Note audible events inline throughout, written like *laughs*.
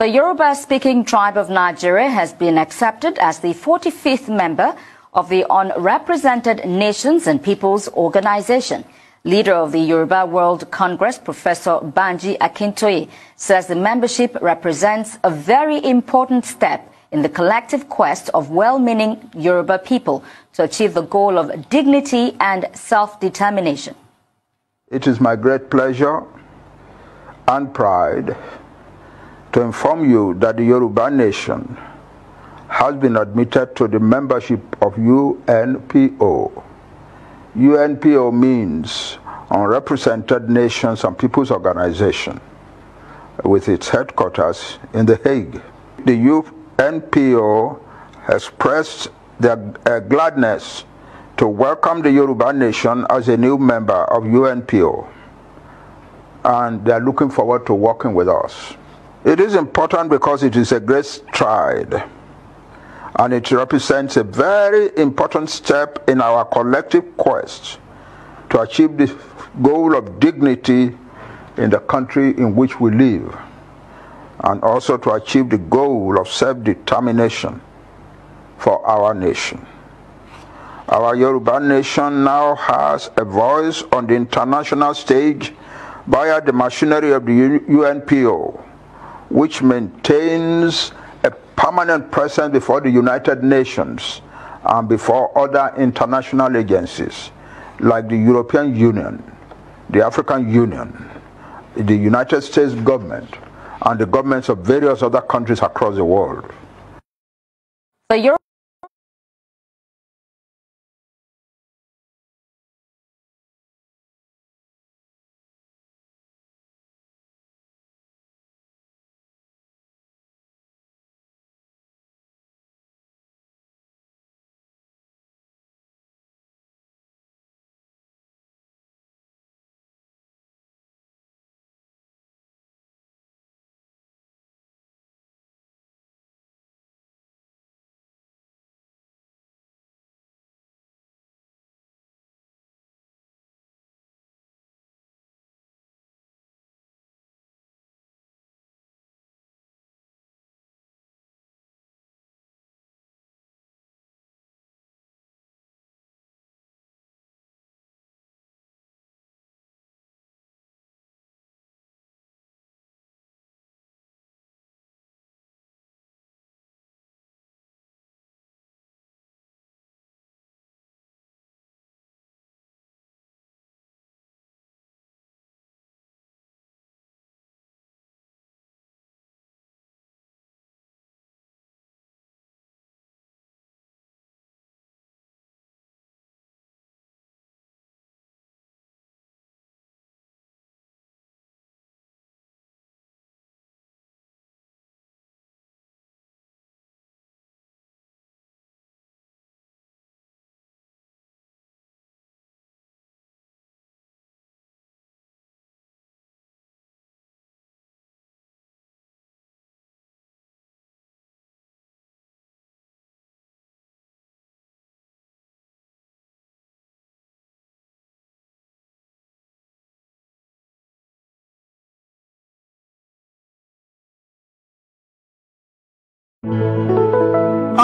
The Yoruba-speaking tribe of Nigeria has been accepted as the 45th member of the Unrepresented Nations and Peoples Organization. Leader of the Yoruba World Congress, Professor Banji Akintoye, says the membership represents a very important step in the collective quest of well-meaning Yoruba people to achieve the goal of dignity and self-determination. It is my great pleasure and pride to inform you that the Yoruba nation has been admitted to the membership of UNPO. UNPO means Unrepresented Nations and Peoples Organization with its headquarters in The Hague. The UNPO expressed their uh, gladness to welcome the Yoruba nation as a new member of UNPO and they're looking forward to working with us. It is important because it is a great stride and it represents a very important step in our collective quest to achieve the goal of dignity in the country in which we live and also to achieve the goal of self-determination for our nation. Our Yoruba nation now has a voice on the international stage via the machinery of the UNPO which maintains a permanent presence before the United Nations and before other international agencies like the European Union, the African Union, the United States government, and the governments of various other countries across the world. So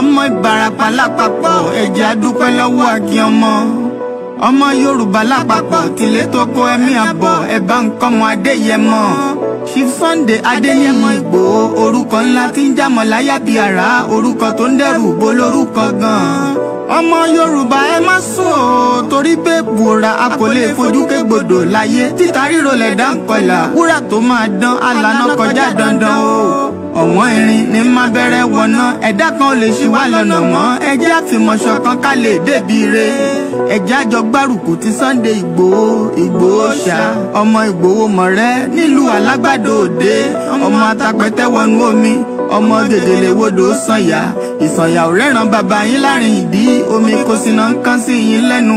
ọmọ Ìbàràpá lápapọ̀ ẹ̀jẹ̀ adúpẹ́ lọ́wọ́ àkí ọmọ ọmọ Yorùbá lápapọ̀ tìlé tó kó ẹ̀mí àbọ̀ ẹ̀bá nǹkan mọ Adéyẹmọ Chief Sunday Adéyẹmọ Ìgbòho orúkọ ńlá tí ń jámọ̀ láyà bíi àrá orúkọ tó ń dẹrù bo lórúkọ gan-an ọmọ Yorùbá ẹ má sùn o torí pé bùrà a kò lè fojú kégbodò láyé títa ríro lẹ̀dá ń wúrà tó máa dán alànà kọjá dandan o ọ̀wọ́n irin ní má bẹ̀rẹ̀ wọ̀nà ẹ̀dá kan ò lè ṣì wá lọ́nà mọ́ ẹjẹ́ àfìmọ̀ṣọ̀ kan ká lè débi re ẹjẹ́ àjọ gbárùkù ti Sunday Ìgbòho Ìgbòho ṣá ọmọ Ìgbòho mọ̀rẹ́ nílùú alágbàdo òde ọmọ atapẹ̀tẹ̀ wọnú omi ọmọ gègèlè wodò sànyà ìsànyà ò rẹ́ràn bàbá yín láàrin ìdí omi kò sínà ń kán sí yín lẹ́nu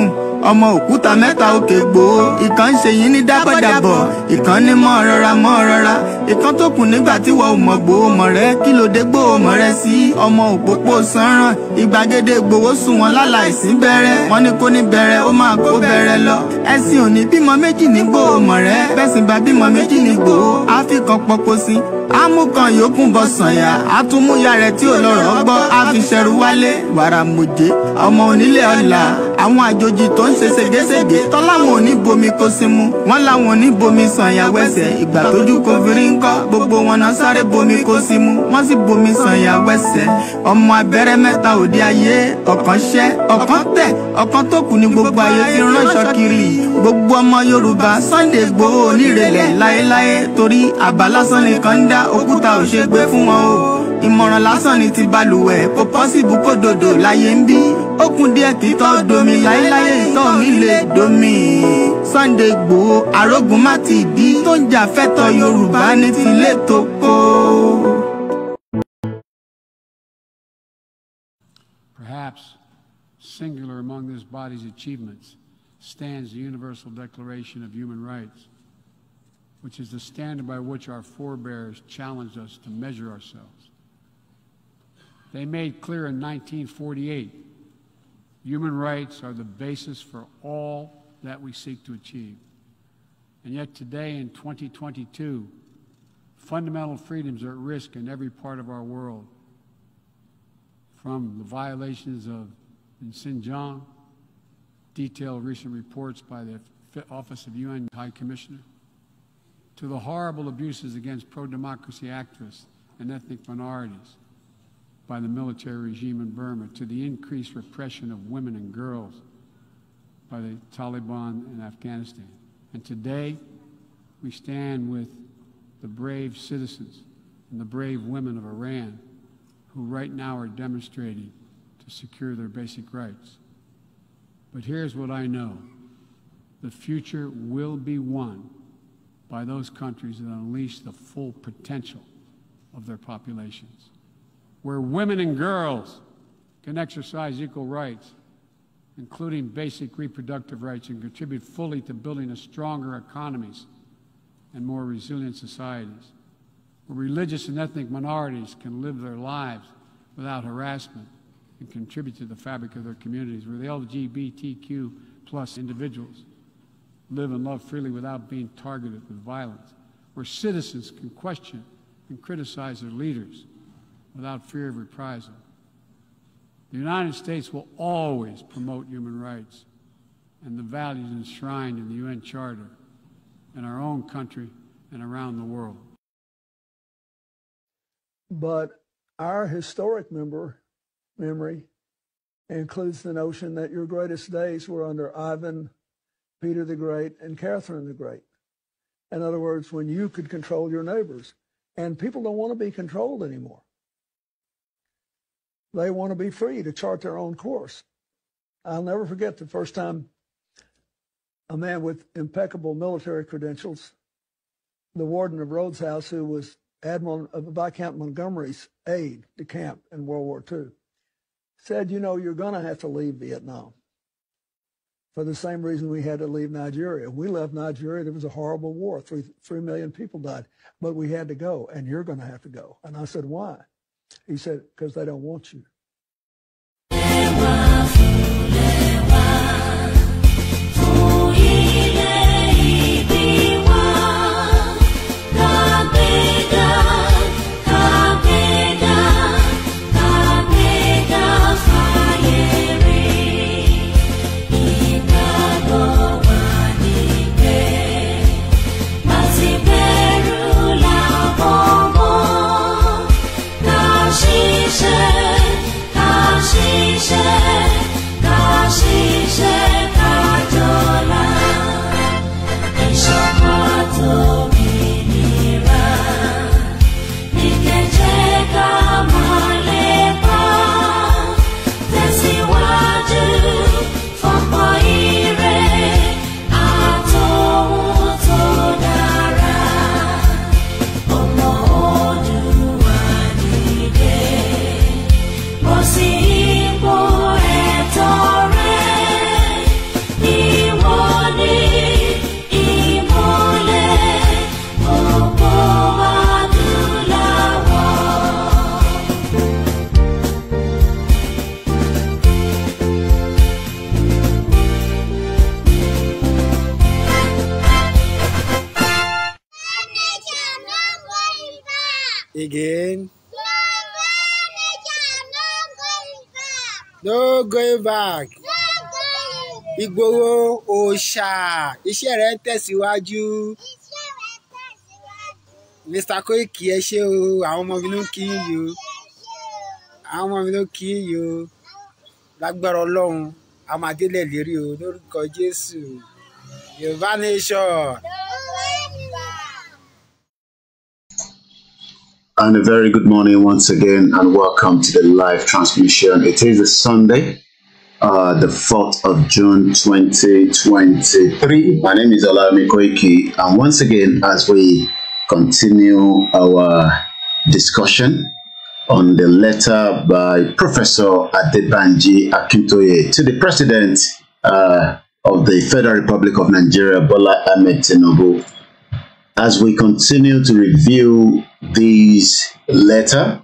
ọmọ òkúta mẹ́ta òkè gbòó ìkan ń ṣe yín ní dábọ̀dàbọ̀ ìkan ní mọ́ rọra mọ́ rọra ìkan tó kù nígbà tí wọ́n ò mọ̀ gbòó mọ̀ rẹ kí ló dé gbòó mọ̀ rẹ sí ọmọ òpópó sanran ìgbàgede gbowó sùn wọn láláìsí bẹ̀rẹ̀ wọ́n ní kó ní bẹ̀rẹ̀ ó máa kó bẹ̀rẹ̀ lọ ẹ̀sìn òní bímọ méjì ní gbòó mọ̀ rẹ bẹ́sìn bá bímọ méjì ní gbòó àfikàn pọpọ sí amúkan yòókù bọ sànyà àtúmúyà rẹ tí ò lọ́rọ̀ gbọ́ àfiṣẹrù wálé wàrà mòjé ọmọ onílé ọlà àwọn àjòjì tó ń ṣe ségesège tọ́láwọn ò ní bomi kó símú wọ́n láwọn ò ní bomi sànyà wẹsẹ̀ ìgbà tójú kò fi rí ń ńkọ́ gbogbo wọn náà sáré bomi kó sí mu wọ́n sì bomi sànyà wẹ́sẹ̀ ọmọ abẹ́rẹ́ mẹ́ta òde ayé ọ̀kan ṣẹ́ ọ̀kan tẹ̀ ọ̀kan tó kù ní gbogbo ayé ti ránṣọ kiri gbogbo ọmọ Yorùbá Sunday Igboho onírèlẹ̀ láéláé torí àbá lásán nìkan ń dá òkúta ò fún wọn o. ìmọ̀ràn lásán ni ti balùwẹ̀ kò kó dòdò láyé mi lè Sunday arógun má ti dí tó fẹ́tọ̀ Yorùbá ní Perhaps singular among this body's achievements stands the Universal Declaration of Human Rights, which is the standard by which our forebears challenged us to measure ourselves they made clear in 1948 human rights are the basis for all that we seek to achieve. And yet, today in 2022, fundamental freedoms are at risk in every part of our world from the violations of in Xinjiang, detailed recent reports by the Office of UN High Commissioner, to the horrible abuses against pro democracy activists and ethnic minorities by the military regime in Burma, to the increased repression of women and girls by the Taliban in Afghanistan. And today, we stand with the brave citizens and the brave women of Iran who right now are demonstrating to secure their basic rights. But here's what I know the future will be won by those countries that unleash the full potential of their populations where women and girls can exercise equal rights, including basic reproductive rights, and contribute fully to building a stronger economies and more resilient societies, where religious and ethnic minorities can live their lives without harassment and contribute to the fabric of their communities, where the LGBTQ plus individuals live and love freely without being targeted with violence, where citizens can question and criticize their leaders without fear of reprisal. The United States will always promote human rights and the values enshrined in the UN Charter in our own country and around the world. But our historic member, memory includes the notion that your greatest days were under Ivan, Peter the Great, and Catherine the Great. In other words, when you could control your neighbors. And people don't want to be controlled anymore they want to be free to chart their own course. I'll never forget the first time a man with impeccable military credentials, the warden of Rhodes House, who was Admiral uh, Viscount Montgomery's aide de camp in World War II, said, You know, you're going to have to leave Vietnam for the same reason we had to leave Nigeria. We left Nigeria. There was a horrible war. Three, three million people died. But we had to go, and you're going to have to go. And I said, Why? He said, because they don't want you. again. No going back. Ìgbòho òòṣà iṣẹ́ rẹ̀ ń tẹ̀síwájú. Mr. Koiki ẹ ṣé o, àwọn ọmọ mi ló ń kí yìí o. Àwọn ọmọ mi ló ń kí yìí o. Lágbára Ọlọ́run, a máa délẹ̀ lérí o lórúkọ Jésù. Yorùbá nation. And a very good morning once again, and welcome to the live transmission. It is a Sunday, uh, the 4th of June 2023. My name is Olami Koiki, and once again, as we continue our discussion on the letter by Professor Adebanji Akintoye to the President uh, of the Federal Republic of Nigeria, Bola Ahmed Tinubu, as we continue to review this letter,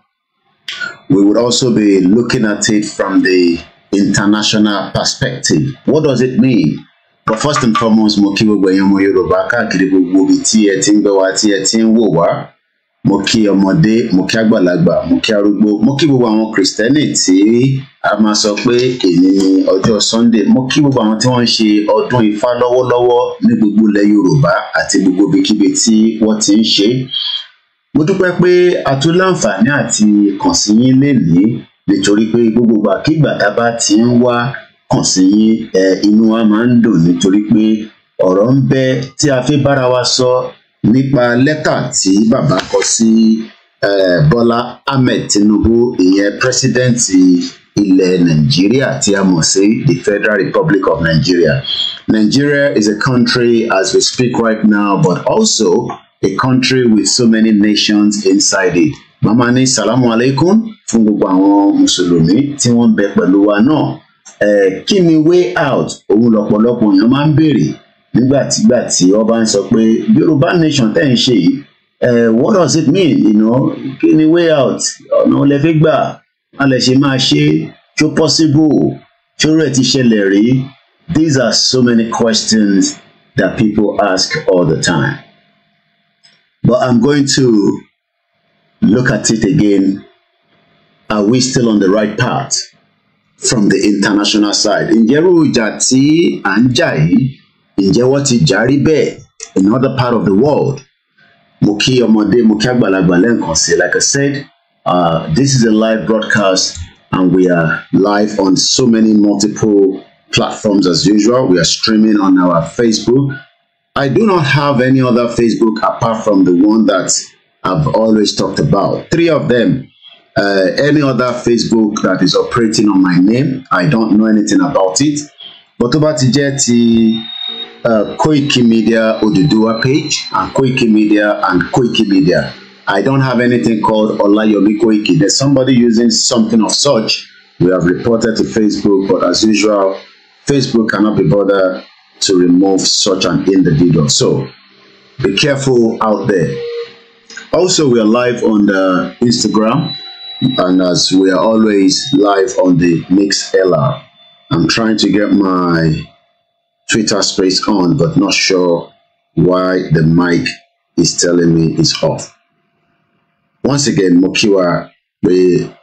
we would also be looking at it from the international perspective. What does it mean? But first and foremost, mo kí gbogbo ẹ̀yin ọmọ Yorùbá káàkiri gbogbo ibi tí ẹ ti ń gbọ́ wa tí ẹ ti ń wò wá mo kí ọmọdé mo kí àgbàlagbà mo kí arúgbó mo kí gbogbo àwọn kìrìsìtẹ́nì tí a máa sọ pé èyí ni ọjọ́ sunday mo kí gbogbo àwọn tí wọ́n ń ṣe ọdún ifá lọ́wọ́lọ́wọ́ ní gbogbo ilẹ̀ yorùbá àti gbogbo ibikíbi tí wọ́n ti ń ṣe mo dúpẹ́ pé a tún láǹfààní àti kàn sí yín lénìí nítorí pé gbogbo ìgbàkigbà tá a bá ti ń wá kàn sí yín inú wa máa ń dùn nítorí pé ọ̀rọ̀ ń bẹ tí a fi bára wa sọ nípa lẹ́tà tí bàbá kọ sí Bọ́lá Ahmed Tinubu ìyẹn pírẹsidẹ́ǹtì ilẹ̀ Nàìjíríà tí a mọ̀ sí the Federal Republic of Nigeria. Nigeria is a country as we speak right now but also a country with so many nations inside it. Màmá ní salamu alaikum fún gbogbo àwọn mùsùlùmí tí wọ́n ń bẹ pẹ̀lú wa náà. Kí ni way out? Òun lọ̀pọ̀lọpọ̀ èèyàn máa ń béèrè nígbàtígbà tí wọ́n bá ń sọ pé Yorùbá nation tẹ́ ń ṣe yìí eh, what does it mean you know kí ni way out ọ̀nà olè fi gbà má lè ṣe máa ṣe tó possible tó rẹ̀ ti ṣẹlẹ̀ rí these are so many questions that people ask all the time but I'm going to look at it again are we still on the right path from the international side ǹjẹ́ rú ìjà tí à ń jà yìí. ǹjẹ́ wọ́n ti jà another bẹ́ẹ̀ in other part of the world mo kí ọmọdé mo kí àgbàlagbà lẹ́ǹkan sí like I said uh, this is a live broadcast and we are live on so many multiple platforms as usual we are streaming on our Facebook I do not have any other Facebook apart from the one that I've always talked about three of them uh, any other Facebook that is operating on my name I don't know anything about it but tó bá ti jẹ́ ti uh, Koiki Media Odudua page and Koiki Media and Koiki Media. I don't have anything called Olayomi Koiki. There's somebody using something of such. We have reported to Facebook, but as usual, Facebook cannot be bothered to remove such an individual. So be careful out there. Also, we are live on the Instagram, and as we are always live on the Mix Ella. I'm trying to get my Twitter space on, but not sure why the mic is telling me it's off. Once again, Mokiwa, we,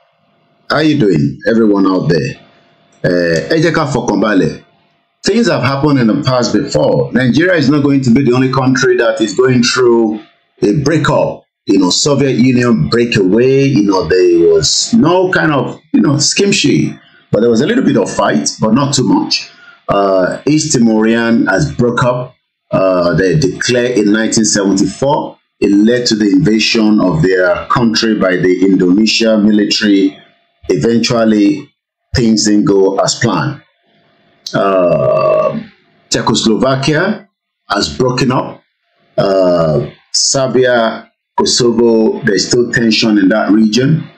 how you doing, everyone out there? Uh, Fokombale, things have happened in the past before. Nigeria is not going to be the only country that is going through a breakup. You know, Soviet Union breakaway, you know, there was no kind of, you know, skimshy. But there was a little bit of fight, but not too much. uh, East Timorian has broke up. Uh, they declared in 1974. It led to the invasion of their country by the Indonesia military. Eventually, things didn't go as planned. Uh, Czechoslovakia has broken up. Uh, Serbia, Kosovo, there's still tension in that region.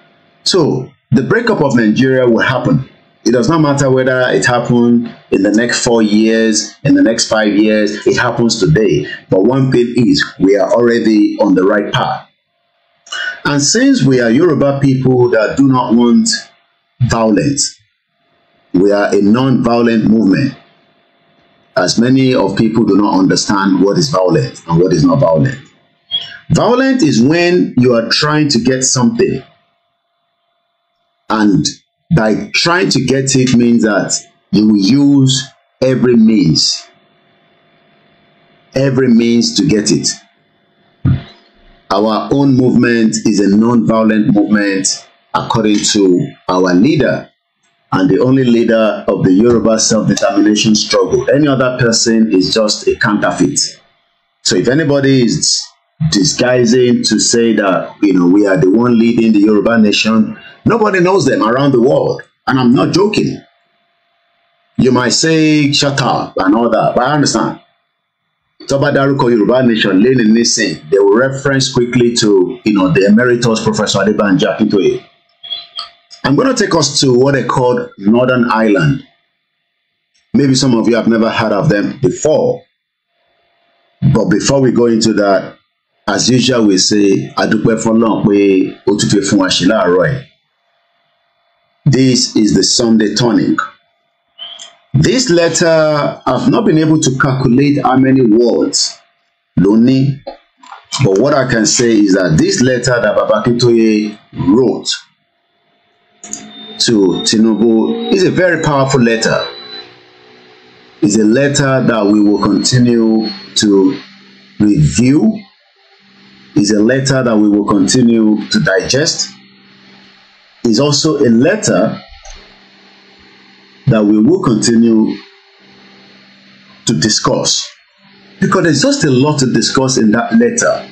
So the breakup of Nigeria will happen It does not matter whether it happened in the next four years, in the next five years, it happens today. But one thing is, we are already on the right path. And since we are Yoruba people that do not want violence, we are a non-violent movement. As many of people do not understand what is violent and what is not violent. Violent is when you are trying to get something and by trying to get it means that you will use every means every means to get it our own movement is a non-violent movement according to our leader and the only leader of the Yoruba self-determination struggle. Any other person is just a counterfeit. So if anybody is disguising to say that, you know, we are the one leading the Yoruba nation, Nobody knows them around the world. And I'm not joking. You might say, shut up and all that, but I understand. Toba Daruko Yoruba Nation, Lenin Nissen, they will reference quickly to, you know, the emeritus Professor Adebanja Akintoye. I'm going to take us to what they called Northern Ireland. Maybe some of you have never heard of them before. But before we go into that, as usual, we say, Adúpẹ́ fọ́lọ́run we ó tún fi This is the Sunday tonic. This letter, I've not been able to calculate how many words ló but what I can say is that this letter that Babakitoye wrote to Tinubu is a very powerful letter. It's a letter that we will continue to review. It's a letter that we will continue to digest is also a letter that we will continue to discuss because there's just a lot to discuss in that letter.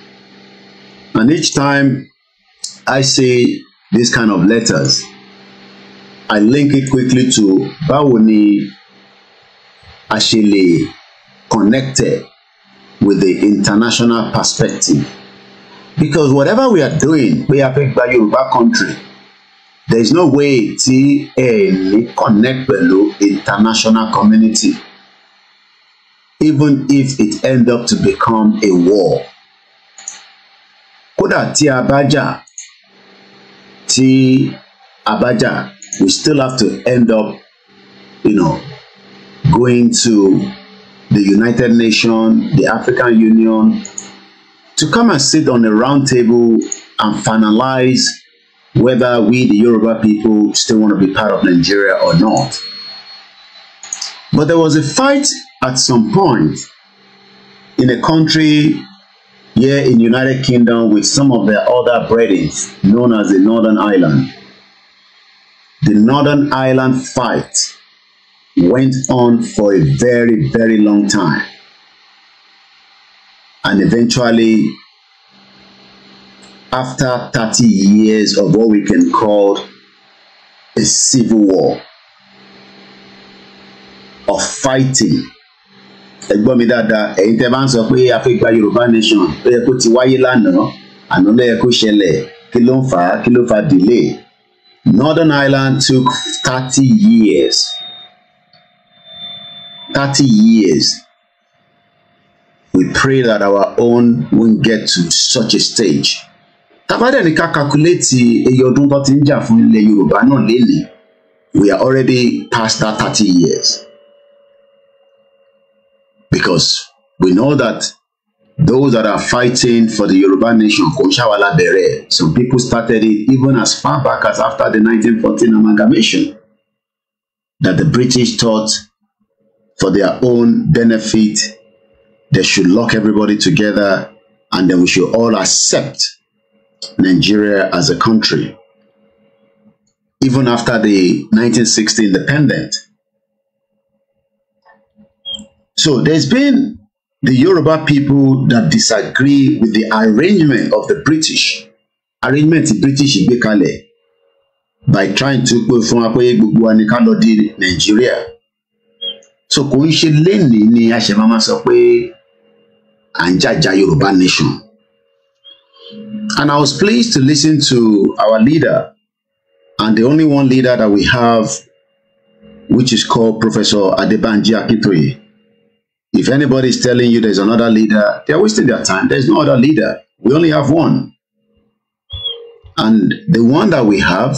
And each time I see these kind of letters, I link it quickly to báwo ni connected with the international perspective because whatever we are doing, we are by Yoruba country there is no way tí ẹ ní connect pẹ̀lú international community even if it end up to become a war kódà tí a bá jà tí we still have to end up you know, going to the United Nations, the African Union, to come and sit on a round table and finalize whether we, the Yoruba people, still want to be part of Nigeria or not. But there was a fight at some point in a country here in United Kingdom with some of their other brethren, known as the Northern Ireland. The Northern Ireland fight went on for a very, very long time. And eventually after 30 years of what we can call a civil war of fighting ẹgbọ́n mi dáadáa ẹ̀yin tẹ́ bá ń sọ pé a fẹ́ gba Yorùbá nation ó yẹ kó ti wáyé lánàá àná ló kó ṣẹlẹ̀ kí ló ń fà á kí ló fa delay Northern Ireland took thirty years thirty years we pray that our own won't get to such a stage tabadẹni ká kakuléètì eye ọdún tó ti ń jà fún ilẹ̀ yorùbá náà lénìí we are already past that thirty years because we know that those that are fighting for the Yoruba nation kò ń ṣàwàlà bẹ̀rẹ̀ some people started it even as far back as after the 1914 amalgamation that the British thought for their own benefit they should lock everybody together and then we should all accept Nigeria as a country. Even after the 1960 independent. So there's been the Yoruba people that disagree with the arrangement of the British. Arrangement the British gbé kalẹ̀ by trying to pé fún wa pé gbogbo wa di Nàìjíríà. So kò ń ṣe lénìí ni a ṣe máa sọ pé à ń jàjà nation. And I was pleased to listen to our leader and the only one leader that we have, which is called Professor Adebanji Akintoye. If anybody is telling you there's another leader, they're wasting their time. There's no other leader. We only have one. And the one that we have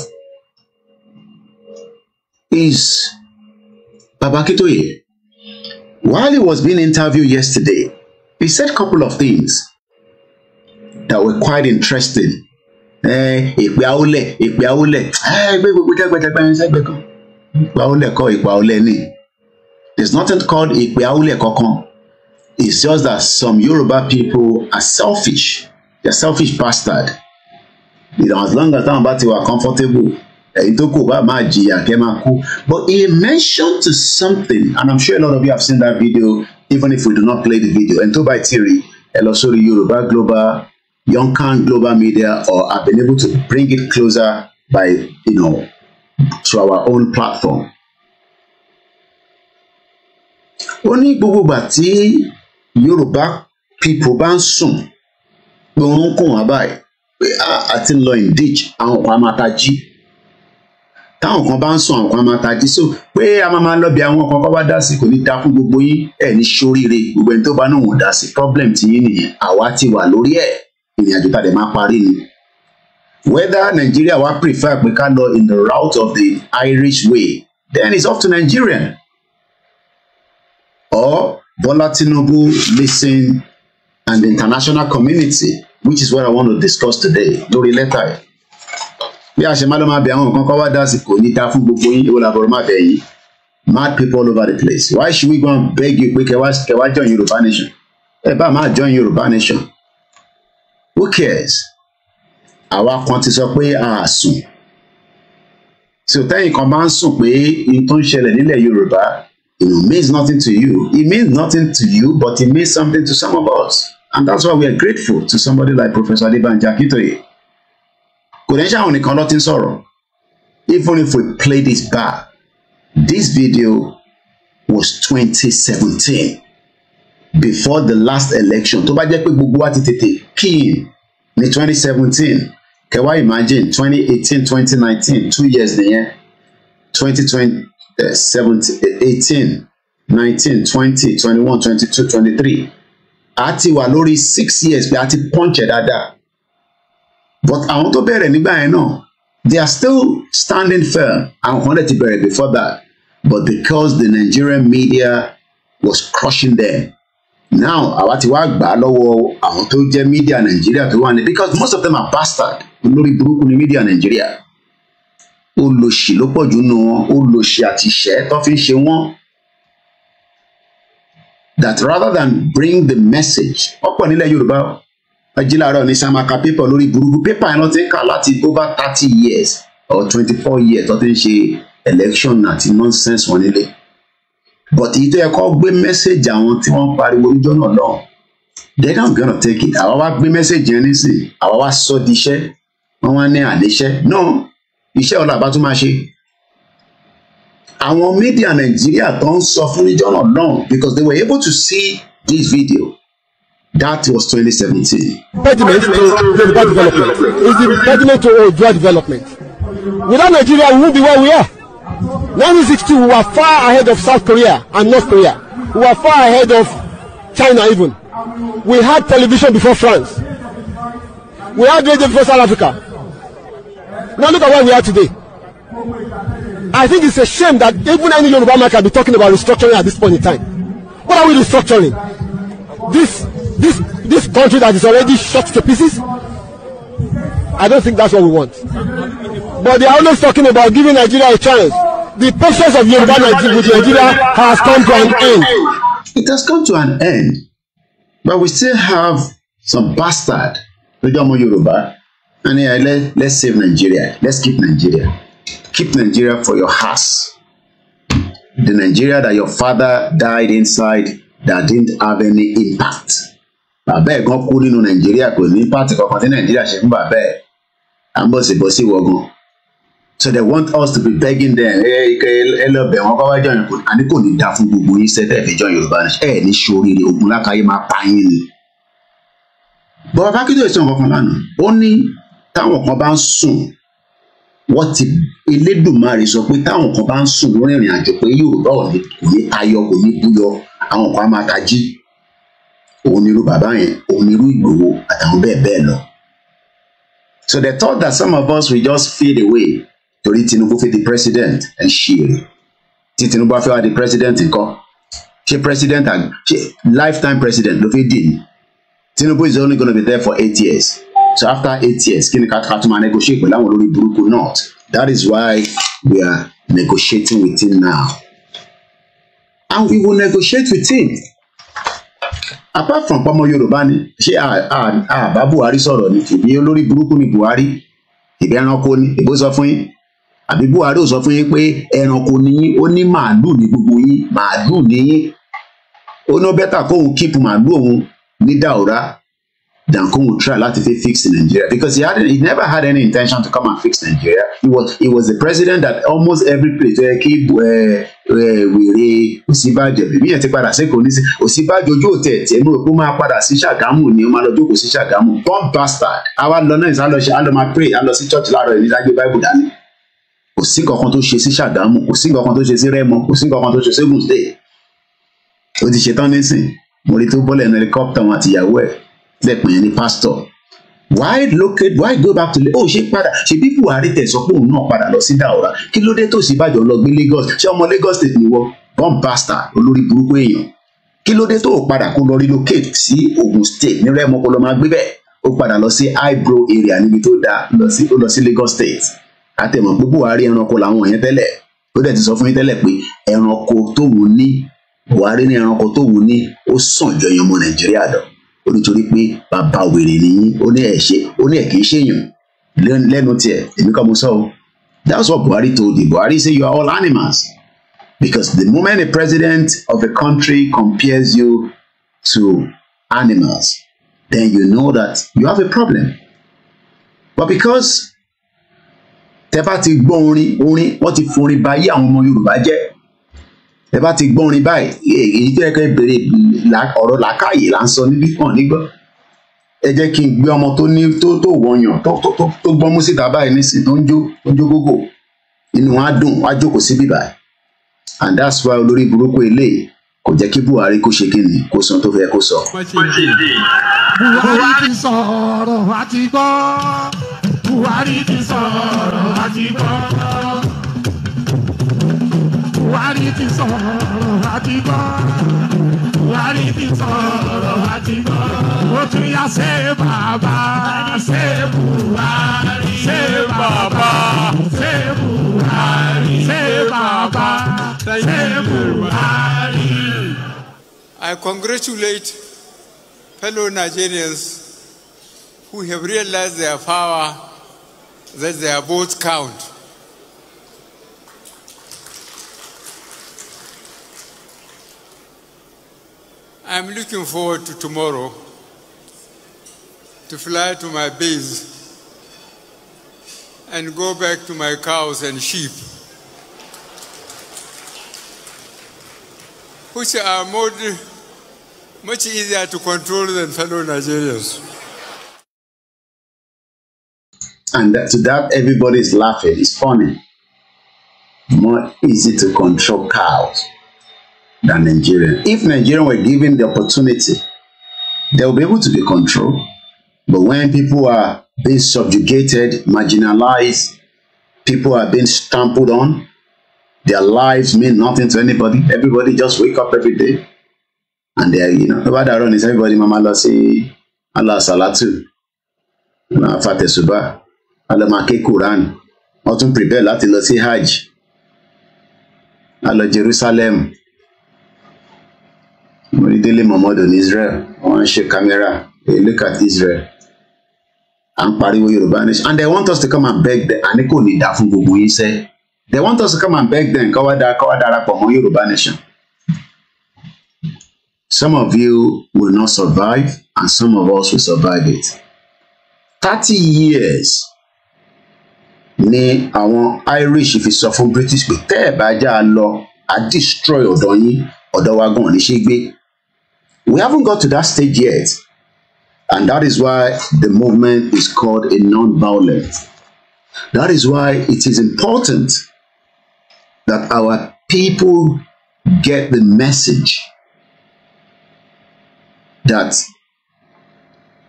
is Baba Akintoye. While he was being interviewed yesterday, he said a couple of things that were quite interesting èpè eh, àwọlẹ̀ èpè àwọlẹ̀ ẹgbẹ́ eh, gbogbo jágbàjágbà yẹn sẹ́gbẹ́ kan èpè àwọlẹ̀ kọ́ èpè àwọlẹ̀ ni there is nothing called èpè àwọlẹ̀ kankan it's just that some Yoruba people are selfish they are selfish bastard you know, as long as táwọn bá ti wà comfortable ẹ̀yin tó kù bá máa jìyà kẹ́ máa kú but he mentioned to something and I'm sure a lot of you have seen that video even if we do not play the video ẹni tó bá ti rí ẹ lọ sórí Yorùbá Global Young Yonkan Global Media or I've been able to bring it closer by, you know, to our own platform. Ó ní gbogbo ìgbà tí Yorùbá people bá ń sùn pé òun kò wọ́n báyìí pé àti lọ indeed àwọn kan á máa ta jí táwọn kan bá ń sùn àwọn kan máa ta jí so pé a máa máa lọ́bi àwọn kan kọ́ wá dá sí kò ní da fún gbogbo yín ẹ̀ ní ṣoríire gbogbo ẹni tó bá náà wò dá sí problem tiyín nìyẹn àwa ti wà lórí ẹ̀ ìrìn àjò tàdé máa parí ni. whether Nigeria wa prefer pé ká lọ in the route of the Irish way then it's up to Nigerian. or Bola Tinubu listen and the international community which is what I want to discuss today lórí lẹ́tà yìí. bí a ṣe máa lọ máa bẹ àwọn nǹkan kan wá dá sí kò ní dá fún gbogbo yín ìwọ làbọ̀rọ̀ máa bẹ yìí mad people all over the place why should we go and beg you pé kẹwàá join Yorùbá nation ẹ bá máa join Yorùbá nation who cares àwa kan ti sọ pé a sùn tí o tẹ́yìn kan bá ń sùn pé n tó ń ṣẹlẹ̀ nílẹ̀ Yorùbá it means nothing to you it means nothing to you but it means something to some of us and that's why we are grateful to somebody like Professor Adebanji Akintoye kò ní ṣàwọn nìkan lọ́ọ́ ń sọ̀rọ̀ even if we play this back this video was 2017 before the last election tó bá jẹ́ pé gbogbo wa ti tètè kín ní twenty seventeen kẹwàá imagine twenty eighteen twenty nineteen two years nìyẹn twenty twenty eh, seventeen eighteen nineteen twenty twenty one twenty two twenty three a wà lórí six years pé a ti pọ́ǹchẹ̀ dáadáa but àwọn tó bẹ̀rẹ̀ nígbà yẹn náà they are still standing firm àwọn kan lè ti bẹ̀rẹ̀ before that but because the Nigerian media was crushing them now àwa ti wá gbà á lọ́wọ́ àwọn tó jẹ́ media Nigeria tó wà ní because most of them are bastard olórí burúkú ní media nàìjíríà olòṣì ló pọ̀ jù nù wọn olòṣì àti ìṣẹ́ tó fi ń ṣe wọ́n that rather than bring the message ọ̀pọ̀ nílẹ̀ yorùbá ajíláàárọ̀ ní samaka paper lórí burúkú paper yẹn ló ti ń kà láti over thirty years or twenty four years tó ti ń ṣe election àti nonsense wọn nílé but èyí tó yẹ kó gbé mẹ́sẹ̀gì àwọn tí wọ́n pariwo níjọ́ náà lọ́hùn they don't gonna take it àwa wá gbé mẹ́sẹ̀gì yẹn nísìn àwa wá sọ di iṣẹ́ wọ́n wá ní àníṣẹ́ náà iṣẹ́ ọ̀la àbá tún máa ṣe àwọn mídíà nàìjíríà tó ń sọ fún níjọ́ náà lọ́hùn because they were able to see this video That was 2017. Impediment to Yoruba development is impediment to Oodua development. Without Nigeria, we won't be where we are. 160 we are far ahead of South Korea and North Korea. We are far ahead of China even. We had television before France. We had radio before South Africa. Now look at where we are today. I think it's a shame that even any Yoruba man can be talking about restructuring at this point in time. What are we restructuring? This this this country that is already shot to pieces? I don't think that's what we want. But they are always talking about giving Nigeria a chance the process of Yoruba Nigeria has come to an end. It has come to an end, but we still have some bastard tó jẹ́ ọmọ and yeah, let, let's save Nigeria. Let's keep Nigeria. Keep Nigeria for your house. The Nigeria that your father died inside that didn't have any impact. Bàbá ẹ̀ gan kú nínú Nàìjíríà kò ní pàtì kankan tí Nàìjíríà ṣe fún bàbá ẹ̀. À ń sí bọ̀ so they want us to be begging them ẹ eh, ẹ lọ bẹ̀ wọ́n kọ́ wá jọyìn kò àní kò ní da fún gbogbo yín sẹ́tẹ̀ fi jọyìn yorùbá nation ẹ ní sóríire ogun lákàáyé máa pa yín ni. bọ́lá fákìtò ìsìn kankan lánàá ó ní táwọn kan bá ń sùn wọ́n ti Elédùmarè sọ pé táwọn kan bá ń sùn lórí ìrìn àjò pé yorùbá ò ní kò ní tayọ kò ní búyọ àwọn kan á máa tají òun ni irú bàbá yẹn òun ni irú Ìgbòho àtàwọn bẹ́ẹ̀ bẹ́ẹ̀ lọ. so they thought that some of us will just fade away torí Tinubu fi di president ẹ ṣe èrè tí Tinubu bá fẹ́ di president ńkọ́ ṣé president and ṣe lifetime president ló fi dì ní Tinubu is only gonna be there for eight years so after eight years kí ni ká tún máa negotiate pẹ̀lú àwọn olórí burúkú north that is why we are negotiating with him now and we will negotiate with him apart from pọmọ Yorùbá ni ṣé àbá Buhari sọ̀rọ̀ ni ìbí olórí burúkú ni Buhari ìbí ẹranko ni ìbó sọ fún yín àbí Buhari ò sọ fún yín pé ẹranko ni yín ó ní màálù ní gbogbo yín màálù ní yín ó ná bẹ́tà kóun kíp màálù òun ní Daura than kóun try láti fi fix Nigeria because he, had, he never had any intention to come and fix Nigeria he was, he was the president that almost every place tó yẹ kí eh, eh, wèrè Ọ̀ṣínbàjò bèbí yẹn ti padà sẹ́kọ̀ọ́ ní sí Ọ̀ṣínbàjò ojú òtẹ̀ tẹ̀ mú òkú máa padà sí Ṣàgámù ni ó máa lọ jókòó sí Ṣàgámù bomb bastard àwa lọ náà ìsàlọ́ṣe àlọ́ máa pray àlọ́ sí church láàárọ̀ ìdílágbé Bible dání kò sí kankan tó ṣe sí Ṣàgámù kò sí kankan tó ṣe sí Rẹ́mọ kò sí kankan tó ṣe sí gùnṣe ó ti ṣetán nísìn mo rí tó bọ́lẹ̀ ní helicopter wọn àti ìyàwó ẹ̀ lẹ́pìn yẹn ní pásítọ̀ why locate why go back to le ó ṣe padà ṣebí Buhari tẹ̀ sọ pé òun náà padà lọ sí Daura kí ló dé tó sì bàjọ́ lọ gbé Lagos ṣé ọmọ Lagos state ni wọ́n bomb basta olórí burúkú èèyàn kí ló dé tó padà kó lọ relocate sí Ogun state ní Rẹ́mọ kó lọ máa gbé bẹ́ẹ̀ ó padà lọ sí Ibro area níbi tó dáa lọ sí Lagos state àtẹ̀mọ̀ pé buhari ẹranko làwọn yẹn tẹ́lẹ̀ ó dẹ̀ ti sọ fún yín tẹ́lẹ̀ pé ẹranko tóun ní buhari ní ẹranko tóun ní ó sàn jọ yan ọmọ nàìjíríà lọ ó nítorí pé bàbá wèrè nìyí ó ní ẹ̀ ṣe ó ní ẹ̀ kì í ṣèyàn lẹ́nu tiẹ̀ èmi kọ́ mo sọ o that's what buhari told you buhari say you are all animals because the moment a president of a country compares you to animals then you know that you have a problem but because tẹ ti gbọ́ orin orin wọ́n ti forin ba àwọn ọmọ Yorùbá jẹ́ tẹ ti gbọ́ orin báyìí e, èyí tó yẹ kẹ́ bèrè ọ̀rọ̀ làákàyè là ń sọ níbí kan nígbọ́ ẹ jẹ́ kí n gbé ọmọ tó ní tó tó wọ̀nyàn tó tó tó gbọ́n mú síta báyìí nísìnyí tó ń jó tó ń jó gógó inú wọn dùn wọn jókòó síbí báyìí and that's why olórí burúkú eléyìí kò jẹ́ kí Buhari kó ṣe kíni kó sọ tó fẹ́ kó sọ. Buhari ti sọ̀rọ̀ àti gbọ́. Buhari ti sọ̀rọ̀ àti gbọ́. Buhari ti sọ̀rọ̀ àti gbọ́. Buhari ti sọ̀rọ̀ àti gbọ́. Ó tún Buhari ṣe bàbá ṣe Buhari ṣe bàbá ṣe Buhari. I congratulate fellow Nigerians who have realized their power that their votes count. I'm looking forward to tomorrow to fly to my base and go back to my cows and sheep, which are more, much easier to control than fellow Nigerians. And that, to that, everybody's laughing. It's funny. More easy to control cows than Nigerian. If Nigerian were given the opportunity, they'll be able to be controlled. But when people are being subjugated, marginalized, people are being trampled on, their lives mean nothing to anybody. Everybody just wake up every day. And they are, you know, about that run is everybody, Mama Allah say, Allah Salatu, Allah Fateh Subah. a lọ quran wọ́n tún prepare láti lọ sí hajj a lọ Jerusalem orídélé mohammadu ní Israel wọ́n ń ṣe camera they look at Israel à ń pariwo Yorùbá nation and they want us to come and beg them And kò ní dá fún gbogbo yín sẹ́ they want us to come and beg them kọ́wá dá kọ́wá darapọ̀ mọ́ Yorùbá nation. Some of you will not survive, and some of us will survive it. Thirty years ni àwọn irish fi sọ fún british pé tẹ́ ẹ̀ bá já a lọ a destroy ọ̀dọ̀ yín ọ̀dọ̀ wa gan ò ní ṣe gbé we haven't got to that stage yet and that is why the movement is called a non-violent that is why it is important that our people get the message that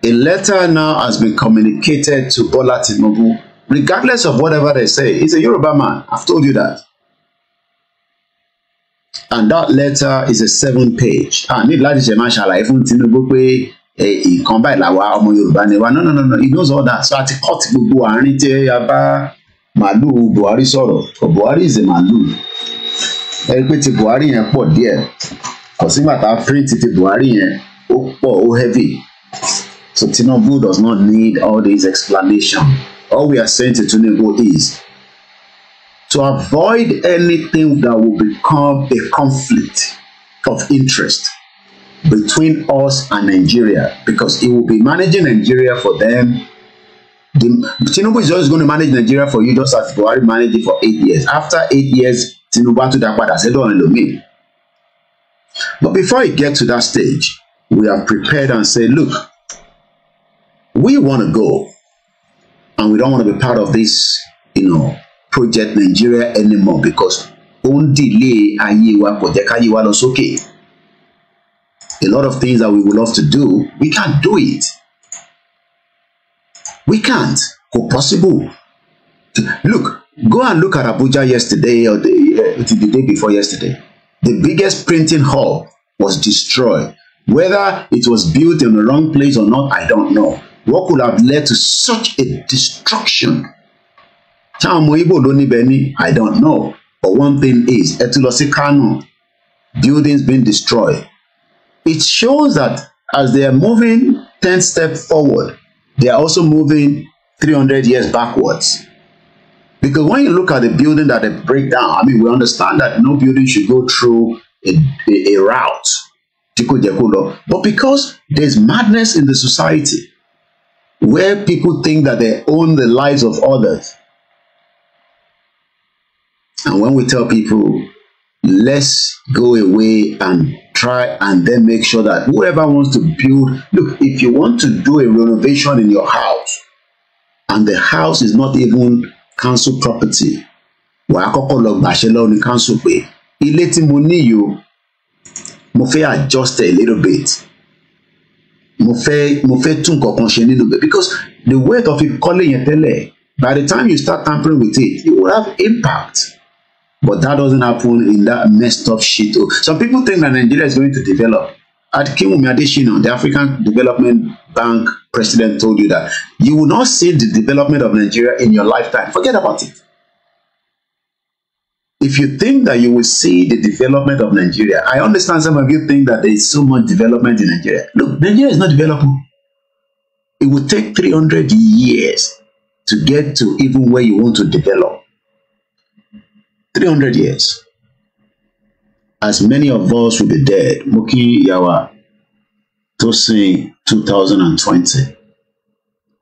a letter now has been communicated to Bola Tinubu regardless of whatever they say. He's a Yoruba man. I've told you that. And that letter is a seven page. I ah, need láti ṣe máa ṣàlàyé Tinubu pé ìkan báyìí làwa ọmọ Yorùbá ni wa. No, no, no, no. He knows all that. So àti cut gbogbo àárín tí a buari soro Buhari buari Buhari is a màálù. Ẹ rí pé ti Buhari yẹn pọ̀ díẹ̀. Kò sígbà tá a print ti Buhari yẹn. Ó pọ̀ heavy. So Tinubu does not need all these explanation all we are saying to Tinubu is to avoid anything that will become a conflict of interest between us and Nigeria because he will be managing Nigeria for them. The, Tinubu is always going to manage Nigeria for you just as Buhari managed it for eight years. After eight years, Tinubu to that part, I padà don't ọ̀rìn me. But before it gets to that stage, we are prepared and say, look, we want to go and we don't want to be part of this you know, project Nigeria anymore because ó ń delay ayé wa kò jẹ́ káyé wa lọ A lot of things that we would love to do, we can't do it. We can't. Kò possible. Look, go and look at Abuja yesterday or the, uh, the day before yesterday. The biggest printing hall was destroyed. Whether it was built in the wrong place or not, I don't know what could have led to such a destruction táwọn ọmọ Igbo ló níbẹ̀ ní I don't know but one thing is ẹ ti lọ sí Kano buildings being destroyed it shows that as they are moving ten steps forward they are also moving three hundred years backwards because when you look at the building that they break down I mean we understand that no building should go through a a, a route tí kò but because there is madness in the society where people think that they own the lives of others. And when we tell people, let's go away and try and then make sure that whoever wants to build, look, if you want to do a renovation in your house and the house is not even council property, wàá kọ́kọ́ lọ gbàṣẹ council pay. ilé tí mo ní yìí o adjust a little bit mo fẹ́ mo fẹ́ tún nǹkan kan ṣe nínú bẹ̀ because the weight of it ìkọ́lé yẹn tẹ́lẹ̀ by the time you start tampering with it it will have impact but that doesn't happen in that messed up shit o oh. some people think that Nigeria is going to develop Akinwumi Adesina the African Development Bank president told you that you will not see the development of Nigeria in your lifetime forget about it if you think that you will see the development of Nigeria, I understand some of you think that there is so much development in Nigeria. Look, Nigeria is not developing. It will take 300 years to get to even where you want to develop. 300 years. As many of us will be dead, Mukiyawa. Yawa Tosin 2020.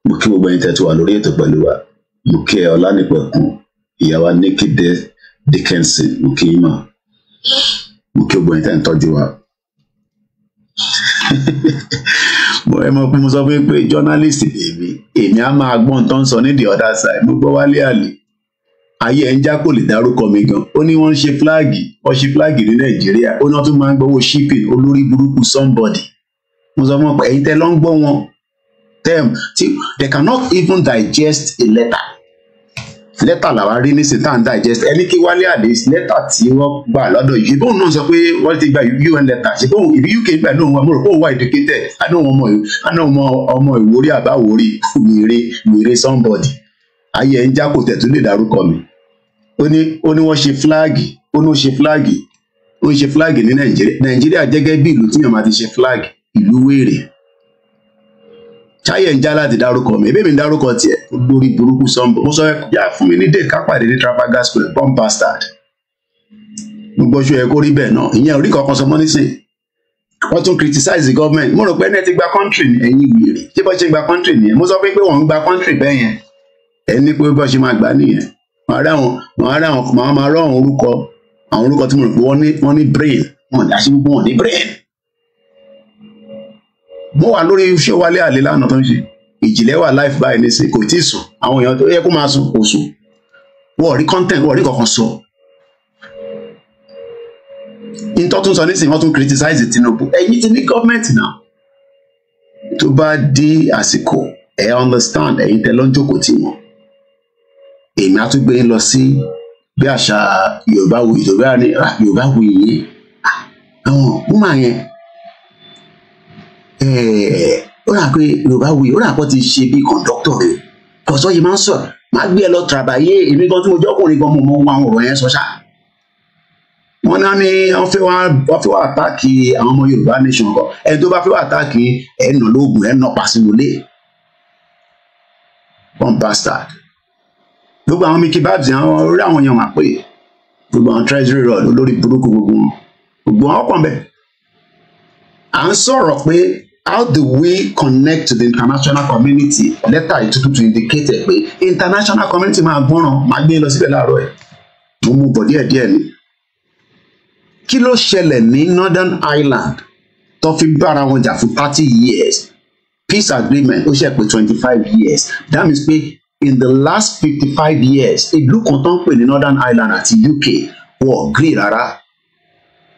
Muki Wubente to Alorieto Balua, Muki Olanipakun, Yawa Nikide dickinson *laughs* e mo kì í mọ mo kí obìnrin tẹ̀ ń tọ́jú wa ẹ mọ̀ pé mo sọ pé pé journalist èmi èmi á máa gbọ́n tó the other side mo gbọ́ wálé àlè ayé ẹ̀ ń já kò lè dárúkọ mi gan ó ní wọ́n ń ṣe fúláàgì wọ́n ṣe fúláàgì ní nàìjíríà ó ní wọ́n tún máa ń gbowó shipping olórí burúkú somebody mo sọ fún ọ pé ẹ̀yin tẹ́ lọ ń gbọ́ wọn term they cannot even digest a letter lẹ́tà làwa rí ní satan digest ẹni kí wálé àdé lẹ́tà tí wọ́n gbà lọ́dọ̀ yìí bóun náà sọ pé wọ́n ti gba un lẹ́tà ṣe bóun ìbí uk gbà náà wọn mo rò pé òun wà educated àná ọmọ àná ọmọ ọmọ ìwórí àbáwórí wèrè wèrè somebody ayé ẹ̀ ń já kò tẹ̀tú lè dárúkọ mi ó ní ó ní wọ́n ṣe fúláàgì ó ní ó ṣe fúláàgì ó ń ṣe fúláàgì ní nàìjíríà nàìjíríà gẹ́gẹ́ bí ìlú tíyàn máa ti ṣe fúláàgì ìlú wèrè Táyé ń já láti dárúkọ mi ebí mi ń dárúkọ tiẹ̀ lórí burúkú sanbó mo sọ ẹ yá fún mi ní dé ká pàdé ní Trafalgar Square bomb bastard gbogbo ṣó yẹ kó rí bẹ́ẹ̀ náà ìyẹn orí kankan sọmọ nísìn wọ́n tún criticize the government mo rò pé ẹni ti gba country ni ẹ̀yin wèrè tí bọ́ ṣe gba country nìyẹn mo sọ pé pé wọ́n ń gba country bẹ́ẹ̀ yẹn ẹni pé bọ́ ṣe máa gbà nìyẹn màá rà wọn màá rà wọn màá rọ àwọn orúkọ àwọn orúkọ tí mo rò pé wọ́n ní brain wọn àṣẹ gbogbo ní brain bó wà lórí iṣẹ́ wálé àlè lánàá tó ń ṣe ìjìnlẹ̀ wà láìfù báyìí nísìn kò tí ì sùn àwọn èèyàn tó yẹ kó máa sùn kò sùn wọ́n rí content wọ́n rí kankan sọ. ìtọ́ tún sọ nísìnyí wọ́n tún criticize Tinubu ẹ̀yin ti ní gọ́ọ̀mẹ̀ntì náà tó bá di àsìkò ẹ̀ understand ẹ̀yin tẹ lọ́njọ́kọ̀ tí wọ́n èmi á tún gbé lọ sí bí àṣà Yorùbá wuyì Yorùbá ah, wuyì yìí ah, àwọn woman yẹn Eh, ó rà pé yorùbá wuyì ó rà pọ̀ ti ṣe bí kọ̀ńdọ́tọ̀ rẹ̀ kọ̀sọ́ yìí máa ń sọ̀rọ̀ má gbé ẹ lọ tàbáyé èmi gan tí mo jọ́kùnrin gan mo mọ ohun àwọn ọ̀rọ̀ yẹn sọ ṣáà wọn náà ní wọn fẹ́ wá wọn fẹ́ wá àtàkì àwọn ọmọ yorùbá nation kọ ẹni tó bá fẹ́ wá àtàkì ẹ nà lóògùn ẹ nà pàṣẹwọlé one bastard gbogbo àwọn mickey babs àwọn orí àwọn èèyàn wà pé gbogbo àwọn treasury rod olórí burúkú gbogbo wọn gbogbo wọn kàn bẹ à ń sọ̀rọ̀ pé how do we connect to the international community lẹ́tà ìtútù to indicate pé international community máa gbọ́ràn máa gbé lọ síbẹ̀ láàárọ̀ ẹ̀ mo mú bọ̀ díẹ̀díẹ̀ ni. kí ló ṣẹlẹ̀ ní Northern Ireland tó fi bára wọn jà fún thirty years peace agreement ó ṣe pé twenty five years that means pé in the last fifty five years ìlú kan tó ń pè ní Northern Ireland àti UK wọ́n agree rárá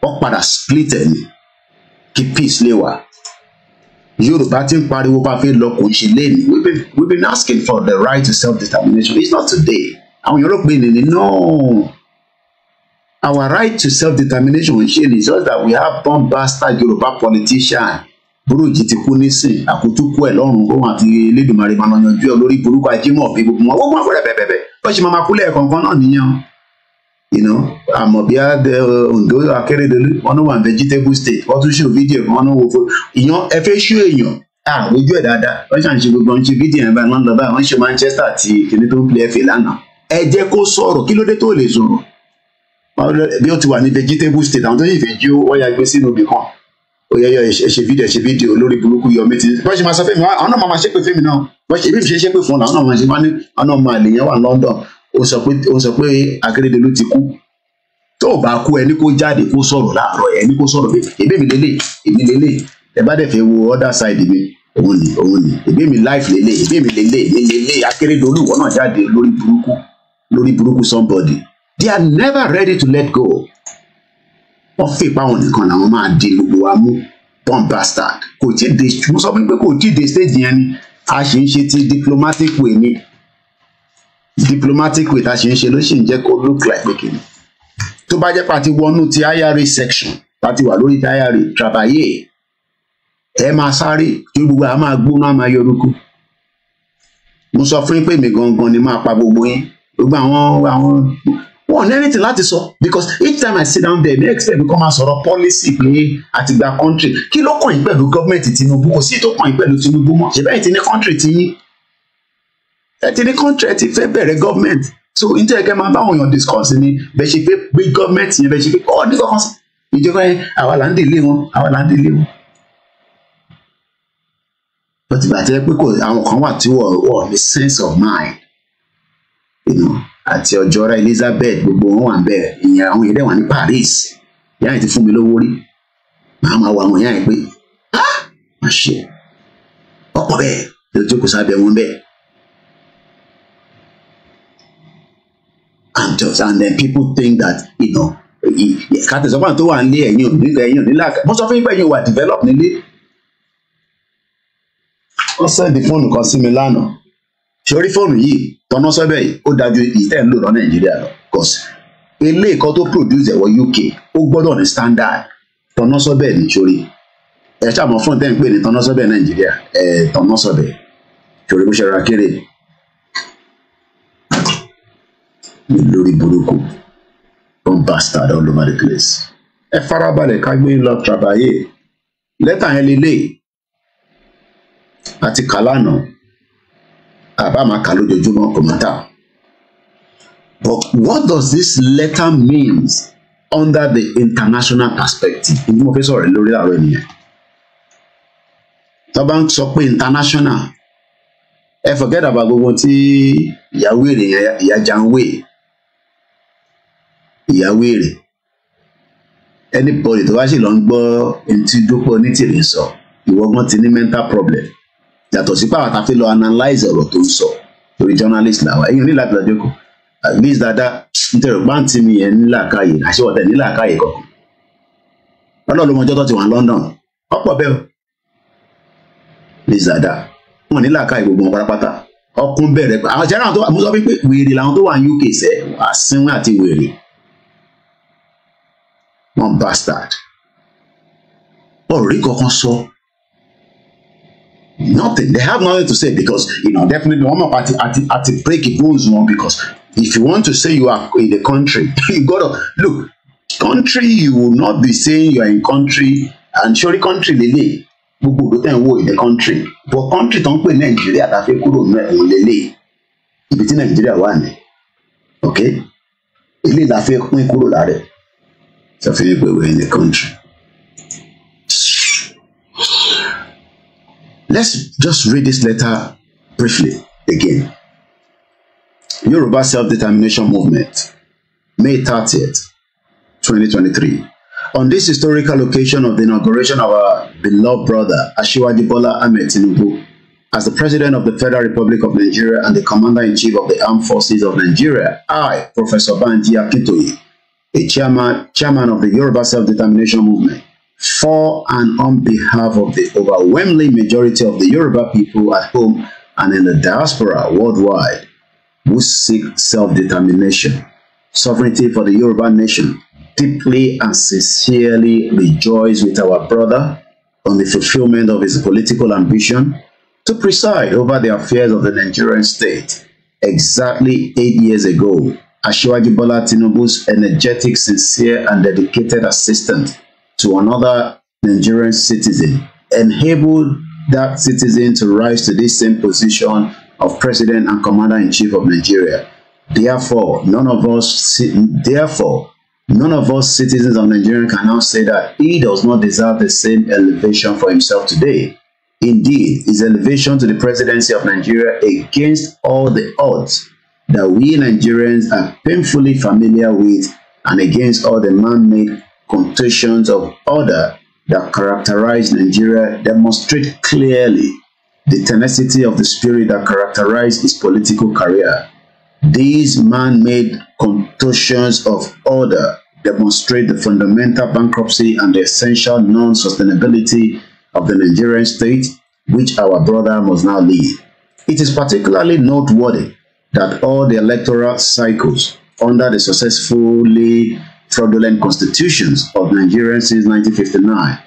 wọ́n padà split ẹ̀ ní kí peace lè wà Yorùbá ti ń pariwo bá fi lọ kò ṣe lẹ́nu we been we been asking for the right to self-determination it's not today àwọn yòrò pé nìyí no our right to self-determination ń ṣe ni just that we have born bastard Yorùbá politician burújí ti kú nísìn àkótó kú ẹ lọ́rùn òun àti Elédùmarè máa ń yanjú ẹ lórí burúkú ajé mọ̀ bí gbogbo wọn gbogbo wọn fẹ́rẹ̀ bẹ́ẹ̀ bẹ́ẹ̀ bẹ́ẹ̀ bọ́sẹ̀ máa máa kú lẹ́ẹ̀kọ̀ọ̀kan náà nìyẹn you know a àmọ̀bíà ondo akérèdọ́lù wọn náà wà vegetable state wọn tún ṣe fídíò wọn náà wò fún ìyàn ẹ fẹ́ ṣú èèyàn àwòjú ẹ̀ dáadáa wọ́n ṣàǹṣe gbogbo ọ̀hún ṣe fídíò ẹ̀ báyìí wọ́n lọ báyìí wọ́n ṣe Manchester àti kìnìún tó ń play FA lánàá ẹ jẹ́ kó sọ̀rọ̀ kí ló dé tó lè sọ̀rọ̀ bí ó ti wà ní vegetable state àwọn tó yìí fẹ́ jí wọ́n ya gbé sínú ibì kan ó yẹ yọ ẹ ṣe fídíò ẹ ṣe fídíò olórí burúkú yọ mí ti bọ́n ṣe máa sọ fẹ́mi àwọn náà máa ṣépè fẹ́mi náà bọ́n ṣe bí mi ṣe ṣépè fún un làwọn náà máa ṣe máa ní àwọn náà máa lè yẹn wà London ó sọ pé ó sọ pé Akérédolú ti kú tó o bá kú ẹni kó jáde kó sọ̀rọ̀ láàárọ̀ ẹni kó sọ̀rọ̀ èmi mi lélẹ̀ èmi lélẹ̀ ẹ bá dẹ̀ fẹ́ wo other side mi òun ni òun ni èmi mi life lélẹ̀ èmi mi lélẹ̀ èmi lélẹ̀ Akérédolú ìwọ náà jáde lórí burúkú lórí burúkú somebody they are never ready to let go wọ́n fipá wọn nìkan làwọn máa di gbogbo wa mú born bastard kò tí ì de mo sọ fún mi pé kò tí ì de stage yẹn ni a ṣe ń ṣe ti diplomatic way ni diplomatic way tá a ṣe ń ṣe ló sì ń jẹ́ kó look like pé kìíní tó bá jẹ́ pé àti wọnú ti IRA section láti wà lórí ti IRA trabaye ẹ máa sáré tí gbogbo àwọn máa gbóná máa yọrùkú mo sọ fún yín pé èmi gangan ni máa pa gbogbo yín gbogbo àwọn àwọn wọn ní anything láti sọ because each time I sit down there mi expect mi kọ́ máa sọ̀rọ̀ policy pé àti gba country kí ló kàn yín pẹ̀lú gọ́ọ̀mẹ̀ntì Tinubu kò sí tó kàn yín pẹ̀lú Tinubu mọ̀ ṣe bẹ́ẹ̀ ti ní country ti yín ẹ ti ní kọ́ńtì ẹ ti fẹ́ bẹ̀rẹ̀ gọ́ọ̀mẹ̀ntì so nítorí kẹ́ máa báwọn èèyàn discuss ni bẹ́ẹ̀ ṣe pé gbé gọ́ọ̀mẹ̀ntì yẹn bẹ́ẹ̀ ṣe pé kọ́ oh, ọdún kọ̀ọ̀kan sí ìjọba yẹn àwa là ń délé wọn àwa là ń délé wọn. bó ti bàtẹ́ pé kò àwọn kan wà tí wọ́n wọ̀ ní sense of mind àti ọjọ́ra Elizabeth gbogbo wọn wà bẹ́ẹ̀ ìyẹn àwọn ìdẹ́wà ní Paris ìyá yẹn ti fún mi lówó rí màá máa wọ àwọn ìyá yẹn pé ah má ṣe ọ̀pọ̀ bẹ́ẹ̀ lójú kò sábẹ́ wọn bẹ́ẹ̀ I'm just and then people think that you know kàtẹ sọ fún tó wà nílé ẹ̀yin òní ẹ̀yin òní làkà mo sọ fún yín pé ẹ̀yin wà develop nílé. wọ́n sẹ́ẹ̀dì fóònù kan sí mi lánàá sórí fóònù yìí tọ́nà sọ́bẹ̀ yìí ó dájú ìtẹ́ ń lò lọ nàìjíríà lọ cause ilé ìkọ́ tó produce ẹ̀wọ̀ UK ó gbọ́dọ̀ ní standard tọ́nà sọ́bẹ̀ ní sórí ẹ̀ ṣàmọ́ fóònù tẹ́ ń pè ní tọ́nà sọ́bẹ̀ nàìjíríà ẹ̀ tọ́nà sọ́bẹ̀ sórí bó ṣe ra kéré lórí burúkú don bastard all over the place ẹ farabalẹ̀ ká gbé lọ tàbáyé lẹ́tà yẹn lélẹ̀ àti kàlánà àbá máa kà lójoojúmọ́ kò má ta but what does this letter means under the international perspective ní mo fẹ́ sọ̀rọ̀ lórí àárọ̀ ènìyàn tó ń sọ pé international ẹ forget about gbogbo tí ìyàwó ènìyàn ìyá janwe ìyá wèrè anybody tó bá sì lọ ń gbọ́ etí dúpọ ní tìrì sọ ìwọgbọn ti ní mental problem yàtọ̀ sí pàwọn àtàfin lọ analyse ọ̀rọ̀ tó ń sọ torí journalist làwọn èèyàn nílà tó lọjọ kọ at least dada nítorí báńtì mi yẹn nílà káyè àṣewọtẹ nílà káyè kọkàn lọ́dọ̀ ló mọjọ́ tó ti wà London ọ̀pọ̀ bẹ́ẹ̀ please dada wọn nílà káyè gbogbo wọn pátápátá ọkùn bẹ̀rẹ̀ pé àwọn jẹ́rán tó wà mú sọ pé wèrè làwọn tó wà ní UK sẹ́ àsínwó àti wèrè wọn bastard ọ̀rí kankan sọ nothing they have nothing to say because you know definitely wọn mọ̀ pa àti àti break bones wọn because if you want to say you are in the country *laughs* you gotta look country you will not be saying you are in country and sori country lele gbogbo òdo tẹ̀ ń in the country but country tó ń pè nàìjíríà tá a fẹ́ kúrò ní ẹ̀hún lélẹ̀ ibi tí nàìjíríà wà ní ok eléyìí la fẹ́ pín kúrò lára ẹ̀ that we were in the country. Let's just read this letter briefly again. Yoruba Self-Determination Movement, May 30th, 2023. On this historical occasion of the inauguration of our beloved brother, Ashiwaji Bola Ahmed Tinubu, as the President of the Federal Republic of Nigeria and the Commander-in-Chief of the Armed Forces of Nigeria, I, Professor Banji Akintoye, A chairman, chairman of the Yoruba Self-Determination Movement, for and on behalf of the overwhelming majority of the Yoruba people at home and in the diaspora worldwide who seek self-determination, sovereignty for the Yoruba nation, deeply and sincerely rejoice with our brother on the fulfillment of his political ambition to preside over the affairs of the Nigerian state exactly eight years ago Ashwaji Bola Tinubu's energetic, sincere, and dedicated assistant to another Nigerian citizen enabled that citizen to rise to this same position of president and commander-in-chief of Nigeria. Therefore, none of us, therefore, none of us citizens of Nigeria can now say that he does not deserve the same elevation for himself today. Indeed, his elevation to the presidency of Nigeria against all the odds that we Nigerians are painfully familiar with and against all the man-made contortions of order that characterize Nigeria demonstrate clearly the tenacity of the spirit that characterized his political career. These man-made contortions of order demonstrate the fundamental bankruptcy and the essential non-sustainability of the Nigerian state, which our brother must now lead. It is particularly noteworthy that all the electoral cycles under the successfully fraudulent constitutions of Nigeria since 1959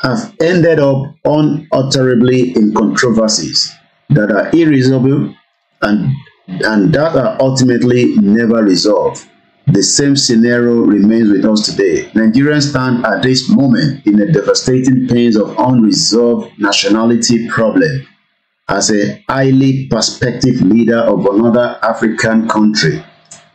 have ended up unutterably in controversies that are irresolvable and, and that are ultimately never resolved. The same scenario remains with us today. Nigerians stand at this moment in the devastating pains of unresolved nationality problem as a highly prospective leader of another African country.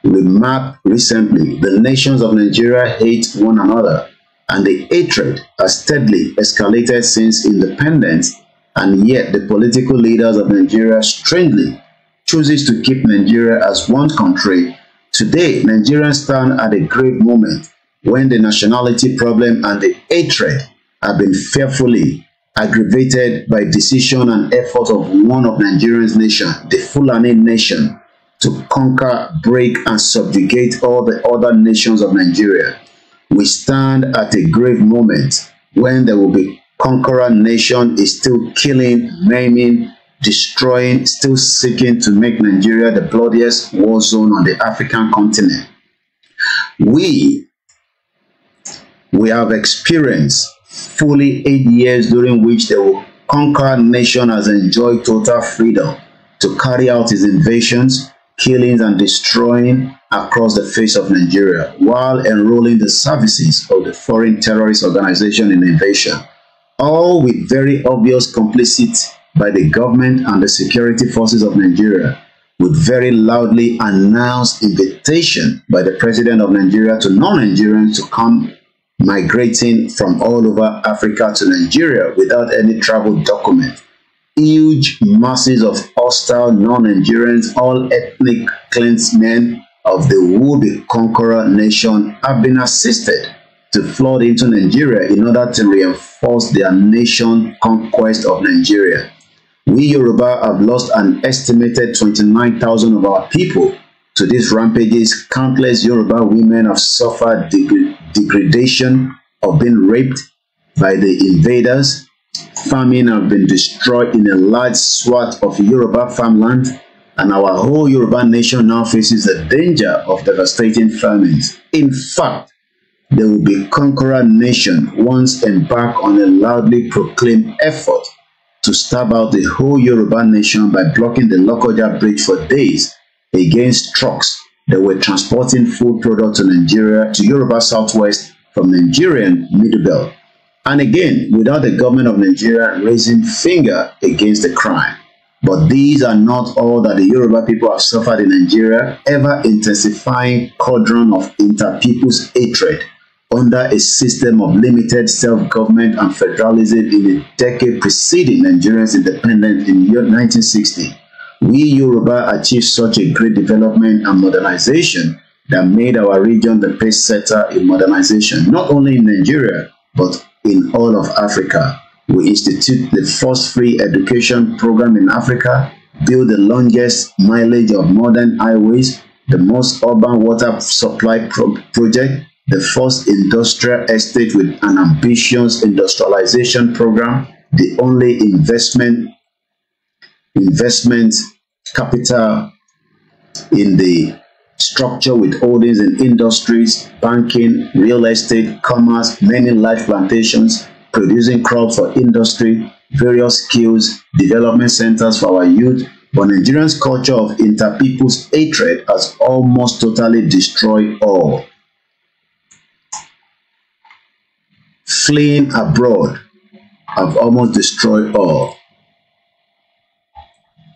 Remarked recently, the nations of Nigeria hate one another, and the hatred has steadily escalated since independence, and yet the political leaders of Nigeria strangely chooses to keep Nigeria as one country. Today, Nigerians stand at a great moment when the nationality problem and the hatred have been fearfully aggravated by decision and effort of one of Nigeria's nation, the Fulani nation, to conquer, break, and subjugate all the other nations of Nigeria. We stand at a grave moment when there will be conqueror nation is still killing, maiming, destroying, still seeking to make Nigeria the bloodiest war zone on the African continent. We, we have experienced fully eight years during which the conquered nation has enjoyed total freedom to carry out its invasions, killings, and destroying across the face of Nigeria while enrolling the services of the foreign terrorist organization in invasion, all with very obvious complicity by the government and the security forces of Nigeria with very loudly announced invitation by the president of Nigeria to non-Nigerians to come migrating from all over Africa to Nigeria without any travel document. Huge masses of hostile non-Nigerians, all ethnic cleansmen of the would conqueror nation have been assisted to flood into Nigeria in order to reinforce their nation conquest of Nigeria. We Yoruba have lost an estimated 29,000 of our people to these rampages, countless Yoruba women have suffered deg degradation of being raped by the invaders. Famine have been destroyed in a large swath of Yoruba farmland, and our whole Yoruba nation now faces the danger of devastating famines. In fact, they will be conqueror nation once embarked on a loudly proclaimed effort to stab out the whole Yoruba nation by blocking the Lokoja Bridge for days against trucks that were transporting food products to Nigeria to Yoruba Southwest from Nigerian Middle Belt. And again, without the government of Nigeria raising finger against the crime. But these are not all that the Yoruba people have suffered in Nigeria, ever intensifying cauldron of inter-people's hatred under a system of limited self-government and federalism in the decade preceding Nigeria's independence in 1960 we Yoruba achieved such a great development and modernization that made our region the pace setter in modernization, not only in Nigeria, but in all of Africa. We institute the first free education program in Africa, build the longest mileage of modern highways, the most urban water supply pro project, the first industrial estate with an ambitious industrialization program, the only investment investment capital in the structure with holdings in industries, banking, real estate, commerce, many life plantations, producing crops for industry, various skills, development centers for our youth. But Nigerians' culture of inter-people's hatred has almost totally destroyed all. Fleeing abroad have almost destroyed all.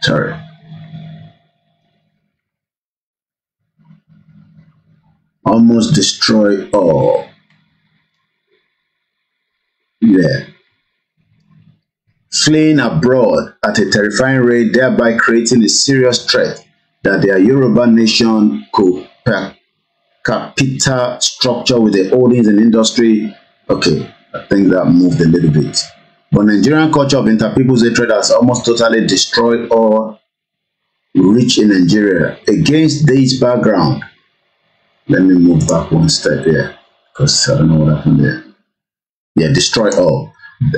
Sorry. Almost destroy all. Yeah. Fleeing abroad at a terrifying rate, thereby creating a serious threat that their Yoruba nation could per capita structure with their holdings and industry. Okay, I think that moved a little bit. But Nigerian culture of inter-people's hatred has almost totally destroyed all rich in Nigeria. Against this background, let me move back one step here, because I don't know what happened there. Yeah, destroy all.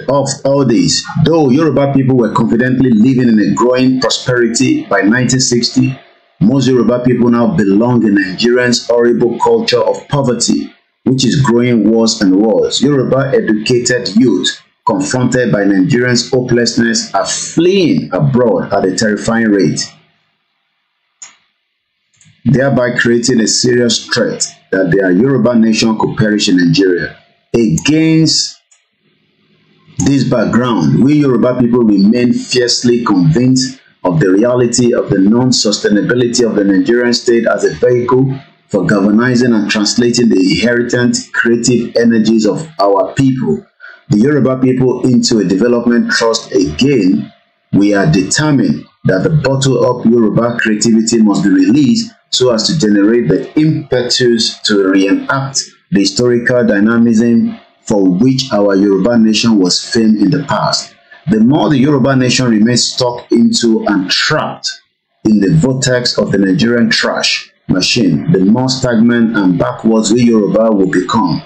Of all these, though Yoruba people were confidently living in a growing prosperity by 1960, most Yoruba people now belong in Nigerians' horrible culture of poverty, which is growing worse and worse. Yoruba educated youth confronted by Nigerians' hopelessness, are fleeing abroad at a terrifying rate, thereby creating a serious threat that their Yoruba nation could perish in Nigeria. Against this background, we Yoruba people remain fiercely convinced of the reality of the non-sustainability of the Nigerian state as a vehicle for galvanizing and translating the inherent creative energies of our people the Yoruba people into a development trust again, we are determined that the bottle-up Yoruba creativity must be released so as to generate the impetus to reenact the historical dynamism for which our Yoruba nation was famed in the past. The more the Yoruba nation remains stuck into and trapped in the vortex of the Nigerian trash machine, the more stagnant and backwards we Yoruba will become.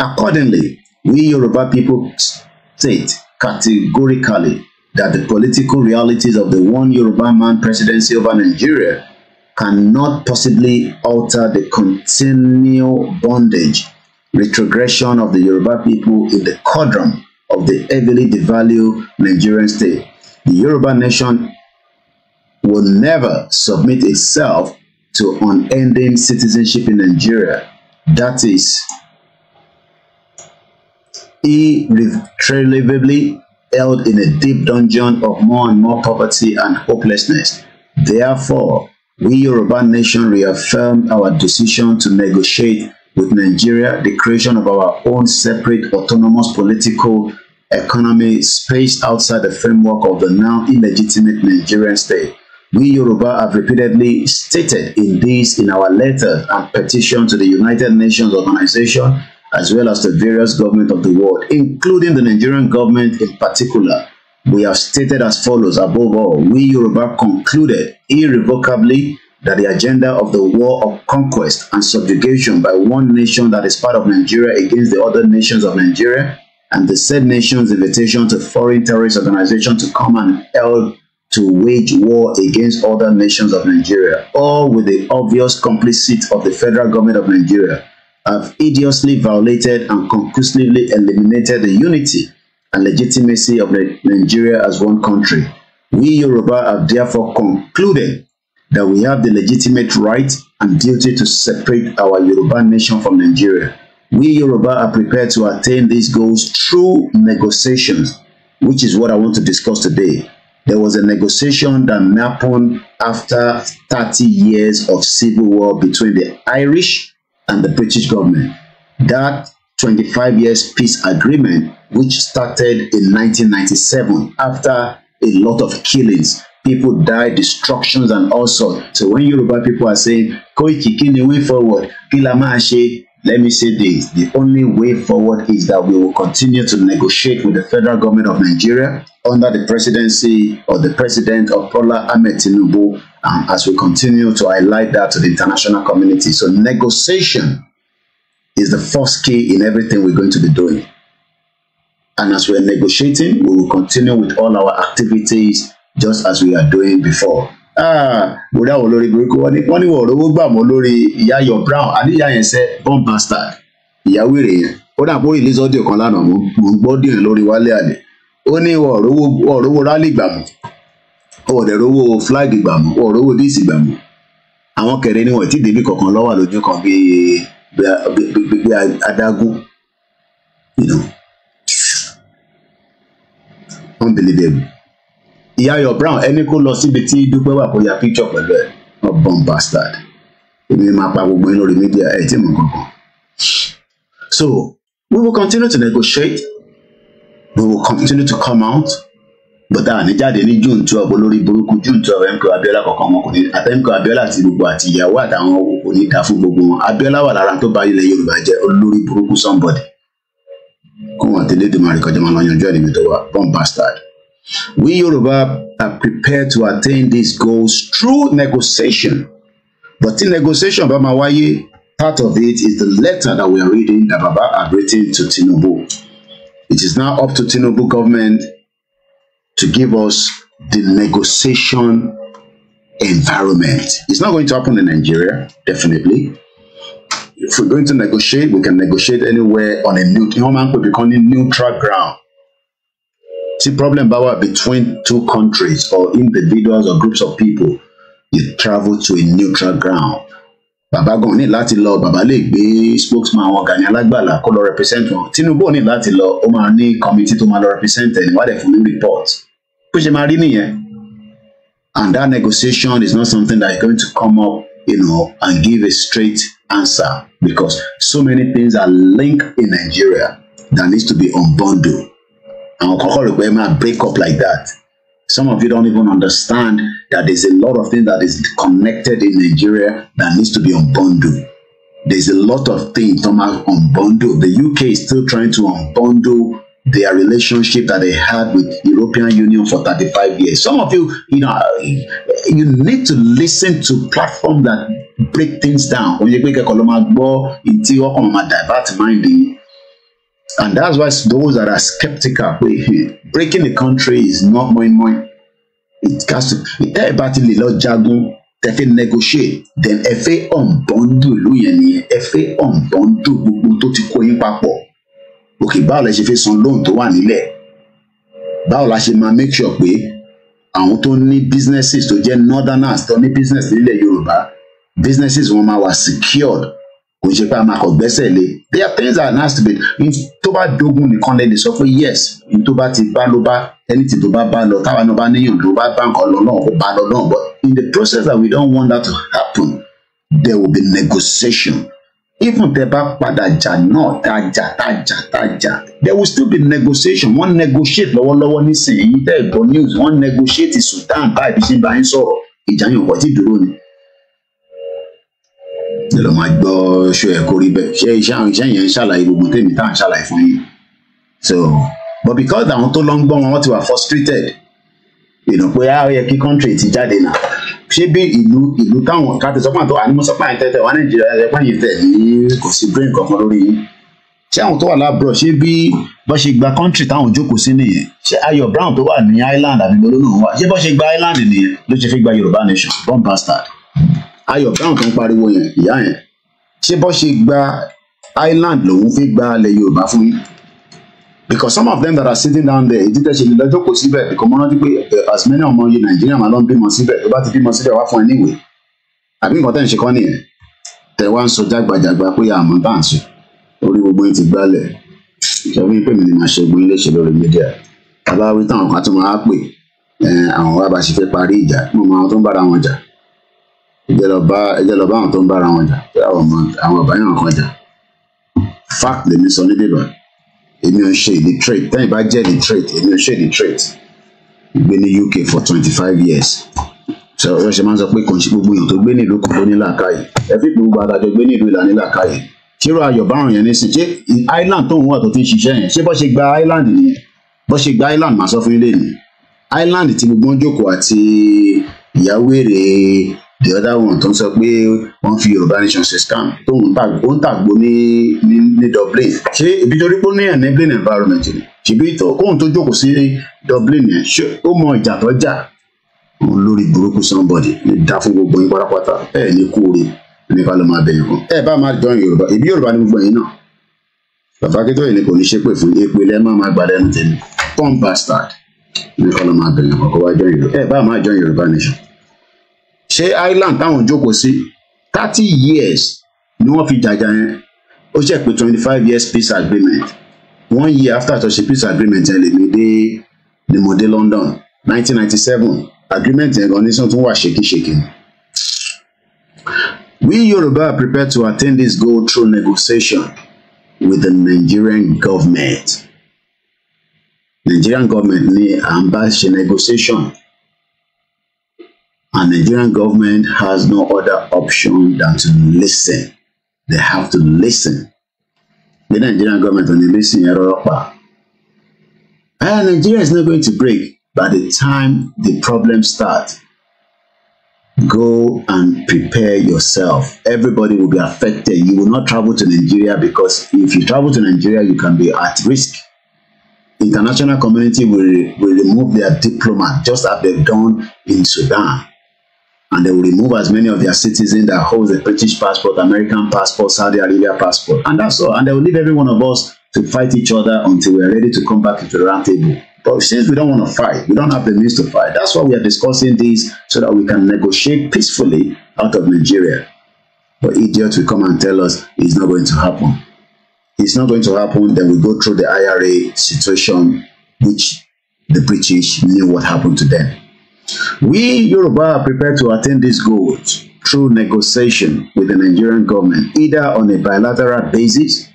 Accordingly, We Yoruba people state categorically that the political realities of the one Yoruba man presidency over Nigeria cannot possibly alter the continual bondage, retrogression of the Yoruba people in the quadrum of the heavily devalued Nigerian state. The Yoruba nation will never submit itself to unending citizenship in Nigeria. That is irretrievably held in a deep dungeon of more and more poverty and hopelessness. Therefore, we Yoruba nation reaffirmed our decision to negotiate with Nigeria the creation of our own separate autonomous political economy spaced outside the framework of the now illegitimate Nigerian state. We Yoruba have repeatedly stated in this in our letter and petition to the United Nations Organization as well as the various governments of the world, including the Nigerian government in particular. We have stated as follows above all, we Yoruba concluded irrevocably that the agenda of the war of conquest and subjugation by one nation that is part of Nigeria against the other nations of Nigeria and the said nation's invitation to foreign terrorist organizations to come and help to wage war against other nations of Nigeria, all with the obvious complicity of the federal government of Nigeria have hideously violated and conclusively eliminated the unity and legitimacy of Nigeria as one country. We Yoruba have therefore concluded that we have the legitimate right and duty to separate our Yoruba nation from Nigeria. We Yoruba are prepared to attain these goals through negotiations, which is what I want to discuss today. There was a negotiation that happened after 30 years of civil war between the Irish and the British government. That 25 years peace agreement, which started in 1997 after a lot of killings, people died, destructions and all sorts. So when Yoruba people are saying, Koiki Kini way forward, Kilamashi, let me say this, the only way forward is that we will continue to negotiate with the federal government of Nigeria under the presidency or the president of Bola Ahmed Tinubu um, as we continue to highlight that to the international community. So negotiation is the first key in everything we're going to be doing. And as we're negotiating, we will continue with all our activities just as we are doing before. Ah, dáwọ lórí burúkú wọn ni wọn ní wọn ò rówó gbà mọ́ lórí ìyá yọ brown àníyá yẹn ṣe born bastard ìyá wèrè yẹn ó dà bó release audio kan lánàá mo ń gbọ́ dìrín lórí wálé àlè ó ní ọ̀dẹ̀ rówó flag gbà mọ́ ọ̀rọ̀ owó àwọn kẹrẹ ni wọn ti débi kankan lọ́wọ́ lójú kan bí bí adágún unbelievable ìyáyọ brown ẹni kó lọ síbi tí dúpẹ́ wà kó ya picture pẹ̀lú ẹ̀ ọ̀bọ̀n bastard èmi máa pa gbogbo yín lórí media ẹ̀ tí mo kankan so we will continue to negotiate we will continue to come out bọ́tà àníjáde ní june twelve olórí burúkú june twelve mko abiola kọ̀ọ̀kan wọn kò ní àtẹnukọ abiola àti gbogbo àti ìyàwó àtàwọn kò ní ká fún gbogbo wọn abiola wà lára tó bá ilẹ̀ yorùbá jẹ́ olórí burúkú somebody kó wọn tẹlẹ dùnmọ̀ àríkọjá máa lọ yanjú ẹ̀ níbi tó wà born bastard. we yorùbá are prepared to attain these goals through negotiation but tí negotiation bá máa wáyé part of it is the letter that we are reading that baba are writing to tinubu it is now up to tinubu government to give us the negotiation environment. It's not going to happen in Nigeria, definitely. If we're going to negotiate, we can negotiate anywhere on a neutral, human could become neutral ground. See, problem power between two countries or individuals or groups of people, you travel to a neutral ground bàbá gan ní láti lọ bàbá lè gbé spokesman wọn Gani Alágbàlá kó lọ represent wọn Tinubu ní láti lọ ó máa ní committee tó máa lọ represent ẹni wàá fún ní report bó ṣe máa rí nìyẹn and that negotiation is not something that is going to come up you know and give a straight answer because so many things are linked in Nigeria that needs to be unbundled àwọn kọ́kọ́ rò pé máa break up like that Some of you don't even understand that there's a lot of things that is connected in Nigeria that needs to be unbundled. There's a lot of things come unbundled. The UK is still trying to unbundle their relationship that they had with European Union for 35 years. Some of you, you know, you need to listen to platforms that break things down. When you gbé kẹ́kọ̀ọ́ ló máa divert mind and that's why those that are skeptical breaking the country is not money, money. it has to tẹ́ ẹ bá ti lè lọ jagun tẹ́ negotiate then ẹ fẹ́ on ìlú yẹn nìyẹn ẹ fẹ́ unbundle gbogbo tó ti kó yín papọ̀ òkè báwo la ṣe fẹ́ san loan tó wà nílẹ̀ báwo la ṣe máa make sure we àwọn tó ní businesses to jẹ́ northerners tó ní business nílẹ̀ Yorùbá businesses wọn máa wà secured kò ṣe pé a máa kọ gbẹ́sẹ̀ lé there are things that are nice to be tó bá dogun nìkan lẹ́ni sọ pé yes tó bá ti bá ló bá ẹni tí tó bá bá lọ táwa náà bá níyàn ló bá bá nǹkan lọ náà kó bá lọ náà but in the process that we don't want that to happen there will be negotiation even tẹ bá padà jà náà tá jà tá jà tá jà there will still be negotiation wọ́n negotiate lọ́wọ́lọ́wọ́ nísìnyí tẹ́ ẹ̀ gbọ́ news wọ́n negotiate Sudan báyìí bí ṣe bá ń sọ̀rọ̀ ìjà yẹn ò wọ́n ti dúró ni lọ máa gbọ́ ṣó ẹ kórí bẹ́ẹ̀ ṣé iṣẹ́ àwọn iṣẹ́ yẹn ṣàlàyé gbogbo tèmi tá à ń ṣàlàyé fún yín so but because àwọn tó lọ ń gbọ́ wọn wọ́n ti wà frustrated ìnà pé a ah, yẹ kí country ti jáde náà ṣé bí ìlú ìlú táwọn ká ti sọ pàtó ànímọ́sọ́pà yẹn tẹ́tẹ́ wà nàìjíríà ẹ̀ pààyàn tẹ̀ ní kò sí brain kankan lórí yín ṣé àwọn tó wà lábúrò ṣé bí bọ́ ṣe gba country táwọn jókòó sí nìyẹn ṣé Ayọ̀ Brown tó wà ní Ireland àbí gbolo náà wà ṣé bọ́ ṣe gba Ireland nìyẹn ló ṣe fi gba Yorùbá nation born bastard ayọ̀ táwọn kan pariwo yẹn ìyá yẹn ṣé bọ́ ṣe gba island lòun fi gba ilẹ̀ yorùbá fún yín because some of them that are sitting down there èyí tẹ́ ṣe lè lọ́jọ́ kò síbẹ̀ because mo rántí pé eh, as many ọmọ yìí nàìjíríà máa lọ ń bímọ síbẹ̀ tó bá ti bímọ síbẹ̀ wá fún ẹ níwèé àbí nǹkan tẹ́ ń ṣe kọ́ nìyẹn tẹ wá ń sọ jágbajàgba pé àmọ́ bá ń sọ orí gbogbo yín ti gbálẹ̀ ìjọba yín pè mí ni màá ṣe gbóyún léṣe lórí mídíà bàbá wí táwọn kan tún máa pè eh, àwọn wa bá ṣe fẹ́ parí ìjà mo mọ àwọn tó ń bára wọn jà ẹjẹ àwọn tó ń bára wọn jà àwọn ọmọ kan jà fact lèmi sọ ní bíbá èmi ò ń ṣe ìdí trade tẹ́yìn bá jẹ́ ìdí trade èmi ò ń ṣe ìdí trade gbé ní UK for twenty five years so wọ́n ṣe máa ń sọ pé kò ń ṣe gbogbo èèyàn tó gbé nílùú kan ló ní làákàyè ẹ fi gbogbo adájọ́ gbé nílùú ìlànà làákàyè kíró ayọ̀ bárùn yẹn ní sìn ṣé island tóun wà tó ti ń ṣiṣẹ́ yẹn ṣé bọ́ ṣe gba island nìyẹn bọ́ ṣe gba island màá sọ fún ilé nìyẹn island ti gbogbo ń jókòó àti ìyáwó èrè the other one tó ń sọ pé wọ́n fi yorùbá nation ṣe scam tó ń tàgbó ní ní ní dublin ṣé ibi torí pé ó ní enabling environment ni ṣèbí òun tó jókòó sí dublin yẹn ṣé ó mọ ìjà tó jà òun lórí burúkú somebody lè dá fún gbogbo yín pátápátá ẹ ní kúure ní ká ló máa bẹ̀yìn fún ẹ bá máa join yorùbá ibi yorùbá ní gbogbo yín náà bàbá akíntóyè ni kò ní ṣépè fún epe lẹ́ẹ̀ má máa gbà lẹ́nu tèmi pump bastard ní ká ló máa bẹ̀yìn fún ọkọ̀ wá join yorùbá ẹ bá máa join yorùbá nation ṣé island táwọn jókòó sí thirty years ni wọ́n fi jàjà yẹn ó ṣe pé twenty five years peace agreement one year after tó ṣe peace agreement yẹn lèmi dé ni mo dé London nineteen ninety seven agreement yẹn gan nísàn tún wà ṣèkíṣèkí. We Yoruba are prepared to attain this goal through negotiation with the Nigerian government. Nigerian government ni à ń bá ṣe negotiation And Nigerian government has no other option than to listen. They have to listen. The Nigerian government on the listen Europa. Eh, and Nigeria is not going to break by the time the problems start. Go and prepare yourself. Everybody will be affected. You will not travel to Nigeria because if you travel to Nigeria, you can be at risk international community will, will remove their diplomat just as they've done in Sudan. and they will remove as many of their citizens that holds a British passport, American passport, Saudi Arabia passport, and that's all. And they will leave every one of us to fight each other until we are ready to come back to the round table. But since we don't want to fight, we don't have the means to fight. That's why we are discussing this so that we can negotiate peacefully out of Nigeria. But idiots will come and tell us it's not going to happen. It's not going to happen. Then we go through the IRA situation, which the British knew what happened to them. We, Yoruba, are prepared to attain these goals through negotiation with the Nigerian government, either on a bilateral basis,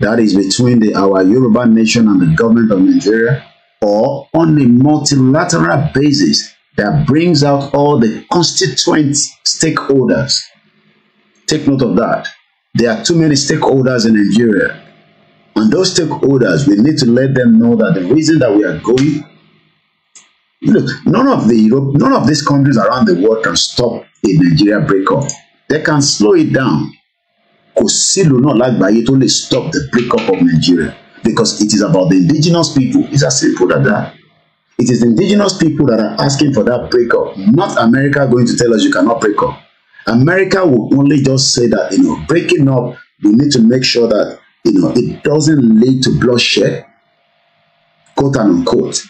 that is between the, our Yoruba nation and the government of Nigeria, or on a multilateral basis that brings out all the constituent stakeholders. Take note of that. There are too many stakeholders in Nigeria. And those stakeholders, we need to let them know that the reason that we are going Look, none of the Europe, none of these countries around the world can stop a Nigeria breakup. They can slow it down. Kò not like by it only stop the breakup of Nigeria because it is about the indigenous people. It's as simple as that. It is indigenous people that are asking for that breakup. Not America going to tell us you cannot break up. America will only just say that, you know, breaking up, we need to make sure that, you know, it doesn't lead to bloodshed, quote unquote.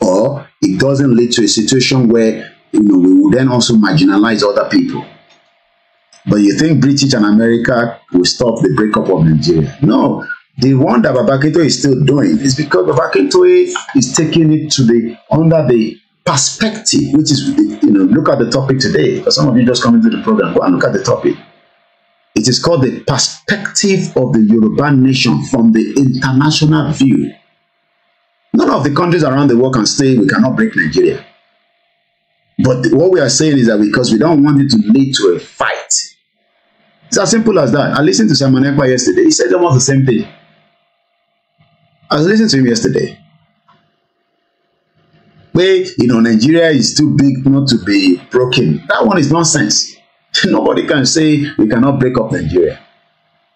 Or it doesn't lead to a situation where you know we would then also marginalize other people. But you think British and America will stop the breakup of Nigeria? No. The one that Babakito is still doing is because Babakito is taking it to the under the perspective, which is you know look at the topic today. Because some of you just coming to the program, go and look at the topic. It is called the perspective of the Yoruba nation from the international view. None of the countries around the world can say we cannot break Nigeria. But what we are saying is that because we don't want it to lead to a fight. It's as simple as that. I listened to Simon Ekpa yesterday. He said almost the same thing. I was listening to him yesterday. Where, you know, Nigeria is too big not to be broken. That one is nonsense. *laughs* Nobody can say we cannot break up Nigeria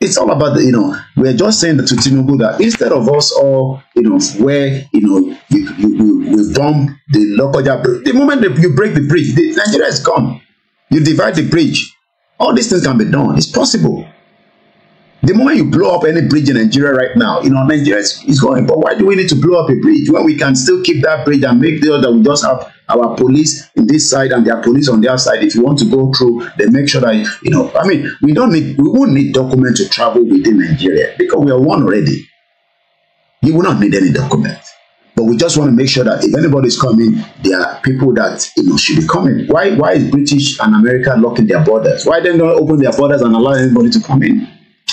it's all about the, you know, we're just saying to Tinubu that instead of us all, you know, where, you know, you, you, we you bomb the local. bridge, the moment that you break the bridge, the, Nigeria is gone. You divide the bridge. All these things can be done. It's possible. The moment you blow up any bridge in Nigeria right now, you know, Nigeria is, is going, but why do we need to blow up a bridge when we can still keep that bridge and make sure that we just have our police in this side and their police on their side. If you want to go through, they make sure that, you know, I mean, we don't need, we won't need document to travel within Nigeria because we are one already. You will not need any document. But we just want to make sure that if anybody's coming, there are people that you know should be coming. Why why is British and America locking their borders? Why they don't open their borders and allow anybody to come in?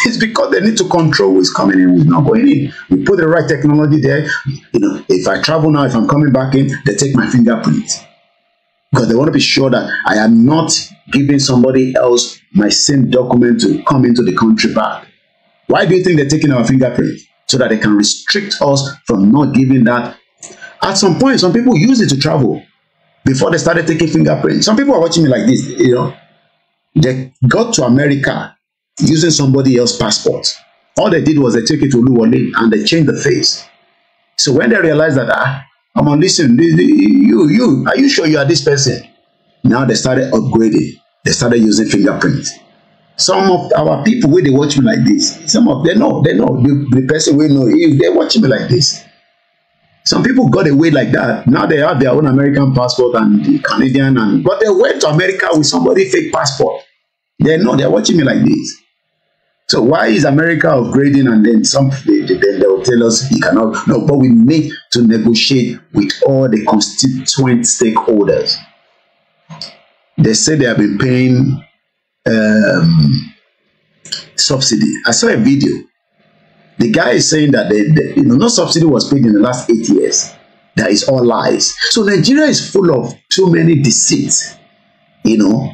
It's because they need to control who's coming in, who's not going in. We put the right technology there. You know, if I travel now, if I'm coming back in, they take my fingerprint. Because they want to be sure that I am not giving somebody else my same document to come into the country back. Why do you think they're taking our fingerprint? So that they can restrict us from not giving that. At some point, some people use it to travel before they started taking fingerprints. Some people are watching me like this, you know. They got to America using somebody else's passport. All they did was they took it to Oluwole and they changed the face. So when they realized that, ah, I'm on listen, you, you, are you sure you are this person? Now they started upgrading. They started using fingerprint. Some of our people wey they watch me like this, some of them know, they know the, the person will know if they watch me like this. Some people got away like that. Now they have their own American passport and the Canadian, and but they went to America with somebody fake passport. They know they're watching me like this. So why is America upgrading and then some they, they, then they'll tell us he cannot no, but we need to negotiate with all the constituent stakeholders. They say they have been paying um, subsidy. I saw a video. The guy is saying that they, they, you know, no subsidy was paid in the last eight years. That is all lies. So Nigeria is full of too many deceits. You know,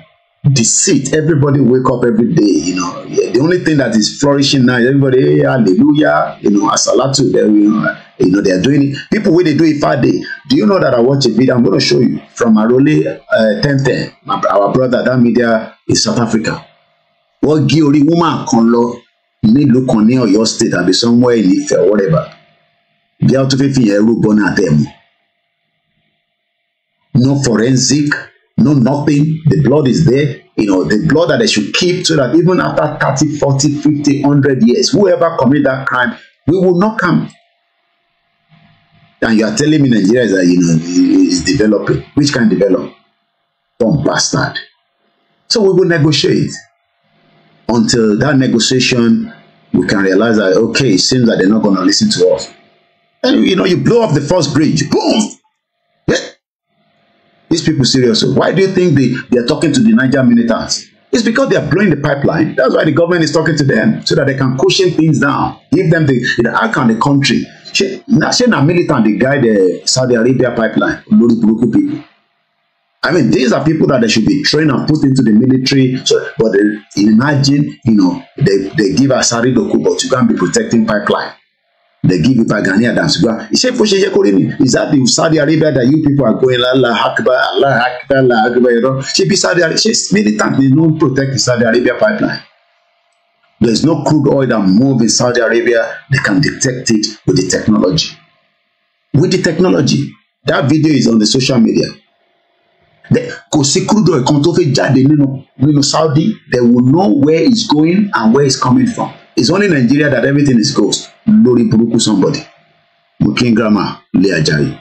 deceit. Everybody wake up every day, you know, the only thing that is flourishing now is everybody hey, hallelujah you know asalatu you know, you know they are doing it people wey they do it ifa day. do you know that i watch a video i'm going to show you from arole uh, ten ten our brother that media in south africa What gé orí woman kan lọ look on ní ọ̀yọ́ state be somewhere in ife or whatever bí a tún fi fi yẹn rúbọ them. no forensic no nothing the blood is there you know the law that they should keep so that even after 30 40 50 100 years whoever commit that crime we will not come and you are telling me Nigeria is that uh, you know is developing which can develop dumb bastard so we will negotiate until that negotiation we can realize that okay it seems that they're not going to listen to us and you know you blow up the first bridge boom people seriously. Why do you think they, they are talking to the Niger militants? It's because they are blowing the pipeline. That's why the government is talking to them, so that they can cushion things down. Give them the, the how can the country? Ṣé na militant dey guide the Saudi Arabia pipeline olórí people? I mean, these are people that they should be trained and put into the military. So, but they, imagine, you know, they, they give Asari Doku, but you can't be protecting pipeline. They give people Ghanaian dance. He said, Is that the Saudi Arabia that you people are going, Allah Akbar, Allah Akbar, Allah Akbar, you know? She be Saudi Arabia. She's militant. They don't protect the Saudi Arabia pipeline. There's no crude oil that move in Saudi Arabia. They can detect it with the technology. With the technology. That video is on the social media. Because sí crude oil Saudi they will know where it's going and where it's coming from it's only Nigeria that everything is closed lórí burúkú somebody mukin grammar lé ajayi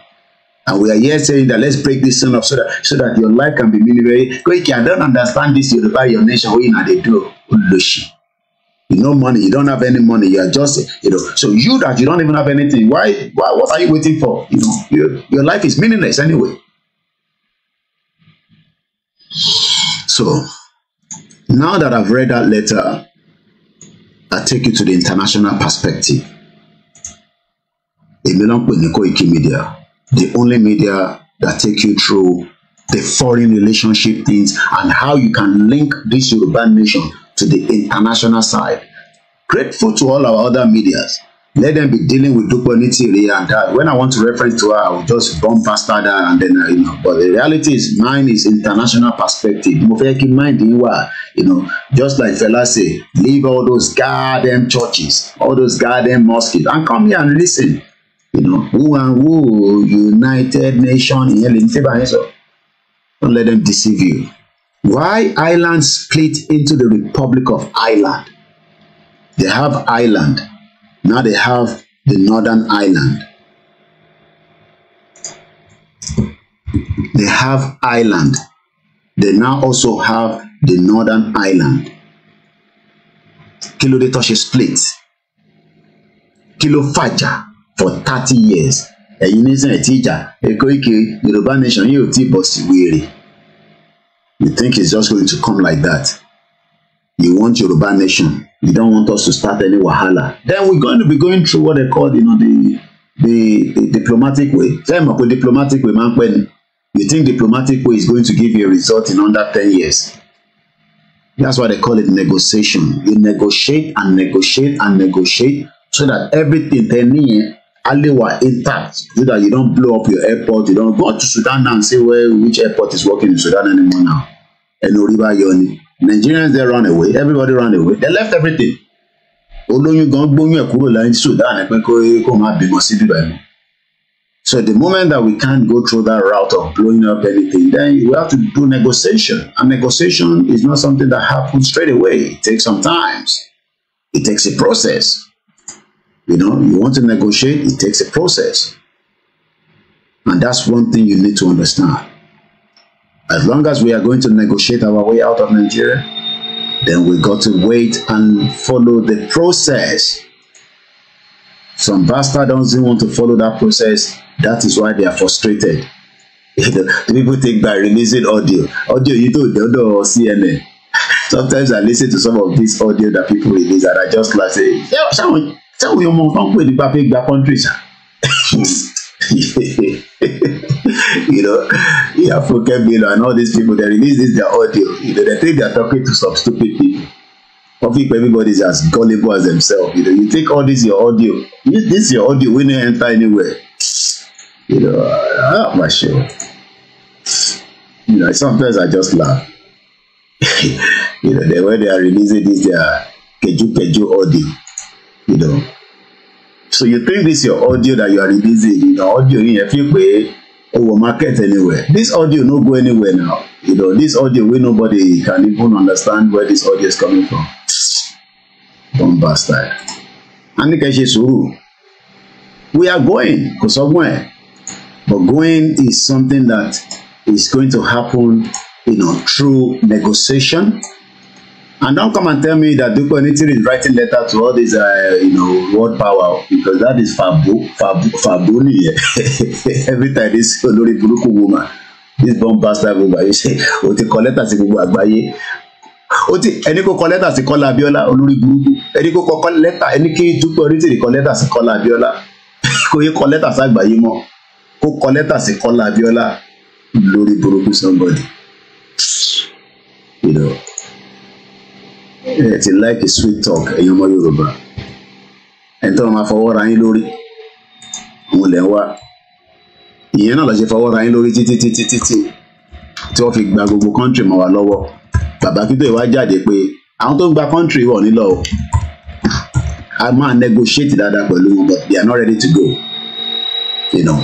and we are here saying that let's break this thing up so that so that your life can be meaningful Koiki I don't understand this buy your nation wey una dey do oloshi oh, you no money you don't have any money you are just you know so you that you don't even have anything why why what are you waiting for you know your, your life is meaningless anyway so now that I've read that letter I take you to the international perspective èmi náà ń pè ní Koiki Media the only media that take you through the foreign relationship things and how you can link this urban nation to the international side grateful to all our other medias let them be dealing with Duponitiri and that. When I want to reference to her, I will just bump past her and then, uh, you know. But the reality is, mine is international perspective. Mo fẹ́ kí mind you know, just like Fela say, leave all those goddamn churches, all those goddamn mosques, and come here and listen. You know, who and who, United Nations, ìyẹn lè ní tẹ́bà Don't let them deceive you. Why Ireland split into the Republic of Ireland? They have Ireland. Now they have the Northern Island. They have Ireland. They now also have the Northern Ireland. Kí ló dé split? Kí ló for thirty years? A nísìn a teacher. ìjà the Ike nation You tí bọ̀ sí wéèrè. You think it's just going to come like that? You want Yoruba nation. You don't want us to start any wahala. Then we're going to be going through what they call, you know, the the, the diplomatic way. Tell me, the diplomatic way, man, when you think diplomatic way is going to give you a result in under ten years. That's why they call it negotiation. You negotiate and negotiate and negotiate so that everything they need Aliwa intact so that you don't blow up your airport. You don't go to Sudan now and say, well, which airport is working in Sudan anymore now? And Oriba Yoni. Nigerians they run away everybody run away they left everything olóyún gan gbóyún ẹ kúrò láyé Sudan pé kó kó má bímọ sí bíbá ẹ so the moment that we can't go through that route of blowing up anything then we have to do negotiation and negotiation is not something that happens straight away it takes some times it takes a process you know you want to negotiate it takes a process and that's one thing you need to understand As long as we are going to negotiate our way out of Nigeria, then we got to wait and follow the process. Some bastard doesn't want to follow that process. That is why they are frustrated. *laughs* the people think by releasing audio, audio you don't, don't know CNN. *laughs* Sometimes I listen to some of this audio that people release and I just like say, yeah, ṣáwọn ṣáwọn ọmọ kan pè nípa pé country sir." *laughs* *laughs* you know, yeah, Funke Bello and all these people, they release this their audio. You know, they think they're talking to some stupid people. I Public, everybody's as gullible as themselves. You know, you take all this your audio. You, this your audio, we don't enter anywhere. You know, I'm not sure. You know, sometimes I just laugh. *laughs* you know, the way they are releasing this their keju keju audio, you know. So you think this your audio that you are releasing, you know, audio a few pé e market anywhere This audio no go anywhere now you know this audio wey nobody can even understand where this audio is coming from don bastard a ní kẹ́ we are going kò sọ́gbọ́n ẹ̀ but going is something that is going to happen you know, through negotiation And don't come and tell me that Duke Onitiri is writing letter to all these, uh, you know, world power because that is fabu fabu fabuni. *laughs* Every time this Olori burúkú woman, this bomb bastard woman, you say, ó ti kọ lẹ́tà sí gbogbo àgbáyé. Ó ti ẹni kó kọ lẹ́tà sí Kọ́lá Abíọ́lá olórí burúkú. Ẹni kó kọ lẹ́tà ẹni kí Duke Onitiri kọ lẹ́tà sí Kọ́lá Abíọ́lá. *laughs* Ko yẹ kọ lẹ́tà sí àgbáyé mọ́. Kó kọ lẹ́tà sí Kọ́lá Abíọ́lá lórí burúkú somebody. You know ẹ ti like sweet talk ẹ̀yin ọmọ yorùbá ẹ̀ ń tọ́ ma fọwọ́ ra yín lórí òun lẹ̀ ń wá ìyẹn náà la ṣe fọwọ́ ra yín lórí títí títí títí tí wọ́n fi gba gbogbo kọ́ńtì mọ́ wa lọ́wọ́ bàbá Akíntóyè wá jáde pé àwọn tó ń gba kọ́ńtì wọ̀ nílọ o a máa negotiate dáadáa pẹ̀lú wọn but they are not ready to go you know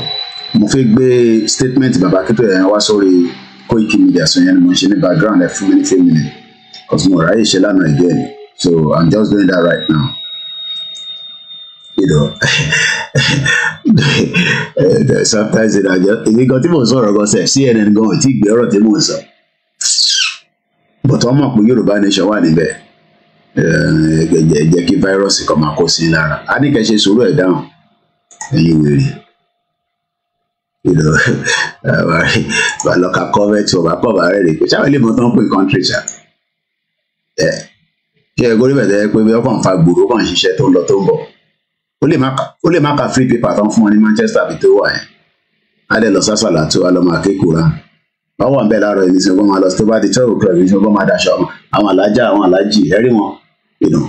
mo fẹ́ gbé statement bàbá Akíntóyè yẹn wá sórí Koiki Media sọ yẹn ni mo ń ṣe ní background ẹ̀ fún mi ní fẹ́ mi nìyẹn cause mo ráyè ṣe lánàá again so i'm just doing that right now you know *laughs* sometimes it I just if you got mò ń sọ̀rọ̀ gan sẹ̀ cnn gan ò tí ì gbé ọ̀rọ̀ tí mò ń sọ bọ̀tọ̀ mọ̀ pé yorùbá nation wà níbẹ̀ eh, jẹ́ kí fáírọ́ọ̀sì kan máa kó sí lára a ní kẹ́ ṣe You know, dáhùn ẹ̀yin wèrè bàlọ́ka kọ́vẹ́tì ọ̀bàpọ̀ bàárẹ̀ rẹ̀ pé sáwọn ilé ìmọ̀ tó ń pè country ṣáà kí ẹ górí bẹ̀tẹ̀ pé bí ọkàn fa gbòòrò kàn ṣiṣẹ́ tó ń lọ tó ń bọ̀ ó lè má ka free paper tán fún wọn ní Manchester àbí tó wà yẹn á dẹ̀ lọ sásàlà tó wà lọ́mọ akékòrá báwo à ń bẹ̀ láàárọ̀ ẹni sọ fún wa lọ sí tó bá ti tọ́rọ̀ kúrò ẹni sọ fún wa daṣọ àwọn alájà àwọn alájì ẹ̀rí wọn ìnà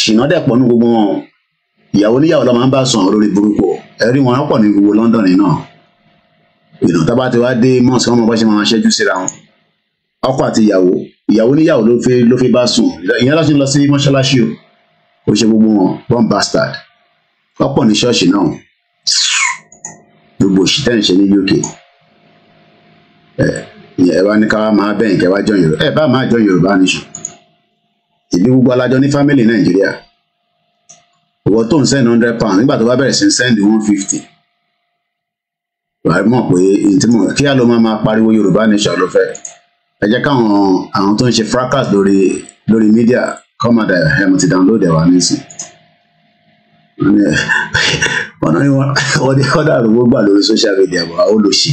ṣìnà dẹ̀ pọ̀ ní gbogbo wọn ìyàwó níyàwó lọ́mọ ń bá sùn lórí burúkú ẹ̀rí wọn pọ̀ ní gbogbo London náà ìnà tábà tí wàá dé mọ́ọ̀sì wọn mọ bá ṣe máa ṣẹ́jú síra wọn ọkọ àti ìyàwó ìyàwó níyàwó ló fi ló fi bá sùn ìyẹn láti lọ sí mọ́ṣáláṣí o kò ṣe gbogbo wọn one bastard ọ̀pọ̀ ní ṣọ́ọ̀ṣì náà gbogbo òṣìṣẹ́ ń ṣe ní UK ẹ ẹ wá ní ká wá máa bẹ̀yìn kẹ́ wá jọ Yorùbá ẹ bá máa jọ Yorùbá nìṣó ìbí gbogbo alájọ ní fámìlì Nàìjíríà owó tó ń send hundred pound nígbà tó bá bẹ̀rẹ̀ sí ń send one fifty wàá mọ̀ pé kí á ló máa máa pariwo Yorùbá nìṣó ló fẹ́ ẹ jẹ́ káwọn àwọn tó ń ṣe fracas lórí lórí mídíà kọ́ máa dà ẹ̀ mo ti download ẹ̀ wá nísìn ọ̀nà ni wọ́n ọ̀dà àrùgbó gbà lórí social media bọ̀ àwọn olóṣì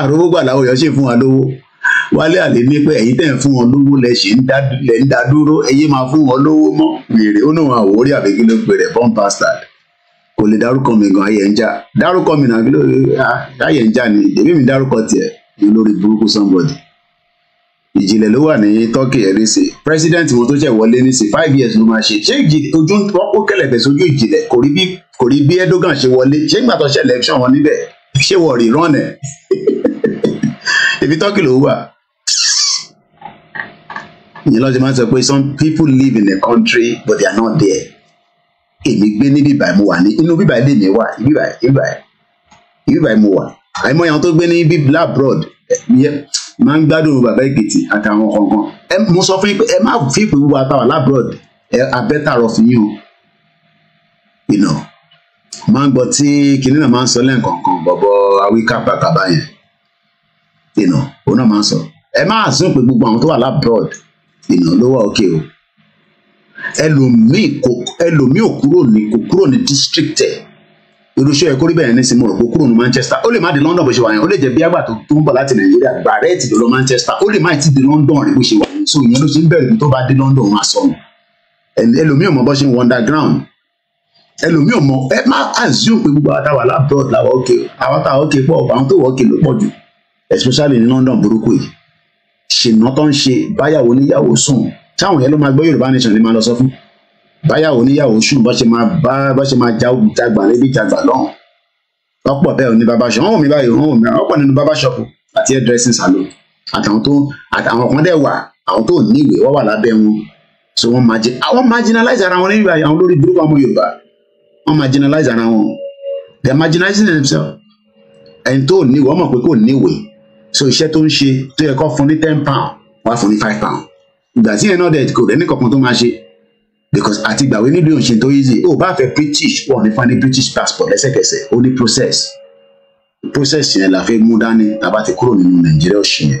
àrùgbó gbà làwọn èèyàn ṣe fún wa lówó wálé àlè ní pé ẹ̀yin tẹ̀ ń fún wọn lówó lẹ̀ ṣe ń dá dúró ẹ̀yin máa fún wọn lówó mọ́ wèrè ó náà àwòrí àbẹ̀kí ló pè rẹ̀ born bastard kò lè dárúkọ mi gan ayẹ̀ ń já dárúkọ mi náà kí ló ah, ayẹ̀ ń já ni èmi mi dárúkọ tiẹ̀ ní olórí burúkú somebody ìjìnlẹ̀ ló wà ní turkey ẹni sè president wo tó ṣẹ̀ wọlé ní sè five years ló máa ṣe ṣé ìjìnlẹ̀ ojú ó kẹlẹ̀bẹ̀ sójú ìjìnlẹ̀ kò rí bí kò rí bí Erdogan ṣe wọlé ṣé ìgbà tó ṣe election wọn níbẹ̀ ṣé wọ́n rí rán ẹ̀ *laughs* ibi turkey ló wà ìyẹn lọ́jọ́ máa ń sọ pé some people live in a country but they are not there èmi gbé ní bíbáyìí mo wà ní inú bíbáyìí lèmi wà bíbáyìí bíbáyìí bíbáyìí mo wà àìmọye àwọn tó gbé ní bíbí labroad máa ń gbádùn bàbá èkìtì àtàwọn kankan ẹ mo sọ fún yín pé ẹ má fi ìpè wíwá táwọn labroad ẹ abẹ́tàrọ fún yín o ìnà máa ń gbọ́ tí kinní náà máa ń sọ lẹ́ǹkọ̀ọ̀kan bọ̀bọ̀ awíkàbàkàbà yẹn ìnà òun náà máa ń sọ ẹ máa sún pé gbogbo àwọn tó wà labroad ìnà ló wà òkè o ẹlòmíì kò ẹlòmíì ò kúrò ní kò kúrò ní district ẹ̀ irúṣẹ́ ẹ̀kọ́ rí bẹ́ẹ̀ nísìnyí mo rò pé kúrò ní Manchester ó lè má di London bó ṣe wà yẹn ó lè jẹ́ bí àgbà tó ń bọ̀ láti Nàìjíríà bàrẹ́ ti dọ̀lọ Manchester ó lè má ti di London rí bó ṣe wà yẹn so ìyẹn ló ṣe ń bẹ̀rù tó bá dé London wọn àsọnù ẹlòmíì ò mọ bó ṣe ń wonder ground ẹlòmíì ò mọ ẹ má assume pé gbogbo àtàwà labroad làwọn òkè àwọn táwọn òkè pọ̀ àwọn tó wọ́ọ̀kè ló pọ̀ jù especially ní London burúkú yìí ṣèǹnà tó ń ṣe báyàwó níyàwó sùn táwọn yẹn ló máa gbọ́ Yorùbá nation ní báyàwó níyàwó sùn bọ́ ṣe máa bá bọ́ ṣe máa já jagbà níbi jagbà lọ́hùn ọ̀pọ̀ bẹ́ẹ̀ ní bàbá ṣọ́ọ̀pù wọ́n mi báyìí wọ́n mi ọ̀pọ̀ nínú bàbá ṣọ́ọ̀pù àti ẹ̀ dressing salon àtàwọn tó àtàwọn kan dẹ̀ wà àwọn tó ní ìwé wọ́n wà lábẹ́ wọn so wọ́n margin àwọn marginalize ara wọn nígbà àwọn lórí burúkú àwọn Yorùbá wọ́n marginalize ara wọn they are marginalizing themselves ẹni tó ní ìwé wọ́n mọ̀ pé kò ní ìwé so iṣẹ́ tó ń ṣe tó yẹ kó fún ní ten pound wọ́n á fún ní five pound ìgbà tí yẹn náà dẹ̀ kò rẹ́ ní kankan tó máa ṣe because àti gbàwé nílùú òun ṣe tó easy ó bá fẹ́ british wọn ní fún ní british passport lẹ́sẹ̀kẹsẹ̀ ó ní process process yẹn la fẹ́ mú dání tàbá ti kúrò nínú nàìjíríà òṣì yẹn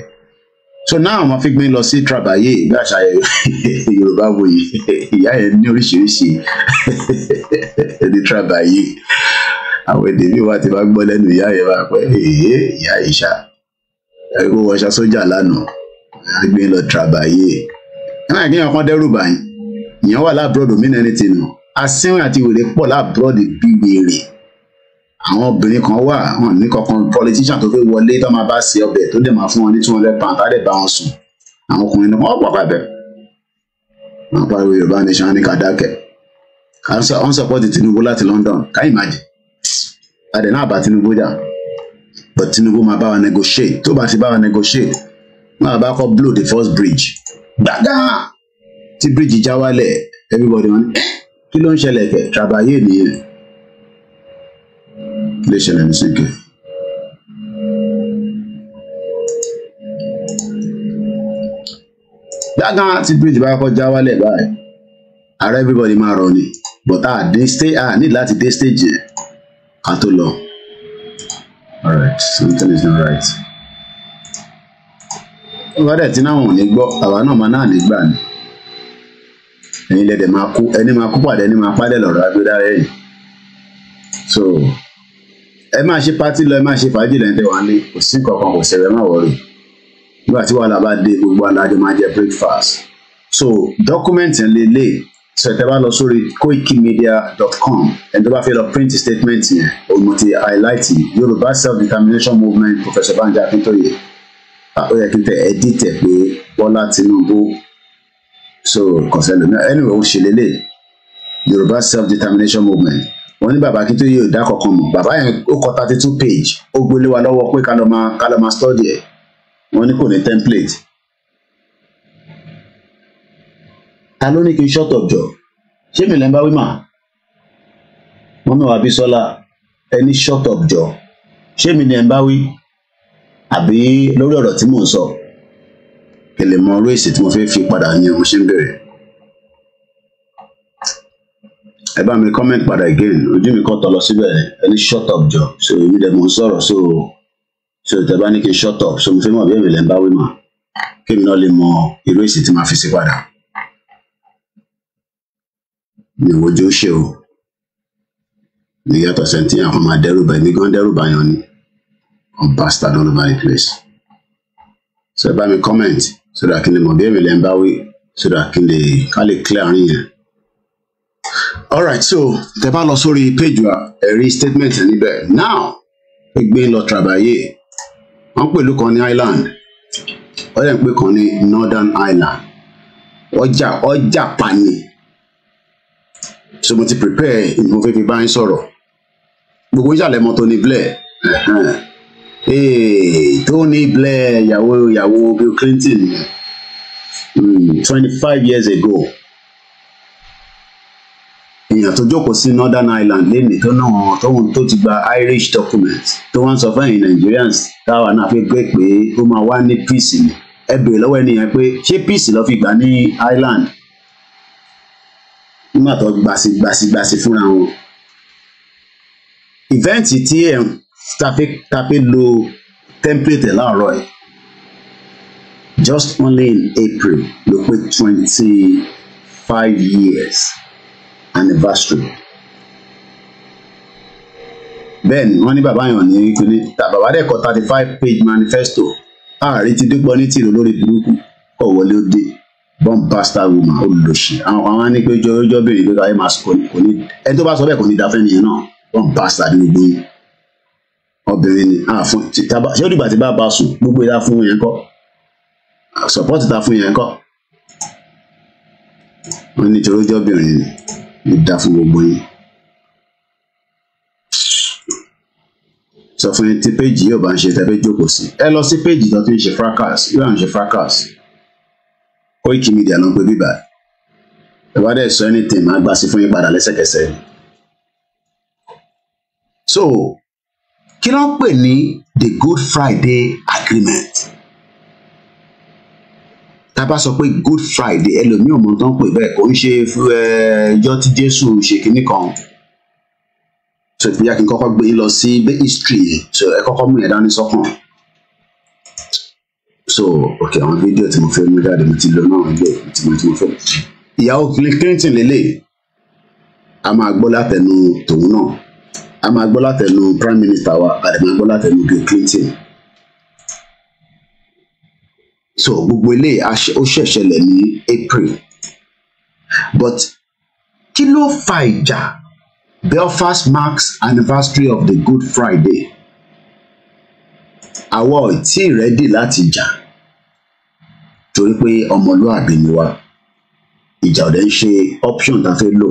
so now wọn fi gbé lọ sí trabaye bí àṣà *laughs* yorùbá wòye ìyá yẹn ní oríṣiríṣi *laughs* ní trabaye àwọn èdè mi wá ti bá gbọ́ lẹ́nu ìyá yẹn wá pé èyí ìyá yìí ṣá ẹgbẹ́ wọṣà sójà lánàá wọn gbé lọ trabaye ẹ máa gbé yẹn kán dẹ́rù báyìí ìyẹn wà lábúròdù mí náà ní ti nù asínwìn àti wèrè pọ̀ lábúròdù bí wèrè àwọn obìnrin kan wà hàn ní kankan politician tó fẹ́ wọlé tó máa bá ṣe ọbẹ̀ tó dẹ̀ máa fún wọn ní two hundred pound tálẹ̀ bá wọn sùn àwọn ọkùnrin náà wọ́n pọ̀ bàbẹ̀ wọ́n pariwo yorùbá nation ní kàdákẹ́ wọ́n support tinubu láti london can you imagine adẹ̀ náà bá tinubu jà but tinubu máa bá wa negotiate tó bá ti bá wa negotiate máa bá kọ́ blow the first bridge gbàgán tí bíríìjì já wálẹ̀ everybody wọn kí ló ń ṣẹlẹ̀ kẹ̀ tàbáyé nìyẹn kí ló ṣẹlẹ̀ ní sìnkẹ. gbàgán tí bíríìjì bá kọ́ já wálẹ̀ báyìí ara everybody máa rọ ni but a dé stay a ní láti dé stage yẹn ká tó lọ. alright something is not right. wọ́n dẹ̀ tí náà wọ́n ò ní gbọ́ àwa náà máa náà ní gbà ni ẹ̀yin lẹ́dẹ̀ máa kú ẹni máa kú pàdé ẹni máa pàdé lọ́rọ̀ agbédára yìí so ẹ máa ṣe pátí lọ ẹ máa ṣe fàájì lẹ́yìn tẹ́ wà kò sí kankan kò sẹ̀rẹ̀ má wọ̀rì nígbà tí wàhálà bá dé gbogbo alájọ máa jẹ breakfast so dọ́kúmẹ̀ntì lélẹ̀ so tẹ́ bá lọ sórí koikimedia.com ẹni tó bá fẹ́ lọ print statement yẹn òun mo ti highlight Yorùbá self determination movement Professor Banji Akintoye ah, ó yẹ kí n tẹ pé Bọ́lá Tinubu so kọ̀sẹ́lò náà anyway ó ṣe lélẹ̀ Yorùbá self determination movement wọ́n ní bàbá Akíntóyè ò dá kankan mọ̀ bàbá yẹn ó kọ thirty two page ó gbélé wa lọ́wọ́ pé ká lọ máa ká máa study ẹ̀ wọ́n ní kò ní template ta ló ní kí n short of jọ ṣé mi lẹ́ ń bá wí mà mọ́mí wa ẹni short of jọ ṣé mi lẹ́ ń bá wí àbí lórí ọ̀rọ̀ tí mò ń sọ. So kẹlẹ mọ ọ̀rọ̀ èsì tí mo fẹ́ fi padà yẹn mo ṣe ń bẹ̀rẹ̀ ẹ bá mi comment padà again ojú mi kọ́ tọ́ lọ síbẹ̀ ẹni shut up jọ so èmi dẹ̀ mo ń sọ̀rọ̀ so so ìtẹ̀bá ní kí n shut up so mo fẹ́ mọ̀ bí èmi lẹ́ ń bá wí mọ̀ kémi náà lè mọ irú èsì tí màá fi sí padà mi ò wojú ṣe o mi yàtọ̀ sẹ́ńtì àwọn máa dẹ́rùbà èmi gan dẹ́rùbà yan ni on bastard all over the place so ẹ bá mi comment sódà kí n lè mọ̀ bí èmi lẹ́ ń bá wí sódà kí n lè ká lè clear àárín the alright so tẹ bá lọ sórí page wa ẹ rí statement níbẹ̀ now gbé lọ tàbáyé wọ́n pẹ̀lú kan ní island wọ́n yẹn pé kan ní northern island ọjà ọjà pani so mo ti prepare ìmọ̀ fífi báyìí sọ̀rọ̀ gbogbo ìjàlẹ̀ mọ́tò ní blair. Tony Blair ìyàwó ìyàwó Bill Clinton hmm, twenty five years ago èèyàn tó jókòó sí Northern Ireland lénìí tó náà tóun tó ti gba Irish document tó wá ń sọ fẹ́yìn Nigerians táwa náà fi gbé pé ó máa wá ní peace ni ẹ bèrè lọ́wọ́ ẹnìyẹn pé ṣé peace ló fi gbà ní Ireland nígbà tó gbàsígbàsígbàsí fúnra wọn ìfẹ́ǹtì tí ẹ̀ ń ta fi ta fi lo template láàárọ̀ ẹ̀ just only in April ló pé twenty five years anniversary bẹ́ẹ̀ ni wọ́n ní bàbá yàn ní kíní bàbá dẹ̀ kọ thirty five page manifesto ààrẹ ti dúpọ̀ ní tìrò lórí burúkú kọ̀ wọlé ó dé born bastard woman olùlọ́sì àwọn kan wọ́n ní pé ọjọ́ bèrè pé káyọ̀ máa kò ní ẹni tó bá sọ bẹ́ẹ̀ kò ní dáfẹ́ nìyẹn náà born bastard ní gbogbo yìí obìnrin ni àfún ṣé o dìgbà tí bá ba sùn gbogbo ìta fún yẹn kọ́ support ta fún yẹn kọ́ wọ́n ní torójọ́ obìnrin ni ó dá fún gbogbo yín. sọ fún yín tí péjì yóò bá ń ṣe tẹ́fẹ́ jókòó sí ẹ lọ sí péjì tó ti ń ṣe fracas yóò à ń ṣe fracas Koiki Media ló ń pe bíbá ẹ bá dẹ̀ sọ anything máa gbà sí fún yín padà lẹ́sẹ̀kẹsẹ̀. so kí ló ń pè ní the Good Friday Agreement tá a bá sọ pé Good Friday ẹlòmíì ò mọ tó ń pè bẹ́ẹ̀ kò ń ṣe ẹjọ́ tí Jésù ṣe kínní kan so ìpínlẹ̀ kí n kọ́kọ́ gbé lọ sí history so ẹ kọ́kọ́ mú yẹn dání sọ́kàn so ok àwọn fídíò tí mo fẹ́ mú jáde mo ti lọ náà ilé tí mo ti mo fẹ́ ìyàwó Clinton lélẹ̀ a máa gbọ́ látẹnu tòun náà a máa gbọ́ látẹnu prime minister wa a lè máa gbọ́ látẹnu bill clinton so gbogbo eléyìí ó ṣẹ̀ṣẹlẹ̀ ní april but kí ló fa ìjà belfast marks anniversary of the good friday àwa ò tí ì rẹ́dì láti jà torí pé ọmọlúàbí ni wa ìjà ò dẹ̀ ń ṣe option tá a fẹ́ lò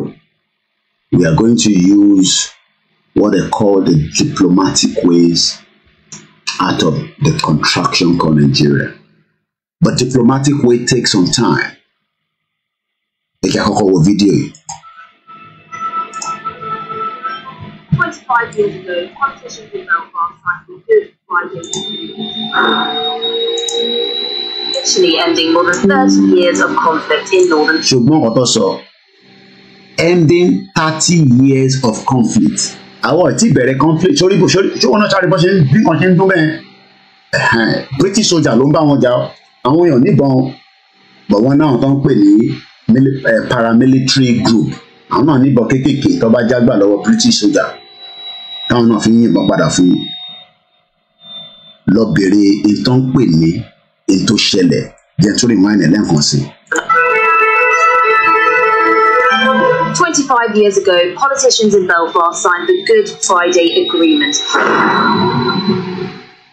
we are going to use what they call the diplomatic ways out of the contraction called Nigeria. But diplomatic way takes some time. Ẹ can àkọ́kọ́ wo video. 2.5 years ago, politicians in Belfast had been doing ending more than 30 years of conflict in northern. Ṣùgbọ́n ọ̀tọ̀ sọ, ending 30 years of conflict àwọn ò tí bẹ̀rẹ̀ conflict sórí bó sórí tí wọn náà sáré bó ṣe bí kan ṣe ń dún bẹ́ẹ̀ British soldier ló ń bá wọn jà àwọn èèyàn níbọn bọ̀ wọn náà tó ń pè ní paramilitary group àwọn náà níbọn kéékèèké tó bá jágbà lọ́wọ́ British soldier táwọn náà fi ń yìnbọn padà fún un lọ bèrè ìtàn pè ní ètò ṣẹlẹ̀ jẹ́ torí wọn sí i. 25 years ago, politicians in Belfast signed the Good Friday Agreement,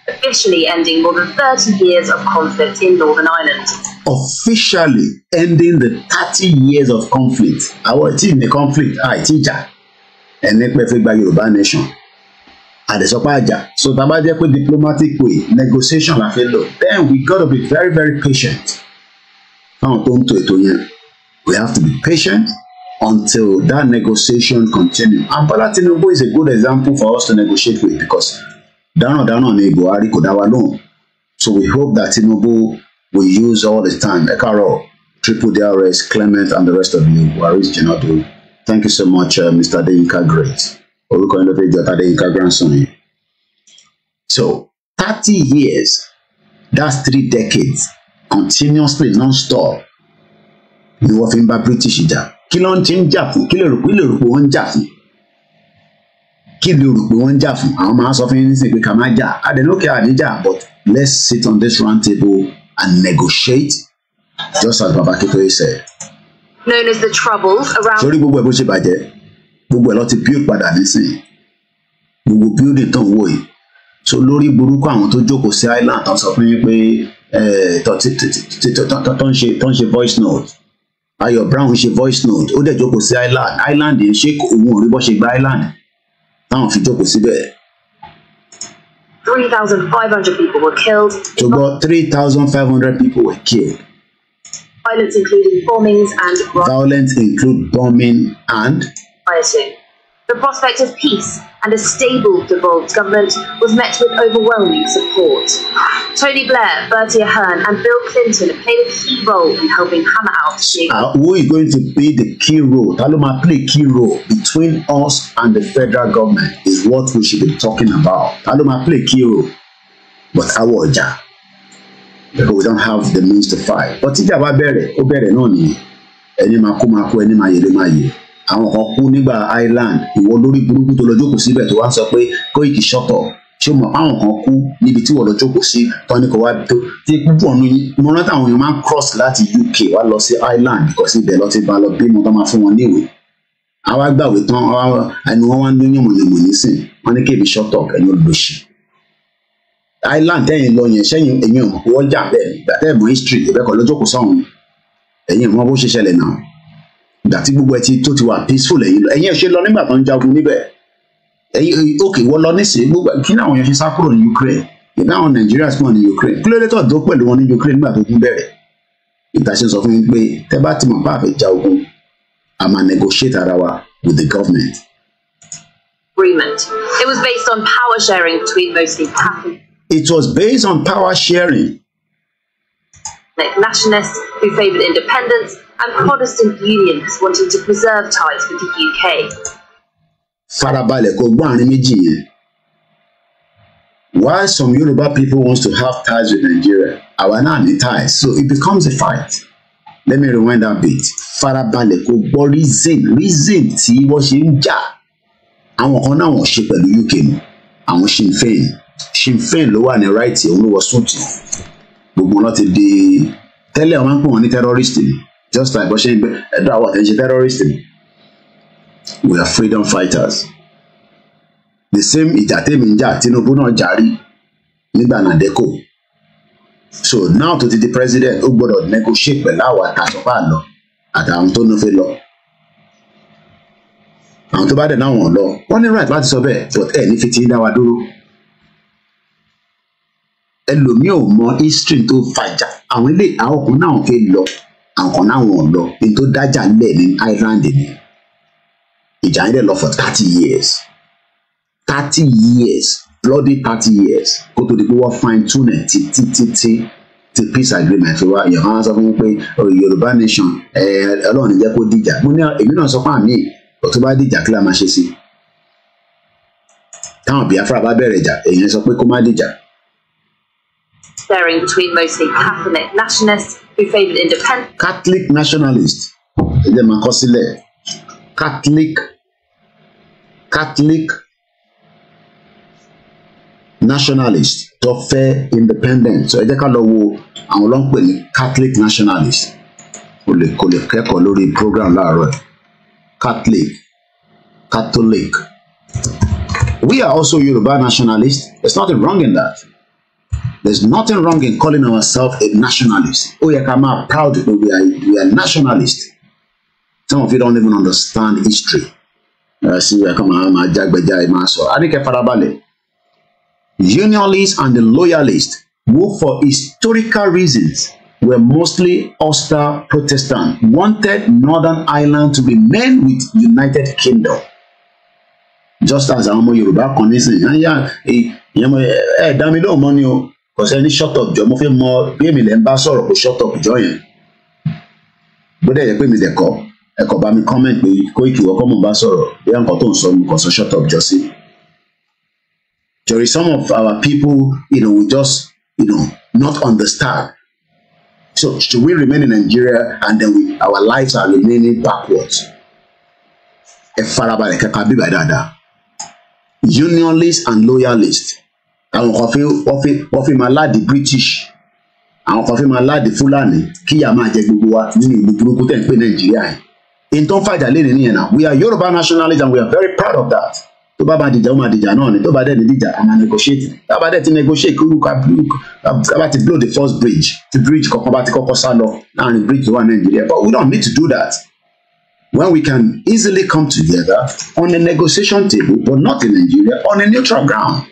officially ending more than 30 years of conflict in Northern Ireland. Officially ending the 30 years of conflict. Àwọn tí the conflict àìtí ah, ìjà ẹni pẹ́ fẹ́ by Yorùbá nation. Àdìsọ́pá àjà. So tá a bá jẹ́ diplomatic way negotiation I feel, Then we gotta be very very patient. Come on, ètò eto we have to be patient until that negotiation continues. And Bola Tinubu is a good example for us to negotiate with because Dano Dano ni Buhari kò dá alone. So we hope that Tinubu will use all the time. Ekaro, Triple DRS, Clement, and the rest of you, Waris Jinodu. Thank you so much, uh, Mr. Adeyinka Great. grandson So thirty years, that's three decades, continuously non-stop. You were in ń British jà. kí ló ń ti ń jà fún kí lè rò pé lè rò pé wọ́n ń jà fún kí lè rò pé wọ́n ń jà fún àwọn máa sọ fún yín nísìnyí pé ká má jà àdénókè àdéjà but let's sit on this round table and negotiate just as Baba Akintoye said. known as the troubles around. sórí gbogbo ẹ̀ bó ṣe bàjẹ́ gbogbo ẹ̀ lọ ti build padà nísìnyí gbogbo building tó ń wò yìí so lórí burúkú àwọn tó jókòó sí island tó ń sọ fún yín pé eh, tó ń ṣe voice note Ayọ̀ Brown ṣe voice note ó dẹ̀ jókòó sí island island yẹn ṣé òun ò rí bọ́ ṣe gba island táwọn fi jókòó síbẹ̀. three thousand five hundred people were killed. To gbọ́ three thousand five hundred people were killed. violence including bombings and. violence include bombing and. Fighting. The prospect of peace and a stable devolved government was met with overwhelming support. Tony Blair, Bertie Ahern, and Bill Clinton played a key role in helping hammer out the deal. Uh, who is going to play the key role? Taluma play key role between us and the federal government is what we should be talking about. Taluma play key role, but our job. But we don't have the means to fight. But if you have a bere, o bere no ni, Any ma kuma ku eni ma yele ma yele. àwọn kan kú nígbà Ireland ìwọ lórí burúkú tó lọ jókòó síbẹ̀ tó wá sọ pé Koiki ṣọ́tọ̀ ṣé o mọ̀ páwọn kan kú níbi tí wọ́n lọ jókòó sí tọ́níkọ̀ wá tó tí púpọ̀ nu mo rántí àwọn èèyàn máa ń cross láti UK wá lọ sí Ireland because ibẹ̀ lọ ti bá lọ bímọ tó máa fún wọn níwèé àwa gbàwé tán ẹnu wọn wá ń lóyún mọ̀nàmọ̀ nísìn wọn ní kébi ṣọ́tọ̀ ẹ̀yìn olùlọ́sì Ireland tẹ́yìn lọ yẹn sẹ́yìn ẹ̀yìn ọ̀mọ̀ wọ́n jà bẹ́ẹ̀ gbàtẹ́ ìmọ̀ history ìbẹ́kọ̀ lọ́jọ́ kò sọ̀hún ẹ̀yìn ọ̀mọ̀ bó ṣe ṣẹlẹ̀ náà ìgbà tí gbogbo ẹ ti tó ti wà peaceful ẹ̀yin lọ ẹ̀yin ẹ ṣe lọ nígbà tó ń jagun níbẹ̀ ẹ̀yin òkè wọ́n lọ nísìnyí gbogbo kí ni àwọn yẹn ṣe sá kúrò ní Ukraine ìbá àwọn Nàìjíríà sí wọn ní Ukraine kí ló dé tọ̀dọ̀ pẹ̀lú wọn ní Ukraine nígbà tó kún bẹ̀rẹ̀ ìtàṣe sọ fún mi pé tẹ́ bá ti mọ̀ bá àfẹ́ ja ogun a máa negotiate ara wa with the government. Agreement. It was based on power sharing between mostly Catholic. It was based on power sharing. Like nationalists who favoured independence and Protestant unions wanting to preserve ties with the UK. Farabale, kò gbọ́ àárín méjì yẹn. While some Yoruba people want to have ties with Nigeria, àwa náà ní ties, so it becomes a fight. Let me rewind that bit. Farabalẹ̀ kò gbọ́ reason reason tí wọ́n ṣe ń jà. Àwọn kan náà wọ́n ṣe pẹ̀lú UK mu, àwọn Sinn Féin. Sinn Féin ló wà ní right òun ló wọ súùtì. Gbogbo wọn ti di tẹ́lẹ̀ wọn máa ń pè wọ́n ní terrorist ni just like bó she, that was ẹ̀dá àwọn terrorist we are freedom fighters the same ìjà tèmi ń jà Tinubu náà Jari, nígbà Deko. so now tó ti di president ó gbọ́dọ̀ negotiate pẹ̀lú àwọn àtàtúpà lọ àtàwọn tó nu fẹ́ lọ àwọn tó bá dẹ̀ náwọn lọ wọ́n ní right láti sọ bẹ́ẹ̀ but ẹ̀ ní fi ti dá wa dúró ẹlòmíì ò mọ history tó fàjà àwọn ilé àwọn ọkùnrin náà fẹ́ lọ àwọn kan láwọn ní tó dájà ńlẹ̀ ní Ireland ni ìjà yẹn dẹ̀ lọ for thirty years thirty years bloody thirty years kó tó di pé wọ́n fine tune ẹ̀ títí títí ti peace agreement wa yọ̀hán wá sọ fún mi pé oh, Yorùbá nation ọlọ́run ní jẹ́ kó dìjà mo ní èmi náà sọ fún àmì ọ̀tún dìjà kí la máa ṣe sí táwọn Biafra bá bẹ̀rẹ̀ jà èèyàn sọ pé kó má dìjà. Sharing between mostly Catholic nationalists fífẹ́ independent. Catholic nationalist ẹ jẹ́ máa Catholic Catholic nationalist tó fẹ́ independent so ẹ jẹ́ ká lọ wo àwọn ló ní Catholic nationalist o lè kò lè kẹ́kọ̀ọ́ lórí program láàárọ̀ Catholic Catholic we are also Yoruba nationalists there's nothing wrong in that. There's nothing wrong in calling ourselves a nationalist. Oh, yeah, I'm proud that we are, we are nationalists. Some of you don't even understand history. Uh, see, I come on, my jagbajai, my so. I think farabalẹ̀. Unionists and the loyalists, who for historical reasons were mostly hostile Protestant, wanted Northern Ireland to remain with United Kingdom. Just as àwọn ọmọ Yorùbá kan nísìnyí, yeah, ẹ dá mi lóhùn mọ́ ni o kò sẹ́ni shut up jọ mo fẹ́ mọ bí èmi lẹ̀ ń bá sọ̀rọ̀ kó shut up jọ yẹn bó dẹ̀ yẹ pé mi lẹ̀ kọ́ ẹ kọ́ bá mi comment pé Koiki ìwọ kọ́ mo bá sọ̀rọ̀ bí nǹkan tó ń sọ mo kàn sọ shut up jọ sí. Jori some of our people you know, we just you know, not understand So should we remain in Nigeria and then we, our lives are remaining backwards? Ẹ farabalẹ̀ kẹ́kẹ́ bíbá dáadáa. Unionists and loyalists àwọn kan fi wọ́n fi wọ́n fi máa láàdì British àwọn kan fi máa láàdì Fúlàní kíyà máa jẹ gbogbo wa nínú ìlú burúkú tẹ̀ ń pè Nàìjíríà yìí In tó ń fàjà lé nìyẹn nìyẹn náà we are Yorùbá nationalists and we are very proud of that tó bá máa dìjà ó máa dìjà náà ni tó bá dẹ̀ ní dìjà a máa negotiate tá a bá dẹ̀ ti negotiate kí olùkọ́ bá ti blow the first bridge the bridge kọ̀ọ̀kan bá ti kọ́kọ́ sá lọ láàrin bridge tó wà Nàìjíríà but we don't need to do that when we can easily come together on a negotiation table but not in Nigeria on a neutral ground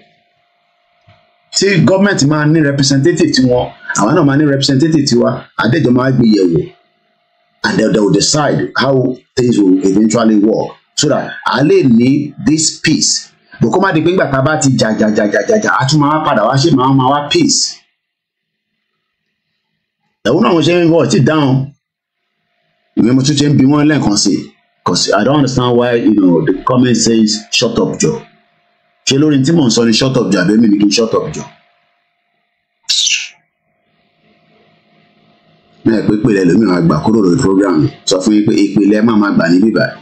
tí gọ́ọ̀mẹ̀ntì máa ní representative tiwọn àwa náà máa ní representative tiwa àdéjọ máa gbé yẹ̀wò and they, they will decide how things will eventually work so that a lè ní this peace bòkó má di pé nígbà tá a bá ti jà jà jà jà jà jà a tún máa padà wá ṣe máa máa wá peace ẹ̀wọ́n náà wọ́n ṣe ń wọ̀ tí dáhùn ìwé mo tún ṣe ń bi wọ́n lẹ́ẹ̀kan sí i because I don't understand why you know, the comment says shut up Joe ṣe lórí tí mò ń sọ ni short of jàbẹ́ mi ni kí n short of jọ. náà pé pèlè lómi máa gbà kúrò lórí program sọ fún yín pé ìpìlẹ̀ máa máa gbà níbí báyìí.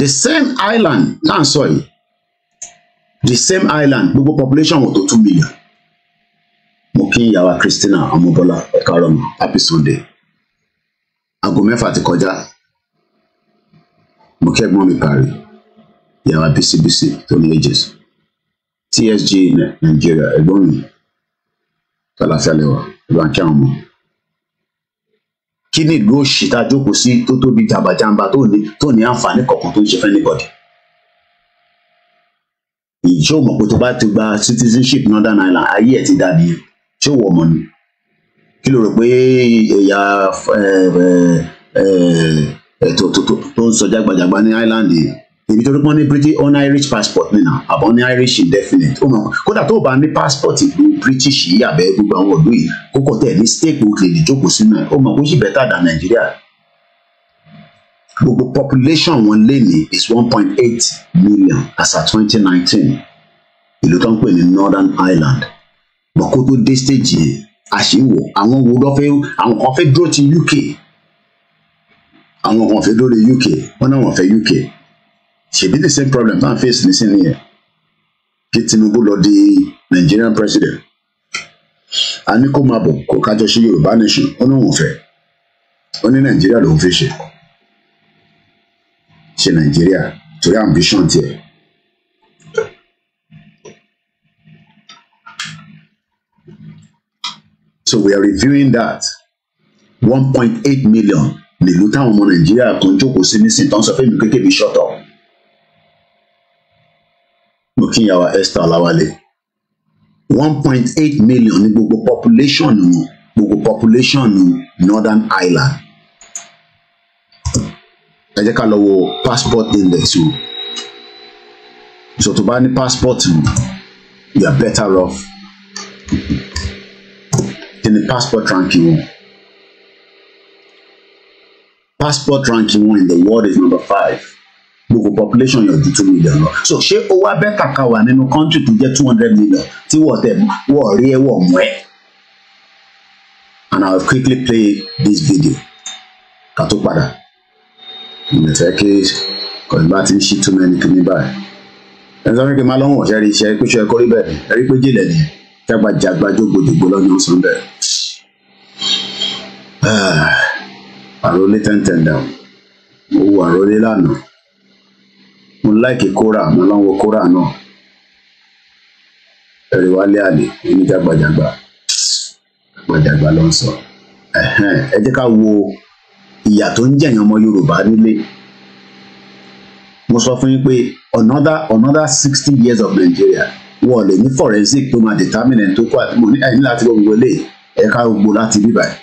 the same island náà sọ yìí the same island gbogbo population wò tó two million mo kí ìyàwó Christina Ọmọbọ́lá ẹ̀ka ọ̀rọ̀ mọ́ happy Sunday aago mẹ́fà ti kọjá mo kẹ́gbọ́n mi parí ìyá wa bcbc tó mages tsg nàìjíríà ẹ̀gbọ́n mi kàlàfíà lẹwà ìlú àkẹ́ àwọn ọmọ kí ni ìlú òṣìṣẹ́ jókòó sí tó tóbi jàmbàjàmbà tó ní tó ní àǹfààní kọ̀ọ̀kan tó ń ṣe fẹ́nìbọ̀dì ìṣó mọ̀ pé tó bá ti gba citizenship northern ireland ayé ẹ̀ ti dàbí ṣé wọ́n mọ̀ ni kí ló rò pé ẹ̀yà ẹ̀ẹ́ ẹ̀ẹ́ tó ń sọ jágbàjàgbà ní ireland yìí èmi torí pọ́n ní british on irish passport nínà àbọ̀ ní irish indefinite ó mọ̀ kódà tó o bá ní passport ìlú british yìí àbẹ́ gbogbo àwọn ọ̀dọ́ yìí kókò tẹ̀ ní state ó lè jókòó sínú ẹ̀ ó mọ̀ kó sì bẹ́tà dà nàìjíríà gbogbo population wọn lénìí is one point eight million as at twenty nineteen ìlú tó ń pè ní northern ireland bọ̀ kó tó dé stage yẹn àṣìwò àwọn wo lọ́ fẹ́ àwọn kan fẹ́ dúró ti uk àwọn kan fẹ́ dúró ti uk wọ́n náà wọ́n fẹ́ uk ṣèbí the same problem tá ń face nísìnyí kí Tinubu lọ di Nigerian president a ní kó máa bọ̀ kó kájọ ṣe Yorùbá nation ó ní òun fẹ́ ó ní Nàìjíríà lòun fẹ́ ṣe ṣe Nàìjíríà torí ambition tiẹ̀. So we are reviewing that one point eight million nílùú táwọn ọmọ Nàìjíríà kan jókòó sí nísìnyí tó ń sọ fún mi kékeré shut up tí ìyàwó Esther Ọlàwálé one point eight million ní gbogbo population wọn gbogbo population Northern Ireland ẹ jẹ́ ká lọ wo passport index o so tó bá ní passport you are better off kí ni passport ranking wọn passport ranking wọn in the world is number five gbogbo population yẹn ju two million lọ so ṣé ó wá bẹ́ kàkà wà nínú country tó jẹ́ two hundred million tí wọ́n tẹ̀ wọ́n rí ẹ̀ wọ́n mú ẹ̀ and I will quickly play this video ká tó padà ìmọ̀ fẹ́ kí kọ̀ọ̀lù bá ti ń ṣí too many kìíní báyìí ẹ̀ ń sọ fún kí n má lọ́wọ́ ṣe rí iṣẹ́ pé ṣe ẹ̀kọ́ rí bẹ́ẹ̀ ẹ̀ rí pé jìnlẹ̀ nìyẹn jágbajàgba jógbòdògbò lọ́jọ́ sunday ah, àròlé tẹ́ntẹ́ndà ó wà àròlé lánàá láìkí kóra mo lọ wo kóra náà ẹrẹ wálé àlè oníjàgbàjàgbà gbàjàgbà ló ń sọ ẹ jẹ́ ká wo ìyà tó ń jẹ̀yàn ọmọ Yorùbá nílé mo sọ fún yín pé another another sixty years of Nigeria wọ́n lè ní forensic tó máa determine ẹni tó kọ́ àti mo ní ẹni láti gbọ́ gbogbo eléyìí ẹ̀ka gbogbo láti bíbà ẹ̀.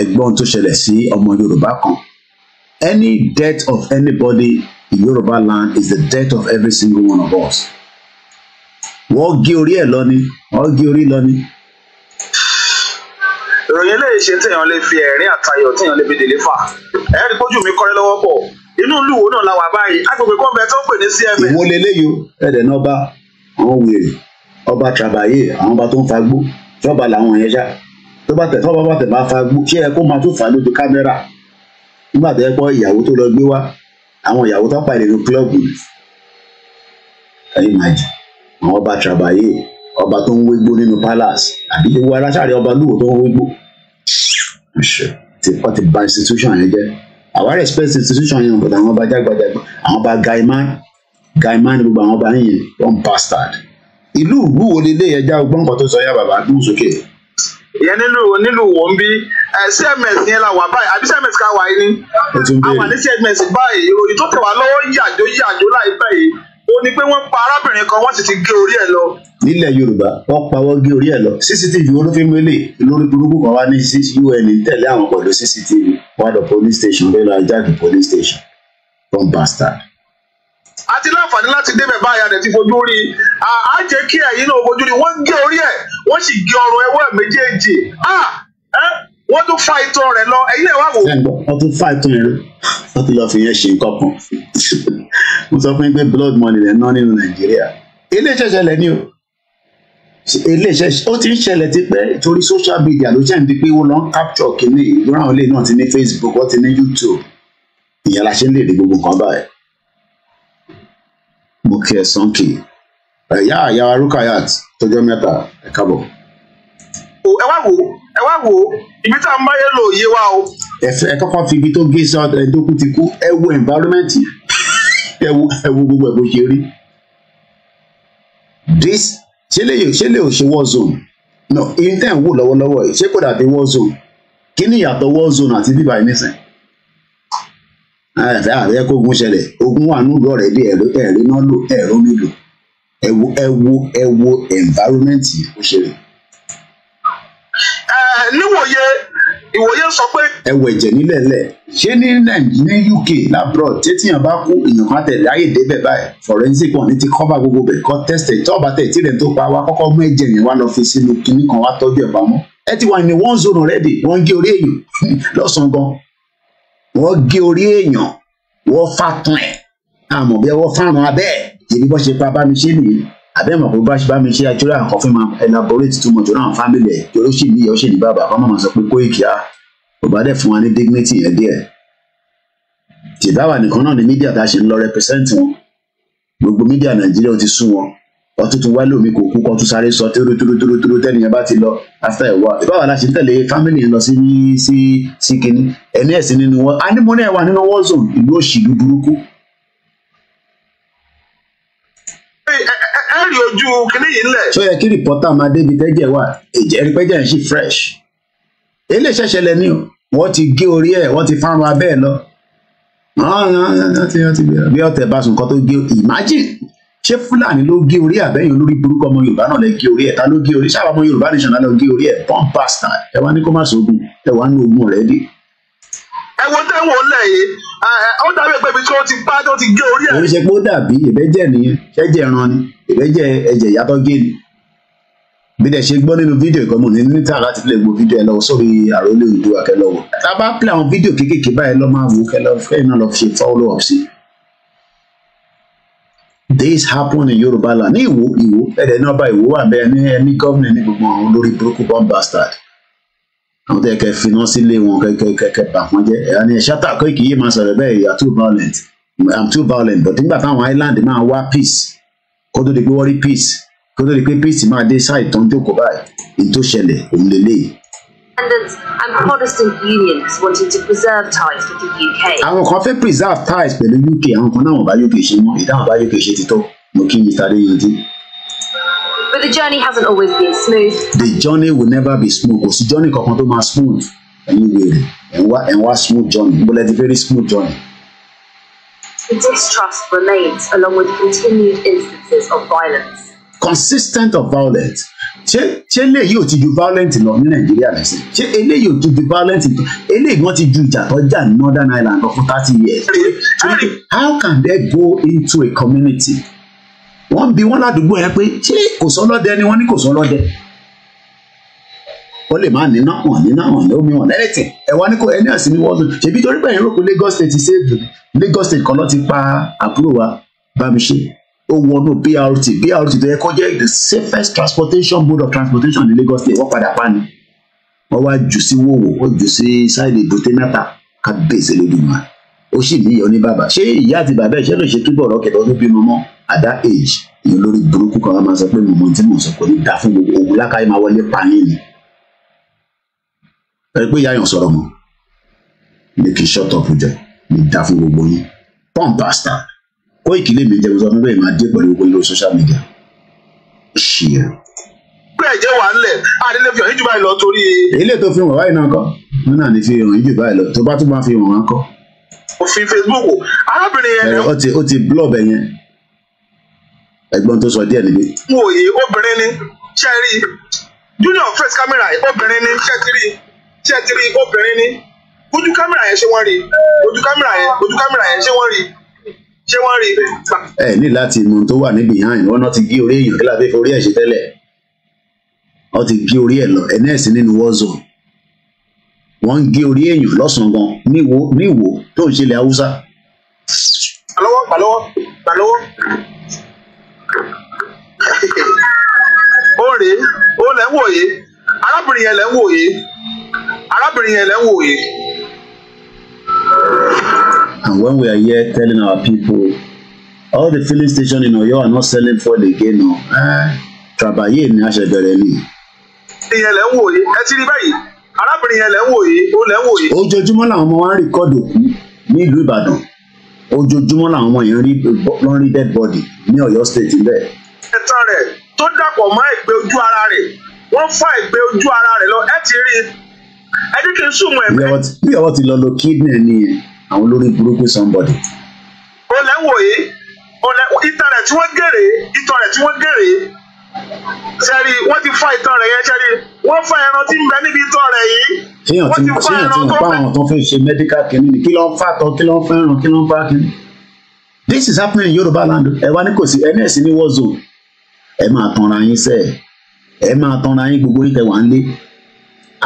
ẹ̀gbọ́n tó ṣẹlẹ̀ sí ọmọ Yorùbá kan Any debt of anybody in Yoruba land is the debt of every single one of us. Wọ́n gé orí ẹ̀ lọ ni, wọ́n gé orí lọ Ìròyìn eléyìí ṣe téèyàn lè fi ẹ̀rín àtayọ̀ téèyàn lè fi dèlé fà. Ẹ̀rí pójú mi kọ́rẹ́ lọ́wọ́ pọ̀. Inú ìlú náà la wà báyìí? Agbègbè kan bẹ tó ń pè ní CMA. Ìwọ leléyìí o, ẹ̀dẹ̀ náà bá àwọn wèrè, ọba Trabaye, àwọn ọba tó ń fagbó, ṣọ́ba làwọn yẹn ṣá. Tó bá tẹ̀ tó bá tẹ̀ bá fagbó, ṣé ẹ kó máa tún fà lójú kámẹ́rà? nígbà tó yẹ pé ìyàwó tó lọ gbé wá àwọn ìyàwó tó pàdé ní kílọ̀bù ẹ̀yìn màjì àwọn ọba trabaye ọba tó ń wégbó nínú palace àbí ewu ara sáré ọba lúwo tó ń wégbó ti pọ́ ti ba institution yẹn jẹ́ àwa respect institution yẹn but àwọn ọba jágbajàgba àwọn ọba gaiman gaiman gbogbo àwọn ọba yẹn one bastard ìlú ìlú wo lélẹ́yẹjá ọgbọ́n kan tó sọ yá bàbá dùn sókè ìyẹn nílùú nílùú wọ́n bí cms yẹn la wà báyìí àbí cms ká wà yìí ni a wà ní cms báyìí ìròyìn tó tẹ̀ wá lọ́wọ́ yàjó yàjó láìpẹ́ yìí ó ní pé wọ́n pa arábìnrin kan wọ́n sì ti gé orí ẹ̀ lọ. nílẹ̀ yorùbá wọ́n pa wọ́n gé orí ẹ̀ lọ cctv olófin lè lórí burúkú kan wá ní un tẹ̀lé àwọn pẹ̀lú cctv wà lọ police station bẹ́ẹ̀ lọ jáde police station from bastard a ti láǹfààní láti débẹ̀ báyà rẹ̀ ti fojú rí àá jẹ́ kí ẹ̀yin náà fojú rí wọ́n gé orí ẹ̀ wọ́n sì gé ọrùn ẹwọ́ ẹ̀ méjèèjì ah! wọ́n tún fa ìtàn rẹ̀ lọ ẹ̀yin ẹ̀ wò. wọ́n tún fa ìtàn rẹ̀ wọ́n tún lọ́ọ́ fi yẹn ṣe nǹkan kan mo sọ fún yín pé blood money rẹ̀ ná nínú nàìjíríà iléeṣẹ́ ṣẹlẹ̀ ni o iléeṣẹ́ ó ti ń ṣẹlẹ̀ ti pẹ́ torí social media ló ṣe ń pé wọ́n lọ ń capture kínní ìdúrà àwọn ilé náà ti ní facebook wọ́n ti ní youtube ìyẹn ṣe ń lè rí gbogbo nǹkan báyìí mo kí ẹ sọ́nkì. ẹ̀yà eh, àyàwó Rukayat tọjọ́ mẹ́ta ẹ̀ kábọ̀. ẹ wá wò ẹ wá ibi tá a wa o. ẹ kọ́kọ́ fi ibi tó gé sọ ti kú ẹ wo environment ẹ wo ẹ wo gbogbo ẹ bó ṣe rí. ṣe lè ṣe war zone no intan wò lọ́wọ́lọ́wọ́ yìí war zone kí war zone àti bíbá yìí ogun wà nílùú ọ̀rẹ́ bí náà lò ẹ̀rọ mi lò ẹ wo ẹ wo ẹ wo environment yìí ó ṣe rẹ̀. níwòye ìwòye sọ pé. ẹ wọ ẹ̀jẹ̀ nílẹ̀ lẹ̀ ṣé ní ní UK labroad tẹ́tíyàn bá kú èèyàn kan tẹ̀lé ayé débẹ̀ báyìí forensic one, ní ti cover gbogbo bẹ̀ kọ́ tẹ́sítẹ̀ tọ́ọ̀bà tẹ̀ tí ilẹ̀ tó pa wá kọ́kọ́ mú ẹ̀jẹ̀ yẹn wá lọ fi sínú kinní kan wá tọ́jú ẹ̀ pamọ́ ẹ ti wà ní one zone already wọ́n gé orí èèyàn *laughs* lọ́sàn-án gan wọ́n gé orí èèyàn wọ́n fa tán ẹ̀ àmọ̀ bí wọ́n fárun abẹ́ ẹ̀ ìbí bọ́ ṣe pa bá mi ṣe nìyí àbẹ́mọ̀ pé bá ṣe bá mi ṣe àjọyọ̀ àǹkan fún mi elaborate too much ọ̀nà family ẹ̀ yọ̀rọ̀ sì ní ìyọ̀ṣẹ̀ ní bàbá kọ́ mọ̀mọ́ sọ pé kó ìkíá ah, kò bá dẹ̀ fún wa ní dignity yẹn díẹ̀ tìbáwà nìkan náà ni mídíà tá a ṣe ń lọ represent wọn gbogbo mídíà nàìjíríà ó ti sún wọn ọtún tún wálé omi kò kú kó tún sáré sọ tóró tóró tóró tóró tẹnìyàn bá ti lọ after a while ìbáwá la ṣe ń tẹ̀lé family yẹn lọ sí sí sí kínní ẹ̀mí ẹ̀sìn nínú wọn anímọ́nà ẹ̀ wà nínú war zone ìlú òṣìlú rí ojú kíní yìí ńlẹ̀. sọ yẹ kí rìpọ́tà máa débi tẹ́jẹ̀ wà ẹ̀jẹ̀ rí pẹ́jẹ̀ ń ṣe fresh eléṣẹ́ ṣẹlẹ̀ ni o wọ́n ti gé orí ẹ̀ wọ́n ti fárun abẹ́ ẹ̀ lọ. bí ọ̀tẹ̀ bá sùn kan tó gé imagine ṣé fúlàní ló gé orí àbẹ́yìn olórí burúkú ọmọ yorùbá náà lè gé orí ẹ̀ ta ló gé orí ṣáà ọmọ yorùbá nation náà lè gé orí ẹ̀ pump past ẹ wá ní kó má sógun ẹ wá ní ogun already ẹ wo tẹ́wọ̀n lẹ̀ yìí ó dàbí pé ibi tí wọ́n ti pa tó ti gé orí ẹ̀. oríṣi pé ó dàbí ìbẹ́jẹ̀ nìyẹn ṣẹ́jẹ̀ ẹran ni ìbẹ́jẹ̀ ẹ̀jẹ̀ ìyàtọ̀ gé ni bí dẹ̀ ṣe gbọ́ nínú fídíò ìkọ́mọ̀ ní níta láti lè wo fídíò ẹ lọ sórí àròlé Oòduà kẹ́ lọ wò tá a bá pè àwọn fídíò kéékèèké báyìí lọ́ máa wò kẹ́ lọ fẹ́ iná lọ ṣe follow up sí. this happen in Yorùbá land ní Ìwó Ìwó ẹ̀dẹ̀ náà bá Ìwó wà bẹ́ẹ̀ ní ẹni gómìnà ní gbogbo àwọn olórí burúkú bomb bastard àwọn tẹ kẹ fi sílé wọn kẹkẹ bà wọn jẹ́ ẹ ní ṣátà kó kì í máa sọ̀rọ̀ bẹ́ẹ̀ you are too violent i'm too violent but nígbà táwọn island máa wá peace kó tó di pé wọ́n rí peace kó tó di pé peace máa dé sáì tó ń jókòó báyìí èyí ṣẹlẹ̀ òun lélẹ́yìí. Independence Protestant unions wanting to preserve ties with the UK. Àwọn kan fẹ́ preserve ties pẹ̀lú UK, àwọn kan náà wọ́n bá UK ṣe mọ́, ìdáhùn bá UK ṣe ti tó. Mo kí Mr. Adéyanjú. But the journey hasn't always been smooth. The journey will never be smooth. Kò sí journey kankan tó máa smooth. you wèrè ẹ̀ wá ẹ̀ wá smooth journey. but it's a very smooth journey. The distrust remains along with continued instances of violence. Consistent of violence. Ṣé ṣé eléyìí ò ti ju violent lọ ní Nàìjíríà lẹ́sìn? Ṣé eléyìí ò ti ju violent lọ? Eléyìí wọ́n ti ju ìjà tó jà ní Northern Ireland lọ fún thirty years. How can they go into a community? wọ́n bi wọ́n ládùúgbò yẹn pé ṣé kò sọlọ́dẹ ni wọ́n ní kò sọlọ́dẹ ó lè má níná hàn níná hàn lómi hàn lẹ́lẹ́tẹ̀ ẹ̀wá ní kò ẹni àsìn ní wọ́ọ̀dù ṣèbí torí pé ẹ̀yìn Lagos State save Lagos State kan ló ti pa àbúrò wa Bámiṣé ó wọnú BRT BRT tó yẹ kó jẹ́ the safest transportation mode of transportation ní Lagos State wọ́n padà pa ni wọ́n wá jù sí wòwò ó jù sí sáìlì bùtẹ́nàtà ká bèsè lódùmarè ó sì ní ìyá oníbàbà ṣé ìyá àti bàbá ẹ̀ ṣé lè ṣe túbọ̀ rọ́ọ̀kẹ̀ lọ́dún bímọ mọ́ at that age ìyẹn lórí burúkú kan máa sọ pé mo mọ tí mo sọ kò ní da fún gbogbo òun lákàáyé máa wọlé pààyàn ni ẹ pé yáyàn sọ̀rọ̀ mọ́ ní kí short up jẹ ní da fún gbogbo yín pump pasta kó ìkílé mi jẹun sọ fún bẹ́ẹ̀ máa dé pẹ̀lú gbogbo yín lórí social media ṣì ẹ. pé ẹ̀jẹ̀ wà ń lẹ̀ àdílé fi hàn yín jù báyìí lọ torí. èyí lè tó fi hàn wáyé náà kọ́ wọn náà ní fi hàn yín jù báyìí lọ tó bá tún máa fi hàn wọn kọ́ òfin Facebook wò arábìnrin yẹn. ó ti ó ti blog ẹ yẹn ẹ̀gbọ́n tó sọ díẹ̀ níbí. n ò yé obìnrin ni ṣe rí junior face camera yìí obìnrin ni ṣe ti rí ṣe ti rí obìnrin ni ojú kámẹ́rà yẹn ṣé wọ́n rí ojú kámẹ́rà yẹn ojú kámẹ́rà yẹn ṣé wọ́n rí ṣé wọ́n rí. ẹ ní láti mọ tó wà níbi yàn án wọn ti gé orí èèyàn kí láfẹ́ fi orí ẹ̀ ṣe tẹ́lẹ̀ wọn ti gé orí ẹ̀ lọ ẹ̀ nẹ́ẹ̀sì nínú wọ́ọ̀zọ̀n wọ́n ń gé orí èèyàn lọ́sàn gan níwò níwò tó ń ṣẹlẹ̀ haúsá. gbàlọ́wọ́ gbàlọ́wọ́ gbàlọ́wọ́ ó rèé ó lẹ́ ń wòye arábìnrin yẹn lẹ́ ń wòye arábìnrin yẹn lẹ́ ń wòye. And when we are here telling our people all the filling stations in Oyo are not selling fuel again o. Ah, Trabaye ni a ṣe bẹ̀rẹ̀ ni. Ìyẹn lẹ́ ń wòye, ẹ ti rí báyìí arábìnrin yẹn lẹ ń wò yìí ó lẹ ń wò yìí. ojoojúmọ́ làwọn ọmọ wa ń rìkọ́dù òkú nílùú ìbàdàn ojoojúmọ́ làwọn ọmọ yẹn ń rí dead body ní ọ̀yọ́ state bẹ́ẹ̀. ẹ̀tàn rẹ̀ tó dàpọ̀ mọ́ ìgbé ojú ara rẹ̀ wọ́n fà ìgbé ojú ara rẹ̀ lọ ẹ ti rí ẹ ní kí n sùn mọ́ ẹ̀mí. bí ọwọ́ ti lọ lo kidney ni àwọn olórí burúkú somebody. ó lẹ́ ń wò yìí ìtàn rẹ̀ tí wọ́n gèrè ìtàn rẹ̀ tí wọ́n gèrè sẹ́rí wọ́n ti fa ìtàn rẹ̀ yẹn sẹ́rí wọ́n fa ẹran tí ń bẹ níbi ìtàn rẹ̀ yìí. wọ́n ti fa ẹran tó fẹ́. fíyàn tó fẹ́ ṣe medical kìíní ni kí ló ń fàtọ̀ kí ló ń fẹ́ràn kí ló ń bá kìíní. this is happening in Yorùbá land ẹ wá ní kò sí ẹni ẹ̀sìn ní war zone ẹ máa tanra yín sẹ́ ẹ máa tanra yín gbogbo yín tẹ wà ń lé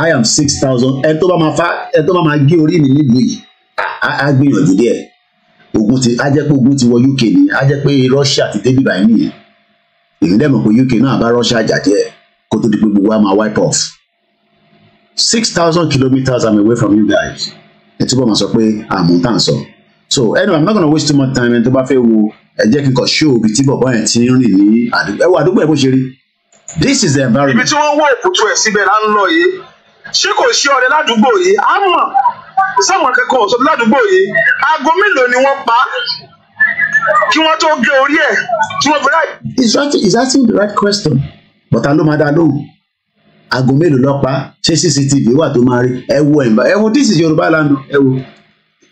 i am six thousand ẹ tó bá máa fa ẹ tó bá máa gé orí mi nílùú yìí á gbìyànjú díẹ̀ ogun ti á jẹ́ pé ogun ti wọ UK ni á jẹ́ pé Russia ti dé bíbá nìyẹn èyí ń dẹ̀mọ̀ pé UK náà bá Russia jà díẹ̀ kó tó di pé gbogbo wa máa wipe off six thousand kilometres I'm away from you guys ẹ túbọ̀ máa sọ pé àmúntàn sọ so anyway I'm not gonna waste too much time ẹni tó bá fẹ́ wo ẹ jẹ́ kí n kọ̀ ṣó ibi tí bọ̀bọ̀ yẹn ti ń rìn ní àdúgbò ẹ wo àdúgbò ẹ bó ṣe rí this is the environment. ibi tí wọ́n wọ ìkùtù ẹ̀ síbẹ̀ là ń lọ yìí ṣé kò ṣe ọ̀rẹ́ ládùúgbò yìí á mọ̀ sáwọn akẹ́kọ̀ọ́ sọ ládùúgbò yìí aago mélòó ni wọ́n pa kí wọ́n tó gé orí ẹ̀ kí wọ́n fi is that is that the right question but ta ló máa dá lóhùn aago mélòó lọ pa ṣé cctv wà tó máa rí ẹ wo ẹ ẹ wo this is yorùbá land ẹ wo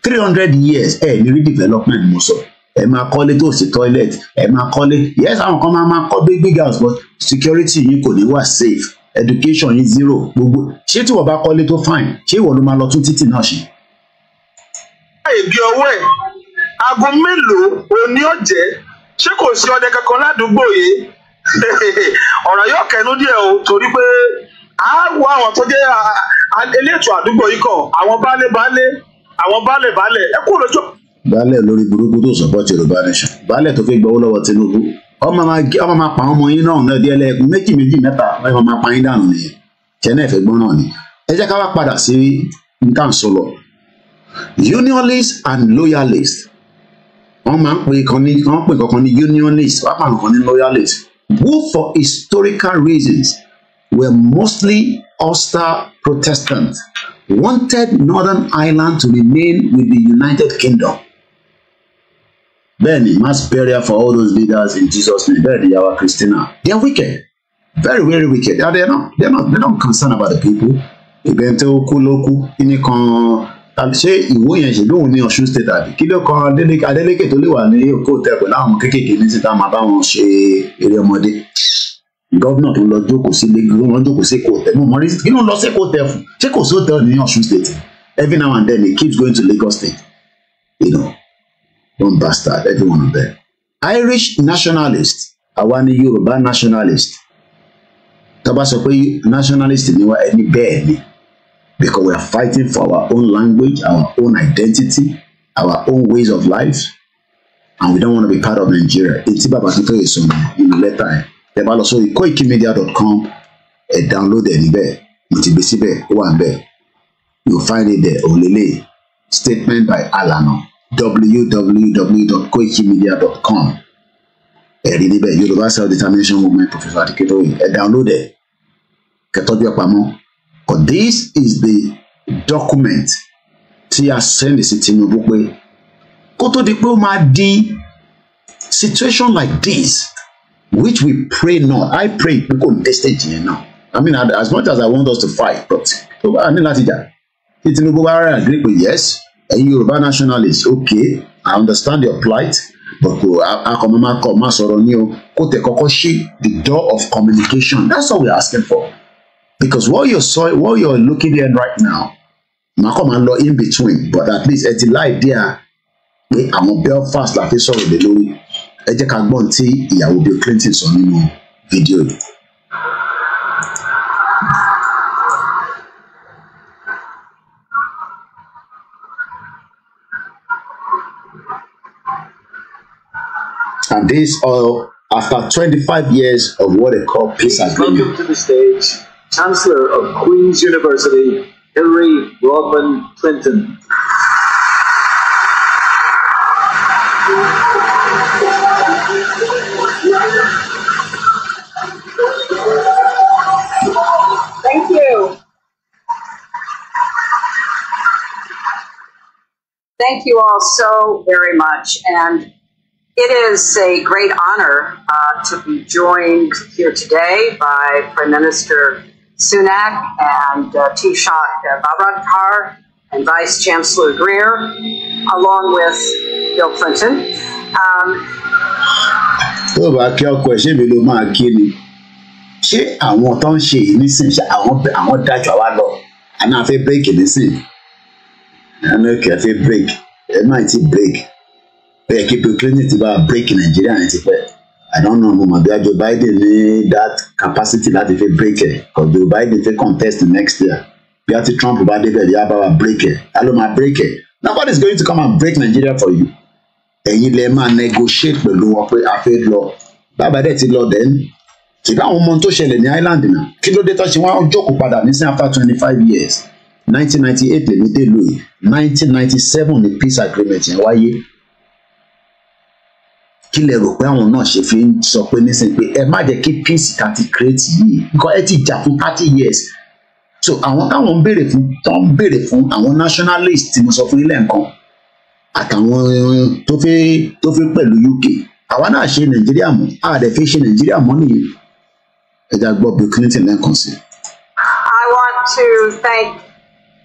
three hundred years ẹ ní rí development mo sọ ẹ máa kọ́lé tó sí toilet ẹ máa kọ́lé yes àwọn kan máa máa kọ́ big big house but security yín kò ní wà safe education yín zero gbogbo ṣé tí wọ́n bá kọ́lé tó fine ṣé ìwọ ló máa lọ tún títì náà ṣe. ẹ gbé ọwọ́ ẹ̀ aago mélòó òní ọ̀jẹ́ ṣé kò sí ọdẹ kankan ládùúgbò yìí *laughs* ọ̀rọ̀ yóò kẹnu díẹ̀ o torí pé a wọ àwọn tó elétò àdúgbò yìí kọ àwọn baálé baálé àwọn baálé baálé ẹ kúrò lójú. baálé lórí burúkú tó yorùbá baálé tó fi gbowó lọ́wọ́ tinubu ọmọ máa pa ọmọ yín náà náà méjì méjì mẹ́ta ọmọ máa pa yín dànù sọ wọ́n máa ń pè kan ní wọ́n pè kankan ní unionist wọ́n máa ń kan ní loyalist who for historical reasons were mostly ulster Protestants, wanted northern ireland to remain with the united kingdom bẹ́ẹ̀ni mass burial for all those leaders in jesus name bẹ́ẹ̀ni yawa christina they are wicked very very wicked they are not they are not they don't concern about the people ìgbẹ́ntẹ́ okú ló kíní kan tàbí ṣé ìwó yẹn ṣe lóun ní Ọ̀ṣun state àbí kí ló kan Adeleke tó lè wà ní Èkó tẹ pẹ̀lú àwọn kéékèèké ní síta máa bá wọn ṣe eré ọmọdé gọ́vnà tó lọ jókòó sí lẹ́gbẹ̀ẹ́ wọn jókòó sí Èkó tẹ mọ mọ rí kí ló lọ sí Èkó tẹ fún ṣé kò sí hotel ní Ọ̀ṣun state every now and then he keeps going to Lagos state you know one bastard every one of them Irish nationalist àwa ni Yorùbá nationalist tó bá sọ pé nationalist ni wá ẹni bẹ́ẹ̀ ni because we are fighting for our own language, our own identity, our own ways of life, and we don't want to be part of Nigeria. Etí bàbá tó tóye sọ nínú lẹ́tà ẹ̀ ẹ bá lọ download ẹ̀ níbẹ̀ mo ti gbé síbẹ̀ you find it there òlélẹ̀ statement by Alana www.koikimedia.com ẹ̀rí níbẹ̀ Yorùbá self determination movement professor Akintoye A download ẹ̀ kẹtọ́jú ẹ̀ pamọ́ or this is the document tí a send sí Tinubu pé kó tó di pé ó máa di situation like this which we pray not I pray pé kò dé stage yẹn náà I mean as much as I want us to fight but tó bá ní láti jà tí Tinubu bá rẹ̀ agree pé yes ẹ̀yin Yorùbá nationalists okay I understand your plight but kò akọ̀mọ́ máa kọ̀ máa sọ̀rọ̀ ní o kó tẹ̀ kọ́kọ́ ṣí the door of communication that's all we are asking for because what you're saw what you're looking at right now màá kọ́ máa in between but at least ẹ the light there, à pé Belfast la this sọ̀rọ̀ lé lórí ẹ jẹ́ ká gbọ́n tí ìyàwó Clinton sọ nínú fídíò yìí. And this all uh, after 25 years of what they call peace agreement. Welcome to the stage. Chancellor of Queen's University, Hillary Rodman Clinton. Thank you. Thank you all so very much. And it is a great honor uh, to be joined here today by Prime Minister Sunak and uh, Taoiseach uh, Bavankar and Vice Chancellor Greer, along with Bill Clinton. tó um, o bá kí ọkọ ẹ ṣébi ló máa kí ni ṣé àwọn tó ń ṣe yìí nísìnyí ṣe àwọn àwọn wa lọ àná àfẹ bírèkì nísìnyí àná kì í fẹ bírèkì ẹ máa ti bírèkì bẹ́ẹ̀ kí Bill Clinton ti bá bírèkì Nàìjíríà ní tipẹ́. I don't know mo mọ̀ bí Joe Biden ní that capacity láti fi break it, kò Joe Biden fi contest next year bí a ti Trump bá débẹ̀ yá bá wa break ẹ̀ á ló máa break it. nobody is going to come and break Nigeria for you ẹ̀yin lẹ máa negotiate pẹ̀lú wọn pé a fẹ́ lọ bàbá dẹ̀ ti lọ then ṣùgbọ́n àwọn ọmọ tó ṣẹlẹ̀ ní island náà kí ló dé tó ṣe wọ́n jókòó padà ní sí after twenty five years nineteen ninety eight lèmi dé lóye nineteen ninety seven ni peace agreement yẹn wáyé kí lẹ rò pé àwọn náà ṣe fi ń sọ pé nísìnyí pé ẹ má jẹ́ kí peace ta create yìí nǹkan ẹ ti jà fún thirty years so àwọn táwọn ń béèrè fún tó ń béèrè fún àwọn nationalist tí mo sọ fún ilé nǹkan àtàwọn tó fẹ́ tó fẹ́ pẹ̀lú UK àwa náà ṣe Nàìjíríà mọ́ a dẹ̀ fi ṣe Nàìjíríà mọ́ nìyẹn ẹ̀dá gbọ́ Bill Clinton lẹ́ẹ̀kan sí. I want to thank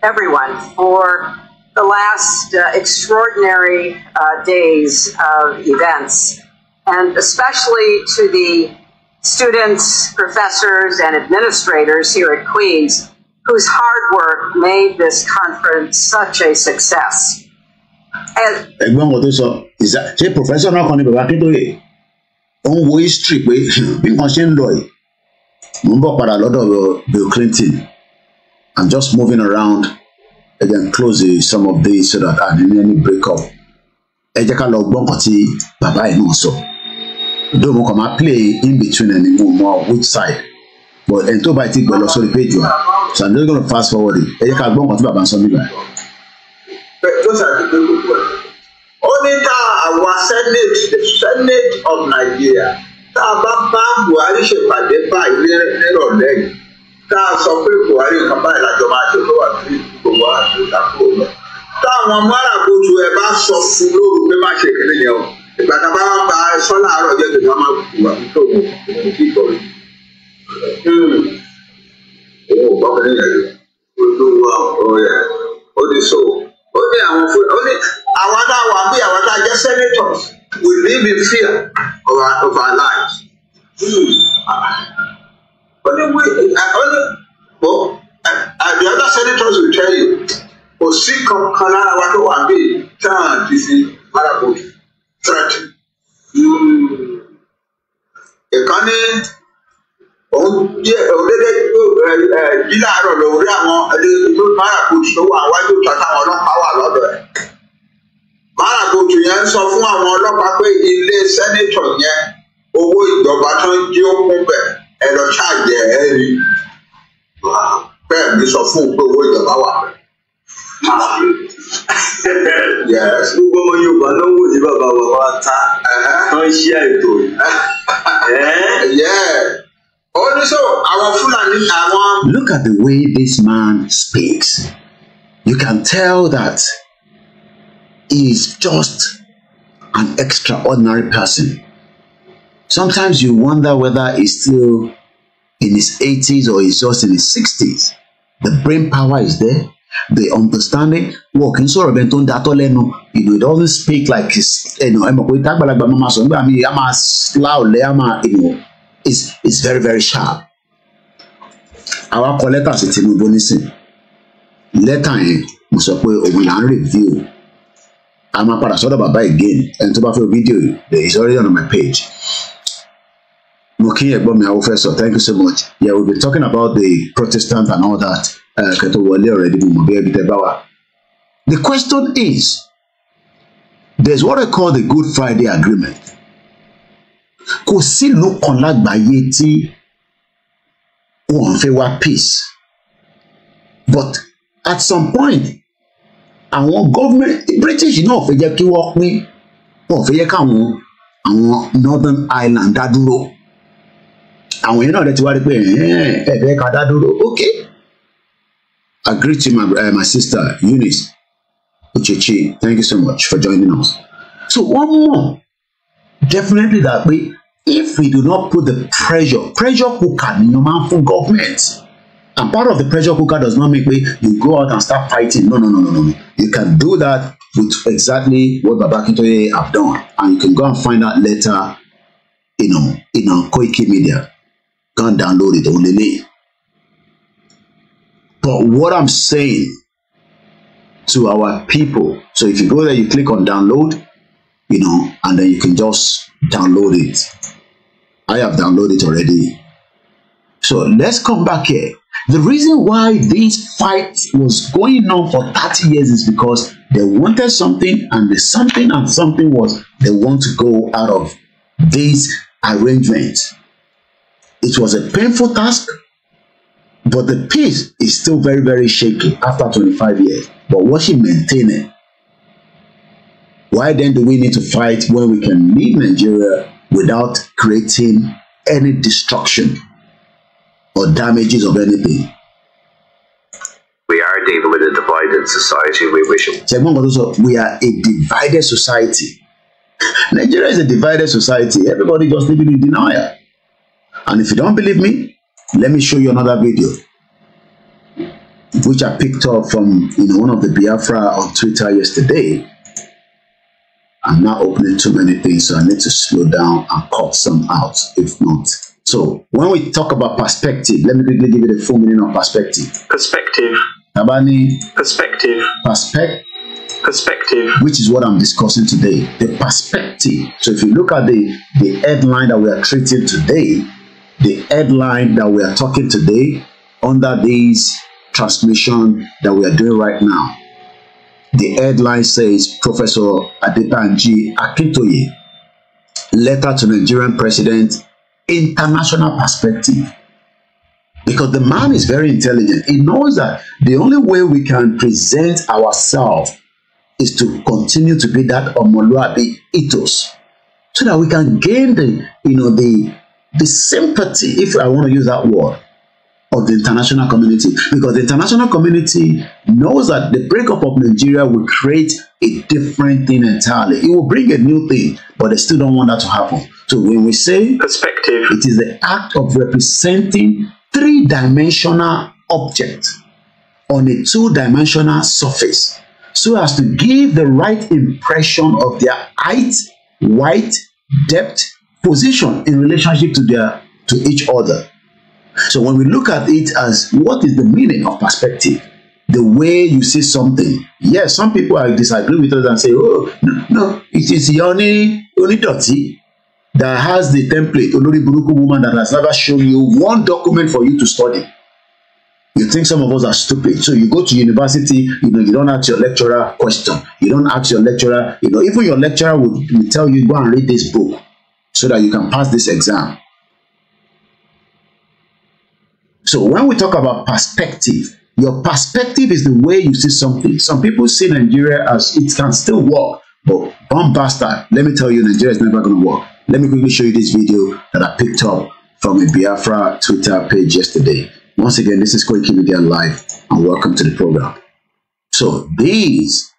everyone for the last uh, extraordinary uh, days of events, and especially to the students, professors, and administrators here at Queen's whose hard work made this conference such a success. ẹ̀gbọ́n kan tó sọ ṣé professor náà kan ní bàbá akédòye ó ń wo history pé hmm, bí nǹkan ṣe ń lọ yìí mo ń bọ̀ padà lọ́dọ̀ bill clinton i'm just moving around ẹ jẹ́ n close some of these so that i ah, didn't any break up ẹ jẹ́ ká lọ gbọ́ nǹkan tí bàbá yìí náà sọ dóò mo kàn máa play in between ẹni mo mọ which side but ẹni tó bá ti gbọ́ lọ sórí page wa so i'm just gonna fast forward it ẹ jẹ́ ká gbọ́ nǹkan tí bàbá ń sọ nígbà. only ní tá àwa senate the senate of Nigeria tá a bá bá Buhari ṣèpàdé báyìí nírọ̀lẹ́ yìí tá a sọ pé Buhari kan báyìí lájọ máa ṣe lọ́wọ́ àti gbogbo àdúrà kò lọ. táwọn máràkóso ẹ bá sọ fún lóru pé má ṣe kìnìún yẹn o ìgbà tá a bá bá a sọ láàárọ̀ ọjọ́ ìgbà máa kú wa tó o kì í bọ̀ òun ò gbọ́kàn nínú ẹ̀rọ ojú wa ọ̀rọ̀ yẹn ó ní so ó ní àwọn fún ó ní àwọn adáwọ̀ àbí àwọn adájẹ́ senators we live in fear of our, of our lives. ó ní wí ó ní bọ́. and the other senators will tell you kò sí kankan lára wa tó wà fi threat. Hmm. ìkànnì òun díẹ̀ òun dédé rí àwọn tó wà wájú tàtà àwọn ọlọ́pàá wà lọ́dọ̀ ẹ̀. marabu yẹn ń sọ fún àwọn ọlọ́pàá pé ilé sẹ́nẹ́tọ̀ yẹn owó ìjọba tó ń jí bẹ̀ bẹ́ẹ̀ mi sọ fún un pé owó ìjọba wà bẹ́ẹ̀. gbogbo ọmọ Yorùbá náà wò bàbá wa wá ta uh-huh. wọ́n ṣí àìtó. *laughs* ó ní sọ àwọn Fúlàní Look at the way this man speaks. You can tell that he is just an extraordinary person. Sometimes you wonder whether he's still in his 80s or he's just in his 60s the brain power is there the understanding wọn kì í sọ̀rọ̀ bẹ́ẹ̀ tó ń datọ́ lẹ́nu you know it doesn't speak like his ẹnu ẹ mọ̀ pé tágbàlagbà máa sọ nígbà míì a máa láòlẹ́ a máa you know is it's very very sharp àwa kọ lẹ́tà sí Tinubu nísìn lẹ́tà yẹn mo sọ pé òun là ń review a máa padà sọ́dọ̀ bàbá again ẹni tó bá fẹ́ fídíò yìí is already on my page Muki Ebomi Awofeso, thank you so much. Yeah, we've been talking about the Protestant and all that. Uh, Ketowale already, The question is, there's what I call the Good Friday Agreement. Kò sí ìlú kan lágbàáyé tí wọn fẹ́ wá peace. But at some point, àwọn government British náà fẹ́ jẹ́ kí wọ́n pín, wọ́n fẹ́ jẹ́ káwọn àwọn Northern Ireland dá dúró àwọn yẹn náà rẹ ti wá rí pé ẹ̀ẹ́dẹ́ ká dá dúró okay I greet you my, uh, my sister Eunice Uchechi thank you so much for joining us so one more definitely that pé if we do not put the pressure pressure cooker ni yan máa ń government and part of the pressure cooker does not make pé you go out and start fighting no no no no no you can do that with exactly what Baba Akintoye have done and you can go and find out later you know in on Koiki Media kan download it òun lélẹ̀. But what I'm saying to our people, so if you go there, you click on download, you know, and then you can just download it. I have downloaded already. So let's come back here. The reason why this fight was going on for 30 years is because they wanted something and the something and something was they want to go out of this arrangement. It was a painful task, but the peace is still very, very shaky after 25 years. But was she maintaining? Eh? Why then do we need to fight when we can leave Nigeria without creating any destruction or damages of anything? We are dealing with a divided society. We wish. Ṣẹ̀gbọ́n we are a divided society. *laughs* Nigeria is a divided society. Everybody just living in denial. And if you don't believe me, let me show you another video which I picked up from you know one of the Biafra on Twitter yesterday. I'm not opening too many things, so I need to slow down and cut some out, if not. So when we talk about perspective, let me quickly give you the full meaning of perspective. Perspective. Tabani. Perspective. Perspective perspective which is what i'm discussing today the perspective so if you look at the the headline that we are treating today the headline that we are talking today under this transmission that we are doing right now. The headline says Professor Adebanji Akintoye, letter to Nigerian president, international perspective. Because the man is very intelligent. He knows that the only way we can present ourselves is to continue to be that Omoluabi ethos so that we can gain the, you know, the the sympathy, if I want to use that word, of the international community because the international community knows that the breakup of Nigeria will create a different thing entirely. It will bring a new thing, but they still don't want that to happen. So when we say perspective, it is the act of representing three-dimensional object on a two-dimensional surface so as to give the right impression of their height, width, depth, position in relationship to their to each other. So when we look at it as what is the meaning of perspective, the way you see something. Yes, some people are disagree with us and say, "Oh, no, no it is the only only dotty that has the template olórí burúkú woman that has never shown you one document for you to study." You think some of us are stupid. So you go to university, you know, you don't ask your lecturer question. You don't ask your lecturer, you know, even your lecturer will, will tell you, go and read this book so that you can pass this exam. So when we talk about perspective, your perspective is the way you see something. Some people see Nigeria as it can still work, but bomb bastard, let me tell you, Nigeria is never going to work. Let me quickly show you this video that I picked up from a Biafra Twitter page yesterday. Once again, this is Koiki Media Live, and welcome to the program. So these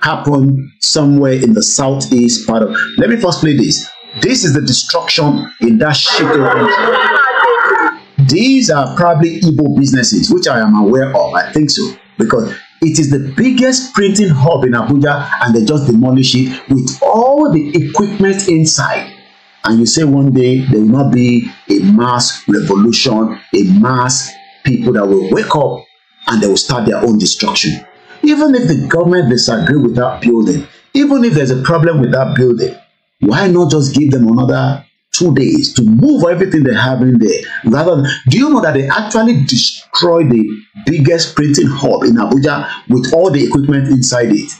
happen somewhere in the southeast part of... Let me first play this. This is the destruction in that shaken country. These are probably evil businesses, which I am aware of. I think so. Because it is the biggest printing hub in Abuja and they just demolish it with all the equipment inside. And you say one day there will not be a mass revolution, a mass people that will wake up and they will start their own destruction. Even if the government disagree with that building, even if there's a problem with that building, why not just give them another two days to move everything they have in there. Rather, do you know that they actually destroyed the biggest printing hub in Abuja with all the equipment inside it?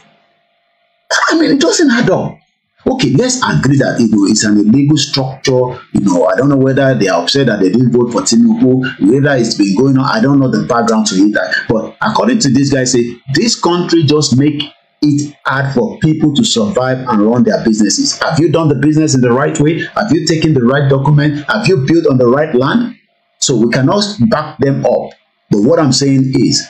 I mean, it doesn't add up. Okay, let's agree that you know, it's an illegal structure. You know, I don't know whether they are upset that they didn't vote for Tinubu, whether it's been going on. I don't know the background to it. But according to this guy, say this country just make it hard for people to survive and run their businesses. Have you done the business in the right way? Have you taken the right document? Have you built on the right land? So we cannot back them up. But what I'm saying is,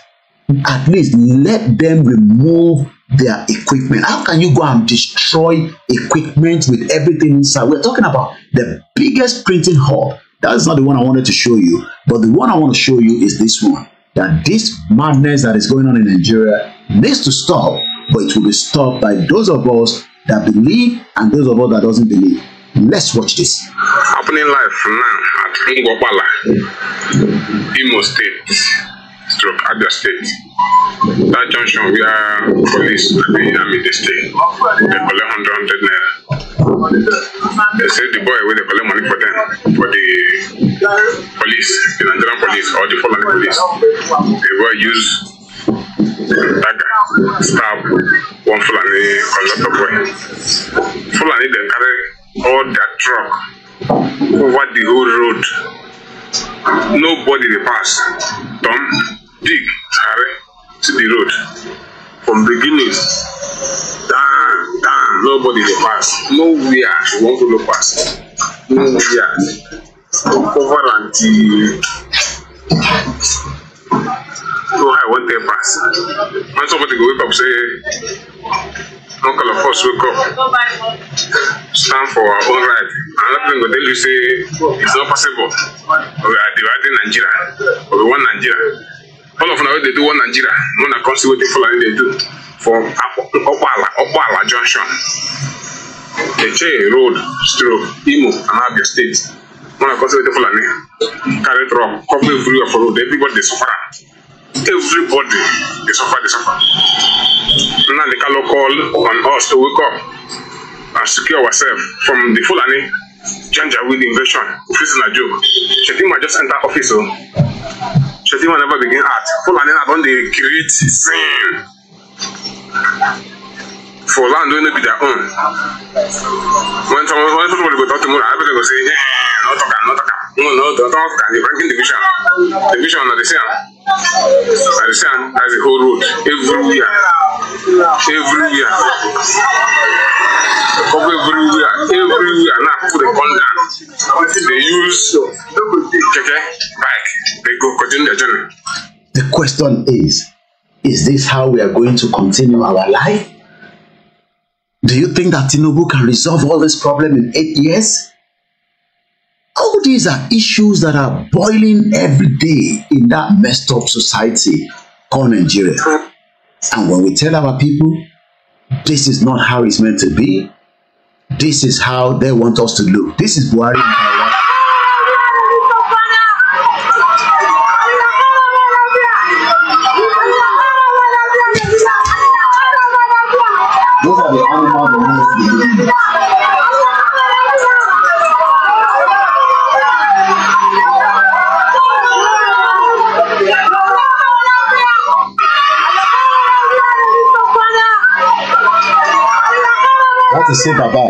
at least let them remove their equipment. How can you go and destroy equipment with everything inside? We're talking about the biggest printing hub. That's not the one I wanted to show you, but the one I want to show you is this one. That this madness that is going on in Nigeria needs to stop but it will be stopped by those of us that believe and those of us that doesn't believe. Let's watch this. Happening live, now at Ngwapala, Imo State, stroke Abia State. That junction we are police and the army they stay. They collect hundred hundred naira. They say the boy wey dey collect money for them for the police, the Nigerian police or the Fulani police. They boy use Daga, stab one Fulani conductor boy. Fulani then carry all their truck over the whole road. Nobody dey pass. Tom, dig, carry to the road. From beginning down, down, nobody dey pass. Nowhere you wan follow pass. Nowhere. Cover until go high one day pass when somebody go wake up say no all of us wake up stand for our own right and nothing go tell you say it's not possible we are dividing nigeria we want nigeria all of them wey dey do one nigeria no na come see wetin fulani dey do for ọkpọala ọkpọala junction eche road stroke imo and abia state una cause de fulani carré trop comme every of all everybody dey suffer everybody dey suffer dey suffer na the call call on us to wake up and secure ourselves from the fulani janjaweed invasion office na joke shetima just enter office o oh. shetima never begin act fulani na don dey create scene for land wey no be their own when some when some people go talk tomorrow everybody go say eh no talk am no talk am no no don talk am the vision the vision na the same na the same as the whole road everywhere everywhere cover everywhere everywhere now people dey come down dey use keke bike dey go continue their journey. the question is is this how we are going to continue our life. Do you think that Tinubu can resolve all this problem in eight years? All these are issues that are boiling every day in that messed up society called Nigeria. And when we tell our people, this is not how it's meant to be, this is how they want us to look. This is Buhari. to say Baba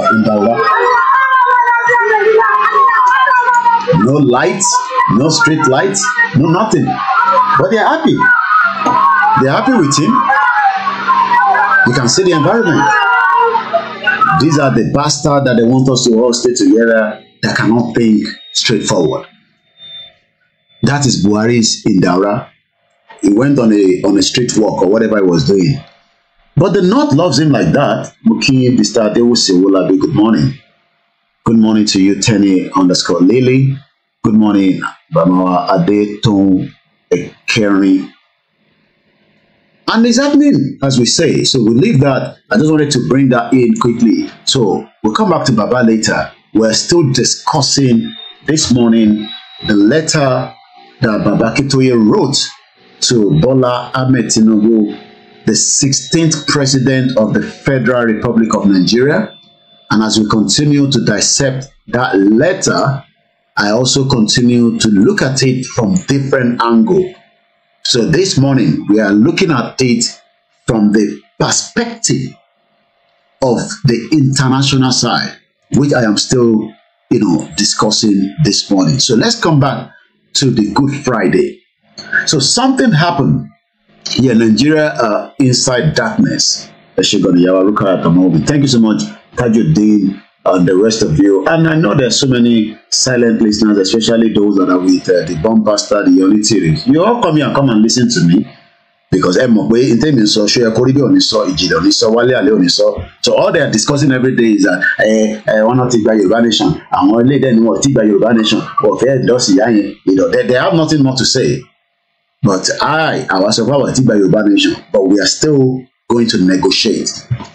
No lights, no street lights, no nothing. But they are happy. They are happy with him. You can see the environment. These are the bastards that they want us to all stay together that cannot think straightforward. That is Buhari's in He went on a on a street walk or whatever he was doing But the North loves him like that. Muki Mr. Adewusi Wolabi, good morning. Good morning to you, Tenny underscore Lily. Good morning, Bamawa Adetong Ekeri. And it's happening, as we say. So we leave that. I just wanted to bring that in quickly. So we'll come back to Baba later. We're still discussing this morning the letter that Baba Kitoye wrote to Bola Ahmed Tinubu the 16th President of the Federal Republic of Nigeria. And as we continue to dissect that letter, I also continue to look at it from different angle. So this morning, we are looking at it from the perspective of the international side, which I am still, you know, discussing this morning. So let's come back to the Good Friday. So something happened yeah, Nigeria uh, inside darkness. Eshigoni Yawarukara Tomobi. Thank you so much, Dean, and the rest of you. And I know there's so many silent listeners, especially those that are with uh, the Bombaster, the Onitiri. You all come here come and listen to me because ẹ mọ̀ pé ntẹ́mi ń sọ ṣóyẹ kórí bí òní sọ ìjìnlẹ̀ so all they are discussing every day is that ẹ ẹ wọn náà ti gba yorùbá nation àwọn ilé ìdẹ́ni wọn ti gba yorùbá nation wọn fẹ́ẹ́ dọ́sì yá yẹn ìdọ̀dẹ́ they have nothing more to say But I, our survival ti gba Yorùbá nation, but we are still going to negotiate.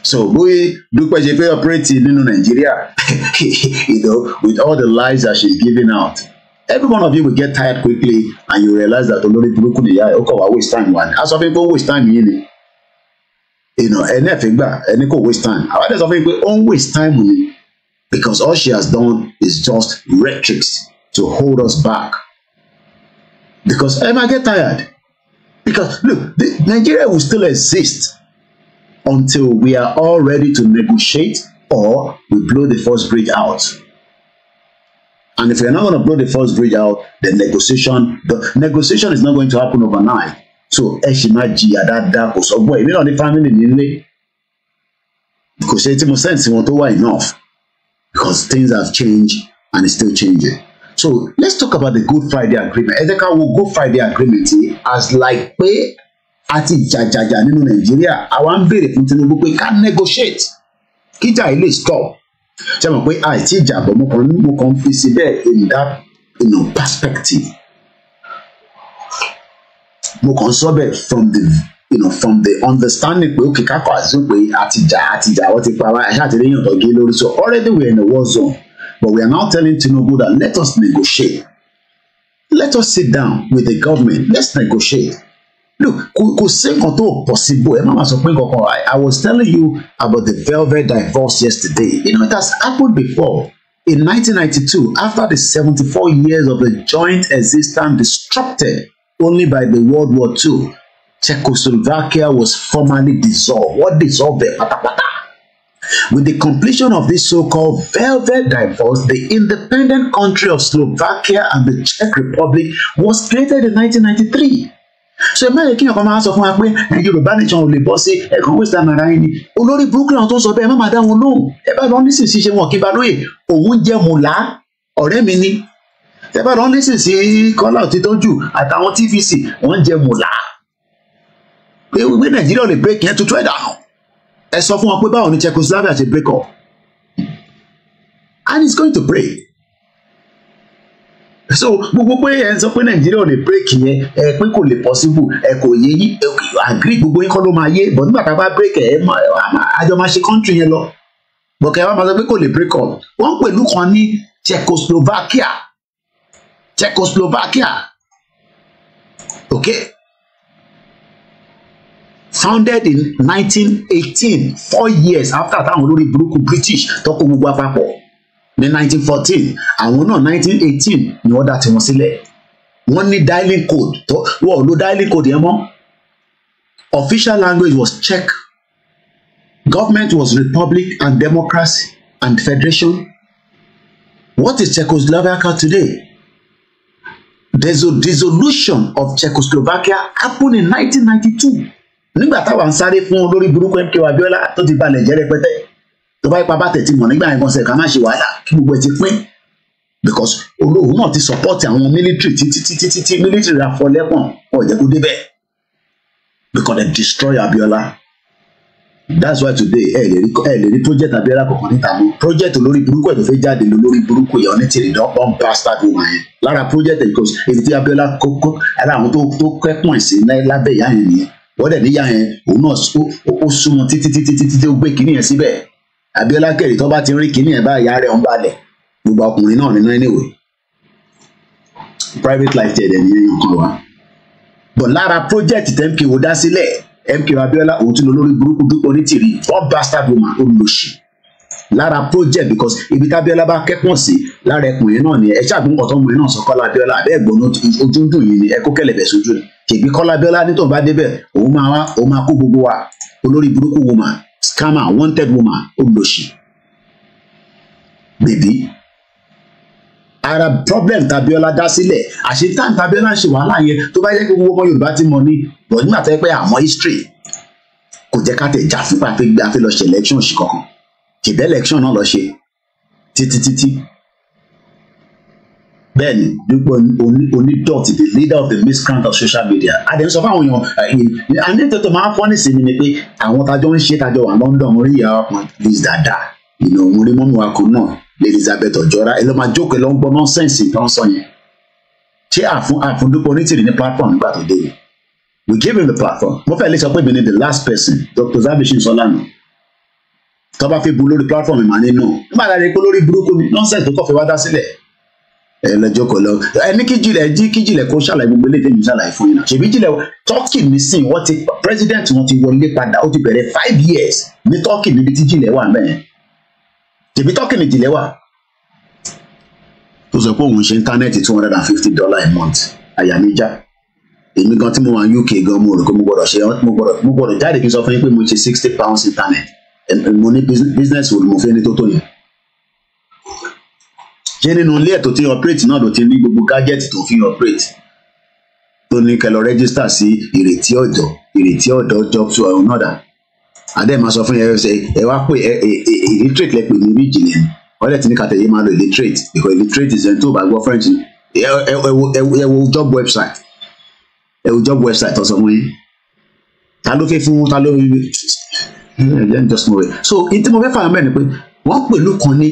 So bóyá Dúpẹ́ ṣe fẹ́ operate nínú Nigeria. *laughs* you know, with all the lies that she's giving out. Every one of you will get tired quickly and you realize that olórí burúkú nìyá ẹ̀ ó kọ̀ wá waste time wa ni. A sọ fún waste time yín ni. Ìnà ẹni ẹ̀fẹ̀ gbà ẹni kò waste time. Àwọn àdé sọ fún yín pé waste time ni because all she has done is just rhetoric to hold us back because ẹ máa get tired because look the, Nigeria will still exist until we are all ready to negotiate or we blow the first bridge out and if we are not going to blow the first bridge out the negotiation the negotiation is not going to happen overnight so ẹ ṣì máa jìyà dáadáa kò sọ́gbọ́n èmi náà ní family mi nílé kò ṣe tí mo sense wọn tó enough because things have changed and it's still changing so let's talk about the Good Friday Agreement ẹ wo Good Friday Agreement yìí as like pé a ti jàjàjà nínú Nàìjíríà àwa ń béèrè fún Tinubu pé ká negotiate kíjà yìí lè stop ṣe mọ̀ pé àìsí ìjàbọ̀ mo kàn mo kàn fi sí bẹ́ẹ̀ in that you know, perspective mo kàn sọ bẹ́ẹ̀ from the you know, from the understanding pé òkè kákọ̀ àti pé àtijà àtijà wọ́n ti pa wá àṣà àti lẹ́yìn ọ̀tọ̀ gé lórí so already we are in a war zone But we are now telling Tinubu that let us negotiate. Let us sit down with the government. Let's negotiate. Look, kò sí nǹkan tó possible. I was telling you about the velvet divorce yesterday. You know, it has happened before. In 1992, after the 74 years of the joint existence disrupted only by the World War II, Czechoslovakia was formally dissolved. What dissolved there? Pátápátá. With the completion of this so-called velvet divorce, the independent country of Slovakia and the Czech Republic was created in 1993. so ẹ má yẹ kí ọkọ máa sọ fún wa pé yorùbá nation ò lè bọ́ sí ẹ̀kọ́ wíṣọ àmàrà yín ni olórí burúkú náà tó ń sọ bẹ́ẹ̀ ẹ má máa dá wọn lóhùn ẹ bá lọ nísìn sí ṣe wọn kí n bá lóye òun jẹ́ mùlá ọ̀rẹ́ mi ni ẹ bá lọ nísìn tvc wọ́n jẹ́ mùlá pé wípé nàìjíríà break here to trade down ẹ sọ fún wọn pé báwo ni Czechoslovakia ṣe break up and he's going to break so gbogbo pé ẹ sọ pé Nàìjíríà ò lè break yẹn ẹ pé kò lè possible ẹ kò yé yí agree gbogbo yín kọ́ ló máa yé but nígbà tá a bá break ẹ àjọ máa ṣe country yẹn lọ but kẹ́ ẹ wá máa sọ pé kò lè break up wọ́n pèlú kan ní Czechoslovakia Czechoslovakia okay founded in 1918 four years after táwọn olórí burúkú British tó kó gbogbo àpapọ̀ ní 1914 àwọn náà 1918 ni wọ́n dá tiwọn sílẹ̀ wọ́n ní dialing code tó wọ́n lo dialing code yẹn mọ́ official language was Czech government was republic and democracy and federation what is Czechoslovakia today the dissolution of Czechoslovakia happened in 1992 nígbà táwa ń sáré fún olórí burúkú MK Abiola tó ti balẹ̀ jẹ́ rẹpẹtẹ tó bá ipa bá tẹ̀ ti mọ̀ nígbà yẹn kọ́sẹ̀ ká má ṣe wàhálà kí gbogbo ẹ ti pín because olóòwò náà ti support àwọn military títí títí títí military afọlẹ́pọ̀n ọ̀jẹ̀ kó débẹ̀ because they destroy Abiola that's why today ẹ lè ẹ lè rí project Abiola kankan níta mọ́ project olórí burúkú ẹ tó fẹ́ jáde lórí burúkú yẹn onítìrì don bastard woman yẹn lára project because èyí tí Abiola kókó ara àwọn tó kẹ́pọ̀n sí lábẹ́ ìyá yẹn nìyẹn wọ́n dẹ̀ níyà yẹn òun náà ó súnmọ́ títí títí títí tó gbé kinní yẹn síbẹ̀ Abíọ́lá kẹrì tó bá ti rí kinní yẹn bá ìyá rẹ̀ ń balẹ̀ gbogbo ọkùnrin náà nínú ẹnìwé private life tẹ̀ dẹ̀ nìyẹn nǹkan wa bọ̀ lára project tẹ́ MKO dá sílẹ̀ MKO Abíọ́lá òun tún lọ lórí burúkú dúpọ̀ ní tìrì four bastard woman olùlọ́sì lára project because ibi tábíọ́lá bá kẹ́pọ̀n sí lára ẹkùnrin náà ni ẹ ṣàgbọ́n ọ̀tọ́ ọmọ yẹn náà sọ Kọ́lá Abíọ́lá àbẹ́ẹ̀gbọ́n ojú ń dùn yìí ni ẹ kó kẹ̀lẹ̀bẹ̀ sójú ni ṣèbí Kọ́lá Abíọ́lá ní tóun bá débẹ̀ òun máa wá òun máa kó gbogbo wa olórí burúkú woman scammer wanted woman olùlọ́sì bèbí ara problem tàbíọ́lá dá sílẹ̀ àṣetá tàbíọ́lá ń ṣe wàhálà yẹn tó bá yẹ kí gbogbo ọmọ Yorùbá ti mọ̀ ní bọ̀ nígbà tó yẹ pé àmọ́ history kò jẹ́ ká tẹ̀ já sípa àfi lọ ṣe election ṣì kankan ṣèbẹ́ election náà lọ ṣe títí bẹ́ẹ̀ni dípò onídọ̀tí the leader of the miscreant of social media adẹ́n sọ fáwọn èèyàn anítọ́tọ̀ máa ń fọ́ ní sinmi ni pé àwọn tajọ́ ń ṣe tajọ́ wà London orí ìyá ọkùnrin liz dada ìnà òun rí mọ́mú wa náà Elizabeth ọjọ́ra ẹ ló máa jókòó ẹ ló ń gbọ́ nọ́nsẹ̀nsì tó ń sọ yẹn ṣé àfún àfún dípò onítìrì ní platform nígbà tó dé we give him the platform mo fẹ́ lè sọ pé mi ni the last person Dr. zavishin solana tọ́ba fi bu lórí platform ìmọ̀ nínú nígbà tá a lè kó lórí burúkú nọ́nsẹ̀nsì tó kọ̀ fi wá dá sílẹ̀ ẹ lọ́jọ́ kan lọ ẹ ní kíjìlẹ̀ jí kíjìlẹ̀ kó ṣàlàyé gbogbo eléyìí tẹ̀mí ṣàlàyé fún yín ṣèbí jìlẹ̀ turkey nísìn wọ́n ti president wọn ti wọlé padà ó ti bẹ̀rẹ̀ five years ní turkey níbi tí jìlẹ̀ wà mẹ́ẹ̀ ṣèbí turkey ní jìlẹ̀ wà tó sọ pé òun ṣe íńtánẹ́ẹ̀tì two hundred and fifty dollar a month àyà mi já èmi gan tí mo wà UK gan mo rò pé mo gbọ́dọ̀ ṣe mo gbọ́dọ̀ mo gbọ́dọ̀ jáde kí n sọ fún yín pé mo ṣe sixty pounds internet mo ní business wo ni mo fẹ́ ní tó tó yẹn ṣé nínú ilé ẹ̀ tó ti operate náà ló ti ní gbogbo gadget tó fi operate tó ní kẹlọ rẹ́gísítà sí ìrètí ọ̀dọ́ ìrètí ọ̀dọ́ job to another adéèmá sọ fún yẹn ṣe ẹ wá pé ẹ illiterate lẹ pè ní méjì lẹ́nu wọ́n dẹ̀ ti ní kàtẹ́ yìí máa lo illiterate because illiterate is ẹni tó bá gbọ́ French ẹ wo job website ẹ wo job website ọ̀sán wọ́n yín ta ló fẹ́ fún ta ló fẹ́ just know it so ìtí mo fẹ́ fà mẹ́rin pé wọ́n pẹ̀lú kan ní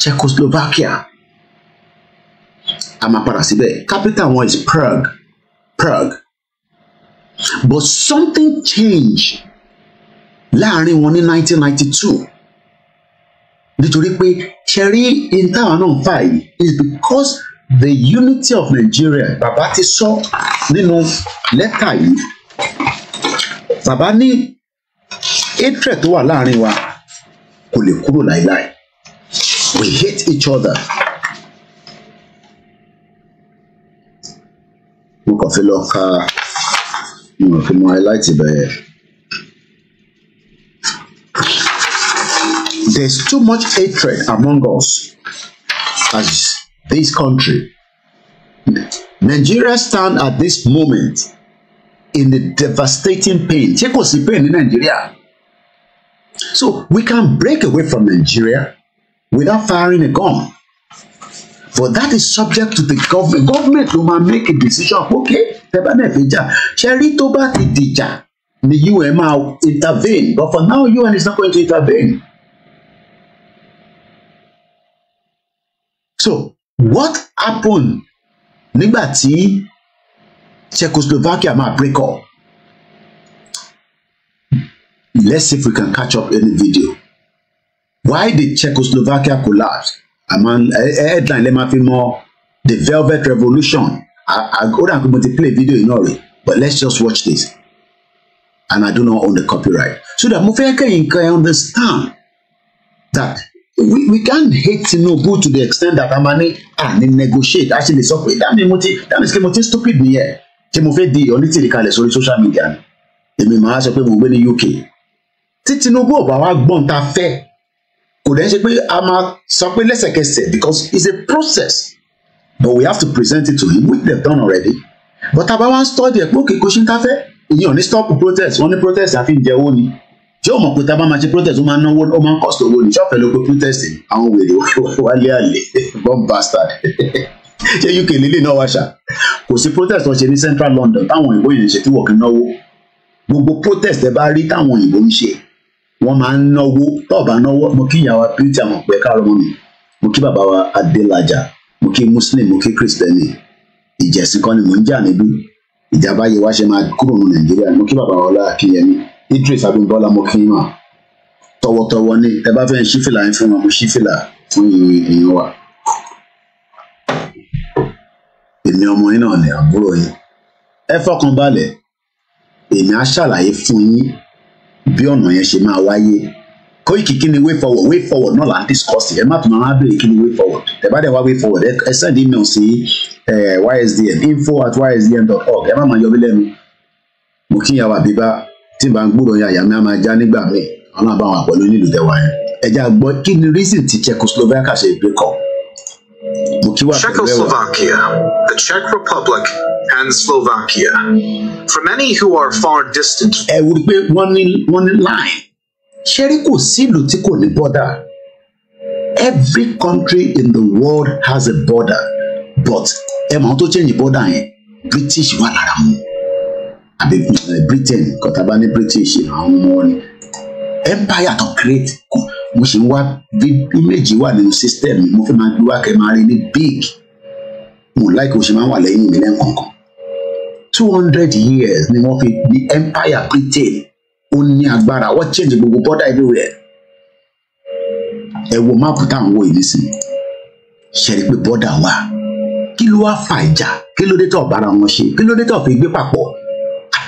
Czechoslovakia a máa padà síbẹ̀ capital wọn is Prague Prague but something changed láàrin wọn ní 1992 nítorí pé ṣẹ̀rí intawa náà fà yìí is because the unity of Nigeria bàbá ti sọ nínú lẹ́tà yìí bàbá ní hatred tó wà láàrin wa kò lè kúrò láéláé we hate each other mo kàn fi lọ ka mo kàn fi mọ highlight bẹ́ẹ̀. There's too much hatred among us as this country. Nigeria stand at this moment in the devastating pain. Ṣé kò sí pain ní Nigeria? So we can break away from Nigeria without firing a gun but that is subject to the government government ló máa make a decision ok tẹ bá náà fi jà ṣe rí tó bá ti dìjà ni UN máa intervene but for now UN is not going to intervene. So what happened nígbà tí Czechoslovakia máa break up? Let's see if we can catch up any video. Why did Czechoslovakia collapse? àmọ́ headline lè máa fi mọ the velvet revolution ó dà pé mo ti play video iná rẹ̀ but let's just watch this and I do not own the copyright so that mo fẹ́ kẹ́yìn kan understand that we we can hate Tinubu to the extent that a máa ní à ní negotiate a ṣe lè sọ pé dáàmì mo ti dáàmì sí pé mo ti stupid nìyẹn tí mo fẹ́ di onítìrí sórí social media ni èmi màá sọ pé mo gbé ní UK tí Tinubu ò bá wá gbọ́n ta fẹ́ kò dẹ́n ṣe pé a máa sọ pé lẹ́sẹ̀kẹsẹ̀ because it's a process but we have to present it to him which they've done already but tá a bá wá ń study ẹ̀ pé òkè kò ṣe ń káfẹ́ ìyẹn ò ní stop protest wọ́n ní protest àfi ń jẹ owó ni ṣé o mọ̀ pé tá máa ṣe protest ó máa náwó ó máa ń cost owó ni ṣọ́ọ̀fẹ́ ló pé protest àwọn wèrè wálé àlè *laughs* bomb bastard *laughs* ṣé UK lílé náà wá ṣá kò sí protest wọn ṣe ní Central London táwọn òyìnbó yẹn ń ṣe tí wọ́n kì í náwó gbogbo protest ẹ bá rí táwọn òyìnbó ń ṣe wọ́n máa ń náwó tó o bá náwó mo kí ìyàwó pété àwọn ọ̀pẹ káàárọ̀ mọ́ mi mo kí bàbá wa adélájà mo kí muslim mo kí kristẹni ìjẹ̀sìn kan ni mò ń jà níbí ìjàmbá yìí wá ṣe máa kúrò ní nàìjíríà mo kí bàbá wa ọlá akínyẹmí idris abimbola mo kí mà tọwọ́tọwọ́ ni ẹ bá fẹ́ ṣífìlà yín fún wọn mo ṣífìlà fún èèyàn wa èmi ọmọ yín náà ni àbúrò yín ẹ fọkàn balẹ̀ èmi á ṣàlàyé fún yín bí ọ̀nà yẹn ṣe máa wáyé Koiki kí ni way forward way forward náà là á discuss ẹ má tún máa béèrè kí ni way forward tẹ́ bá dẹ̀ wá way forward ẹ send email sí eh, ysdm info at ysdm dot org ẹ má máa yọ mí lẹ́nu mo kí ìyàwó àbíbá tí n bá ń gbúròó yàyà mi á máa já nígbà míì ọ̀nà àbáwọn àpọ̀lú nílùú tẹ̀wá yẹn ẹ̀já gbọ́ kí ni reason ti Czechoslovakia ṣe break up. Czechoslovakia, the Czech Republic, and Slovakia. For many who are far distant. Ẹ wò pé wọ́n ní wọ́n ní line. Ṣé rí kò sí ìlú tí kò ní border? Every country in the world has a border but ẹ mọ̀ tó change border yẹn British wà lára mu àbí eh, Britain kọ́tàbá ní British àwọn ọmọ wọn ni empire to create kù mo ṣe ń wá image wà nínú system mo fẹ́ máa gbé wá kẹ́ máa rí ní big mo láìpẹ́ o ṣe máa wà lẹ́yìn mi lẹ́ǹkọ̀ọ̀kan two hundred years ni wọ́n fi the empire Britain ó ní agbára wọ́n change gbogbo border everywhere ẹ wo máàpù táwọn wo yìí nísìnyí ṣe rí i pé border wà kí ló wá fa ìjà kí ló dé tó bára wọn ṣe kí ló dé tó fi gbé papọ̀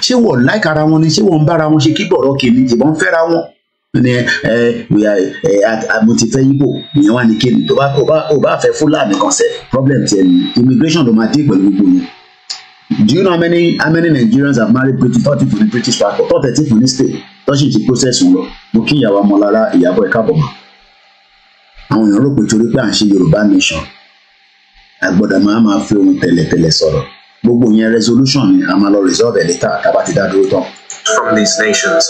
ṣé wọ́n láìka ara wọn ni ṣé wọ́n ń bára wọn ṣe kí bọ̀rọ̀ kìíní ìbọn fẹ́ra wọn ní ẹ ẹ mo ti fẹ́ yíbo ìyẹn wà ní kéde tó bá fẹ́ fúlàní kan sẹ́ problem tiẹ̀ ni immigration ló máa dé pẹ̀lú gbogbo yẹn do you know how many how many Nigerians have married British tó ti fún British passport tó tẹ̀ tí fún state tó ti process lọ mo kí ìyàwó amọ̀lára ìyàbọ̀ ẹ̀ka àwọn èèyàn rò pé torí pé à ń ṣe Yorùbá nation àgbọ̀dọ̀ máa máa fi ohun tẹ̀lẹ̀tẹ̀lẹ̀ sọ̀rọ̀ gbogbo yẹn resolution ni a máa lọ resolve ẹ̀ later tá ti dá dúró tán. From these nations.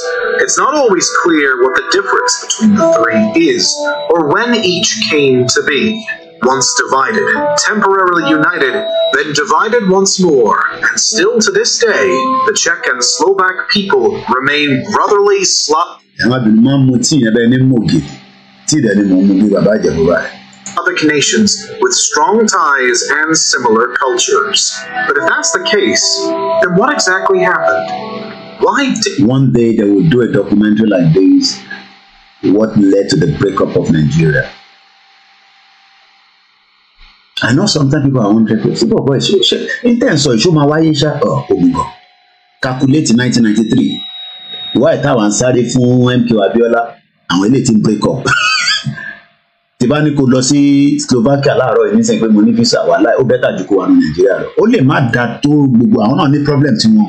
It's not always clear what the difference between the three is or when each came to be. once divided, temporarily united, then divided once more, and still to this day, the Czech and Slovak people remain brotherly Slav. Slavic nations with strong ties and similar cultures. But if that's the case, then what exactly happened? Why One day they will do a documentary like this, what led to the breakup of Nigeria. I know sometimes people are wondering pé síbò bọ́ ìṣe ṣe intense ọ̀ ìṣó máa wáyé ṣá ọ̀ òmùgọ̀ calculate nineteen ninety three ìwà ìtawà ń sáré fún MK Abiola àwọn ilé ti break up *laughs* tí bá ní kó lọ sí Slovakia láàárọ̀ yìí nísìnyí pé mo ní visa wà láì ó bẹ́tà ju kó wà ní Nàìjíríà lọ ó lè má da tó gbogbo àwọn náà ní problem tiwọn.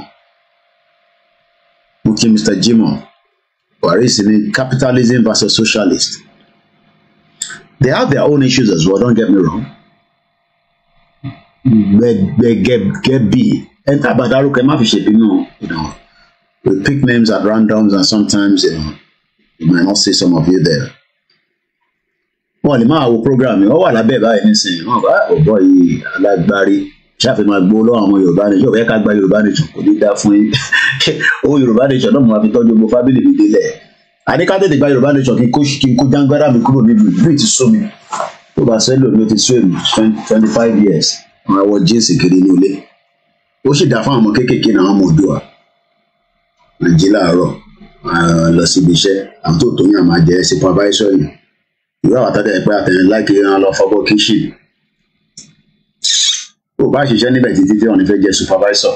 mo kí Mr. Jimoh Buhari sì ni capitalism versus socialist they have their own issues as well don't get me wrong. Begebi. Enter Badaruke Mafishe, you know, you know. We pick names at randoms and sometimes, you know, you might not see some of you there. Wọ́n lè máa wo program yìí, wọ́n wà lábẹ́ báyìí nísìnyí, wọ́n bá ah, ọ̀bọ yìí alágbárí ṣàfihàn gbó lọ́wọ́ àwọn Yorùbá nation, yóò fẹ́ ká gba Yorùbá nation kò ní dá fún yín. *laughs* Owó Yorùbá nation náà mo máa fi tọ́jú gbogbo fábílì mi délẹ̀. Àníká tètè gba Yorùbá nation kí n kó kí n kó jágbára mi kúrò níbi ìlú ìtìsó mi. Tó bá sẹ́lò mi ó ti sún èmi twenty five years wọn á wọ jíǹsì kiri inú ilé ó sì dá fún àwọn ọmọ kéékèèké náà àwọn ọmọ òdùà wọn jí lọ síbi iṣẹ́ àwọn tó tó yàn máa jẹ supervisor yìí ìwé àwọn àtàtà ẹgbẹ́ àtẹ̀yìn ìran lọ fọwọ́ kíṣì ó bá ṣiṣẹ́ níbẹ̀ títí tí wọ́n ní fẹ́ jẹ supervisor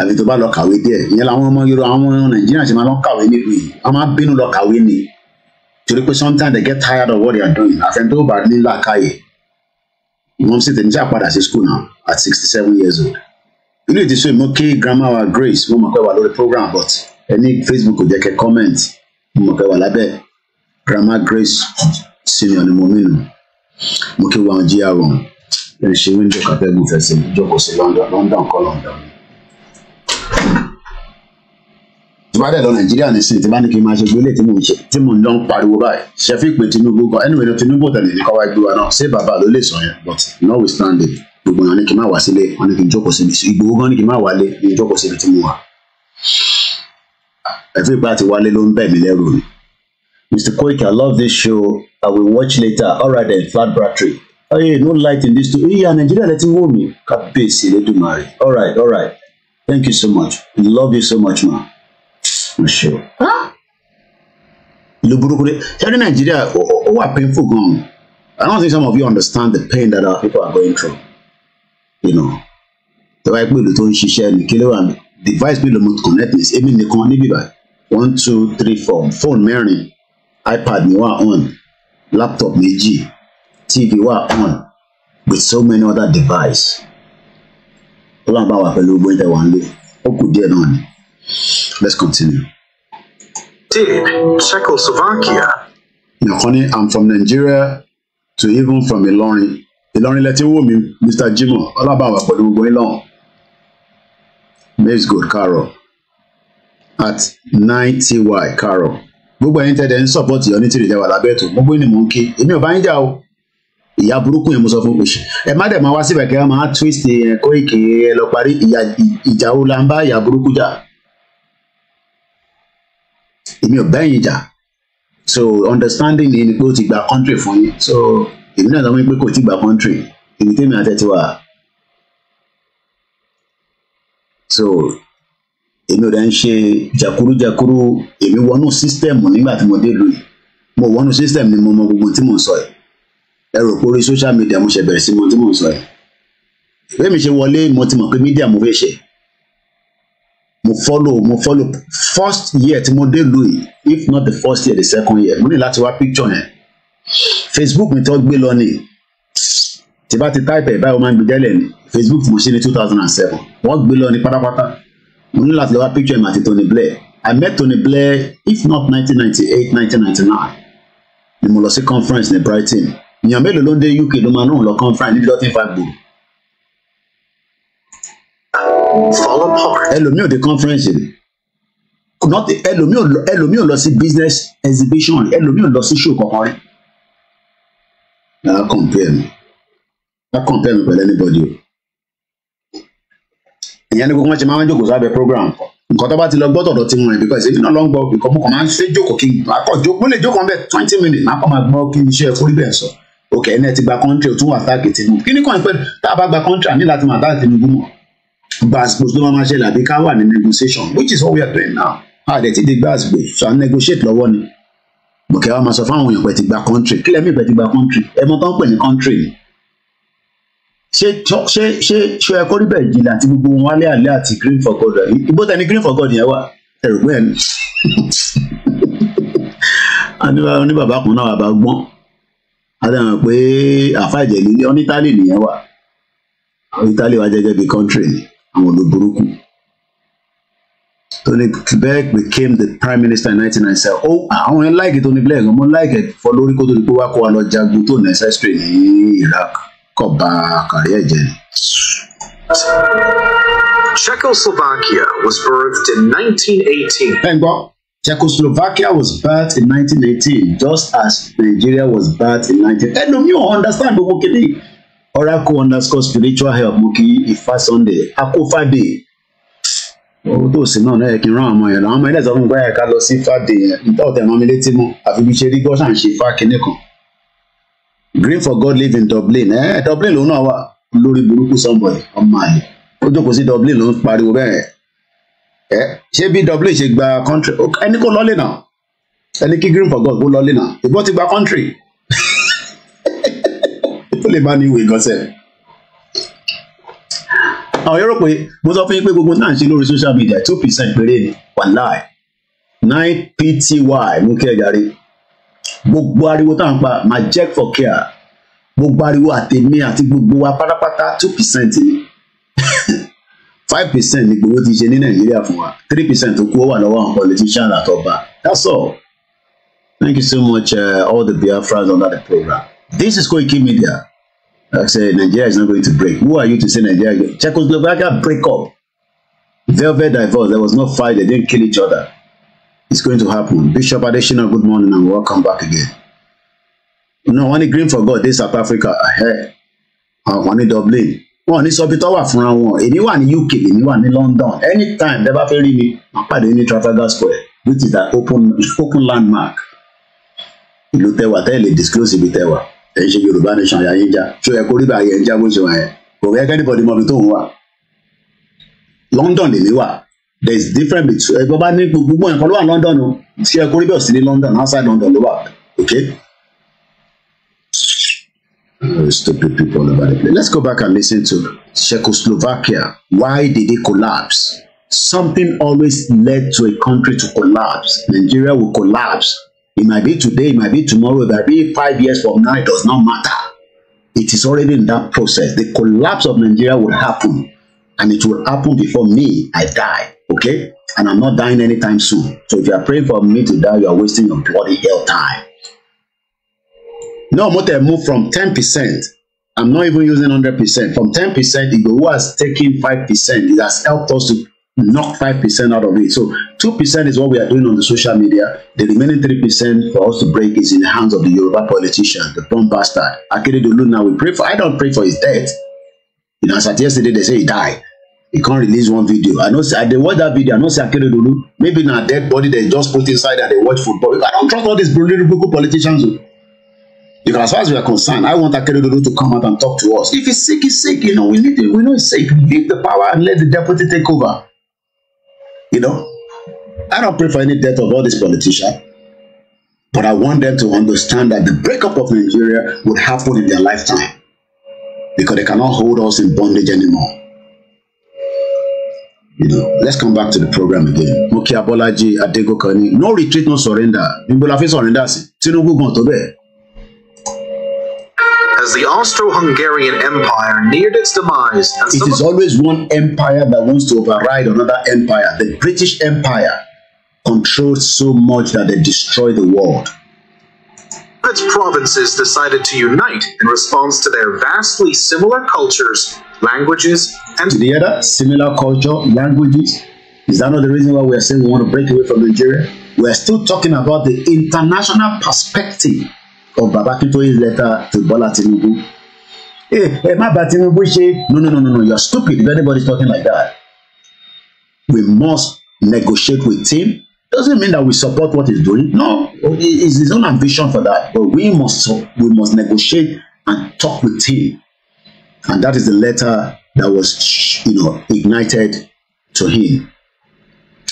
àbí tó bá lọ kàwé díẹ̀ ìyẹn làwọn ọmọ yorùbá àwọn ọmọ nàìjíríà ṣe máa lọ kàwé nílùú yìí wọ́n máa bínú lọ kàwé ni torí pé sometimes they get tired of what they are doing àfẹn tó bá nílà káyè wọ́n sì tẹ̀mí sáà padà sí school now at sixty seven years old inú ètò ìṣòwò mọ́ kí grandma wa Grace mo mọ̀ pé wà lórí program but ẹni Facebook kò jẹ́ kẹ́ comment mo mọ̀ pé wà lábẹ́ grandma Grace senior ni mo mìíràn mo kí wọn jí àwọn ẹ ṣe wíńdò kàtẹ́gùn fẹsẹ̀ jókòó sí London London kọ́ London. bá dẹ̀ lọ nàìjíríà nísìnyí tí bá ní kí n máa ṣe gbélé tí mò ń ṣe tí mò ń lọ pariwo báyìí ṣẹ́fí pé tinubu kan ẹnu ìlú tinubu tẹ̀lé ní kọ́wá gbé náà ṣé bàbá ló lè sọ yẹn but notwithstanding gbogbo yẹn ní kí n má wá sílé wọn ní kí n jókòó síbi ìgbòho gan ní kí n má wálé ní jókòó síbi tí mo wà. ẹ̀fí ìgbà àti wálé ló ń bẹ̀ mí lẹ́rù ni. Mr. Koiki, I love this show. I will watch later. All right then, flat battery. Oh, yeah, no light in this too. Yeah, Nigeria Let me letting wò mí. Kábíyèsí Elédùmarè. All right, all right. Thank you so much. We Love you so much, man ṣe o ìlú burúkú dé ṣáájú nàìjíríà ó wà painful gan i don't think some of you understand the pain that our people are going through you know tọ́wá pé ìlú tó ń ṣiṣẹ́ ní kí ló wà ní device mélòó mo connect ní èmi nìkan níbí báyìí one two three four phone mẹ́rin ipad mi wà on laptop méjì tv wà on with so many other devices ó lọ́n bá wà pẹ̀lú gbẹ́dẹ̀ wà ń lé ó kù díẹ̀ náà ni. Let's continue. Did Czechoslovakia? Nìkan honey, I'm from Nigeria to even from Ìlọrin. Ìlọrin lẹ ti wò mí Mr. Jimoh Ọlábàwà pẹ̀lú gbogbo going lọ́hùn. Maize good, Carol at nine ty Carol. Gbogbo ẹ̀yin tẹ́tẹ́ ń sọ̀pọ̀tì Onítìrì ìjà wà lábẹ́ ètò gbogbo ènìyàn mò ń kí. Èmi ò bá yín jà o ìyá burúkú yẹn mo sọ fún oṣù ẹ má dẹ̀ máa wá síbẹ̀ kí wọ́n máa twist ẹ̀ ìkè ẹ lọ parí ìjà wo la ń bá ìyá burúkú jà èmi ò bẹ́yìn jà so understanding ni pé ó ti gba country fún yín so èmi náà sọ fún yín pé kò ti gba country èmi tèmi àti ẹ ti wà so èmi ò dá ń ṣe jàkúrújàkúrú èmi wọnú system. nígbà tí mo dé lu yìí mo wọnú sísítẹ̀mù ni mo mọ gbogbo tí mò ń sọ yìí ẹ rò pé orí social media mo ṣe bẹ̀rẹ̀ sí mo tí mò ń sọ yìí bẹ́ẹ̀ mi ṣe wọlé mo ti mọ̀ pé mídíà mo fẹ́ ṣe mo follow mo follow first year tí mo dé lu if not the first year the second year mo ní láti wá picture yẹn facebook mi tó gbé lọ ni tí bá ti type ẹ̀ báyìí wọ́n máa ń gbé jẹ́lẹ̀ ni facebook mo ṣe ní two thousand and seven wọ́n gbé lọ ni pátápátá mo ní láti wá picture yẹn àti Tony Blair I met Tony Blair if not nineteen ninety eight nineteen ninety nine ni mo lọ sí conference ní Brighton èèyàn mélòó ló ń dé UK ló máa ń rún lọ conference níbi tó ti ń follow up. ẹlòmíì ò dé conference rẹ̀ ẹlòmíì ò lọ sí business exhibition ẹlòmíì ò lọ sí show kankan rẹ̀. Now compare me. Now compare me pẹ̀lú anybody o. Ìyẹn ni gbogbo wọn ṣe máa ń jókòó sábẹ́ program. Nǹkan tó bá ti lọ gbọ́dọ̀ dọ̀ ti mú rẹ̀ because èmi náà lọ ń gbọ́ nǹkan mọ̀kàn máa ń ṣe jókòó kí n akọ̀ jókòó lè jókòó bẹ́ẹ̀ twenty minutes máa kọ́ máa gbọ́ kí iṣẹ́ ẹ̀kọ́ rí bẹ́ẹ̀ sọ. Ok ẹni ẹ ti gba country o tún wà táàkì Tinubu. Kí ni kàn ń pẹ́ tá a bá gba country àní láti máa táàkì Tinubu mọ̀? gbàsìkò tó máa ṣẹlẹ̀ àbí ká wà ní negotiation which is what we are doing now a dẹ̀ ti di gbàsìkò so à negotiate lọ́wọ́ ni bùkẹ́ wa máa sọ fáwọn èèyàn pẹ̀ ti gba country kílẹ̀ mi pẹ̀ ti gba country ẹ mọ tán pè ní country ni ṣé ṣé ṣé ṣé ẹ kó rí bẹ́ẹ̀ jìnnà àti gbogbo wọn wálé àlẹ́ àti green for god rẹ̀ igbó tẹ green for god yẹn wà ẹ̀rù bẹ́ẹ̀ ni *laughs* a ní bàbá kan náà bàbá gbọ́n a dẹ̀ mọ̀ pé àfàjẹ̀ ní ọ́nítálì nìyẹn wà ọ́nítálì wà jẹ́gẹ́ bí country ni àwọn olóburúkú Tony Blair became the prime minister in 1997 ó àwọn yẹn láìkì Tony Blair gan mo láìkì ẹ̀fọ́ lórí kó tó di pé wá kó wa lọ jagun tó necessary ní Iraq kó ba kárí ẹ̀jẹ̀ ni. Czechoslovakia was birthed in 1918. ẹ Czechoslovakia was birthed in 1918 just as Nigeria was birthed in 19. ẹnu mi ò understand gbogbo kìíní. Oracle underscore spiritual help mo kì Sunday akófàdé owó tó sì náà lẹ́yìn kí n rán àwọn ọmọ ilé ìsọfún gbọ́ ká lọ sí fàdé yẹn nígbà ọ̀tẹ̀ mọ́ mi létí àfi bí ṣe rí kan. green for god live in Dublin Dublin lòun náà wà lórí burúkú ọmọ ó jókòó sí Dublin pariwo bẹ́ẹ̀ ṣé bí Dublin ṣe gba country ẹni kò náà ẹni green for god kò lè má ní ìwé gan sẹ àwọn yẹn rò pé mo sọ fún yín pé gbogbo náà ń ṣe lórí social media two percent péré ni wàláì nine pty mú kí ẹ jàre gbogbo ariwo tá à ń pa máa check for care gbogbo ariwo àtẹ̀mí àti gbogbo wa pátápátá two percent ni five percent ni gbogbo ti ṣe ní nàìjíríà fún wa three percent tó kú ó wà lọ́wọ́ àwọn politicians àtọba that's all. Thank you so much, uh, all the Biafrans under the program. This is Koiki Media. I said Nigeria is not going to break. Who are you to say Nigeria? Czechoslovakia break up. Velvet divorce. There was no fight. They didn't kill each other. It's going to happen. Bishop Adesina, good morning and welcome back again. No, wọ́n ní green for God dé South Africa. Àwọn uh, ní Dublin. Wọ́n ní sọ One tọ́ wà fúnra wọn. UK, Anyone in London. Anytime tẹ́ bá fẹ́ rí mi, màá pàdé ní Trafalgar Square which is an open, open landmark. Ìlú tẹ́wà tẹ́ lè disclose ibi tẹ́wà ẹ̀ ń ṣe yorùbá nation àyà yín já ṣó yẹ kó rí báyẹn ń já bó ṣe wà yẹn kò yẹ kẹ́ni bọ̀dì mọ́bi tó ń wà london lèmi wà there is different between ẹ̀ bọ́bá ní gbogbo ẹ̀kọ́ ló wà london o ṣé ẹ kó rí bẹ́ẹ̀ sí ní london outside london ló wà ok. stupid people all over the place. Let's go back and listen to Czechoslovakia. Why did it collapse? Something always led to a country to collapse. Nigeria will collapse It might be today, it might be tomorrow, it might be five years from now, it does not matter. It is already in that process. The collapse of Nigeria will happen, and it will happen before me, I die. Okay? And I'm not dying anytime soon. So if you are praying for me to die, you are wasting your bloody hell time. No, Mote moved from 10%. I'm not even using 100%. From 10%, Igbo has taken 5%. It has helped us to knock 5% out of it. So 2% is what we are doing on the social media. The remaining 3% for us to break is in the hands of the Yoruba politician, the bomb bastard. Akeredolu now we pray for, I don't pray for his death. You know, as at yesterday, they say he died. He can't release one video. I know, I they watch that video, I know say Dulu. maybe a dead body they just put inside and they watch football. I don't trust all these political politicians. Because oh. as far as we are concerned, I want Dulu to come out and talk to us. If he's sick, he's sick. You know, we need to, we know he's sick. Leave the power and let the deputy take over. You know, I don't pray for any death of all these politicians, but I want them to understand that the breakup of Nigeria would happen in their lifetime because they cannot hold us in bondage anymore. You know, let's come back to the program again. Moki Abolaji Adegokani, no retreat, no surrender. Níbo la fẹ́ surrender sí? Tinubu gan to bẹ́ẹ̀. as the Austro-Hungarian Empire neared its demise. it is always one empire that wants to override another empire. The British Empire controlled so much that they destroyed the world. Its provinces decided to unite in response to their vastly similar cultures, languages, and... the other, similar culture, languages. Is that not the reason why we are saying we want to break away from Nigeria? We are still talking about the international perspective of Baba Akintoye's letter to Bola Tinubu. Hey, eh, hey, má bà Tinubu ṣe. No, no, no, no, no. You're stupid if anybody's talking like that. We must negotiate with him. Doesn't mean that we support what he's doing. No, it's his own ambition for that. But we must we must negotiate and talk with him. And that is the letter that was, you know, ignited to him.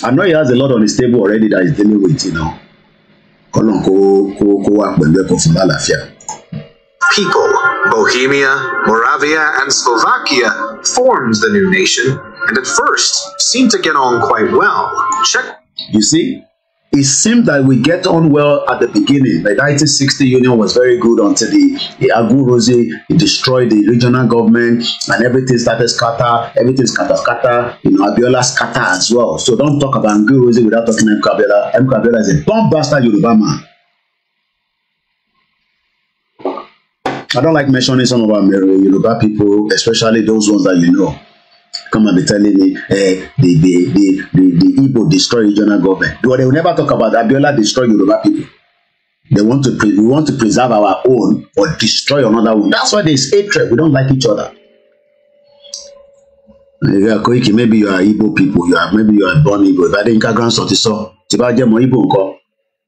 I know he has a lot on his table already that he's dealing with, you know. People, Bohemia, Moravia, and Slovakia formed the new nation and at first seemed to get on quite well. Check. You see, it seemed that we get on well at the beginning. The 1960 union was very good until the, the Agurozi destroyed the regional government and everything started scatter, everything scatter scatter, you know, Abiola scatter as well. So don't talk about Agurozi without talking about Kabila. M. is a bomb bastard Yoruba man. I don't like mentioning some of our Yoruba people, especially those ones that you know come and be telling me eh, the, the, the, the, the Igbo destroy regional government. Well, they will never talk about Abiola destroy Yoruba people. They want to pre- we want to preserve our own or destroy another one. That's why there's hatred. We don't like each other. maybe you are Igbo people, you are maybe you are born Igbo. If I didn't grandson ti sọ, tí bá jẹ́ mọ́ Igbo nǹkan,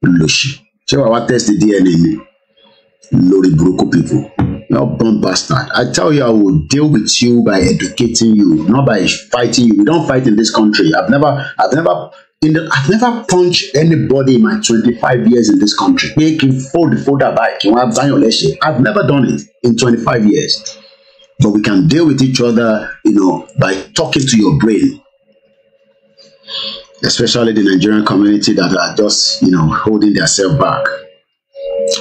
lòṣì. Ṣé I wá test DNA mi lórí people? You're born bastard. I tell you, I will deal with you by educating you, not by fighting you. We don't fight in this country. I've never, I've never in the, I've never punched anybody in my 25 years in this country. Pé kí n fold folder báyìí kí wọ́n á dáyàn lẹ́sẹ̀. I've never done it in 25 years. But we can deal with each other, you know, by talking to your brain. Especially the Nigerian community that are just, you know, holding themselves back.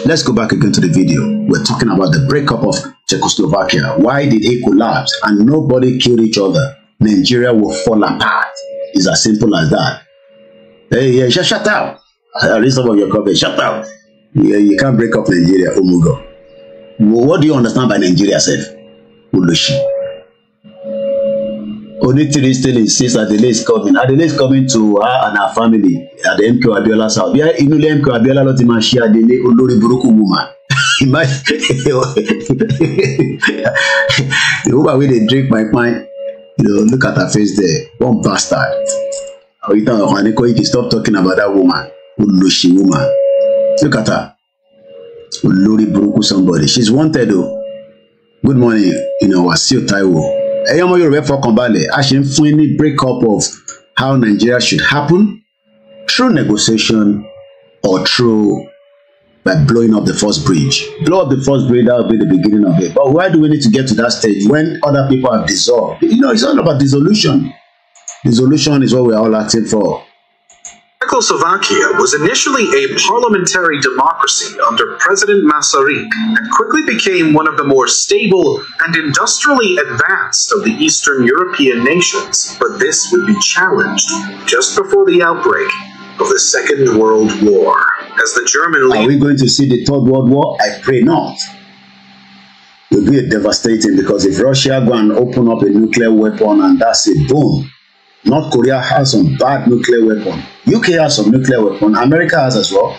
Let's go back again to the video. We're talking about the breakup of Czechoslovakia. Why did it collapse and nobody killed each other? Nigeria will fall apart. It's as simple as that. Hey, yeah, shut, shut up. I read some of your comments. Shut up. Yeah, you can't break up Nigeria, Omugo. What do you understand by Nigeria, self? Oloshi. We need to Onitiri still insists Adele is coming. Adele is coming to her and her family at the MK Abiola's house. Bí inú ilé MK Abiola ló ti máa ṣe Adele olórí burúkú woman. *laughs* *laughs* The woman wey they drink my wine. you know, look at her face there, one bastard. I Oyita to stop talking about that woman. Oloshi woman. Look at her. Olórí burúkú somebody. She's wanted o. Good morning, you know, I Wasiu Taiwo ẹ̀yin ọmọ Yorùbá fọkàn balẹ̀ a ṣe ń fún yín ní break up of how Nigeria should happen through negotiation or through by blowing up the first bridge blow up the first bridge that will be the beginning of it but why do we need to get to that stage when other people have dissolved you know it's all about dissolution dissolution is what we are all acting for Czechoslovakia was initially a parliamentary democracy under President Masaryk and quickly became one of the more stable and industrially advanced of the Eastern European nations, but this would be challenged just before the outbreak of the Second World War. As the German Are we going to see the Third World War? I pray not. It will be devastating because if Russia go and open up a nuclear weapon and that's it, boom, North Korea has some bad nuclear weapon. UK has some nuclear weapon. America has as well.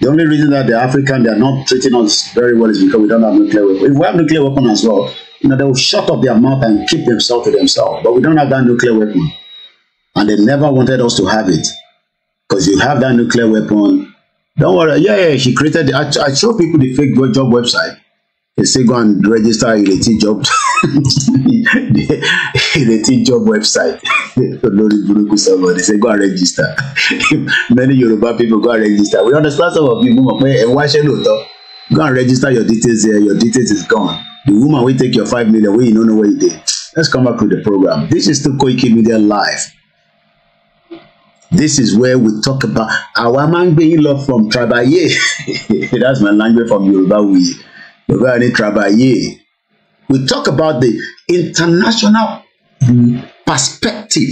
The only reason that the African they are not treating us very well is because we don't have nuclear weapon. If we have nuclear weapon as well, you know, they will shut up their mouth and keep themselves to themselves. But we don't have that nuclear weapon. And they never wanted us to have it. Because you have that nuclear weapon. Don't worry. Yeah, yeah, she created, the, I, I show people the fake job website. They say go and register a job. *laughs* they teach job website olórí burúkú sọmọ they say go and register many Yoruba people go and register we understand some of you mo mọ̀ pé ẹ wáṣẹ́ lóòótọ́ go and register your details here your details is gone the woman wey take your five million wey you no know where you dey let's come back to the program this is still Koiki Media live this is where we talk about our máa ń gbé from trabaye *laughs* that's my language from Yoruba We Yoruba ni trabaye we talk about the international perspective.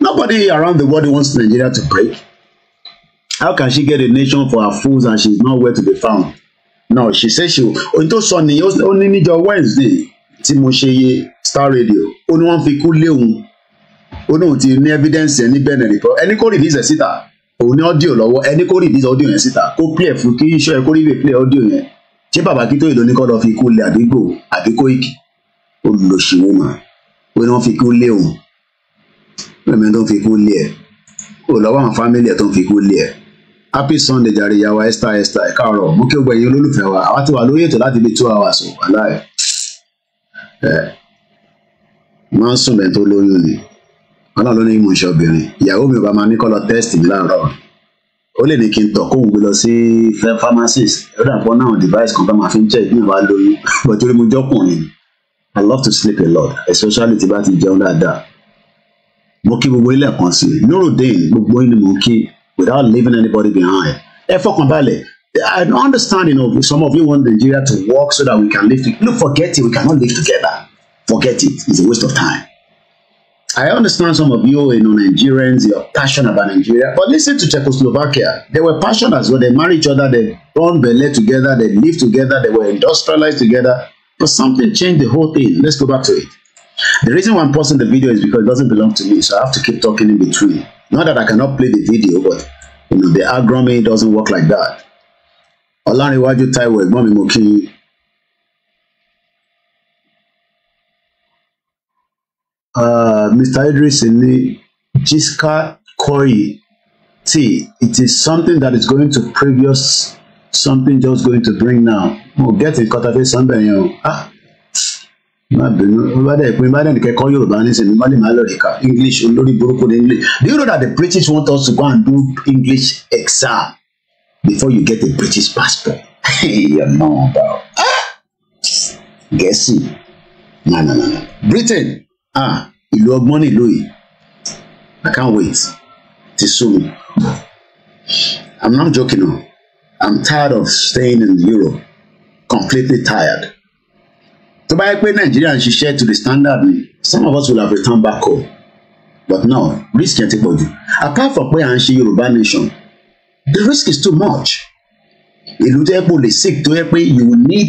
Nobody around the world wants Nigeria to break. How can she get a nation for her fools and she's nowhere to be found? No, she says she ohun tó sọ nìyẹn ó Wednesday tí mo Star Radio ó ní wọ́n fi kú lé òun ó ní òun ti ní evidence ẹ̀ ní Benin Republic ẹni kò release ẹ̀ síta òun audio lọ́wọ́ ẹni kò release audio yẹn síta kó play ẹ̀ fún kí iṣẹ́ ẹ̀ kó rí play audio yẹn ṣé bàbá Akíntóyè ló ní kó lọ fi ikú lé àdúgbò àbí Kóìkì olùlòṣìwò mà ó ní wọ́n fi ikú lé òun lẹ́mi tó ń fi ikú lé ẹ̀ ó àwọn fámìlì ẹ̀ tó ń fi ikú lé ẹ̀ happy sunday jàre yàwá esther esther ẹ̀ káàárọ̀ mú kí o gbọ́ ẹ̀yin olólùfẹ́ wa àwa ti wà lórí ètò láti bí two hours ò wàláì ẹ̀ máa ń sùn bẹ́ẹ̀ tó lóyún ni ọlọ́run ló ní ìmọ̀ ìṣọ́bìnrin ìyàwó mi ò bá máa ní kó lọ test mi láàárọ̀ ó lè ní kí n tọ̀ kó wù mí lọ sí pharmacist ó dà pọ̀ náà device kan bá máa fi ń *laughs* jẹ́ ìpínlẹ̀ wa lóyún bọ́jú orí mo jọ́kùnrin I love to sleep a lot especially tí bá ti jẹun dáadáa mo kí gbogbo ilé ẹ̀kan sí Nurudeen gbogbo yín ni mo kí without leaving anybody behind ẹ fọkàn balẹ̀ I understand you know, some of you want Nigeria to work so that we can live together no forget it we cannot live together forget it it's a waste of time I understand some of you, you know, Nigerians, you're passionate about Nigeria, but listen to Czechoslovakia. They were passionate as well. They married each other, they born Bele together, they lived together, they were industrialized together. But something changed the whole thing. Let's go back to it. The reason why I'm posting the video is because it doesn't belong to me, so I have to keep talking in between. Not that I cannot play the video, but you know, the algorithm doesn't work like that. Olaniwaju Taiwo, Ẹ̀gbọ́n mi mo kí Ah, Mr. Idris ní Jiska Koi tea. It is something that is going to previous something just going to bring now. Mo get in, tá a fi san yẹn o. Ah! Má bínú, bá dẹ̀ pin bá dẹ̀ nìkẹ́ kọ́ Yorùbá ní sinmi, má lè má lọ ìka English olórí burúkú ní English. Do you know that the British want us to go and do English exam before you get a British passport? *laughs* Your mom, bro. Ah! Gẹ̀ẹ́sì. No, no, no, no. Britain ah ìlú ọgbọ́n nílùú yìí i can't wait ti soon. i'm not joking o i'm tired of staying in Europe completely tired tó bá yẹ pé nàìjíríà ń ṣiṣẹ́ to the standard ni some of us will have returned back home but now risk yẹn ti pọ̀ jù apart from pé à ń ṣe yorùbá nation the risk is too much ìlú tó yẹ pé o lè sick tó yẹ pé you will need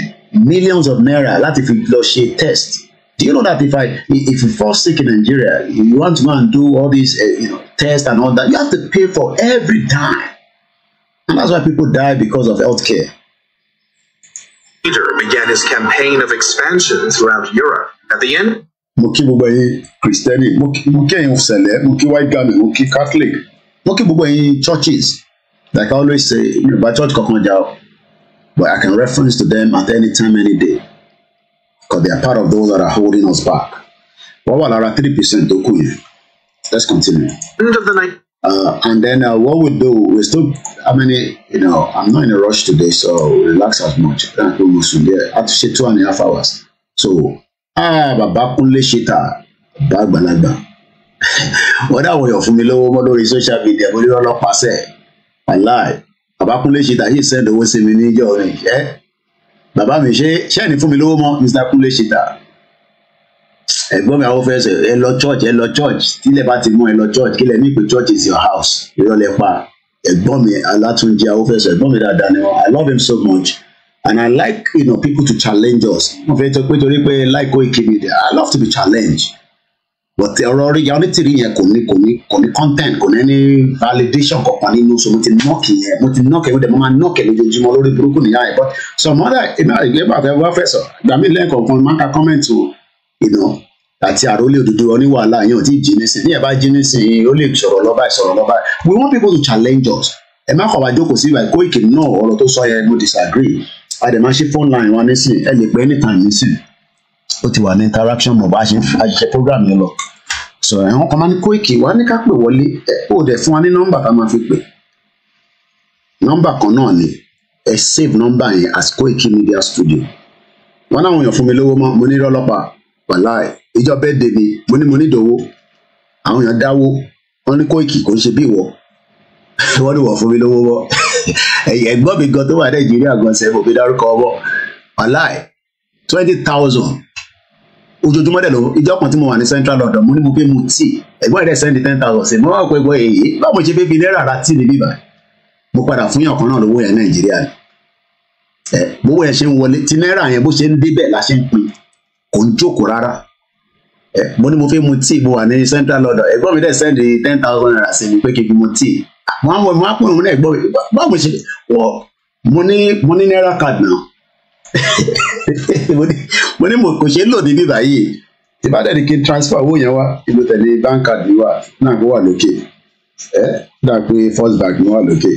millions of naira láti fi lọ ṣe test Do you know that if I if you fall sick in Nigeria, you want to go and do all these uh, you know tests and all that, you have to pay for every time, and that's why people die because of healthcare. Peter began his campaign of expansion throughout Europe. At the end, mo kí gbogbo ẹ̀yin kristẹni mo white gami mo catholic mo kí churches like I always say, you by church kankan jà but I can reference to them at any time, any day. because they are part of those that are holding us back What about our three percent tó kù let's continue. end of the night. Uh, and then uh, what we do, we still, I mean, you know, I'm not in a rush today, so relax as much. Thank you, Musun. Yeah, I have to say two and a half hours. So, ah, Baba Kunle Shita, Bagbalagba. *laughs* Wọ́n dà wọ̀nyọ̀ fún mi lọ́wọ́ mọ́ lórí social media, mo ní ọlọ́pàá sẹ̀, my life. Baba Kunle Shita, he send owó sí mi níjọ́ ni, eh bàbá mi ṣe ṣẹ́ẹ̀nì fún mi lówó mọ́ Mr Kunle Shita ẹ̀gbọ́n mi àwọn fẹsẹ̀ ẹ lọ church ẹ lọ church tílẹ̀ bá ti mú ẹ lọ church kílẹ̀ mí pé church is your house ìrọ̀lẹ́ pa ẹ̀gbọ́n mi alátúnjẹ àwọn fẹsẹ̀ ẹ̀gbọ́n mi dáadáa ni wọn I love him so much and I like you know, people to challenge us wọ́n fẹ́ tó pé torí pé like Koiki I love to be challenged but ọ̀rọ̀ reality rí yẹn kò ní kò ní kò ní content kò ní ní validation kankan nínú so mo ti knock yẹn mo ti knock yẹn mo dẹ̀ mo máa knock yẹn lójoojúmọ́ lórí burúkú nìyá yẹn but some other èmi àgbẹ̀ bàbá wa fẹ́ sọ gbà mí lẹ́ẹ̀kọ̀ọ̀kan máa ka comment o ìnà àti àròlé òdodo oníwàhálà yẹn ò tí ì jí nísìn ní ẹ̀ bá jí nísìn ó lè sọ̀rọ̀ lọ́ba ìsọ̀rọ̀ lọ́ba we want people to challenge us ẹ má kọ̀ wá jókòó sí ìwà ìkó ìkè náà ọ̀rọ̀ tó sọ yẹn mo disagree a dẹ̀ máa phone line wa nísìn ẹ lè pẹ́ anytime nísìn ó ti wà ní interaction mọ̀ bá a ṣe ń ṣe program yẹn lọ so ẹ̀wọ̀n kan máa ní Kóìkì wá ní ká pè wọlé ó dẹ̀ fún wa ní nọ́mbà ká máa fi pè nọ́mbà kan náà ni ẹ save nọ́mbà yẹn as Koiki Media Studio wọn náà wọn yàn fún mi lówó mọ mo ní rọlọ́pàá wàhálà ìjọ bẹ́ẹ̀ dé mi mo ní mo ní ìdòwó àwọn èèyàn dáwó wọn ní Koiki kò ń ṣe bí ìwọ *laughs* wọn ní wọn fún mi lówó mọ *laughs* ẹ̀gbọ́n mi gan tó wà Nàìjíríà gan sẹ́yìn mo fi dárúkọ ọmọ wàhálà twenty thousand ojoojúmọ́ dẹ̀ lọ ìjọ kan tí mo wà ní central london mo ní mo fẹ́ mu tíì ẹ̀gbọ́n rẹ̀ sẹ́ndí ten thousand sí mo wá pé gbọ́ èyí báwo mo ṣe fẹ́ fi náírà ra tíì níbí báyìí mo padà fún yàn kan náà lówó yẹn nàìjíríà ni ẹ bówó yẹn ṣe ń wọlé tí náírà yẹn bó ṣe ń débẹ̀ la ṣe ń pín kò ń jókòó rárá ẹ mo ní mo fẹ́ mu tíì mo wà ní central london ẹ̀gbọ́n mi dẹ̀ sẹ́ndí ten thousand naira sí mi pé kí n fi mu tíì card náà *laughs* mo ní mo kò ṣe lò níbí báyìí ìbádẹ́ni kí transfer owó yẹn wá ìlú tẹ̀lé bank card mi wà náà kó wà lókè ẹ dà pé first bank mi wà lókè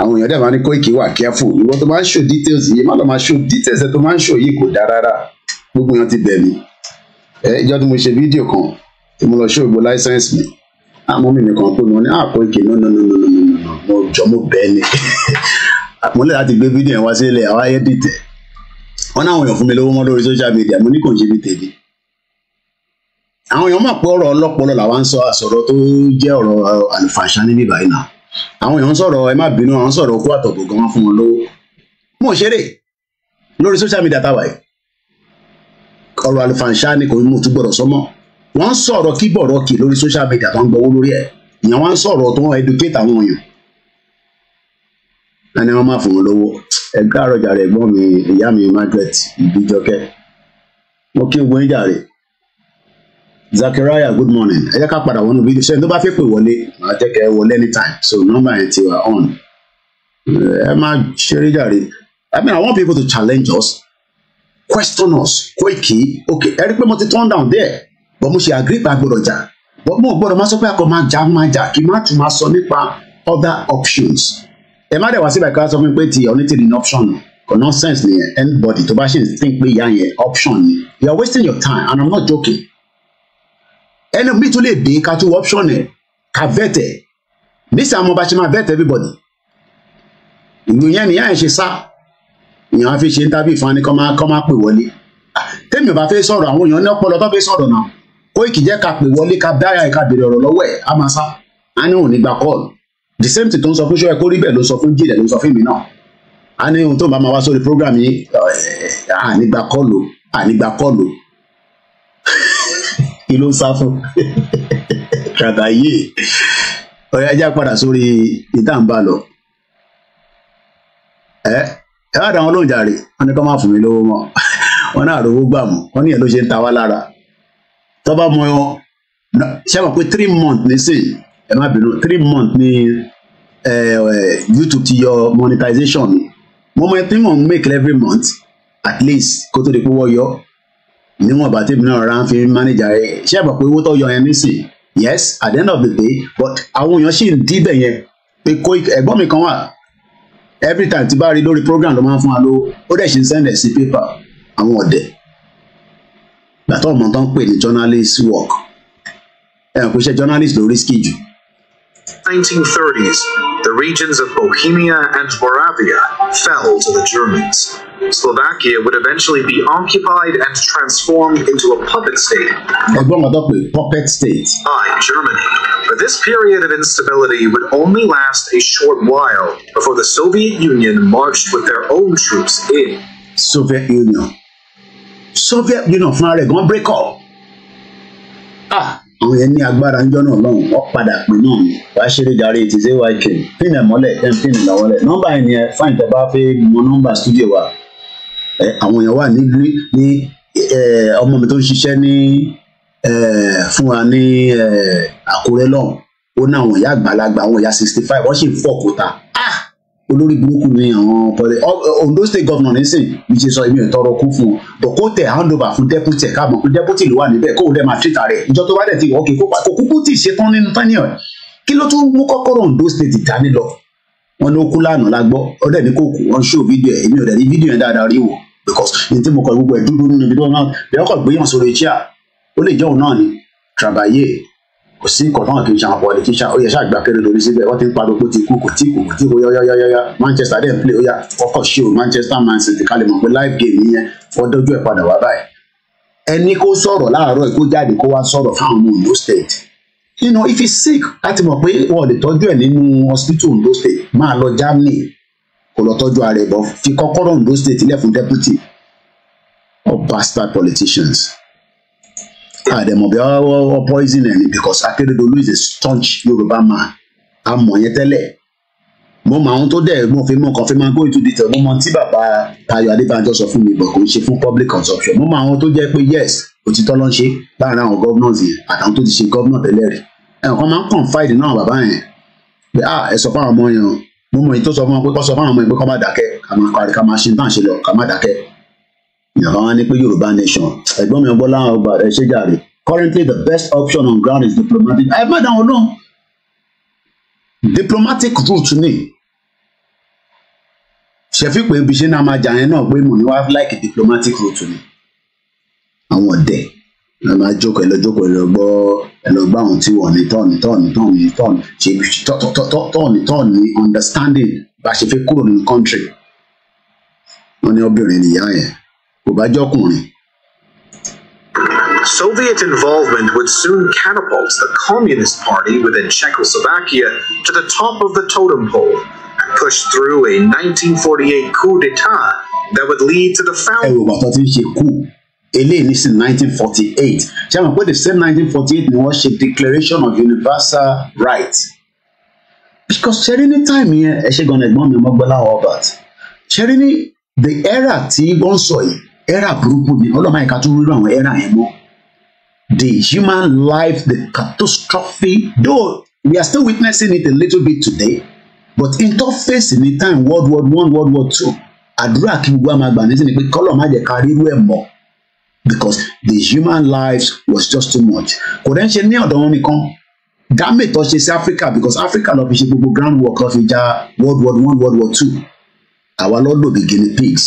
àwọn èèyàn dẹ̀ máa ní Koiki wà careful ìwọ tó máa ń show details yìí má lọ máa show details ẹ tó máa ń show yìí kò dáa rárá gbogbo èèyàn ti bẹ̀ mí ẹ ìjọ tí mo ṣe fídíò kan tí mo lọ show ìgbó license mi àmọ́ mímì kan pé mo ní àpò ìkè no no no no no no mo jọ mo bẹ́ẹ̀ ni mo lè láti gbé fídíò yẹn wá sílẹ̀ àwa edit ẹ̀ wọn náà àwọn èèyàn fún mi lówó mọ́ lórí social media mo ní kò ń ṣe bí tèmi àwọn èèyàn mọ̀ pé ọ̀rọ̀ ọlọ́pọlọ làwọn ń sọ àsọ̀rọ̀ tó jẹ́ ọ̀rọ̀ àlùfàṣà níbí báyìí náà àwọn èèyàn ń sọ̀rọ̀ ẹ má bínú àwọn sọ̀rọ̀ okú àtọ̀bọ̀ gan wọn fún wọn lówó mo ṣeré lórí social media táwa yìí ọ̀rọ̀ àlùfàṣà ni kò mú tún gbọ́dọ̀ sọmọ wọn ń sọ̀rọ̀ kí bọ̀rọ̀ kì lórí social media tó ń gbọ́wọ́ lórí ẹ̀ ìyẹn wọn ń sọ̀rọ̀ tó ń educate àwọn èèyàn ẹni wọn máa fún wọn lówó ẹ káàárọ̀ jàre mi ìyá mi margaret ìbíjọkẹ́ mo kí gbogbo yín jàre Zachariah good morning ẹ jẹ́ ká padà wọnú bí ṣe tó bá fẹ́ pè wọlé màá jẹ́ kẹ́ wọlé anytime so number yẹn ti wà on ẹ máa ṣeré jàre I mean I want people to challenge us question us quickly okay ẹ rí pé mo ti turn down there but mo ṣe agree pa gbọ́dọ̀ jà but mo gbọ́dọ̀ máa sọ pé akọ máa jà máa jà kí má tún máa sọ nípa other options ẹ má dẹ̀ wá síbẹ̀ ká sọ fún mi pé ti onítìrì ní option kò nonsense ni anybody tó bá ṣe think pé ìyá yẹn option ni you are wasting your time and i'm not joking ẹni mi tó lè dé ká tó option ẹ ká vẹ́tẹ̀ nísìnyí àwọn ọba ṣe máa vẹ́tẹ̀ everybody ìlú yẹn nìyá yẹn ṣe sá èèyàn á fi ṣe ń tábì fún ẹni kọ́ máa kọ́ máa pè wọlé ah, tẹ́mi ò bá fẹ́ sọ̀rọ̀ àwọn èèyàn ní ọpọlọ tó fẹ́ sọ̀rọ̀ náà kó ìkìjẹ́ ká pè wọlé ká dáyà ká béèrè ọ̀rọ̀ lọ́wọ́ ẹ̀ á máa sá á ní òun nígbà kọ́ọ̀lù the same thing tó ń sọ fún ṣọ́ra kó rí bẹ́ẹ̀ ló sọ fún jìnlẹ̀ ló sọ fún mi náà a ní ohun tó ń bá máa wá sórí program yìí ànígbà kọ́ọ̀lù ànígbà kọ́ọ̀lù *laughs* kí ló ń sá fún ṣàtàyè ọ̀rẹ́ ajá padà sórí ìtàǹbà lọ ẹ ẹ wá dáwọn lóúnjà rè wọn ní kó má fún mi lówó mọ́ *laughs* wọn náà rówó gbà mọ́ wọn ní ẹ ló ṣe ń ta wá lára tó bá mọ ṣé wọn pé three months nísìnyí ẹ má bínú three months ni youtube ti yọ monetization mi mo mọ ẹtí mò ń make every month at least kó tó di pé wọ́n yọ níwọ̀n bá tèmi náà rán fi manager rẹ ṣé ẹ mọ̀ pé owó tó yọ yẹn nísìn yes at the end of the day but àwọn èèyàn ṣì ń díbẹ̀ yẹn pé kó ẹ̀gbọ́n mi kan wà every time tí bá rí lórí program ló máa ń fún wa lówó ó dẹ̀ ṣe ń send ẹ̀ sí paper àwọn ọ̀dẹ̀ gbàtọ́ ọmọ tó ń pè ní journalist work ẹ̀ kò ṣe journalist ló risky jù 1930s, the regions of Bohemia and Moravia fell to the Germans. Slovakia would eventually be occupied and transformed into a puppet state. puppet state. By Germany. But this period of instability would only last a short while before the Soviet Union marched with their own troops in. Soviet Union. Soviet Union fúnra gonna break up. Ah, àwọn yẹn ní agbára ńjọ́ náà lọ́hùn wọ́n padà pín náà ni wá ṣeré jàre ti ṣe wáyé kiri pín ẹ̀ mọ́lẹ̀ ẹ̀ ń pín ẹ̀ lọ́wọ́lẹ̀ nọ́mbà yẹn yẹn fáìn tẹ́ bá fẹ́ mọ nọ́mbà studio wa àwọn yẹn wà ní ní ọmọ mi tó ń ṣiṣẹ́ ní fún wa ní Àkúrẹ́ lọ́hùn ó ní àwọn ìyá àgbàlagbà àwọn ìyá sixty five wọ́n sì ń fọ́ olórí burúkú ni àwọn kọ́lé Ondo state governor nísìn mi ṣe sọ èmi ò tọrọ kú fún un bọ̀ kó tẹ̀ hand over fún deputy ẹ̀ káàmọ̀ pé deputy ló wà níbẹ̀ kó o dẹ̀ máa tìta rẹ̀ ìjọ tó bá dẹ̀ ti wọ́ kí kó kúkú tì ṣe tán nínú tán kí ló tún mú kọ́kọ́rọ́ Ondo state dání lọ wọn ní ó kú lánàá la gbọ́ ó dẹ̀ ní kó kú wọn show fídíò ẹ̀ èmi ò dẹ̀ rí fídíò yẹn dáadáa rí wò because ní tí mo kọ gbogbo ẹ̀ dúró nínú ibi tó náà bí wọ́n gbé yàn sórí chair ni trabaye kò sí nǹkan táwọn kì í ṣe àwọn politician ó yẹ ṣàgbà kéré lórí síbẹ̀ wọ́n ti ń pariwo pé ti kú kò tí kò tí kò yáyáyáyá Manchester dem play ó yà kọ́kọ́ ṣe o Manchester Man City ká lè mọ̀ pé live game yẹn wọ́n dọ́jú ẹ̀ padà wá báyìí ẹni kó sọ̀rọ̀ láàárọ̀ kó jáde kó wá sọ̀rọ̀ fáwọn ọmọ Ondo State you know if he's sick láti mọ̀ pé wọ́n lè tọ́jú ẹ̀ nínú hospital Ondo State máa lọ Germany kò lọ tọ́jú ara ẹ̀ bọ́ fi kọ́kọ́rọ́ Ondo State lẹ̀ fún deputy or politicians àdèmọ̀bí ọwọ́ ah, oh, oh, poison ẹ̀ ni because Akérédolú is a staunch Yorùbá man amọ̀ yẹn tẹ́lẹ̀ mo mọ àwọn tó dẹ̀ mo fi mọ kan fi máa go into detail mo mọ tí bàbá Táyọ̀ Adébánjọ sọ fún mi bọ̀ kò ń ṣe fún public consumption mo mọ àwọn tó jẹ́ pé yes òtítọ́ ló ń ṣe láàrin àwọn governors yẹn àtàwọn tó ti ṣe governor tẹ́lẹ̀ rí ẹnìkan máa ń confide náà bàbá yẹn pé ah ẹ sọ fáwọn ọmọ yẹn o mo mọ èyí tó sọ fún wọn pé kó sọ fáwọn ọmọ yẹn pé kó má dákẹ́ ká máa parí ká máa ṣe náà lọ ká má dákẹ́ àwọn á ní pé Yorùbá nation ẹ̀gbọ́n mi Ọgbọ́láwọn ọgbà ẹ jàre currently the best option on ground is diplomatic ẹ má dáhùn náà diplomatic route ni ṣẹfí pé ibi ṣe náà máa jà yẹn náà pé mò ń wá like diplomatic route ni àwọn ọdẹ ẹ máa jókòó ẹ lọ jókòó ẹ lọ gbọ́ ẹ lọ gbọ́ àwọn tí wọ́n ní tọ́ọ̀nì tọ́ọ̀nì tọ́ọ̀nì tọ́ọ̀nì ṣe tọ́ọ̀nì tọ́ọ̀nì understanding bá ṣe fẹ́ kúrò ní country wọ́n ní obìnrin nìyá yẹn bá jọkùnrin. Soviet involvement would soon catapult the Communist Party within Czechoslovakia to the top of the totem pole and push through a 1948 coup d'etat that would lead to the founding. ẹ̀rù bàtà ti ń ṣe kú eléyìí ní sí 1948 ṣé àwọn pé the same 1948 ni wọ́n ṣe declaration of universal rights because ṣe ní time yẹn ẹ ṣe gan-an ẹ̀gbọ́n mi ọmọ gbọ́lá Albert ṣe ní the era tí wọ́n sọ yìí Era burúkú ni ọlọ́mọ ìka tún rírọ àwọn era yẹn mọ́ the human life the catastrophe though we are still witnessing it a little bit today but in tough face the time world war one world war two àdúrà kí gbogbo àmà gbà nísìnyí pé kọ́lọ̀ má jẹ́ ká ẹ̀ mọ́ because the human lives was just too much kò dẹ́n ṣe ní ọ̀dọ̀ wọn nìkan damage tó ṣe sí Africa because Africa lọ fi ṣe gbogbo ground work lọ fi ja world war one world war two àwa lọ lò bí guinea pigs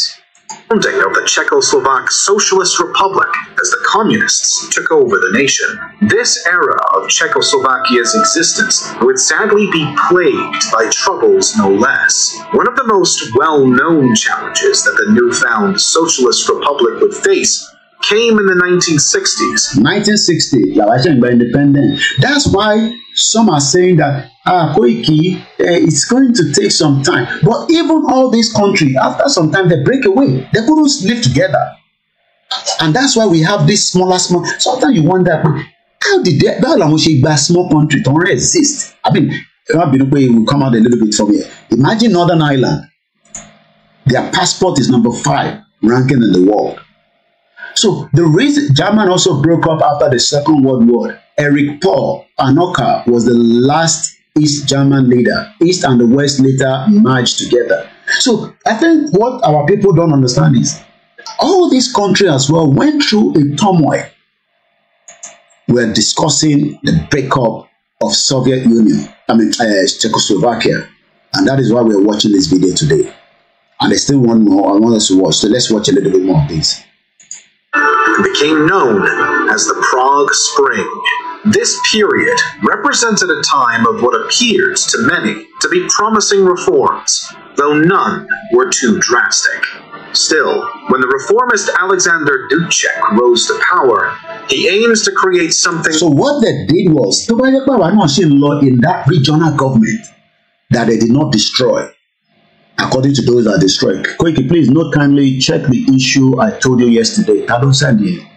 founding of the Czechoslovak Socialist Republic as the communists took over the nation. This era of Czechoslovakia's existence would sadly be plagued by troubles no less. One of the most well-known challenges that the newfound Socialist Republic would face came in the 1960s. 1960, That's why some are saying that uh, Koiki, uh, it's going to take some time. But even all these countries, after some time, they break away. They couldn't live together. And that's why we have this smaller, small. Sometimes you wonder, how did that báwo small country don't ń resist? I mean, wọ́n bínú pé we come out a little bit from here. Imagine Northern Ireland. Their passport is number five ranking in the world. So the reason German also broke up after the Second World War, Eric Paul Anoka was the last East German leader. East and the West later merged together. So I think what our people don't understand is all these countries as well went through a turmoil. We're discussing the breakup of Soviet Union, I mean uh, Czechoslovakia, and that is why we're watching this video today. And there's still one more I want us to watch, so let's watch a little bit more of this. became known as the Prague Spring. This period represented a time of what appears to many to be promising reforms, though none were too drastic. Still, when the reformist Alexander Dubček rose to power, he aims to create something. So what they did was, tó buy yẹ power àwọn náà in that regional government that they did not destroy, according to those that destroyed. Quickly, please note kindly check the issue I told you yesterday. don't send you.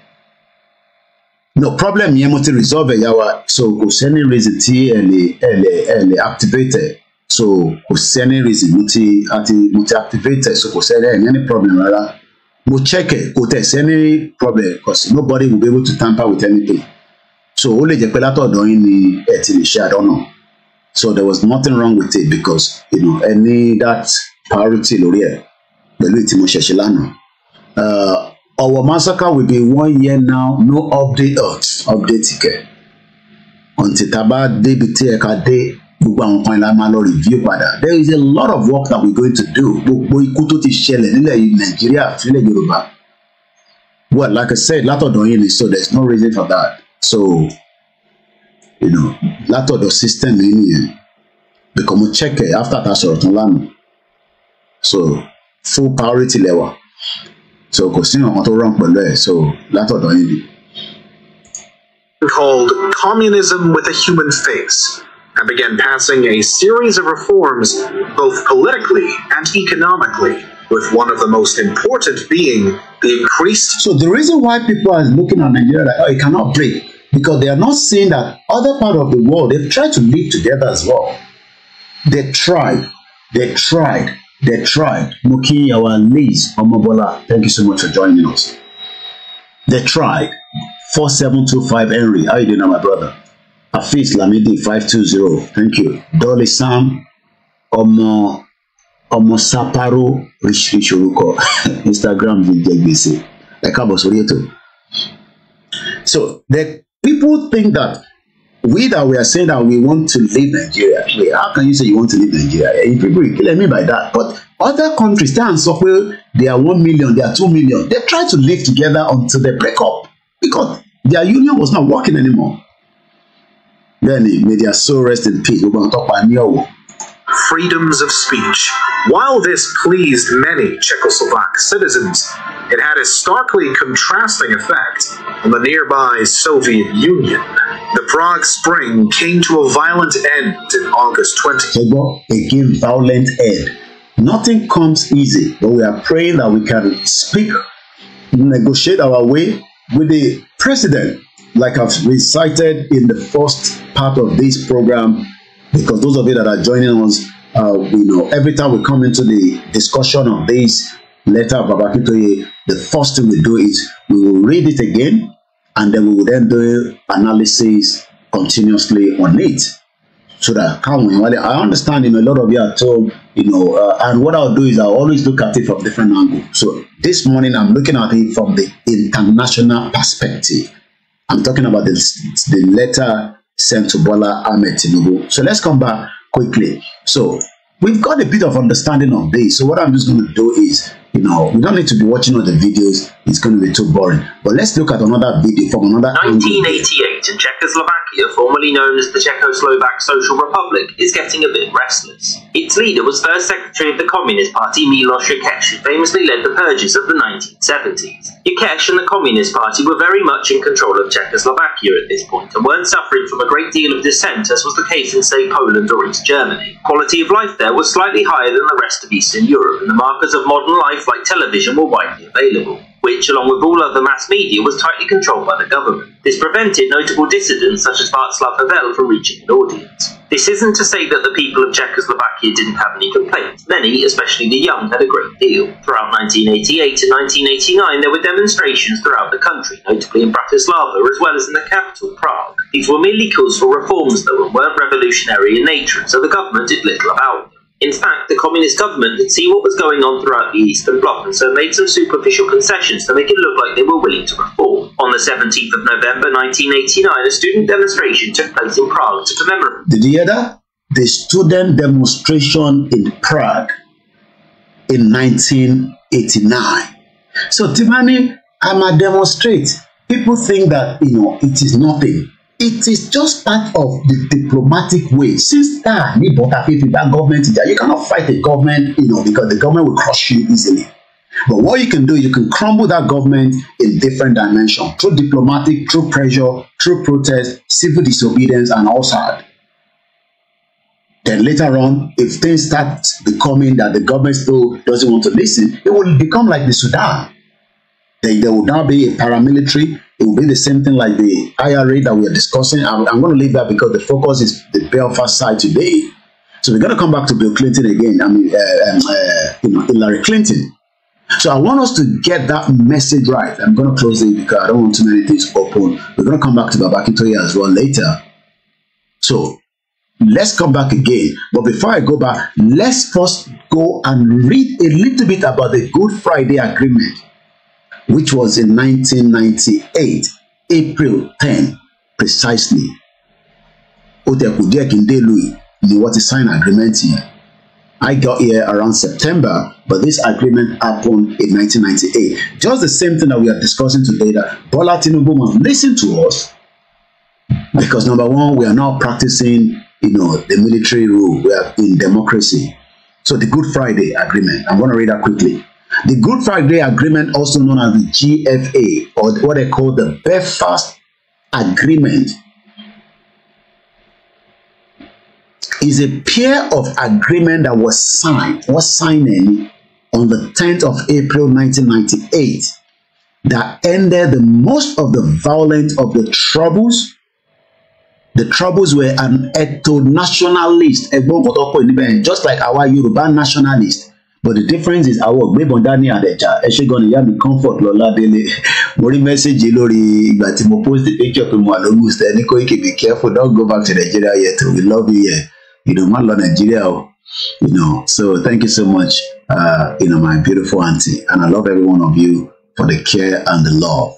no problem yẹn mo ti resolve ẹ̀yà wa so kò sẹ́ni reason tí ẹ lè ẹ lè ẹ lè activate ẹ̀ so kò sẹ́ni reason mo ti àti mo ti activate ẹ̀ so kò sẹ́ni ẹ̀ ní any problem rárá mo check ẹ̀ kò tẹ̀ sẹ́ni problem cause nobody will be able to tamper with anything so ó lè jẹ́ pé látọ̀dọ̀ yín ni ẹ ti lè ṣe àdánù so there was nothing wrong with it because you know any that priority lórí ẹ̀ pẹ̀lú ìtí mo ṣẹ̀ṣẹ̀ lánàá. Uh, Our massacre will be one year now, no update us. Update ike. Until Taba débi tí ẹ̀ka dé, gbogbo àwọn kan ìlànà máa lọ review padà. There is a lot of work that we going to do. Gbogbo ikú tó ti ṣẹlẹ̀ nílẹ̀ Nàìjíríà nílẹ̀ Yorùbá. Well, like I said, látọ̀dọ̀ yín ni so there is no reason for that. So, you know, látọ̀dọ̀ system yín nìyẹn. Because mo check it after that sọ̀rọ̀ tán lánàá. So, full priority lẹ́wà. so kò sí tó rán pẹ̀lú ẹ̀ so látọ̀dọ̀ yìí ni. called Communism with a Human Face and began passing a series of reforms both politically and economically with one of the most important being the increased. So the reason why people are looking at Nigeria like, oh, it cannot break because they are not seeing that other part of the world, they've tried to live together as well. They tried, they tried, The Detroit Mukiyawa Liz Omobola, thank you so much for joining us. The Detroit 4725 Henry, how you doing, my brother? Afis Lamidi 520, thank you. Dolly Sam Omo Omo Saparo Rishiruko, Instagram Vijay Gbese. Ẹ káàbọ̀ sórí ètò. So, the people think that we that we are saying that we want to leave Nigeria wait how can you say you want to leave Nigeria ẹ̀yin eh, people you kill me by that but other countries tell am sọ pé they are one million they are two million they try to live together until they break up because their union was not working anymore Then may are so rest in peace gbogbo àwọn tó pa ní ọ̀wọ̀. freedoms of speech. While this pleased many Czechoslovak citizens, it had a starkly contrasting effect on the nearby Soviet Union. The Prague Spring came to a violent end in August 20. It a violent end. Nothing comes easy, but we are praying that we can speak, negotiate our way with the president, like I've recited in the first part of this program, because those of you that are joining us uh, you know, every time we come into the discussion of this letter of Babakitoye, the first thing we do is we will read it again and then we will then do analysis continuously on it. So that can we, I understand, you know, a lot of you are told, you know, uh, and what I'll do is I'll always look at it from different angles. So this morning I'm looking at it from the international perspective. I'm talking about the, the letter sent to Bola Ahmed Tinubu. So let's come back quickly So we've got a bit of understanding on this. So what I'm just going to do is you know, we don't need to be watching all the videos. It's going to be too boring. But let's look at another video from another. 1988 in Czechoslovakia, formerly known as the Czechoslovak Social Republic, is getting a bit restless. Its leader was first secretary of the Communist Party, Milos Jakesh, who famously led the purges of the 1970s. Jakesh and the Communist Party were very much in control of Czechoslovakia at this point and weren't suffering from a great deal of dissent, as was the case in, say, Poland or East Germany. Quality of life there was slightly higher than the rest of Eastern Europe, and the markers of modern life like television were widely available, which, along with all other mass media, was tightly controlled by the government. This prevented notable dissidents such as Václav Havel from reaching an audience. This isn't to say that the people of Czechoslovakia didn't have any complaints. Many, especially the young, had a great deal. Throughout 1988 and 1989, there were demonstrations throughout the country, notably in Bratislava as well as in the capital, Prague. These were merely calls for reforms, though, and weren't revolutionary in nature, and so the government did little about it. In fact, the communist government could see what was going on throughout the Eastern Bloc and so made some superficial concessions to make it look like they were willing to reform. On the 17th of November 1989, a student demonstration took place in Prague to commemorate. Did you hear that? The student demonstration in Prague in 1989. So, Tiffany, I'm a demonstrate. People think that, you know, it is nothing. it is just part of the diplomatic way since that ní bọ́tà fífi That government there. you cannot fight the government you know because the government will crush you easily but what you can do you can crumble that government in different dimension through diplomatic through pressure through protest civil disobedience and all sad then later on if things start becoming that the government still doesn't want to listen it will become like the Sudan then there will now be a paramilitary it will be the same thing like the IRA that we are discussing. I'm, I'm going to leave that because the focus is the Belfast side today. So we're going to come back to Bill Clinton again. I mean, uh, um, uh, you know, Hillary Clinton. So I want us to get that message right. I'm going to close it because I don't want too many things open. We're going to come back to Babakintoye as well later. So let's come back again. But before I go back, let's first go and read a little bit about the Good Friday Agreement which was in 1998 April 10 precisely ó tẹ kù díẹ̀ kí n dé lu ni wọ́n ti sign agreement yìí I got here around September but this agreement happened in 1998 just the same thing that we are discussing today that Bola Tinubu must listen to us because number one we are now practicing you know the military rule we are in democracy so the Good Friday agreement I'm gonna read that quickly. The Good Friday Agreement, also known as the GFA, or what they call the Belfast Agreement, is a pair of agreement that was signed, was signing, on the 10th of April 1998 that ended the most of the violence of the troubles. The troubles were an ethno-nationalist, just like our Yoruba nationalist, but the difference is àwọn ògbébọn dání àdẹjà ẹ ṣe gan ìyá mi comfort lọládélé mo rí mẹ́sẹ̀gì lórí ìgbà tí mo post the picture pé mo wà lórí ìṣẹ ní Koiki be careful Don't go back to Nigeria yet we love you here you know má lọ Nàìjíríà o you know so thank you so much uh, you know my beautiful aunty and I love every one of you for the care and the love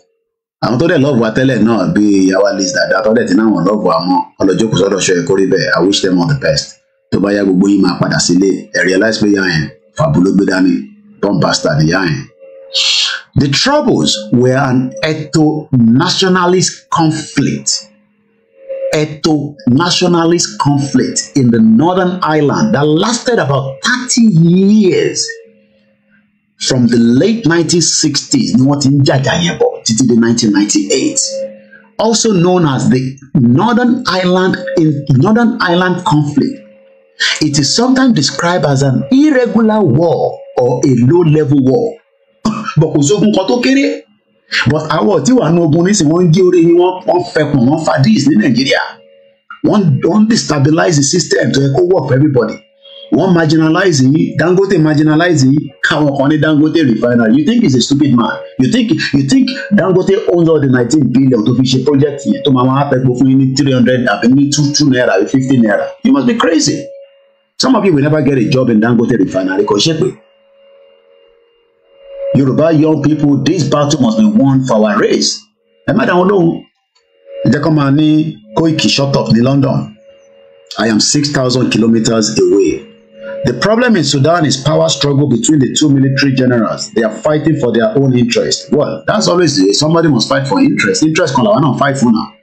àwọn tó dẹ̀ lọ́ọ̀bù wa tẹ́lẹ̀ náà bíi yàwá liz dada tó dẹ̀ ti náwọn lọ́ọ̀bù wa mọ́ ọlọ́jọ́ kò sọ́dọ̀ ṣọ́ ẹ̀kọ́ rí bẹ́ẹ̀ I wish them all the best tó bá yá gbogbo yín máa padà sílé ẹ̀rí ẹ̀ láìsí pé yá yẹn The troubles were an ethno-nationalist conflict ethno-nationalist conflict in the Northern Ireland that lasted about thirty years from the late 1960s ni wọ́n ti 1998 also known as the Northern Ireland Northern Ireland conflict It is sometimes described as an irregular war or a low-level war. *laughs* But kò sógun kan tó kéré. But àwọn tí wàá nu ogun nísìnyí wọ́n ń gé orí yín wọ́n fẹkùn wọ́n fa dis ní Nàìjíríà. Wọ́n wọ́n destabilize the system to yẹ work for everybody. Wọ́n marginalize yín Dangote marginalize yín káwọn kan ní Dangote refinery. You think he's a stupid man? You think you think Dangote owns all the nineteen billion to fi ṣe project yẹn tó máa wá pẹ́pọ̀ fún yín ní three hundred àbí ní two two naira àbí fifty naira? You must be crazy. Some of you will never get a job in Dangote refinery kò ṣe pé. young people this battle must be won for our race. Ẹ má dáhùn lóhùn. Ẹ jẹ́ kó máa ní Koiki shut up ní London. I am six thousand kilometres away. The problem in Sudan is power struggle between the two military generals. They are fighting for their own interest. Well, that's always it. Somebody must fight for interest. Interest kan làwọn náà fight fún náà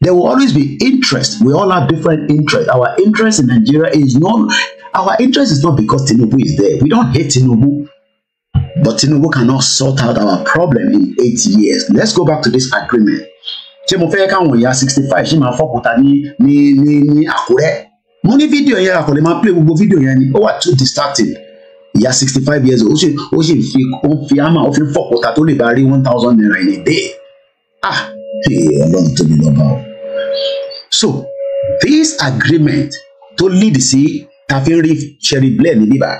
there will always be interest. We all have different interests. Our interest in Nigeria is not our interest is not because Tinubu is there. We don't hate Tinubu. But Tinubu cannot sort out our problem in eight years. Let's go back to this agreement. Ṣé mo fẹ́ káwọn ìyá sixty five ṣe máa fọ́kúta ní ní ní ní Àkúrẹ́? Mo ní fídíò yẹn àkọlé máa play gbogbo video, yẹn ni ó wà too distracting. Ìyá sixty five years old ó ṣe ó ṣe fi ó fi ámà ó fi fọ́kúta tó lè bá rí one thousand naira in a day. Ah! hey, I to be lọ́ba o so this agreement tó lead sí ta fi ń rí Cherie Blair ní bíbá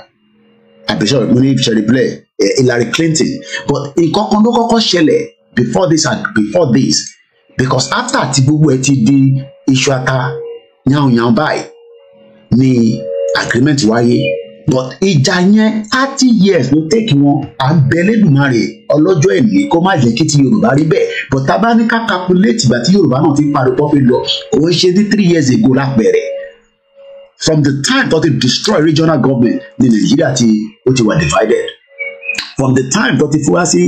àbíṣọ mo ní Cherie Blair eh, Hillary Clinton but nǹkan kan ló kọ́kọ́ ṣẹlẹ̀ before this and before this because after ti gbogbo ẹ ti di iṣu ata yàwùnyàwù báyìí ni agreement wáyé but ìjà yẹn thirty years ló tẹ̀kì wọn àbẹ̀lẹ́dùnmarè ọlọ́jọ́ ẹ̀mí kó má jẹ́ kí ti yorùbá rí bẹ́ẹ̀ but tá a bá ní ká calculate ìgbà tí yorùbá náà ti parí pọ́pẹ́ lọ kò ń ṣe ní three years ago lápẹ̀rẹ̀ from the time tó ti destroy regional government ní nàìjíríà tí ó ti wà divided from the time tó ti fúwá sí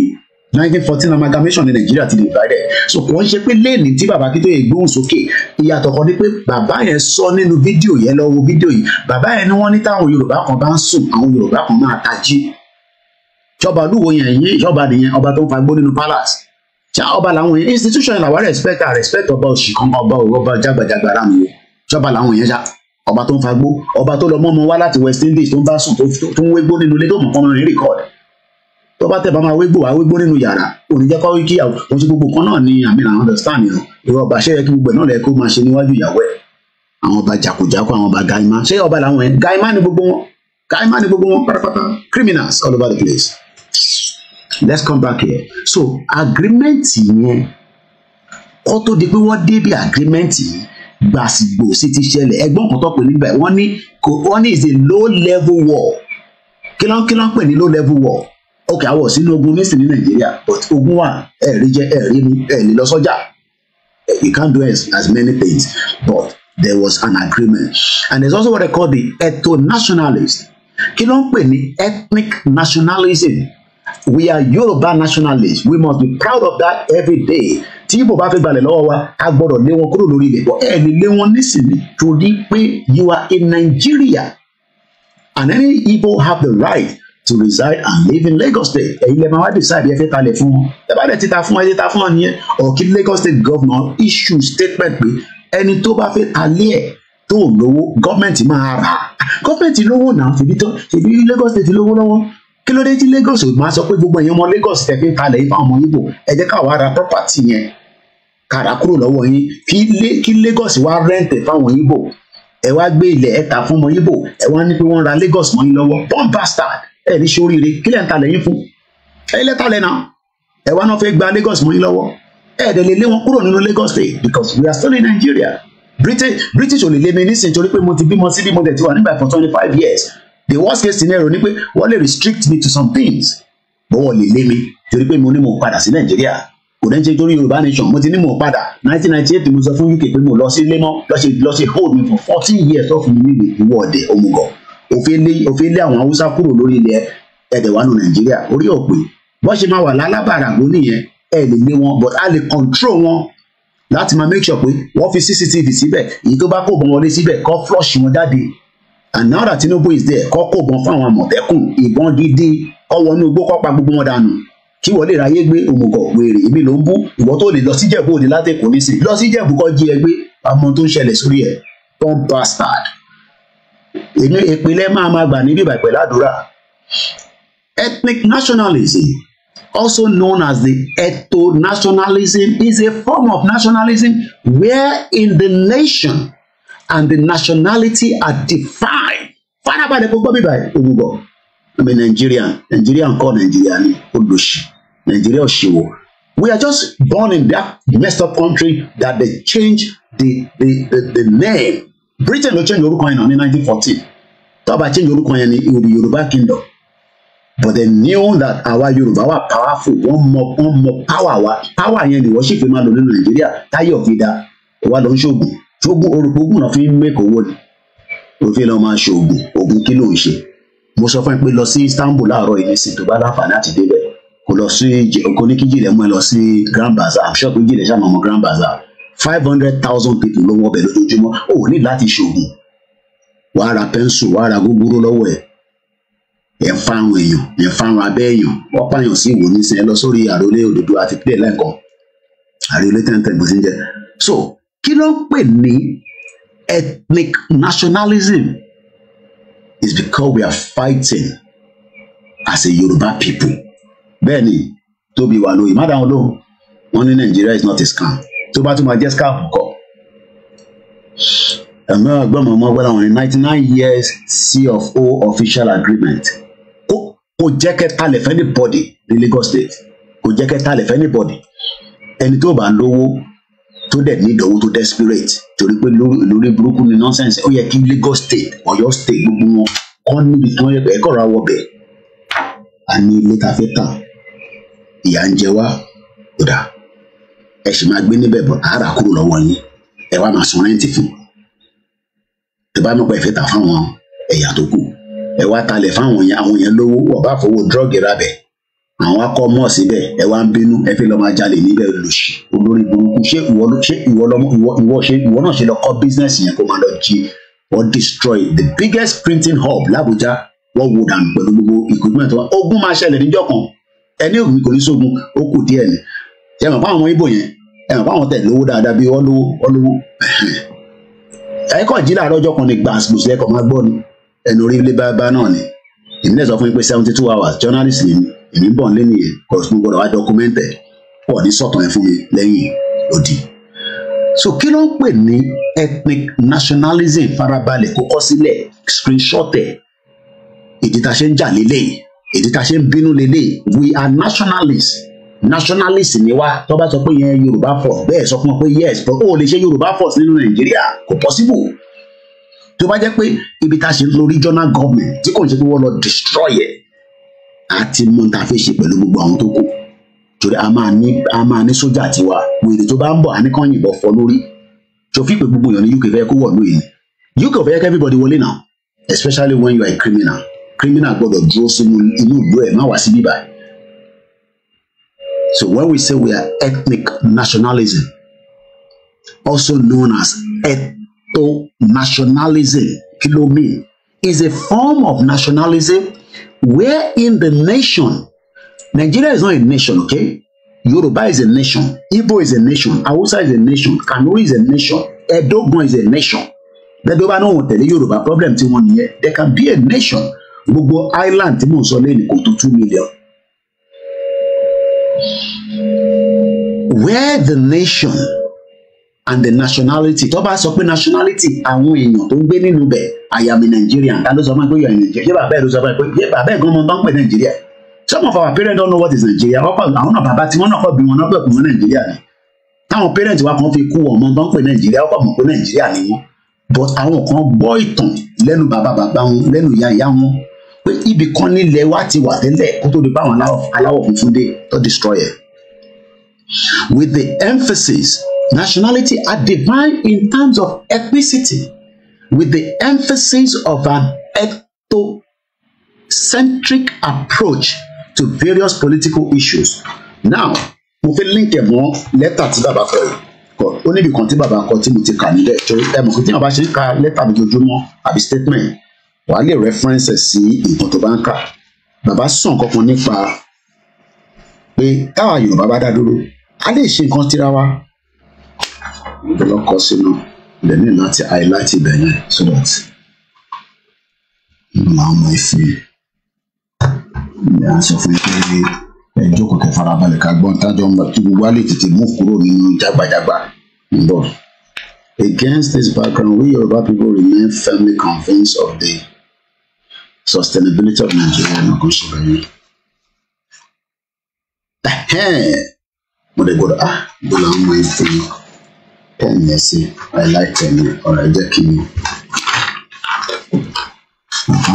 nineteen fourteen amalgamation ní nàìjíríà ti divided so kò ń ṣe pé lẹ́ẹ̀ni tí bàbá Akíntóyè gbóhùn sókè ìyàtọ̀ kan ni pé bàbá yẹn sọ nínú fídíò yẹn lọ wo fídíò yìí bàbá yẹn ni wọ́n ní táwọn yorùbá kan bá ń sùn àwọn yorùbá kan máa tají ìjọba olúwo yẹn yín ìjọba nìyẹn ọba tó ń fagbó nínú palace ṣá ọba làwọn yẹn institution làwa respect à respect ọba òṣì kan ọba ọba jágbàjàgbà làwọn yẹn ìjọba làwọn yẹn ṣá ọba tó ń fagbó ọba tó lọ mọ́ ọmọ wá láti west indies tó ń bá sùn tó ń wégbó nínú ilé tó mọ̀ kọ́mọrin rìkọ́ọ̀dì tó bá tẹ̀ bá máa wégbò wá wégbò nínú yàrá oníjẹ́ kọ́ kí àwọn ṣe gbogbo kan náà ní àmì àwọn understand yàn ìwọ ọba ṣe yẹ kí gbogbo ẹ̀ náà lẹ kó máa ṣe níwájú ìyàwó ẹ̀ àwọn ọba jàkújàkú àwọn ọba gaima ṣé ọba làwọn yẹn gaima ni gbogbo wọn gaima ni gbogbo wọn pátápátá criminals all over the place let's come back here so agreement yẹn kó tó di pé wọ́n débi agreement yìí gbàsìgbòsì ti ṣẹlẹ̀ ẹgbọ́n kan tó pè nígbà wọ́n ní wọ́n ní is a low level war kí ló ń pè ní low level war ok àwọ̀ sínú ogun nísìn ní nàìjíríà but ogun wà ẹ̀ rí jẹ ẹ̀ rí mu ẹ̀ lè lọ sọ́jà you can't do as, as many things but there was an agreement and there's also what they call the ethno nationalist kí ló ń pè ní ethnic nationalism we are Yoruba nationalists we must be proud of that every day tí ibo bá fẹ́ gbalẹ̀ lọ́wọ́ wa a gbọ́dọ̀ lé wọn kúrò lórí ilẹ̀ bọ́ ẹ̀ lé wọn nísìnyí torí pé you are in Nigeria and any Igbo have the right to reside and live in Lagos State èyí lè máa wá decide ẹ fẹ́ ta lẹ̀ fún wọn ẹ bá dẹ̀ ti ta fún ẹ ti ta fún ọ nìyẹn or kí Lagos State governor issue statement pé ẹni tó bá fẹ́ ta lé ẹ̀ tó lówó gọ́ọ̀mẹ̀ntì máa rà á gọ́ọ̀mẹ̀ntì lówó náà ṣèbí tó ṣèbí Lagos State lówó lọ́wọ́ kí ló dé tí Lagos ò máa sọ pé gbogbo ẹ̀yin ọmọ Lagos tẹ̀ fi ń talẹ̀ ifá ọmọ Ìgbò ẹ jẹ́ káwa ra property yẹn kàrà kúrò lọ́wọ́ yín kí Lagos wá rẹ́ǹtẹ̀ fáwọn Ìgbò ẹ wá gbé ilẹ̀ ẹ̀ta fún ọmọ Ìgbò ẹ wá ní pé wọ́n ra Lagos mọ́ yín lọ́wọ́ bomb ẹ ní ṣoríire kílẹ̀ ń talẹ̀ yín fún ẹ̀yin lẹ́ta lẹ́nà ẹ wá náà fẹ́ gba Lagos mọ́ yín lọ́wọ́ ẹ dẹ̀ lè lé wọn kúrò nínú Lagos state because we are still in Nigeria British British ò lè lé mi nísìnyí torí pé mo ti bímọ sí bí dẹ̀ ti wà nígbà for twenty five years the worst case scenario ni pé wọ́n lè restrict me to some things bọ́wọ́ lè lé mi torí pé mo ní mo padà sí Nàìjíríà kò dẹ́n ṣe torí Yorùbá nation mo ti ní mo padà nineteen ninety eight mo sọ fún UK pé mo lọ sí lémọ́ lọ́ọ́ ṣe hold me for fourteen years tó fún mi níbi ìwọ́de òmùgọ̀ òfin lé òfin lé àwọn haúsá kúrò lórí ilẹ̀ ẹ̀dẹ̀wánu nàìjíríà orí òpè bọ́n ṣe máa wà lálábàràgbó nìyẹn ẹ lè lé wọn but a lè control wọn láti máa make sure pé wọ́n fi cctv síbẹ̀ èyí tó bá kó bọn wọlé síbẹ̀ kó flush wọn jáde and now that tinubu is there kó kó bọn fáwọn àmọ̀tẹ́kùn ìbọn gidi kó wọnú igbó kó pa gbogbo wọn dànù kí wọ́n lè ráyé gbé òmùgọ̀ wèrè èmi ló ń bú ìwọ tó lè lọ síjẹ̀bú òde látẹ̀kọ́ nísìn lọ síjẹ̀bú kó jí ẹ àmọ́ tó ń ṣẹlẹ̀ sórí ẹ̀ don bastard èmi ìpìlẹ̀ máa ma gbà níbí ìbàgbẹ ládùúrà ethnic nationalism also known as the ethno-nationalism is a form of nationalism wherein the nation and the nationality are defined. farabalẹ̀ kó gbọ́ bíbá òwúgbọ̀ àmì nàìjíríà nàìjíríà ń kọ́ nàìjíríà ní olùsì nàìjíríà òṣìwò. We are just born in that messed up country that they change the, the, the, the name britain ló change orúkọ yẹn náà ní nineteen fourteen tó bá change orúkọ yẹn ní yorùbá kingdom but they knew that our yorùbá wà powerful wọ́n mọ wọ́n mọ power wa power yẹn ni wọ́n sì fi máa lò nínú nàìjíríà táyé òfin da wà ló ń ṣoògùn ṣoògùn orúkọgùn náà fi ń mẹ́kọ̀ọ́ owó ni òfin lọ́ọ́ máa ṣoògùn oògùn kí ló ń ṣe mo sọ fún ẹ pé lọ sí istanbul láàárọ̀ yìí nísìnyí tó bá láǹfààní àti débẹ̀ kò lọ sí kò ní kí jìnlẹ̀ mú ẹ lọ sí grand bazaar i'm sure pé jìnlẹ̀ ṣàmọ̀mọ́ grand bazaar five hundred thousand people ló wọ ọbẹ̀ lójoojúmọ́ ò ní láti ṣògùn wàá ra pẹ́ńsù wàá ra gógóró lọ́wọ́ ẹ̀ ẹ̀ ń fáwọn èèyàn ẹ̀ ń fáwọn abẹ́ èèyàn wọ́n pààyàn sí ìwò nísìn ẹ lọ sórí àròlé òdòdó àti pílẹ̀ lẹ́ẹ̀kan àròlé tẹ́ntẹ́n bó ti ń jẹ so kí ló ń pè ní ethnic nationalism is because we are fighting as a Yoruba people bẹ́ẹ̀ ni tóbi wà lóye má dáhùn lóhùn wọ́n ní Nàìjíríà is not a scam tó bá tún máa jẹ́ skáàpù kọ́ ẹ̀mọ́ ọgbọ́n mọ́ gbọ́dọ̀ wọn ní ninety nine years c of o official agreement kó kó jẹ́ kẹta lè fẹ́ anybody ní Lagos State kó jẹ́ kẹta lè fẹ́ anybody ẹni tó bá lówó tó dẹ̀ ní ìdánwò tó desperate torí pé lórí burúkú ni nonsense ó yẹ kí Lagos State Ọ̀yọ́ State gbogbo wọn kọ́ níbi tí wọ́n yẹ pé ẹ̀kọ́ ra wọ bẹ̀ a ní ilé ta fẹ́ tà ìyà ń jẹ wá kódà ẹ sì máa gbé níbẹ̀ bọ̀ àárà kúrò lọ́wọ́ yín ẹ wá máa san rẹ́ǹtì fún ẹ bá mọ̀ pé ẹ fẹ́ tà fáwọn ẹ̀yà tó kù ẹ wá talẹ̀ fáwọn yẹn àwọn yẹn lówó ọ̀bá fowó drọ́ọ̀gì rabẹ̀ àwọn akọ mọ̀ síbẹ̀ ẹ wá ń bínú ẹ fi lọ máa jalè níbẹ̀ lòṣì olórí burúkú ṣé ìwọ ṣé ìwọ lọmọ ìwọ ìwọ ṣe ìwọ náà ṣe lọ kọ́ bísínẹ́sì yẹn kó máa lọ jí or destroy the biggest printing hub l'Abuja wọ́n wo dànù pẹ̀lú gbogbo ìkójúmọ̀ tó wá ogun máa ṣẹlẹ̀ níjọ́ kan ẹni ògùn kò ní sógun ó kù díẹ̀ ni ẹ mọ̀ fáwọn ibo yẹn ẹ mọ̀ fáwọn tẹ̀ lówó dáadáa bí wọ́n lówó wọ́n lówó ẹ̀kọ́ jí láàárọ̀ ọjọ́ kan ní gbàǹsì gbòsì ẹ̀kọ́ máa gbọ́ ni ẹnu orí ilé bábá náà ni èmi náà sọ fún yín pé seventy two hours journalist ni èmi bọ̀ ń lé nìyẹn kọ̀ọ̀sùn gbọ́dọ̀ wá dọ́kúmẹ́ntẹ̀ pọ̀ ní sọ̀tàn ẹ̀ fún mi lẹ́yìn òdì. so kí ló ń pè ní ethnic nationalism farabalẹ̀ kó kọ́ sílẹ̀ screenshot ẹ̀ ìdí tá a ṣe ń jà lélẹ̀ ìdí tá ṣe ń bínú lélẹ̀ we are nationalists nationalist ni wá tó bá sọ pé yẹn yorùbá force bẹ́ẹ̀ sọ fún wọn pé yes But ó lè ṣe yorùbá force nínú nàìjíríà kò possible tó bá jẹ́ pé ibi tá a ṣe lo regional government tí kò ń ṣe pé wọ́n lọ destroy ẹ̀ àti mọ̀ tá a fi ṣe pẹ̀lú gbogbo àwọn tó kù torí a máa ní a máa ní sójà tiwa wèrè tó bá ń bọ̀ àníkàn yìnbọn fọ́ lórí tó fi pé gbogbo èèyàn ní uk fẹ́ kó wọ̀lú yìí uk fẹ́ kí everybody wọlé náà especially when you are a criminal criminal gbọ́dọ̀ dúró sínú inú ìlú ẹ̀ má wá sí bíbáyìí So when we say we are ethnic nationalism, also known as ethno-nationalism, kilomi, is a form of nationalism where in the nation, Nigeria is not a nation, okay? Yoruba is a nation, Igbo is a nation, Hausa is a nation, Kanuri is a nation, Edogun is a nation. Bẹ́ẹ̀dọ́bá náà wọ́n the Yoruba problem tí one year There can be a nation. Gbogbo island ti mò ń sọ lẹ́yìn kò tó two million. where the nation and the nationality tó bá sọ pé nationality àwọn èèyàn tó ń gbé nínú bẹ̀ I am a Nigerian ta ló sọ fún mi pé yọ Nigeria yé bàbá ẹ̀ ló sọ fún mi pé yé bàbá ẹ̀ gan mo bá ń pè Nigeria some of our parents don't know what is Nigeria ọkọ àwọn náà bàbá tí wọ́n náà kọ́ bí wọn náà pè kún wọn Nigeria ni táwọn parents wa kan fi kú ọmọ bá ń pè Nigeria ọkọ mọ̀ pé Nigeria ni wọ́n but àwọn kan gbọ́ ìtàn lẹ́nu bàbá bàbá wọn lẹ́nu ìyá ìyá wọn pé ibì kan nílẹ̀ wa ti wà tẹ́lẹ̀ kó tó di báwọn aláwọ̀ funfun dé tó destroy ẹ̀ with the emphasis nationality are defined in terms of ethnicity with the emphasis of an ethnocentric approach to various political issues. Now, mo fẹ́ link ẹ̀ mọ́ lẹ́tà tí bàbá kọ yìí kọ ó níbi kan tí bàbá kọ tí mo ti kà nílẹ̀ torí ẹ mọ̀ pé tí bàbá ṣe ń ka lẹ́tà lójoojúmọ́ àbí statement wà á lè rẹ́fẹ́rẹ́nsẹ̀ sí nǹkan tó bá ń kà bàbá sàn kankan nípa pé táwa Yorùbá bá dá dúró a lè ṣe nǹkan tira wa mo sínú ibẹ̀ ní láti highlight ibẹ̀ yẹn so that mo mọ ìfẹ́ ìyá sọ fún mi pé ẹ jókòó tẹ farabalẹ̀ ká gbọ́n tájọ́ ń bá tí gbogbo tètè mú kúrò nínú jágbajàgba ń bọ̀. Against this background, we Yoruba people remain firmly convinced of the sustainability of Nigeria and Ogunṣẹ́lẹ̀ mo dẹ̀ gbọ́dọ̀ ah bó la ń mọ ife ten yẹn sí i like ten yẹn ọ̀rọ̀ ẹ jẹ́ kí n.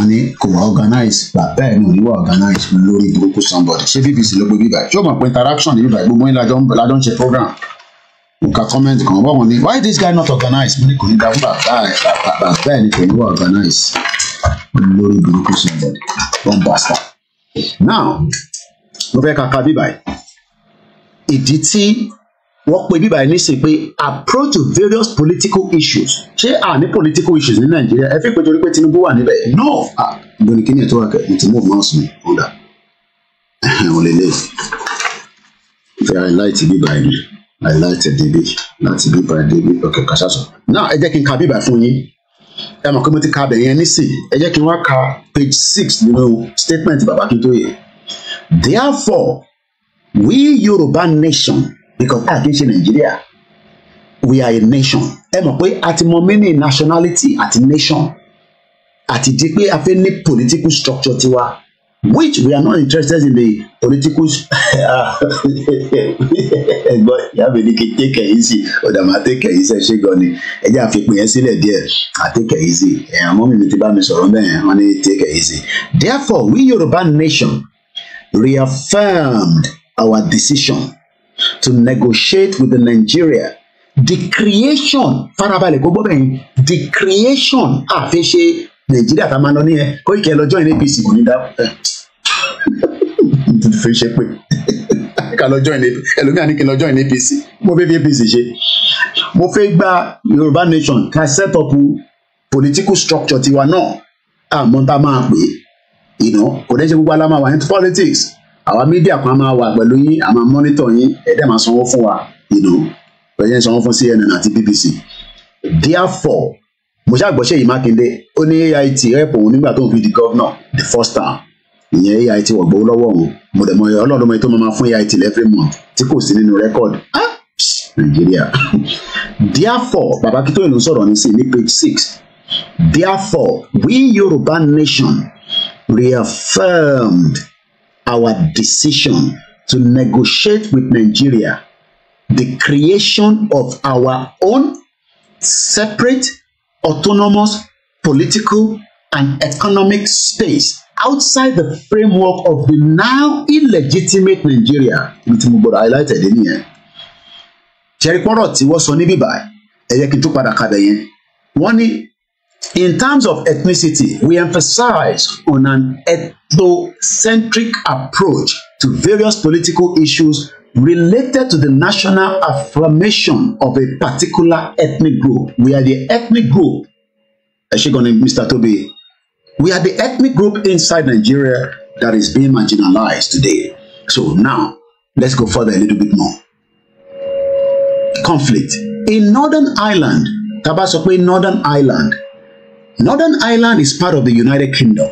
ní kò wá organize bàbá ẹ̀ náà ní wá organize lórí burúkú somebody ṣé bbc ló gbé bíbá ṣé mọ̀ pé interaction ní bíbá gbogbo yín lajọ́ ń ṣe program mo ka comment kan báwọn ni why this guy not organize mo ní kò ní dá fún bàbá ẹ̀ bàbá kò ní wá organize lórí burúkú somebody one now mo fẹ́ ka ka bíbá yìí ìdí tí wọ́n pe bíbá yìí nísìnyí pé approach to various political issues ṣé àní political issues ní nàìjíríà ẹ fi pé torí pé tinubu wà níbẹ̀ no ah gbọ́dọ̀ kí ni ètò àkẹ́ mo ti move mouse mi ó dà ó lè lè fi highlight bíbá yìí highlight débi láti bíbá débi ok kàṣàṣọ now ẹ jẹ́ kí n ka bíbá fún yín ẹ mọ̀ pé mo ti ka abẹ̀yẹn nísìnyí ẹ jẹ́ kí n wá ka page six nínú statement bàbá kí n tó yẹ therefore we Yorùbá nation because a kì í ṣe Nàìjíríà we are a nation ẹ mọ̀ pé a ti mọ many nationality àti nation àti di pé a fẹ́ ní political structure tiwa which we are not interested in the political *laughs* ẹ̀gbọ́n yàbẹ ní kékeré kẹyìn sí ọdà máa tẹ kẹyìn sí ẹṣẹ gan ni ẹjẹ àfikún yẹn sílẹ̀ díẹ̀ àtẹ kẹyìn sí ẹ àwọn mímu ti bá mi sọ̀rọ̀ bẹ́ẹ̀ wọ́n ní tẹ kẹyìn sí therefore we Yorùbá nation reaffirmed our decision to negotiate with the Nigeria the creation farabalẹ̀ gbogbo bẹ́ẹ̀ the creation àfi ṣe Nàìjíríà tá a máa lọ nìyẹn kó ìkẹ́ lọ join APC kò ní dá fi ṣe pé ká lọ join APC ẹlòmíà ní kí n lọ join APC mo fẹ́ fi APC ṣe mo fẹ́ gba Yorùbá nation ká set up political structure tiwa náà àmọ́ tá a máa pè é kò dẹ́ ṣe gbogbo alámọ̀ wà ní politics àwa mídíà kan máa wà pẹ̀lú yín àmọ́ mọ́nítọ̀ yín ẹ̀dẹ́ máa sanwó fún wa ìnù ẹ̀yẹ́ sanwó fún CNN àti BBC therefore mo ṣàgbọ́ṣe yìí Mákindé ó ní AIT rep òun nígbà tó ń fi di gọ́vnà the first time ìyẹn AIT wọ̀ gbowó lọ́wọ́ òun mo dẹ̀ mọ ọlọ́dún mọ́ni tó máa fún AIT every month tí kò sí nínú record ah! Nàìjíríà *laughs* therefore bàbá kí tó ìlú sọ̀rọ̀ ní sí ní page six therefore we Yorùbá nation reaffirmed our decision to negotiate with Nigeria the creation of our own separate, autonomous, political, and economic space outside the framework of the now illegitimate Nigeria ibi tí highlighted gbọ́dọ̀ highlight ẹdẹ nìyẹn ṣẹrí pọrọ tí wọ́n sọ níbí báyìí In terms of ethnicity, we emphasize on an ethnocentric approach to various political issues related to the national affirmation of a particular ethnic group. We are the ethnic group, Eshigoni, Mr. Toby. We are the ethnic group inside Nigeria that is being marginalized today. So now, let's go further a little bit more. Conflict. In Northern Ireland, Tabasokwe, Northern Ireland Northern Ireland is part of the United Kingdom.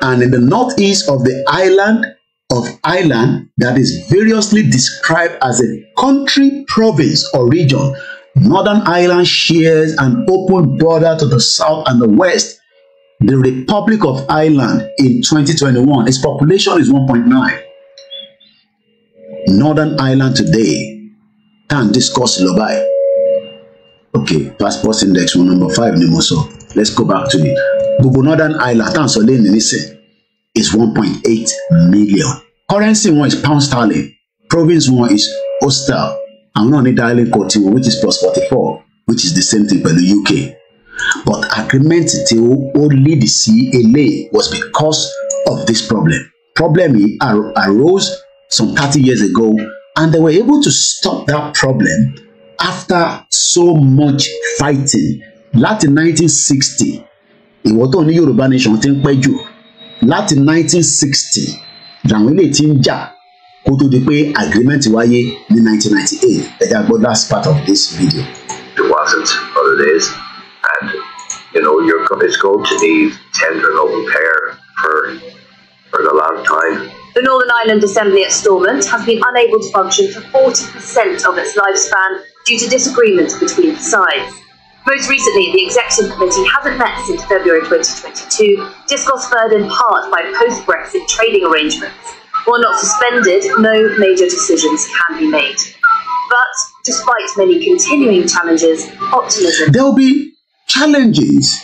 And in the northeast of the island of Ireland, that is variously described as a country, province, or region, Northern Ireland shares an open border to the south and the west. The Republic of Ireland in 2021, its population is 1.9. Northern Ireland today, can discuss Lobai okay passport index one number five ni mo sọ let's go back to it gbogbo northern ireland tá à sọ lẹ́yìn nísìn is one point eight million currency one is pound sterling province one is ulster àwọn náà ní dialing code tiwọn which is plus forty four which is the same thing pẹ̀lú uk but agreement tí ó lead sí eléyìí was because of this problem problem yìí arose some thirty years ago and they were able to stop that problem after so much fighting láti 1960 ìwọ tó ní Yorùbá nation ti ń pẹ́ jù láti 1960 làwọn ilé ti ń jà kó tó di pé agreement wáyé ní 1998 ẹ̀dá gbọ́ last part of this video. it wasn't but it is and you know you're, it's going to need tender and open pair for for a long time. The Northern Ireland Assembly at Stormont has been unable to function for 40% of its lifespan due to disagreements between the sides. Most recently, the Executive Committee hasn't met since February 2022, discussed further in part by post Brexit trading arrangements. While not suspended, no major decisions can be made. But despite many continuing challenges, optimism. There will be challenges.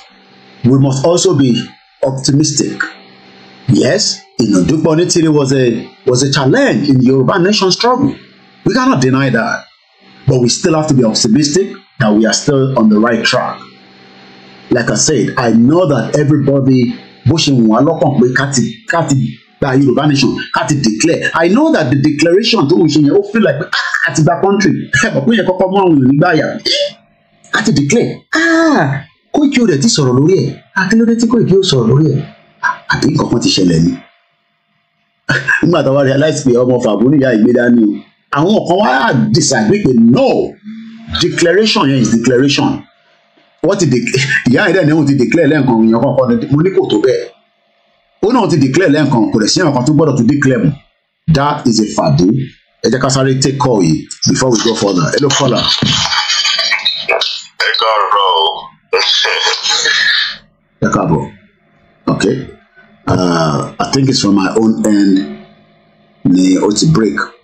We must also be optimistic. Yes, Inudukbonitiri was a was a challenge in the urban nation struggle. We cannot deny that. but we still have to be optimistic that we are still on the right track. Like I said, I know that everybody bó ṣe wọ́n lọ́kàn pé ká ti ká ti nation ká declare I know that the declaration tó ń ṣe feel like ah ká ti gba country *laughs* ẹ̀bọ̀ pé yẹn kọ́kọ́ mú àwọn èèyàn nígbà yà ká ti declare ah Koiki ó dẹ̀ ti sọ̀rọ̀ lórí ẹ̀ akérèdé tí Koiki ó sọ̀rọ̀ lórí ẹ̀ àbí nǹkan kan ti ṣẹlẹ̀ ni. *laughs* nígbà táwa realize pé ọmọ fàbọ̀ níyà ìgbéra ni o àwọn kan wá disagree pé no declaration yẹn is declaration wọ́n ti ìyá ẹ̀dẹ̀ ni wọ́n ti declare lẹ́ẹ̀kan èèyàn kan kan mo ní kò tó bẹ́ẹ̀ ó náà ti declare lẹ́ẹ̀kan kò dẹ̀ sí ẹ̀kan tó gbọ́dọ̀ tó declare mu that is a fàdé ẹ jẹ́ ká sáré take call yìí before we go further hello caller. ẹ káàárọ̀ o. ẹ káàbọ̀ okay uh, I think it's from my own end ni o ti break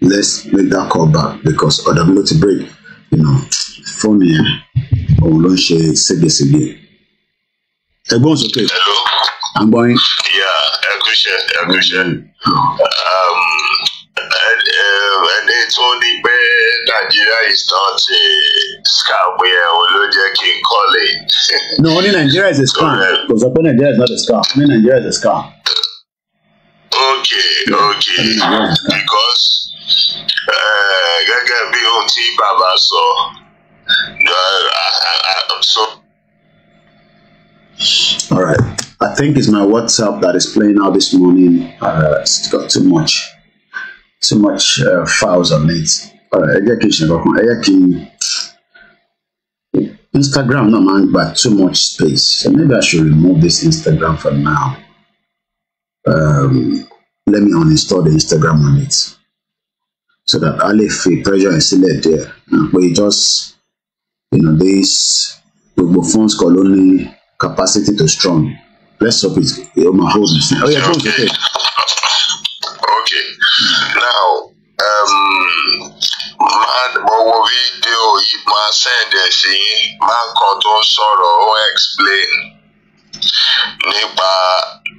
let's make that call back because ọ̀dà mi ló to break you know fóònù yẹn òun ló ń ṣe ségesège. ẹ̀gbọ́n sókè. hello. I'm going gbọ́ yín. ya ẹ kú iṣẹ́ ẹ kú iṣẹ́ um, ẹni tó ní pé nàìjíríà is not a scam yẹn o ló jẹ́ kí n kọ́lé. *laughs* no only nigeria is a scam kò sọ pé nigeria is not a scam only nigeria is a scam. okay okay because. Eh, gẹ́gẹ́ bí ohun tí bàbá sọ so. All right. I think it's my WhatsApp that is playing out this morning. Uh, it's got too much, too much uh, files on it. All right, ẹ jẹ́ kí n ṣẹ̀kọ̀ kan, Instagram náà máa but too much space. So maybe I should remove this Instagram for now. Um, let me uninstall the Instagram on it so that a lè fi pressure yẹn sílẹ̀ díẹ̀ pé just you know this gbogbo Colony capacity to strong let's stop it o ma hold Oh yeah. okay okay okay now man, um, my video, yìí máa send ẹ̀ sí yín máa kàn explain nípa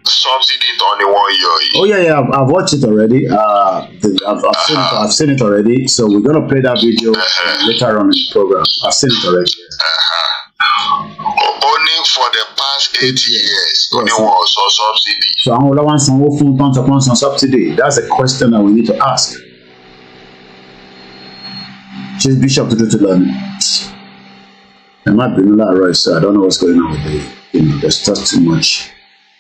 subsidy tán ni wọ́n yọ yìí. oh yeah yeah I've, I've watched it already uh, I've, I've, seen it, uh-huh. I've seen it already so we're gonna play that video uh, later on in the program I've seen it already. Uh-huh. Only for the past eight years ó ní wọn ò sọ subsidy. so àwọn olówó ń sanwó fún tọ́ntàn kan san subsidy that's a question that we need to ask. Chief Bishop to learn. I might be in that right, so I don't know what's going on with you. You know, there's just too much.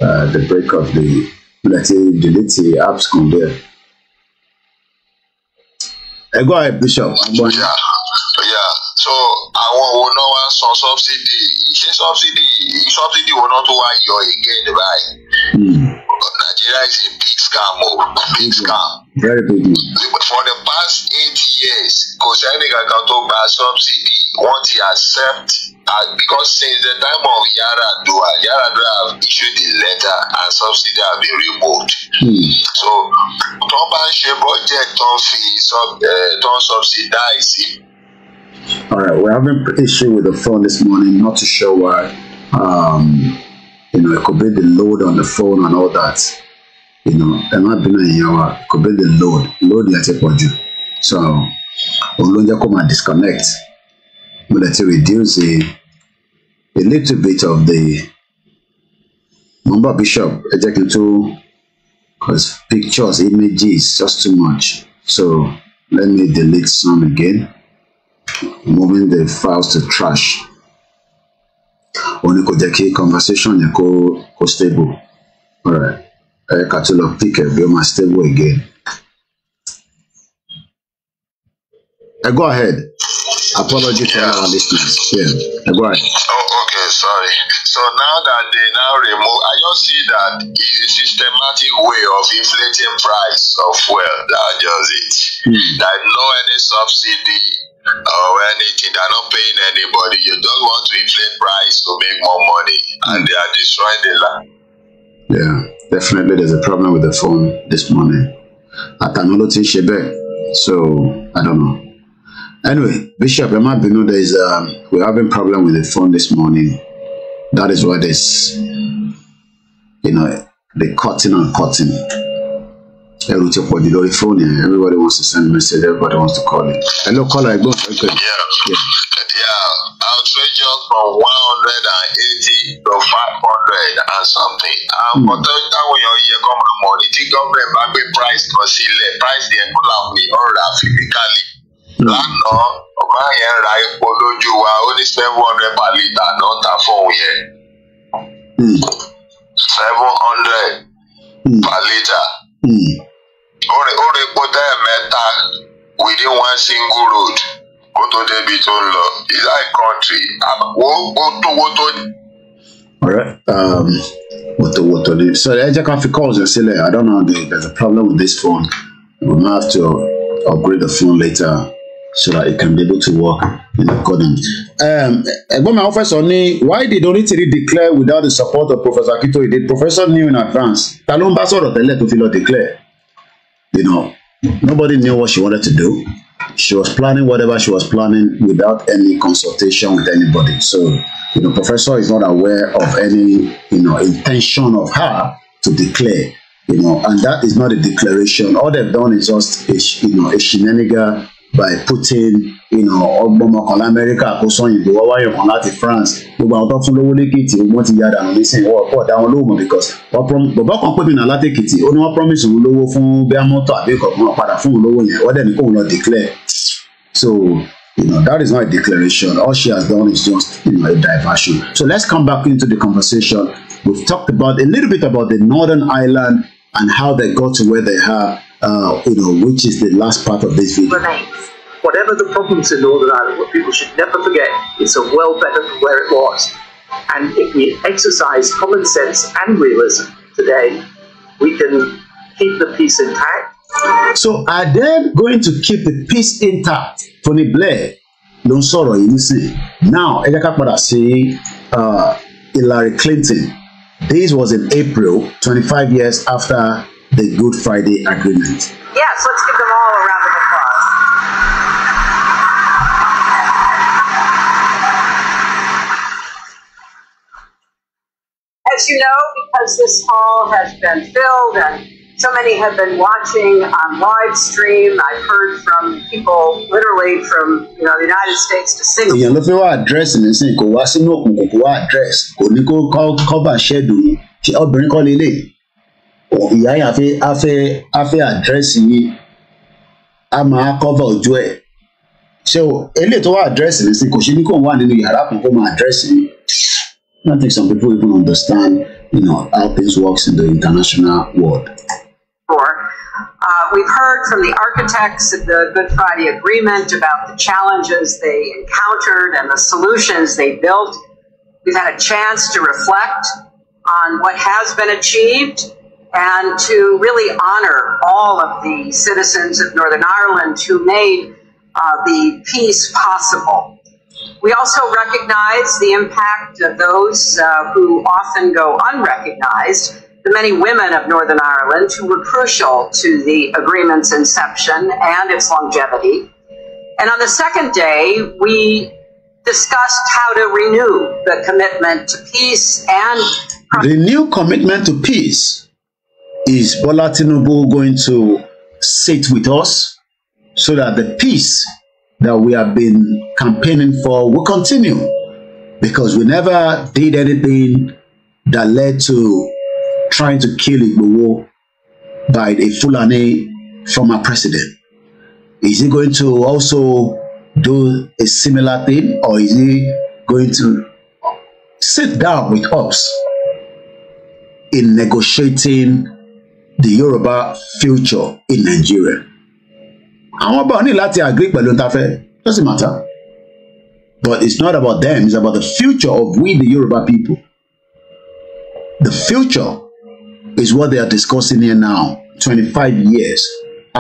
Uh, the break of the let's say delete the apps on there. Hey, go ahead, Bishop. Yeah, yeah so àwọn wo náà wá san subsidy ṣé subsidy subsidy wo náà tó wá yọ again báyìí hmm. Nigeria is a big scam o oh, big scam very big for the past eight years kò sẹ́ni kankan tó gba subsidy wọ́n ti accept uh, because since the time of Yara Yaradua Yaradua have issued a letter and subsidy have been removed hmm. so tó bá ń ṣe budget tó ń fi eh, tó ń subsidize All right, we're having issue with the phone this morning. Not too sure why. Um, you know, it could be the load on the phone and all that. You know, ẹ not bínú ẹ̀yin wa, it could be the load. Load yẹn ti pọ̀ jù. So, we'll only come and disconnect. Mo lè ti reduce a, a little bit of the number. Bishop. Ẹ jẹ́ kí n cause pictures, images, just too much. So, let me delete some again moving the files to trash ó ní kò conversation yẹn kó kó stable alright ẹ kà tó pick it be ó stable again. Uh, go ahead. Apology to yeah. our listeners. Yeah, uh, go ahead. Oh, okay, sorry. So now that they now remove, I just see that it's a systematic way of inflating price of fuel. That's just it. Mm. That no any subsidy or oh, anything. They're not paying anybody. You don't want to inflate price to make more money, and they are destroying the land. Yeah, definitely. There's a problem with the phone this morning. I Atanolo ti ṣe bẹ́ẹ̀, so I don't know. Anyway, Bishop, you might bínú, there is um, we're having problem with the phone this morning. That is why there's, you know, the cutting and cutting ẹrù ti pọ̀ jù lórí fóònù yẹn everybody wants to send message everybody wants to call it. hello caller ẹ̀gbọ́n fẹ́ pẹ̀lú. Our treasure from one hundred and eighty to five and something. Àwọn hmm. tó táwọn èèyàn yẹ kọ́ máa mọ̀ ní tí gọ́ọ̀mẹ̀ntì price kan sílẹ̀ price yẹn kó làwọn èèyàn physically hmm. lánàá ọba yẹn ra epo lójú wa ó per litre náà ta fóun yẹn hmm. seven per litre ó rẹ epo mẹ́ta within one single road kó tó débi tó ń lọ is that country ah, wo um, wo tó wo tó. Alright, um, what to what to do? So the agent calls and say, I don't know, there's a problem with this phone. We may have to upgrade the phone later so that it can be able to work in accordance. Um, Ẹ̀gbọ́n mi, àwọn fẹ́ why did Onitiri declare without the support of Professor Akitoye? Did Professor knew in advance? Ta ló ń bá sọ̀rọ̀ tẹ́lẹ̀ tó fi lọ declare? you know, nobody knew what she wanted to do. She was planning whatever she was planning without any consultation with anybody. So, you know, professor is not aware of any, you know, intention of her to declare, you know, and that is not a declaration. All they've done is just, a, you know, a shenanigan by putting, you Putin ọgbọ́n ọmọkànlá Amẹ́ríkà kó sọ́yìnbó wá wáyọ̀ kan láti France gbogbo àwọn tó fún lówó lẹ́kìtì wọ́n ti ya dànù nísìnyí wọ́n pọ̀ dá wọn lóòmù because bọ̀bọ̀ kan pè mí náà látẹ̀kìtì ó ní wọ́n promise òun lówó fún bíá mọ́tò àbí kọ̀ọ̀kan padà fún òun lówó yẹn wọ́n dẹ̀ ní kóun lọ declare so You know, that is not a declaration. All she has done is just, you know, a diversion. So let's come back into the conversation. We've talked about a little bit about the Northern Ireland and how they got to where they are. uh, you know, which is the last part of this video. Remains. Whatever the problems in Northern Ireland, what people should never forget, it's a well better than where it was. And if we exercise common sense and realism today, we can keep the peace intact. So are they going to keep the peace intact? Tony Blair ló ń sọ̀rọ̀ you see. Now ẹ jẹ́ ká padà uh, Hillary Clinton. This was in April, 25 years after the Good Friday Agreement. Yes, let's give them all a round of applause. As you know, because this hall has been filled and so many have been watching on live stream. I've heard from people literally from you know the United States to Singapore. are èèyàn ló fẹ́ wá àdírẹ́sì nísìnyí kò wá sínú òkùnkùn kò wá àdírẹ́sì kò ní kó cover schedule obìnrin kọ́ lélẹ́yìí ìyá yẹn afẹ́ afẹ́ afẹ́ àdírẹ́sì yín a máa kọ́fà ojú ẹ̀ ṣé o eléyìí tó wà àdírẹ́sì ní sí kò ṣe ní kò wà nínú yàrá kan kó máa àdírẹ́sì yín I don't think some people even understand you know how things work in the international world. Uh, we've heard from the architects of the Good Friday Agreement about the challenges they encountered and the solutions they built. We've had a chance to reflect on what has been achieved and to really honor all of the citizens of Northern Ireland who made uh, the peace possible. We also recognize the impact of those uh, who often go unrecognized, the many women of Northern Ireland who were crucial to the agreement's inception and its longevity. And on the second day, we discussed how to renew the commitment to peace and... Renew commitment to peace is Bola Tinubu going to sit with us so that the peace that we have been campaigning for will continue? Because we never did anything that led to trying to kill Igbowo by a Fulani former president. Is he going to also do a similar thing or is he going to sit down with us in negotiating the Yoruba future in Nigeria àwọn bá ní láti agree pẹ̀lú ntafẹ́ doesn't matter but it's not about them it's about the future of we the Yoruba people the future is what they are discussing here now twenty-five years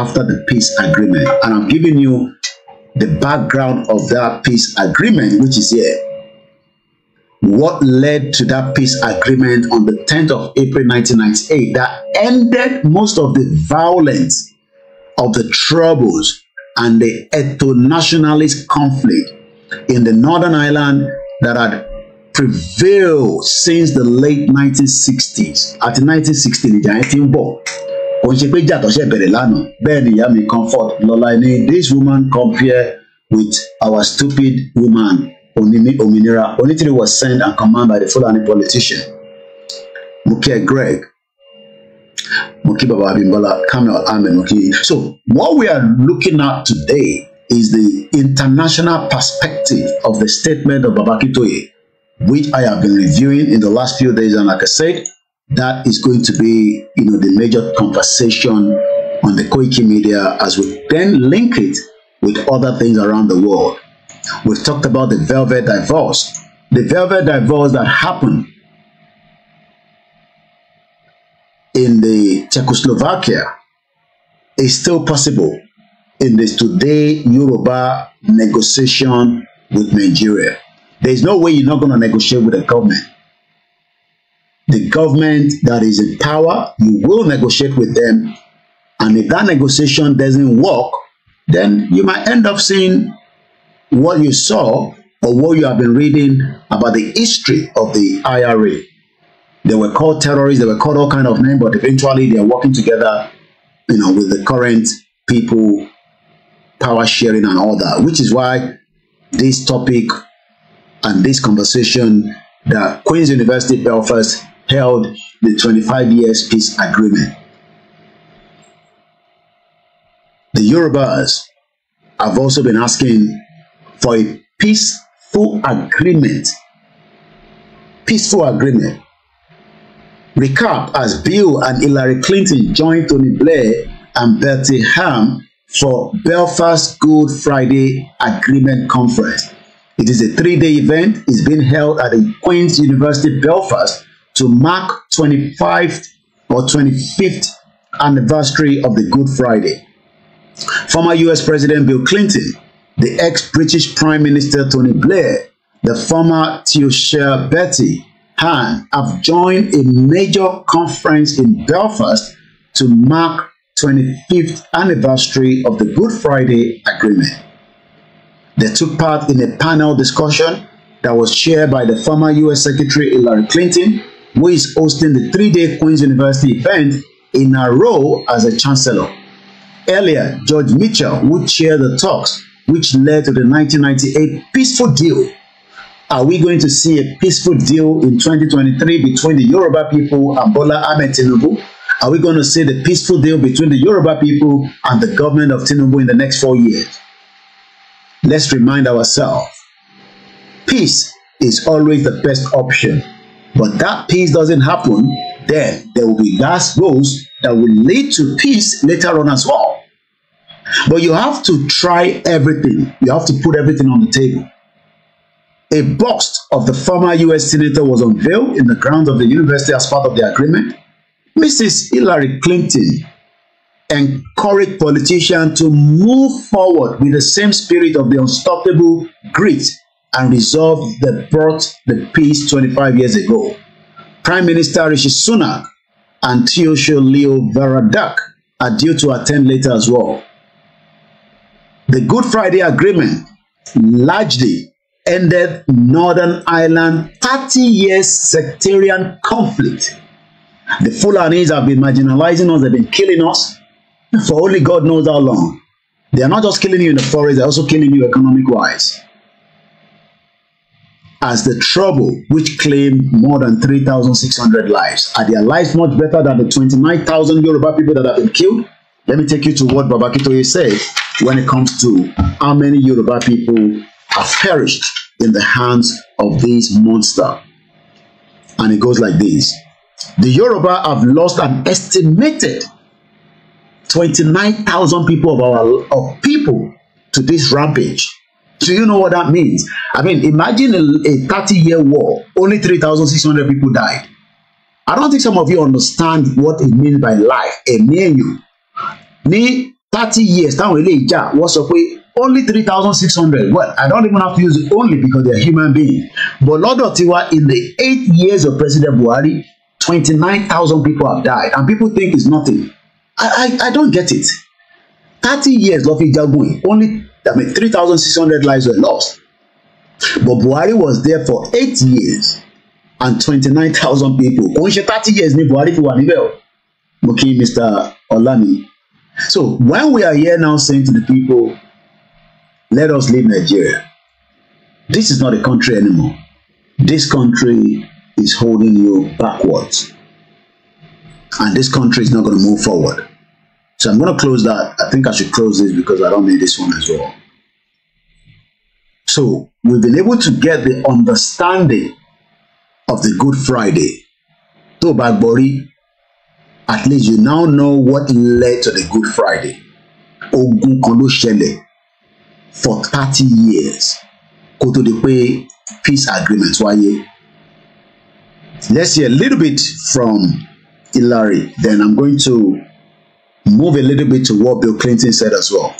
after the peace agreement and I'm giving you the background of that peace agreement which is here what led to that peace agreement on the 10th of April 1998 that ended most of the violence of the troubles and the ethno-nationalist conflict in the Northern Ireland that had prevailed since the late 1960s. At 1960 nìjà yẹn ti ń bọ̀. Kò ń ṣe pé jàtọ̀ ṣe bẹ̀rẹ̀ lánàá. Bẹ́ẹ̀ ni ìyá mi comfort this woman compare with our stupid woman Onimi Ominira Onitiri was sent and commanded by the Fulani politician Mukia Greg Mukibaba Abimbola Kamel Amen. Muki. So what we are looking at today is the international perspective of the statement of Babakitoye, which I have been reviewing in the last few days, and like I said, that is going to be you know the major conversation on the Koiki media as we then link it with other things around the world. We've talked about the velvet divorce. The velvet divorce that happened in the Czechoslovakia is still possible in this today Yoruba negotiation with Nigeria. There's no way you're not going to negotiate with the government. The government that is in power, you will negotiate with them. And if that negotiation doesn't work, then you might end up seeing what you saw or what you have been reading about the history of the IRA. They were called terrorists, they were called all kind of names, but eventually they are working together, you know, with the current people, power sharing and all that, which is why this topic and this conversation that Queen's University Belfast held the 25 years peace agreement. The Yorubas have also been asking for a peaceful agreement. Peaceful agreement. Recap as Bill and Hillary Clinton joined Tony Blair and Bertie Ham for Belfast Good Friday Agreement Conference. It is a three-day event. It's being held at the Queen's University Belfast to mark 25th or 25th anniversary of the Good Friday. Former U.S. President Bill Clinton the ex-British Prime Minister Tony Blair, the former Taoiseach Betty Han have joined a major conference in Belfast to mark 25th anniversary of the Good Friday Agreement. They took part in a panel discussion that was chaired by the former U.S. Secretary Hillary Clinton, who is hosting the three-day Queen's University event in her role as a chancellor. Earlier, George Mitchell, who chaired the talks, which led to the 1998 peaceful deal. Are we going to see a peaceful deal in 2023 between the Yoruba people and Bola Ahmed Tinubu? Are we going to see the peaceful deal between the Yoruba people and the government of Tinubu in the next four years? Let's remind ourselves peace is always the best option. But that peace doesn't happen, then there will be last goals that will lead to peace later on as well. But you have to try everything. You have to put everything on the table. A bust of the former U.S. Senator was unveiled in the grounds of the university as part of the agreement. Mrs. Hillary Clinton encouraged politicians to move forward with the same spirit of the unstoppable grit and resolve that brought the peace 25 years ago. Prime Minister Rishi Sunak and Teosho Leo Varadak are due to attend later as well. The Good Friday Agreement largely ended Northern Ireland 30 years sectarian conflict. The Fulanis have been marginalizing us, they've been killing us for only God knows how long. They are not just killing you in the forest, they're also killing you economic wise. As the trouble which claimed more than 3,600 lives. Are their lives much better than the 29,000 Yoruba people that have been killed? Let me take you to what Babakitoye said when it comes to how many Yoruba people have perished in the hands of this monster. And it goes like this. The Yoruba have lost an estimated 29,000 people of our of people to this rampage. Do you know what that means? I mean, imagine a, a 30 year war, only 3,600 people died. I don't think some of you understand what it means by life, èmi you me? thirty years táwọn eléyìí jà wọ́n sọ pé only three thousand six hundred well i don't even have to use only because they are human beings but lọ́dọ̀ tiwa in the eight years of president buhari twenty-nine thousand people have died and people think it's nothing i i, I don't get it thirty years lọ fi jagun yìí only i mean three thousand six hundred lives were lost but buhari was there for eight years and twenty-nine thousand people kò ń ṣe thirty years ni buhari fi wà níbẹ̀ o mo kí mr ọlámi So while we are here now saying to the people, let us leave Nigeria, this is not a country anymore. This country is holding you backwards. And this country is not going to move forward. So I'm going to close that. I think I should close this because I don't need this one as well. So we've been able to get the understanding of the Good Friday. Tó bá at least you now know what led to the Good Friday ogun kan ló for thirty years kó tó di pé peace agreement wáyé let's hear a little bit from Ilari. then I'm going to move a little bit to what Bill Clinton said as well.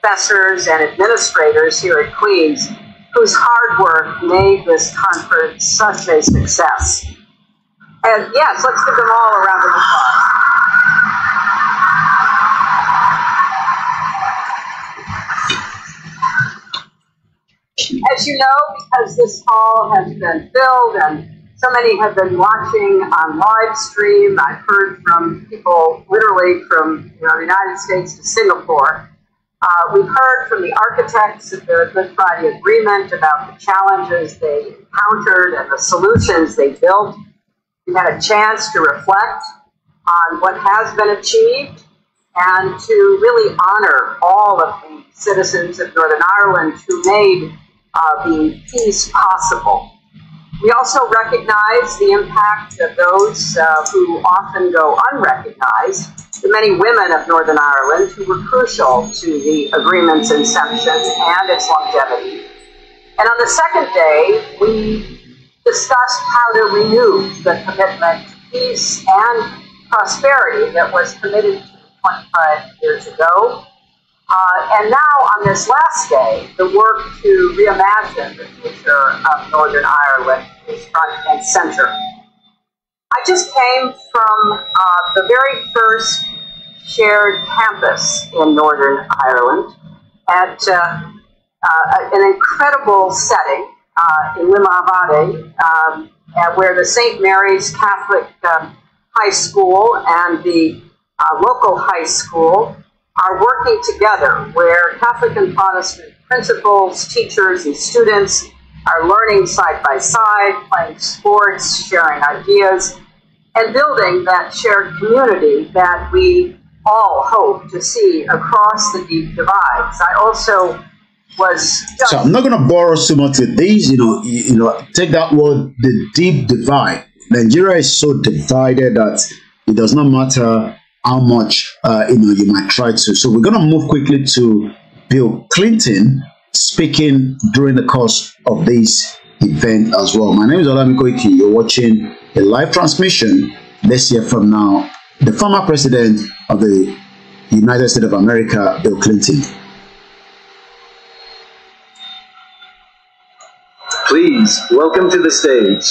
Professors and administrators here at Queens whose hard work made this conference such a success. And yes, let's give them all a round of applause. as you know, because this hall has been filled and so many have been watching on live stream. I've heard from people literally from you know, the United States to Singapore. Uh, we've heard from the architects of the Good Friday Agreement about the challenges they encountered and the solutions they built. We had a chance to reflect on what has been achieved and to really honor all of the citizens of Northern Ireland who made uh, the peace possible. We also recognize the impact of those uh, who often go unrecognized, the many women of Northern Ireland who were crucial to the agreement's inception and its longevity. And on the second day, we discussed how to renew the commitment to peace and prosperity that was committed to 25 years ago uh, and now on this last day, the work to reimagine the future of Northern Ireland is front and center. I just came from uh, the very first shared campus in Northern Ireland at uh, uh an incredible setting uh, in Limavady, um, where the St. Mary's Catholic um, High School and the uh, local high school are working together where Catholic and Protestant principals, teachers, and students are learning side by side, playing sports, sharing ideas, and building that shared community that we all hope to see across the deep divides. I also was so I'm not going to borrow so much with these. You know, you, you know, take that word, the deep divide. Nigeria is so divided that it does not matter how much uh, you know you might try to. So we're going to move quickly to Bill Clinton speaking during the course of this event as well. My name is Olamiko Iki. You're watching a live transmission. this year from now the former president of the United States of America, Bill Clinton. Please welcome to the stage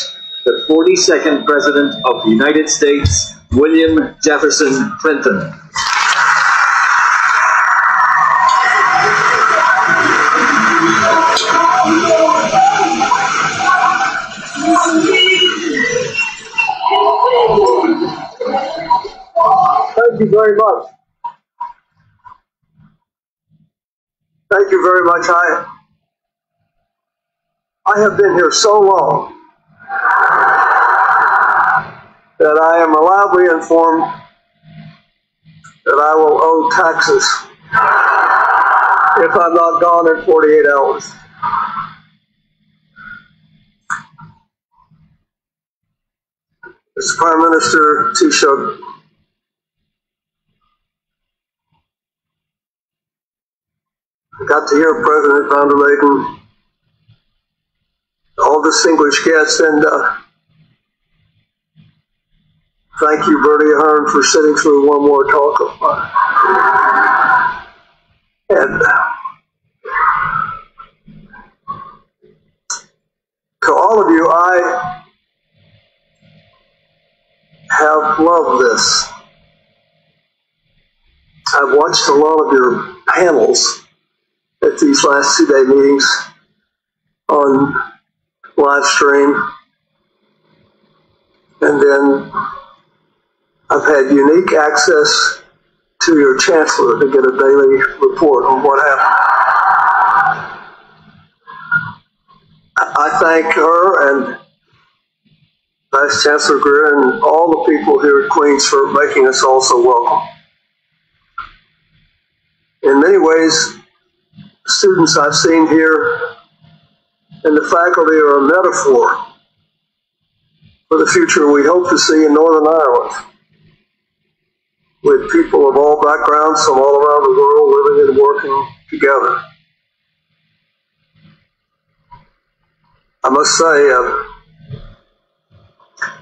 the 42nd President of the United States, William Jefferson Clinton. Thank you very much. Thank you very much. I, I have been here so long. that I am reliably informed that I will owe taxes if I'm not gone in 48 hours. Mr. Prime Minister Taoiseach. I got to hear President van der Leyen, all distinguished guests, and uh, Thank you, Bernie Ahern, for sitting through one more talk of mine. And uh, to all of you, I have loved this. I've watched a lot of your panels at these last two day meetings on live stream and then I've had unique access to your chancellor to get a daily report on what happened. I thank her and Vice Chancellor Greer and all the people here at Queens for making us all so welcome. In many ways, students I've seen here and the faculty are a metaphor for the future we hope to see in Northern Ireland with people of all backgrounds from all around the world living and working together. I must say, uh,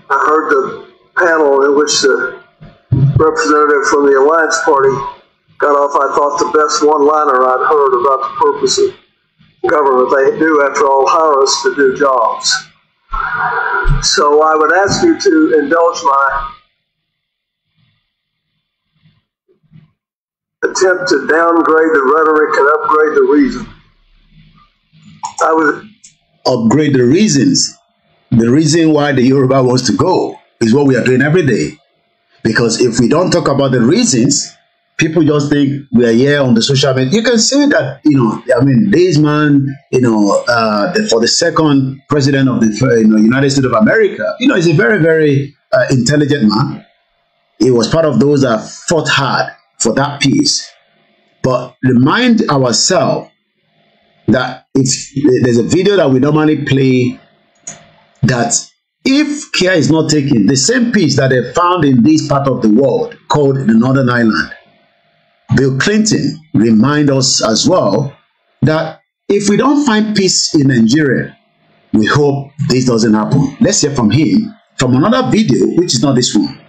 I heard the panel in which the representative from the Alliance Party got off, I thought, the best one liner I'd heard about the purpose of government. They do, after all, hire us to do jobs. So I would ask you to indulge my attempt to downgrade the rhetoric and upgrade the reason. I would upgrade the reasons. The reason why the Yoruba wants to go is what we are doing every day. Because if we don't talk about the reasons, people just think we are here on the social media. You can see that, you know, I mean, this man, you know, uh, the, for the second president of the you know, United States of America, you know, he's a very, very uh, intelligent man. He was part of those that fought hard for that peace. But remind ourselves that if there's a video that we normally play that if care is not taken, the same piece that they found in this part of the world called the Northern Island, Bill Clinton remind us as well that if we don't find peace in Nigeria, we hope this doesn't happen. Let's hear from him from another video, which is not this one.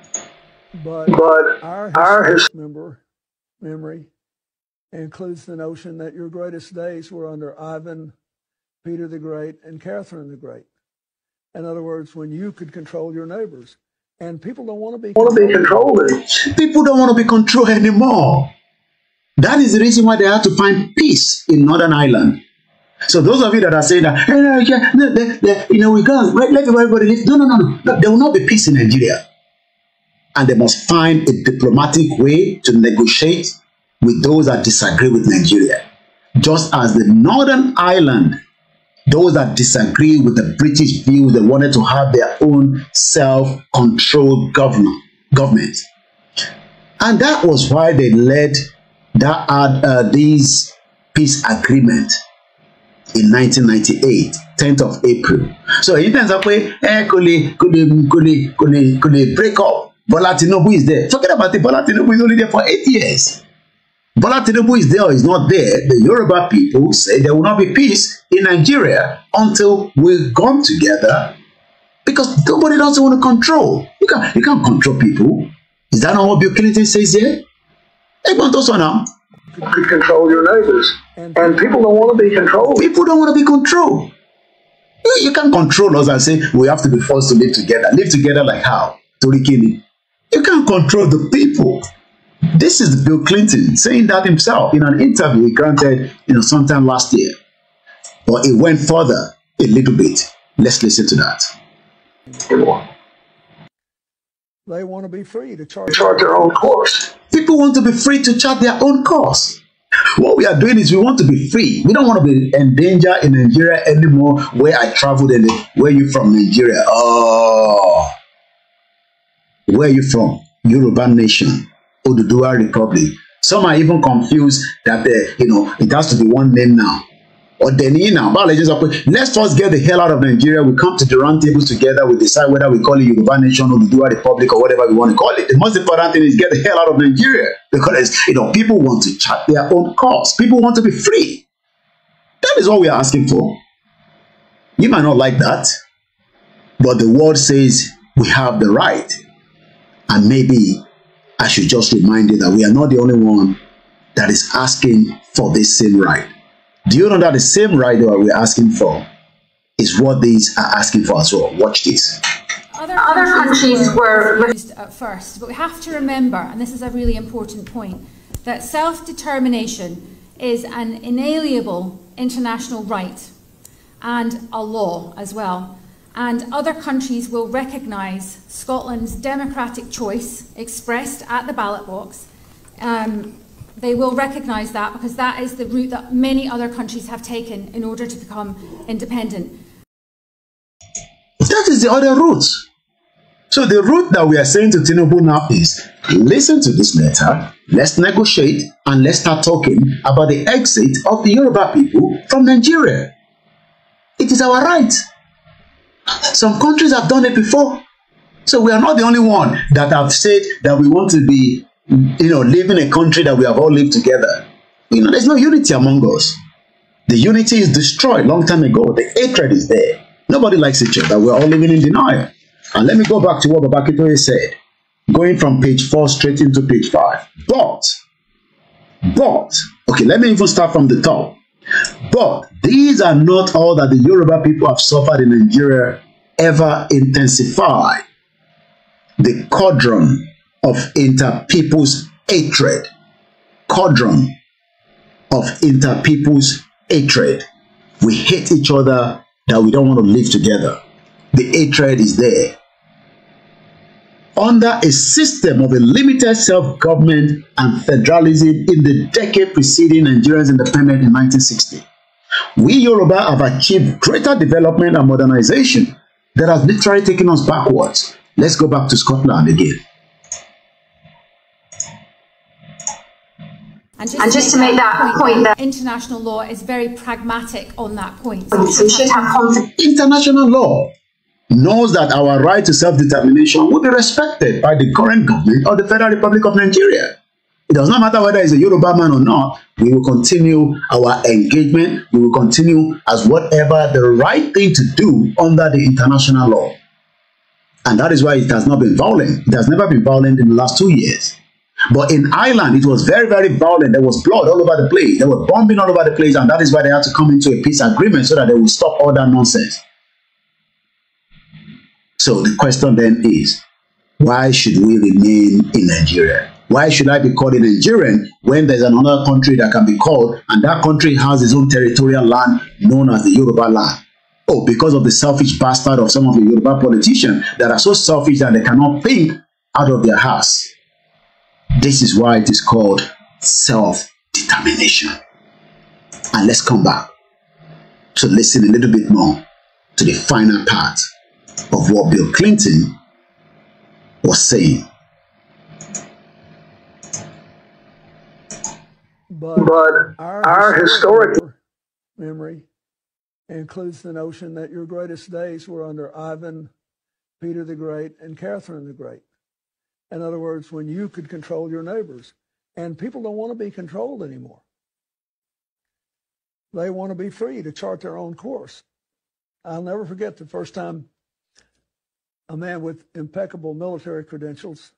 But, but our, our history member, memory includes the notion that your greatest days were under Ivan, Peter the Great, and Catherine the Great. In other words, when you could control your neighbors. And people don't want to be, want to be controlled. People don't want to be controlled anymore. That is the reason why they have to find peace in Northern Ireland. So those of you that are saying that, hey, eh, yeah, they, they, you know, we go, let, let everybody live. No, no, no, no. There will not be peace in Nigeria and they must find a diplomatic way to negotiate with those that disagree with Nigeria. Just as the Northern Ireland, those that disagree with the British view, they wanted to have their own self-controlled government. And that was why they led that uh, uh these peace agreement in 1998 10th of April so in tẹ̀ ń sọ pé could they break up Bola Tinubu is there. Forget about it. Bola Tinubu is only there for eight years. Bola Tinubu is there or is not there. The Yoruba people say there will not be peace in Nigeria until we come together because nobody doesn't want to control. You can't, you can't control people. Is that not what Bill Clinton says here? Everyone does so now. You control your neighbors. And people don't want to be controlled. People don't want to be controlled. You, you can't control us and say we have to be forced to live together. Live together like how? Torikini. You can't control the people. This is Bill Clinton saying that himself in an interview he granted, you know, sometime last year. But it went further a little bit. Let's listen to that. They want to be free to charge their own course. People want to be free to chart their own course. What we are doing is we want to be free. We don't want to be in danger in Nigeria anymore. Where I traveled and where you from Nigeria? Oh, where you from? Yoruba Nation, Dual Republic. Some are even confused that they, uh, you know it has to be one name now. Or now, but legends are let's first get the hell out of Nigeria. We come to the round tables together, we decide whether we call it Yoruba Nation or the Dua Republic or whatever we want to call it. The most important thing is get the hell out of Nigeria because you know people want to chart their own course, people want to be free. That is what we are asking for. You might not like that, but the world says we have the right and maybe I should just remind you that we are not the only one that is asking for this same right. Do you know that the same right that we're asking for is what these are asking for as well? Watch this. Other, Other countries, were at first, but we have to remember, and this is a really important point, that self determination is an inalienable international right and a law as well and other countries will recognise Scotland's democratic choice expressed at the ballot box. Um, they will recognise that because that is the route that many other countries have taken in order to become independent. That is the other route. So the route that we are saying to Tinubu now is, listen to this letter, let's negotiate and let's start talking about the exit of the Yoruba people from Nigeria. It is our right. Some countries have done it before. So we are not the only one that have said that we want to be, you know, live in a country that we have all lived together. You know, there's no unity among us. The unity is destroyed long time ago. The hatred is there. Nobody likes each other. We're all living in denial. And let me go back to what Babakitoye said, going from page four straight into page five. But, but, okay, let me even start from the top. But these are not all that the Yoruba people have suffered in Nigeria ever intensify the cauldron of inter-people's hatred. Cauldron of inter-people's hatred. We hate each other that we don't want to live together. The hatred is there. Under a system of a limited self-government and federalism in the decade preceding Nigeria's independence in 1960, we Yoruba have achieved greater development and modernization that has literally taken us backwards. Let's go back to Scotland again. And just, and to, make to, make that, point, point that international law is very pragmatic on that point. So we should have confidence. International law knows that our right to self-determination will be respected by the current government of the Federal Republic of Nigeria. It does not matter whether he's a Yoruba man or not. We will continue our engagement. We will continue as whatever the right thing to do under the international law. And that is why it has not been violent. It has never been violent in the last two years. But in Ireland, it was very, very violent. There was blood all over the place. There were bombing all over the place. And that is why they had to come into a peace agreement so that they will stop all that nonsense. So the question then is, why should we remain in Nigeria? Why should I be called a Nigerian when there's another country that can be called and that country has its own territorial land known as the Yoruba land? Oh, because of the selfish bastard of some of the Yoruba politicians that are so selfish that they cannot think out of their house. This is why it is called self-determination. And let's come back to listen a little bit more to the final part of what Bill Clinton was saying but, but our, our historic memory includes the notion that your greatest days were under Ivan, Peter the Great, and Catherine the Great. In other words, when you could control your neighbors. And people don't want to be controlled anymore. They want to be free to chart their own course. I'll never forget the first time a man with impeccable military credentials,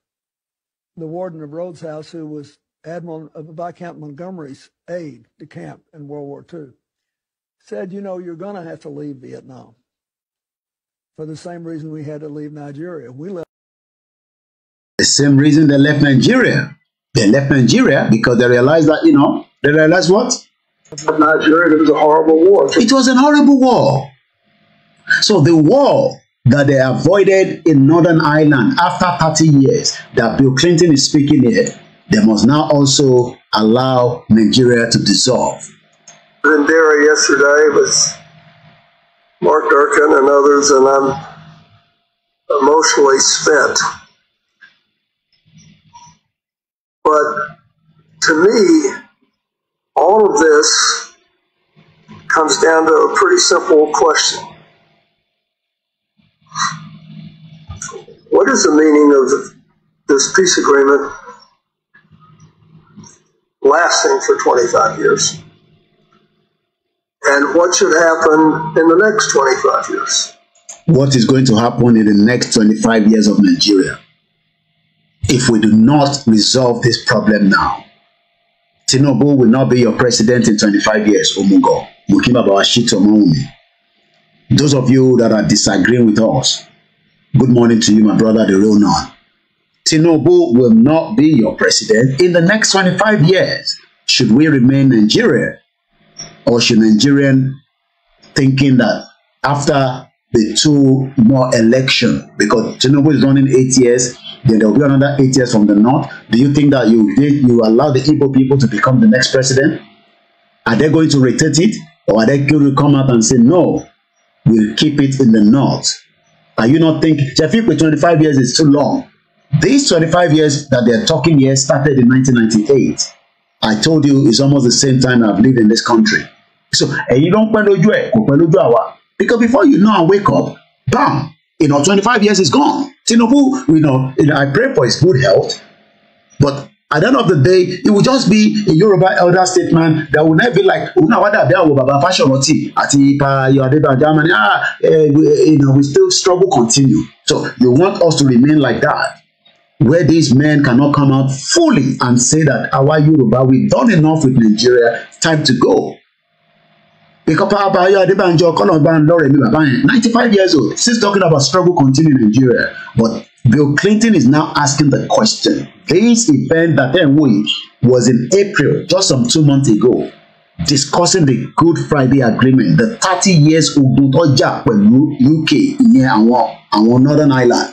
the warden of Rhodes House, who was Admiral uh, Viscount Montgomery's aide de camp in World War II, said, you know, you're going to have to leave Vietnam for the same reason we had to leave Nigeria. We left. The same reason they left Nigeria. They left Nigeria because they realized that, you know, they realized what? Nigeria, it was a horrible war. It was an horrible war. So the war that they avoided in Northern Ireland after 30 years that Bill Clinton is speaking here they must now also allow Nigeria to dissolve. In Dara yesterday with Mark Durkin and others, and I'm emotionally spent. But to me, all of this comes down to a pretty simple question. What is the meaning of this peace agreement lasting for 25 years and what should happen in the next 25 years. What is going to happen in the next 25 years of Nigeria if we do not resolve this problem now? Tinubu will not be your president in 25 years, Omugo. Mukiba Bawashito Maumi. Those of you that are disagreeing with us, good morning to you, my brother, the real none. Tinubu will not be your president in the next 25 years. Should we remain Nigerian? Or should Nigerian thinking that after the two more election, because Tinubu is running eight years, then there will be another eight years from the north. Do you think that you did you allow the Igbo people to become the next president? Are they going to rotate it? Or are they going to come out and say, no, we'll keep it in the north? Are you not thinking, Shafiq with 25 years is too long. These 25 years that they're talking here started in 1998. I told you it's almost the same time I've lived in this country. So, Because before you know I wake up, bam, you know, 25 years is gone. you know, you know, I pray for his good health. But at the end of the day, it will just be a Yoruba elder statement that will never be like, Ah, eh, eh, you know, we still struggle continue. So you want us to remain like that. where these men cannot come out fully and say that our Yoruba, we've done enough with Nigeria, time to go. Because Abayo Adebanjo, Kolomban, Lore, Mibabayan, 95 years old, still talking about struggle continuing in Nigeria. But Bill Clinton is now asking the question. This event that then we was in April, just some two months ago, discussing the Good Friday Agreement, the 30 years Ogun Toja pẹ̀lú UK, ìyẹn àwọn àwọn Northern Ireland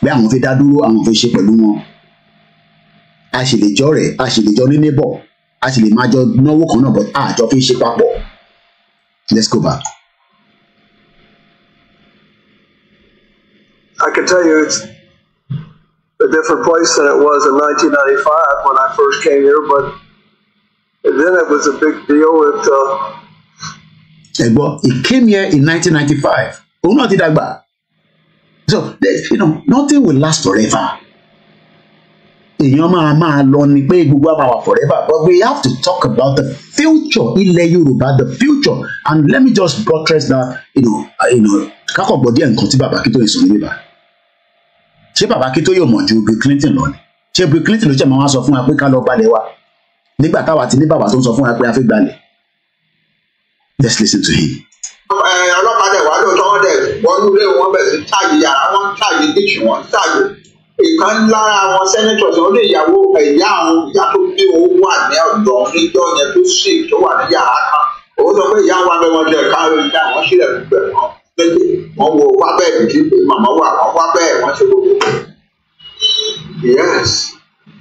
pé àwọn fẹ́ dá dúró àwọn fẹ́ ṣe pẹ̀lú wọn a sì lè jọ rẹ̀ a sì lè jọ ní neighbor a sì lè máa jọ náwó kan náà but àjọ fi ṣe papọ̀ let's go back. I can tell you it's a different place than it was in 1995 when I first came here, but then it was a big deal uh, It Uh... Ẹ̀gbọ́n, he came here in 1995. Òun náà ti dàgbà so you know nothing will last forever èèyàn máa máa lọ ni pé gbogbo àmà wà forever but we have to talk about the future ilẹ̀ Yorùbá the future and let me just broadcast that you know, uh, you know kákọ̀ gbọ́ díẹ̀ nǹkan tí bàbá Akíntóyè sọ nílẹ̀ bá ṣé bàbá Akíntóyè mọ̀ ju Bill Clinton lọ ni ṣé Bill Clinton ló jẹ́ màá wá sọ fún wa pé ká lọ balẹ̀ wa nígbà táwa ti ní bàbá tó ń sọ fún wa pé a fẹ́ gbalẹ̀ let's listen to him. Eh, ọlọ́pàá dẹ̀ wá lóòótọ́ wọ́n dẹ̀ wọnú ilé wọn bẹ̀ sí táàgì yàrá wọn táàgì bíìkì wọn táàgì ìkan lára àwọn senators wọn ní ìyàwó ẹ̀yà eh, àwọn ìyá tó bí òun wà ní ọ̀dọ̀ níjọ́ yẹn tó sì tó wà ní yàrá kan òun sọ pé ìyá wa bẹ wọn jẹ ká ìyá wọn sílẹ̀ gbẹ wọn lẹ́yìn wọn wo wá bẹ́ẹ̀ bìtì pé màmá wà wọn wá bẹ́ẹ̀ wọn ṣe gbogbo. yes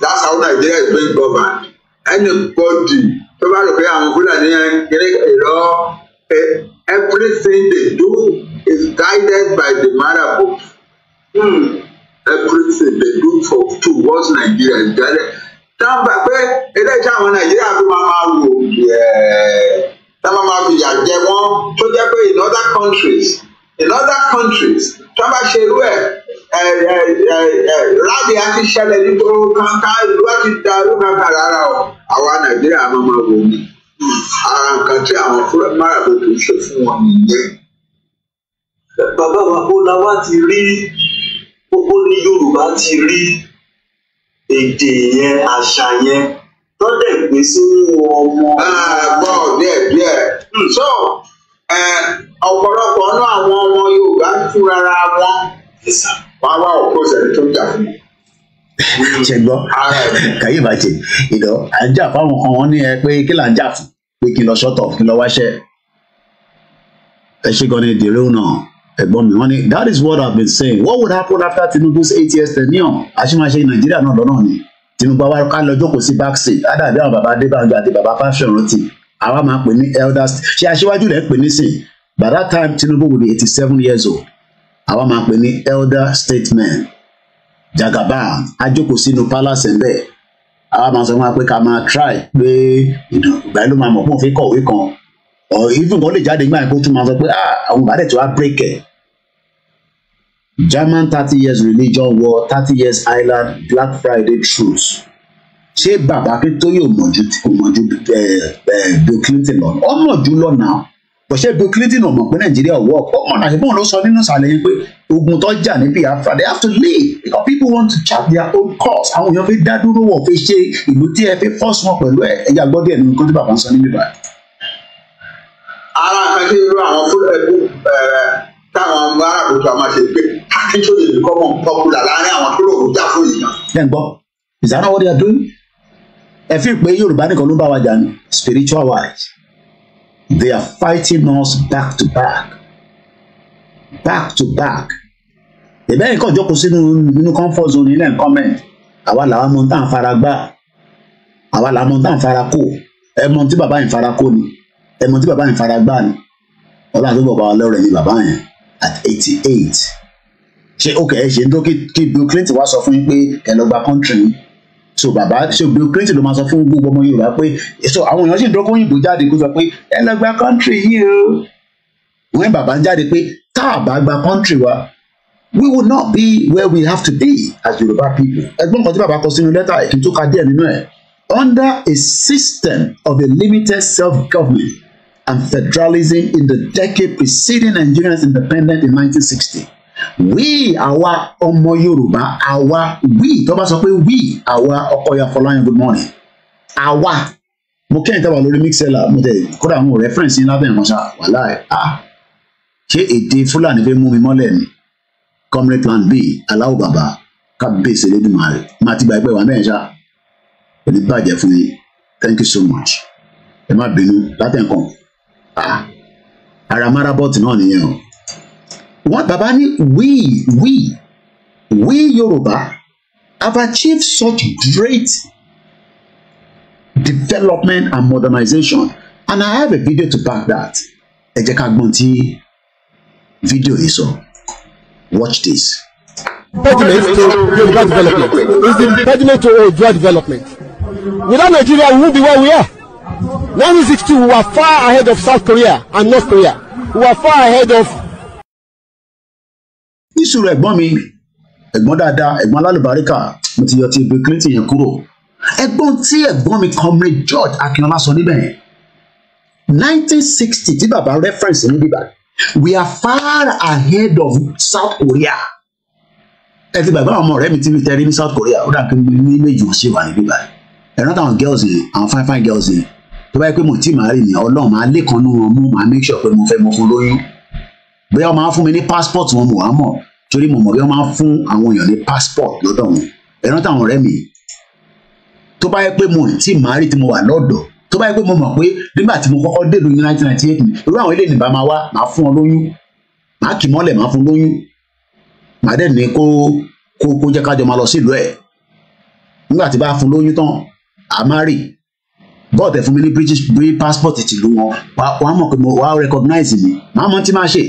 that's how Nigeria is being governed anybody tó bá rò pé àwọn fúlàní yẹn kéré ìrọ́ eh, Everything they do is guided by the Marabout. Hmm. Everything they do for towards Nigeria is guided. Dáńbà pé eléyìí àwọn Nàìjíríà fi máa máa wò yẹ́ẹ́ eh, tá máa máa fìyà jẹ wọ́n tó jẹ́ pé in other countries in other countries tó bá ṣe irú ẹ̀ eh, eh, láti àti ṣẹlẹ̀ nígboro kankan ìlú àti dàrú kankan rárá o àwa Nàìjíríà máa máa wò ni ara nǹkan tí àwọn fúlẹ̀ márùn tó ṣe fún wọn nìyẹn. bàbá wa bó la wá ti rí gbogbo ní Yorùbá ti rí èdè yẹn àṣà yẹn lọ́dẹ̀ gbé sínú ọmọ. ẹ̀gbọ́n díẹ̀ díẹ̀ hmm. so ọ̀pọ̀lọpọ̀ náà àwọn ọmọ Yorùbá ń fúnra ra wọn wàá wá tó jà fún mi ṣe gbọ́ kàyé ìbàjẹ́ ìdọ̀ à fáwọn kan wọ́n ní ẹ pé kí là ń jà fún pé kí n lọ sọ́tọ̀ kí n lọ wáṣẹ́ ẹ ṣe gan ni dèrè òun náà ẹ̀gbọ́n mi wọ́n ní that is what I've been saying what would happen after Tinubu's eight years tenure àṣemáṣe Nàìjíríà náà lọ́nà ni Tinubu wa ká lọ jókòó sí backseat ádàbí àwọn bàbá Adébánjọ àti bàbá Fáṣọ̀rántì àwa máa pè ní elder ṣe aṣíwájú rẹ̀ pè ní sìn by that time Tinubu will be eighty-seven years old àwa máa pè ní elder statesman Jagaban ajókòó sínú palace ẹ̀ bẹ́ẹ̀ àwa máa sọ fún wa pé ká máa try pé ìgbà ló máa mọ̀ fún òfin kọ̀wé kan even kò lè jáde gbà kó tún máa sọ pé ah, àwọn bàdẹ̀ tó wá break ẹ̀. German thirty years religion war thirty years island Black Friday truce ṣé bàbá Akintoye ò mọ̀jú ò mọ̀jú eh, eh, Bill Clinton lọ ọ mọ̀jú lọ ọ̀ṣẹ́ bí Clinton ọ̀mọ̀ pé Nàìjíríà wọ̀ ọ́ náà ṣùgbọ́n ló sọ nínú ìsàlẹ̀ yìí pé ogun tó jà ní Biafra they have to leave because people want to chart their own course àwọn èèyàn fi dá dúró wọ̀ fi ṣe ìlú tí ẹ fi force wọn pẹ̀lú ẹ̀ ẹ̀yà gbọ́dọ̀ ẹ̀ nínú kan tí bàbá ń sọ níbi báyìí. ara kan irú àwọn fúlẹ̀kù táwọn ọmọ arákùnrin àwọn ṣe pé akíntúni nìkan mọ̀ pọ́pùlà láàrin àwọn tó lòun jà fún ìyàn. is that not what they doing? ẹ fi pé Yorùbá nìkan ló bá wa jà spiritual wise They are fighting us back to back. Back to back. Ìbẹ́ yìí kàn jókòó sínú inú comfort zone ilé nǹkan mẹ́. Àwa làwọn ọmọ tá à ń fara gbà. Àwa làwọn ọmọ tá à ń fara kó. Ẹmọ tí bàbá yìí fara kó ni. Ẹmọ tí bàbá yìí fara gbà ni. Ọlọ́run tó bàbá wa lọ́rẹ̀ ni bàbá yẹn at eighty eight. Ṣé ó kẹ̀ ẹ́ ṣe ń tó kí Bill Clinton wá sọ fún yín pé kẹ́ country yìí? so bàbá so bureaucracy ló máa sọ fún gbogbo ọmọ Yorùbá pé so àwọn èèyàn sì ń dọ́kọ̀ òyìnbó jáde kó sọ pé ẹ lọ gba country yìí o wọn bàbá ń jáde pé tá a bá gba country wa we will not be where we have to be as Yorùbá people ẹgbọ́n kan tí bàbá kọ sínú lẹ́tà èkì tó ka díẹ̀ nínú ẹ̀ under a system of a limited self-government and federalism in the decade preceding Nigeria's independence in 1960 wí àwa ọmọ Yorùbá àwa wí tó bá sọ pé wí àwa Ọkọya Fọláyan good morning àwa mo kẹ́yìn tábà lórí mixella mo tẹ̀ kódà àwọn reference yín lábẹ́ ìránṣà wàhálà ẹ̀ á ṣé èdè Fúlàní fẹ́ mú mi mọ́lẹ̀ ni comrade plan b aláwọ̀ bàbá kábíyèsí Elédùmarè máa ti gba ẹgbẹ́ wa mẹ́rin ṣá pẹ̀lú bàjẹ́ fún yín thank you so much ẹ má bínú látẹ̀kàn ara marabot náà nìyẹn o wọn bàbá ní we we we Yorùbá have achieved such great development and modernization and I have a video to back that ẹ jẹ́ ká gbọ́n tí fídíò yìí sọ watch this. impediment to Yoruba development is the impediment to Oodua development without Nigeria we won't be where we are 1962, we were far ahead of South Korea and North Korea we were far ahead of níṣòro ẹ̀gbọ́n mi ẹ̀gbọ́n dáadáa ẹ̀gbọ́n alálùbáríkà mo ti yọ ti ibi kíríntì yẹn kúrò ẹ̀gbọ́n tí ẹ̀gbọ́n mi comrade George Akinola sọ níbẹ̀ yẹn nineteen sixty tí bàbá reference ní bíbá we are far ahead of South Korea ẹ ti gbàgbọ́ àwọn ọmọ ọ̀rẹ́ mi ti fi tẹ́rí ní South Korea ó dà pé mi méjì wọn ṣe wà ní bíbá ẹ̀rọ táwọn girls ni àwọn fine fine girls ni tó bá yẹ pé mo ti máa rí ni Ọlọ́run máa lé kan nínú wọn mú máa make sure pé mo fẹ́ mo fún lóyún bóyá wọ́n máa ń fún mi ní passport wọn mò á mọ̀ torí mo mọ̀ bí wọ́n máa ń fún àwọn èèyàn ní passport lọ́dọ̀ wọn ẹ̀rọ táwọn ọ̀rẹ́ mi tó bá yẹ pé mo ti máa rí tí mo wà lọ́dọ̀ tó bá yẹ pé mo mọ̀ pé nígbà tí mo kọ́kọ́ dèlú ní nineteen ninety eight mi irú àwọn eléyìí bá máa wá máa fún ọ lóyún máa kì mọ́lẹ̀ máa fún lóyún máa dẹ̀ ní kó kó kó jẹ́ kájọ máa lọ sílùú ẹ̀ nígbà tí bá fún lóyún tán a máa rì bọ́ọ̀tẹ̀ fún mi ní british passport tìlú wọn wàá mọ̀ pé wàá recognize mi màá mọ̀ tí máa ṣe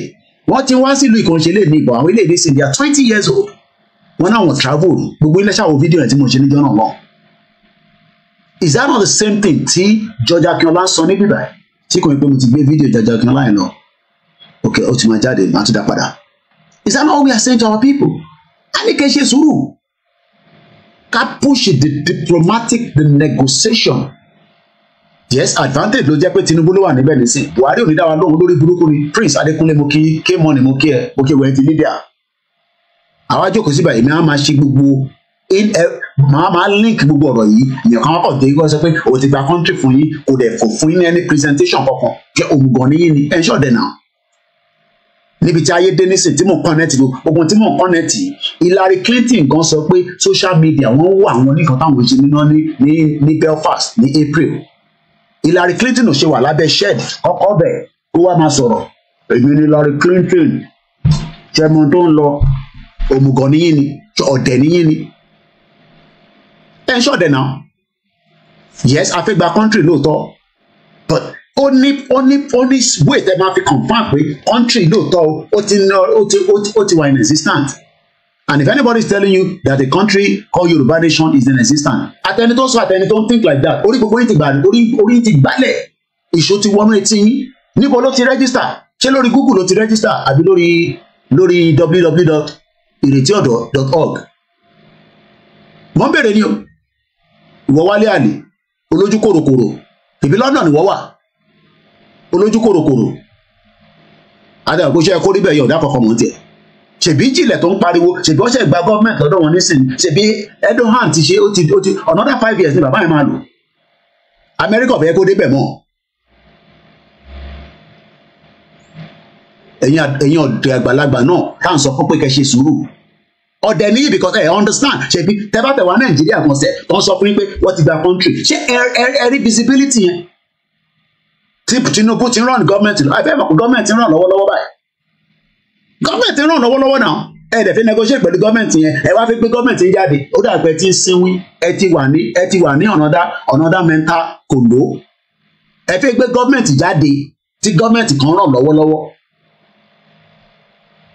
wọ́n ti wá sílùú ìkànṣe lè ní ìbọn àwọn ilé ìdí sinbi are twenty years old wọ́n náà wọ́n travel gbogbo ilé ṣàwọn fídíò ẹ̀ tí mo ṣe níjọ́ náà lọ. is that not the same thing tí George Akínọlá ń sọ ní bíbá tí kò ní pé mo ti gbé fídíò George Akínọlá yẹn lọ ok ó ti máa jáde màá tún dá padà is that not what we are saying to our people a ní kẹ́ ṣe sùúrù ká push the diplomatic the negotiation yes advantage ló jẹ́ pé Tinubu ló wà níbẹ̀ nísìn Buhari ò ní dá wa lóhùn lórí burúkú ni Prince Adékúnlé mo kí k money mo kí ẹ mo kí wẹ́n ti lídà àwa jókòó síbà èmi á máa ṣe gbogbo eh, màá máa link gbogbo ọ̀rọ̀ yìí èèyàn kan kọ̀ dé kọ́ sọ pé o ti gba country fún yín kò dẹ̀ fò fún yín ní any presentation kankan jẹ́ òmùgọ̀ níyìn ni ẹ̀ ń ṣọ̀dẹ̀ náà níbi tí ayé dé nísìn tí mò ń kọ́nẹ́tì ló ogun tí mò ń kọ́nẹ́tì Hillary Clinton gan sọ pé social media wọ́n wọ àwọn nìkan táwọn ṣe níná ní ní Belfast ní April Hillary Clinton ṣe wà lábẹ́ shed kọ́kọ́ bẹ̀ kó wá máa sọ̀rọ̀ èmi ni Hillary Clinton ṣẹmu tó ń lọ òmùgọ̀ níyìn ni ọ̀dẹ̀ níyìn ni ẹ ń ṣọ̀dẹ̀ náà yes a fẹ́ gba country but ó ní ó ní ó ní way tẹ́ máa fi confam pé country lóòótọ́ ó ti ó ti ó ti wà in existence and if anybody is telling you that a country called Yoruba nation is non-existent àtẹni tó sọ àtẹni tó ń think like that orí gbogbo yín ti gbàdúrà orí orí ti gbálẹ̀ ìṣó ti wọnú etí yín níbo ló ti register ṣé lórí google ló ti register àbí lórí lórí www.iretiodo.org mo ń bèrè ni o ìwọ wálé àlè olójú kòròkòrò ìbí london ìwọ wà olójú kòròkòrò adàgbòṣe ẹkọ rí bẹ́ẹ̀ yọ̀ọ̀dá kankan mọ̀ ń tiẹ̀ ṣèbí jìnlẹ̀ tó ń pariwo ṣèbí ọ̀ṣẹ̀ gba gọ́ọ̀mẹ̀ntì lọ́dọ̀ wọn nísìnyí ṣèbí Erdogan ti ṣe ó ti ó ti another five years ni bàbá yẹn máa lò Amẹ́ríkà ọ̀fẹ́ kó débẹ̀ mọ́ ẹ̀yin ọ̀dọ́ àgbàlagbà náà tá à ń sọ fún pé kẹ́ ṣe sùúrù ọ̀dẹ̀ ní because ẹ̀ understand ṣèbí tẹ́fàtẹ̀ wà Nàìjíríà kan sẹ̀ tó ń sọ fún yín pé wọ́n ti gba country ṣé ẹ rí visibility yẹn tí Tinubu ti rán gọ́ọ̀mẹ̀ntì lọ àìfẹ́ mọ̀ pé gọ́ọ̀mẹ̀ntì rán lọ́wọ́lọ́wọ́ báyìí gọ́ọ̀mẹ̀ntì ràn lọ́wọ́lọ́wọ́ náà ẹ dẹ̀ fi negotiate pẹ̀lú gọ́ọ̀mẹ̀ntì yẹn ẹ wá fi pé gọ́ọ̀mẹ̀ntì ń jáde ó dà pé ti ń sinwin ẹ ti wà ní ẹ ti wà ní ọ̀nàdá ọ̀nàdá mẹ́ta kò ló ẹ fi gbé gọ́ọ̀mẹ̀ntì jáde tí gọ́ọ̀mẹ̀ntì kan ràn lọ́wọ́lọ́wọ́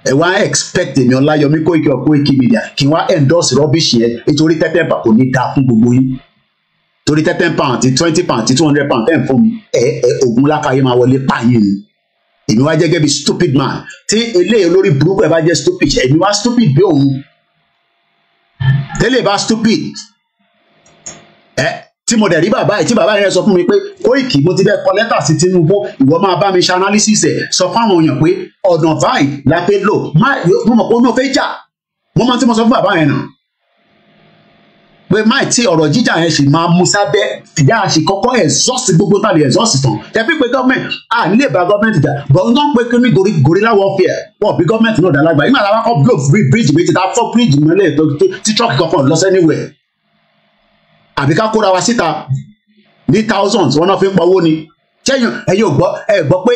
ẹ wá expect èmi ọláyọmí Koiki of Koiki Media kí wá endorse rubbish yẹn nítorí tẹ́tẹ́ bà kò ní dáa fún gbogbo yín torí tẹ́tẹ́ pound twenty pound two hundred pound ten fún mi ẹ ẹ ògùn lákàyè máa wọlé pààyàn yìí èmi wá jẹ́ gẹ́gẹ́ bí stupid man tí eléyìí olórí burúkú ẹ̀ bá jẹ́ stupid èmi wá stupid bí òun tẹ́lẹ̀ bá stupid ẹ tí mo dẹ̀ rí bàbá yìí tí bàbá yẹn sọ fún mi pé Koiki mo ti fẹ́ kọ lẹ́tà sí Tinubu ìwọ máa bá mi ṣe analysis ẹ̀ sọ fáwọn èèyàn pé ọ̀nà báyìí la fẹ́ lò mo mọ̀ pé ó náà fẹ́ jà mo máa ti mọ sọ fún bàbá yẹn náà pé máì tí ọ̀rọ̀ jíjà yẹn sì máa mú sábẹ́ ìyá àṣì kọ́kọ́ ẹ̀zọ́ọ̀sì gbogbo náà lè ẹ̀zọ́ọ̀sì tán tẹ̀bí pé gọ́ọ̀mẹ̀ntì à nílé bá gọ́ọ̀mẹ̀ntì jà bọ̀ ń gbọ́n pé kí ní gorí gorilla warfare wọ́n bí gọ́ọ̀mẹ̀ntì náà dálágbà ìgbà làwọn akọ́ blow free bridge méjì tá a fọ́ bridge mọ́lẹ̀ tí truck kankan lọ sẹ́niwẹ̀ àbí ká kóra wa síta ní thousands wọn náà fi ń pawó ni sẹ́yìn ẹ̀yin ò gbọ́ ẹ̀ gbọ́ pé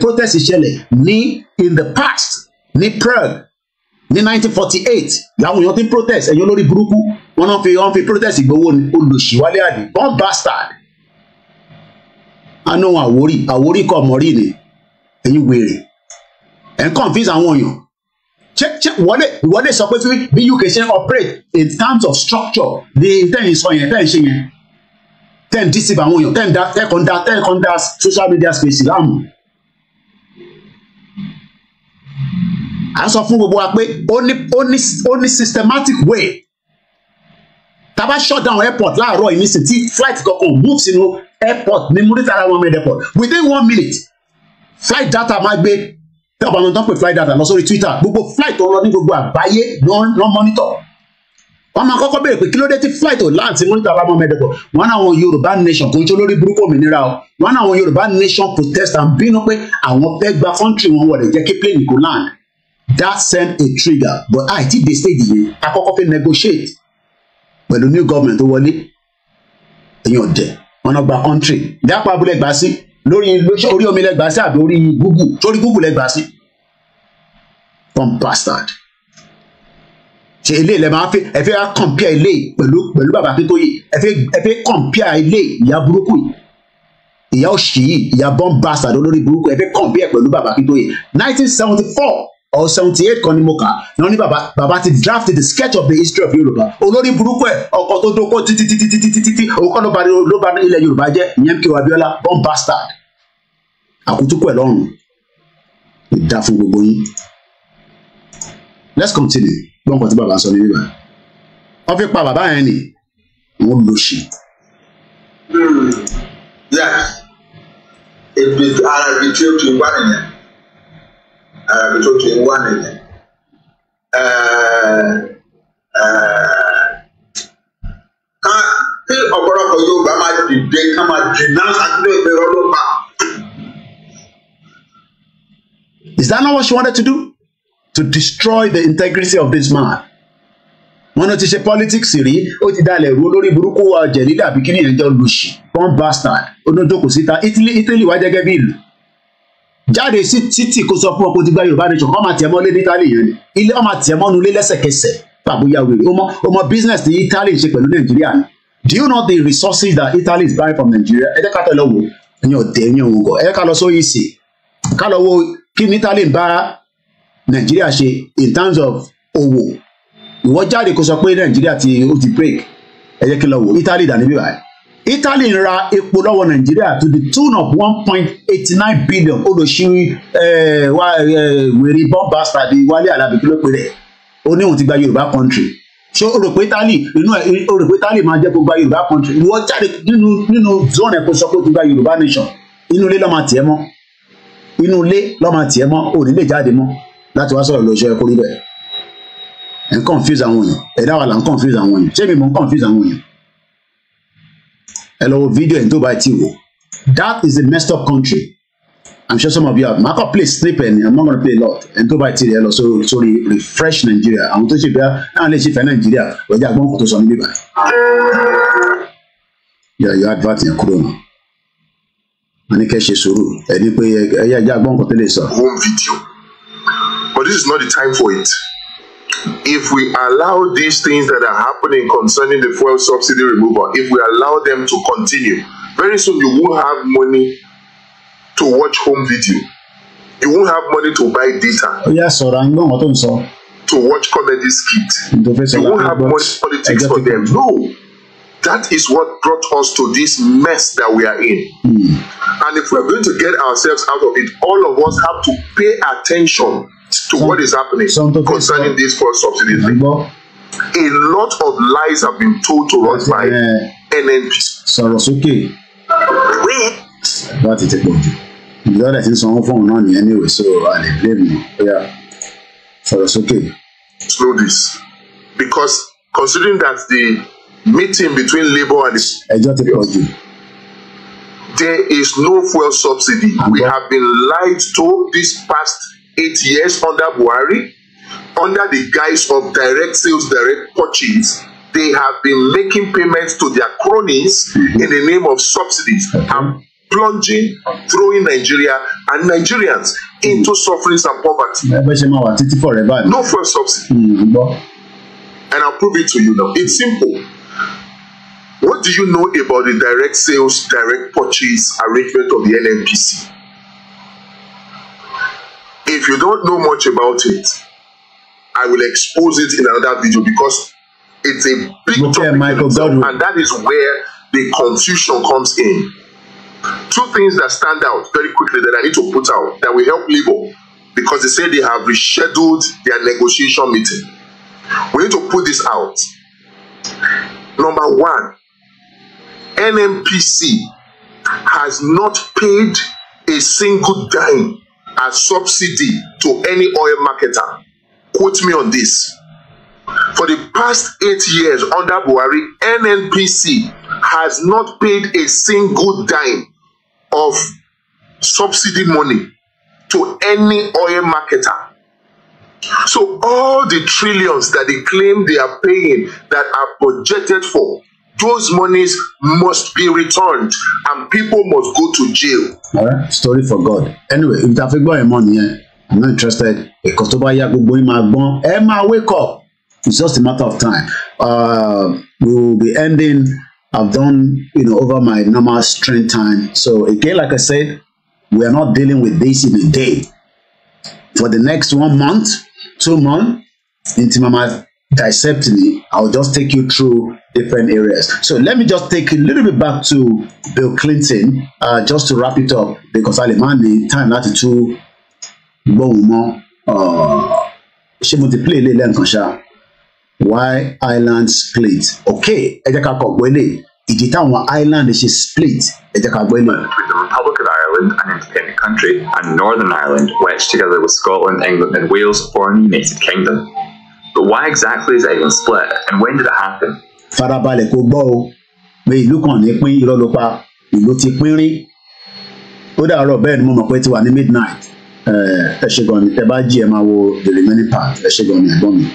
protest ṣẹlẹ̀ ní in the past ní Prague ní 1948 làwọn èèyàn ti ń protest ẹ̀yin olórí burúkú wọn náà fi wọn fi protest ìgbowó ni olùsíwálé àdì born bastard àná òun àwórí àwórí kọ mọ́rí ni ẹ̀yin wèrè ẹ̀ ń confuse àwọn èèyàn ṣé ṣé wọlé ìwọlé sọ pé bí UK ṣe ń operate in terms of structure ní tẹ̀yìn sọ yẹn tẹ̀yìn ṣe yẹn tẹ̀yìn deceive àwọn èèyàn tẹ̀yìn da tẹ̀yìn da tẹ̀yìn da social media space láàmú à ń sọ fún gbogbo wa pé ó ní systematic way tá bá shut down airport láàárọ̀ yìí nísìn tí flight kankan move sínú airport ní Muritala Muhammed airport within one minute flight data máa gbé tí ọba ọmọ tó pè flight data lọ sórí Twitter gbogbo flight tó ń lọ ní gbogbo àgbáyé ló ń monitor wọ́n máa kọ́kọ́ béèrè pé kí ló dé tí flight ò láǹtí Muritala Muhammed Depot wọ́n náà wọn Yorùbá nation kò ń ṣe olórí burúkú òmìnira o wọ́n náà Yorùbá nation protest and bínú pé àwọn fẹ́ gba country wọn wọlé jẹ́ kí plane kò land that send a trigger but I àìtí dé stage yìí akọ́kọ́ fẹ́ negotiate pẹ̀lú new government tó wọlé èyàn ọ̀dẹ̀ wọn náà gba country ìdápọ̀ abúlé gbà sí lórí orí omi lẹ́gbàá sí àbí orí google sórí google lẹ́gbàá sí one bastard ṣe ilé ilẹ̀ máa fẹ́ ẹ fẹ́ á compare ilé pẹ̀lú pẹ̀lú bàbá Akíntóyè ẹ fẹ́ ẹ fẹ́ compare ilé ìyá burúkú yìí ìyá òṣì yìí ìyá bomb bastard olórí burúkú ẹ fẹ́ compare pẹ̀lú bàbá Akíntóyè nineteen seventy four or seventy eight kan ni mo kà náà ní bàbá bàbá ti draft the sketch of the history of Yorùbá olórí burúkú ẹ̀ ọkọ tó dókó títí títí títí títí òun kọ́ ló ba ló ba ilẹ̀ Yorùbá jẹ́ ìyẹn kí wà Abíọ́lá born bastard àkútúkù ẹ̀ lọ́rùn ìdá fún gbogbo yín let's continue gbọ́n kan tí Baba ń sọ ní bíbá wọ́n fi pa bàbá yẹn ni wọ́n lò ṣe. yeah it be ara ibi tí o ti wá nìyẹn. Eh, kutoti one ne ká kí ọ̀pọ̀lọpọ̀ Yorùbá máa dìde ká máa dìnnà àti ìbẹ̀rẹ̀ ọlọ́pàá. Is that not what she wanted to do? To destroy the integrity of this man. Wọ́n náà ti ṣe politics rí, ó ti dalẹ̀ ru olórí burúkú ọ̀jẹ̀ nígbà bí kíni yẹn jọ lùsì, one bastard, oníjókòó síta, Italy wá jẹ́gẹ́ bí ìlú jáde sí títì kó sọ fún ọ pé o ti gba yorùbá nation ọmọ àti lé ní italy yẹn ni ilé ọmọ àti ẹmọ nu lé lẹ́sẹ̀kẹsẹ̀ pàbóyá wèrè ọmọ ọmọ business ní italy ṣe pẹ̀lú nàìjíríà ni do you know the resources that italy is buying from nigeria ẹ jẹ́ ká tẹ̀lé wò ẹ̀yin ọ̀tẹ̀ ẹ̀yin ọ̀hún kọ ẹ jẹ́ ká lọ sóyè sí ká lọ wo kí ní italy ń bá nàìjíríà ṣe in terms of owó ìwọ jáde kó sọ pé nàìjíríà ti ó ti break ẹ jẹ́ kí lọ wò italy dà níbí báyìí Italy ń ra epo lọ́wọ́ Nàìjíríà to the tune of one point eighty nine billion olùsírí eh, eh, wèrè bombas tàbí Wálé Alábí kí ló pe rẹ̀ ó ní òun ti gba Yorùbá country So o rò pé Italy inú ẹ o rò pé Italy máa jẹ́ kó gba Yorùbá country ìwọ jáde nínú nínú zone ẹ̀ kó sọ pé o ti gba Yorùbá nation inú ilé lọ́ọ́ máa tiẹ̀ mọ́ inú ilé lọ́ọ́ máa tiẹ̀ mọ́ òní lè jáde mọ́ láti wá sọ̀rọ̀ lóṣọ́ ẹ̀kọ́ rí bẹ́ẹ̀ ẹ̀ ń confuse àwọn èèyàn ẹ̀dá wa là ń confuse àwọn èèyàn ṣé mi mò ń confuse àwọn èèyàn ẹ wo video ẹ̀ tó bá ti wò that is a messed up country i'm sure some of you have mako play sleep and i'm not gonna play a lot ẹ̀ tó bá ti rẹ̀ lọ sórí sórí refresh nigeria àwọn tó ṣe bẹ́ẹ̀ náà lè ṣe fẹ́ Nigeria. wẹ̀jẹ̀ àgbọ̀n kò tó sọ níbí báyìí. yọ yọ advert yẹn kúrò nù wọn ní kẹ́ ṣe sùúrù ẹni pé ẹ̀yà ẹ̀jẹ̀ àgbọ̀n kò tó lè sọ. home video but this is not the time for it if we allow these things that are happening concerning the fuel subsidy removal, if we allow them to continue, very soon you won't have money to watch home video. You won't have money to buy data. Oh, yes, sir. I know what I'm saying. To watch comedy skit. You won't have much politics exactly. for them. No. That is what brought us to this mess that we are in. Mm. And if we're going to get ourselves out of it, all of us have to pay attention to what is happening concerning some, these false subsidies. A lot of lies have been told to us by NNP. Sọ̀rọ̀ sókè. is ti ti pọ̀ jù. Ìjọ́lẹ̀ ti phone on náà nìyẹn ní ìwé sọ̀rọ̀ àlè blame mi. Sọ̀rọ̀ sókè. Slow this because considering that the meeting between Labour and the. Ẹjọ́ ti pọ̀ jù. There is no fuel subsidy. We have been lied to this past eight years under Buhari, under the guise of direct sales, direct purchase, they have been making payments to their cronies mm-hmm. in the name of subsidies and plunging, throwing Nigeria and Nigerians mm-hmm. into sufferings and poverty. No first subsidy. Mm-hmm. And I'll prove it to you now. It's simple. What do you know about the direct sales, direct purchase arrangement of the NNPC? if you don't know much about it, I will expose it in another video because it's a big Look topic, Michael itself, and that is where the confusion comes in. Two things that stand out very quickly that I need to put out that will help Labour because they say they have rescheduled their negotiation meeting. We need to put this out. Number one, NMPC has not paid a single dime a subsidy to any oil marketer. Quote me on this. For the past eight years under Buhari, NNPC has not paid a single dime of subsidy money to any oil marketer. So all the trillions that they claim they are paying that are projected for those monies must be returned and people must go to jail. Right, story for God. Anyway, if ta fi gbọ́ ẹ̀mọ́ nìyẹn, I'm not interested. Ẹ̀kọ́ tó bá yá gbogbo yín máa gbọ́n. Ẹ máa wake up. It's just a matter of time. Uh, we will be ending. I've done, you know, over my normal strength time. So again, like I said, we are not dealing with this in a day. For the next one month, two months, until Mama dissecting I will just take you through different areas. So let me just take a little bit back to Bill Clinton, uh, just to wrap it up, because I demand the time not to. gbóhùn mọ́ uh, ṣé play ilé why island split okay ẹ jẹ́ ká kọ̀ gbélé island ṣe split ẹ jẹ́ With the Republic of Ireland, an independent country, and Northern Ireland wedged together with Scotland, England, and Wales for the united kingdom. But why exactly is Ireland split, and when did it happen? farabalẹ̀ kó gbọ́ o pé ìlú kan ní pín irọ́ ló pa ìlú ti pín rí ó dàárọ̀ bẹ́ẹ̀ ni mo mọ̀ pé ti wà ní midnight eh, ẹ ṣe gan ni ẹ bá jí ẹ máa wo the remaining part ẹ ṣe gan ni ẹ̀gbọ́n mi.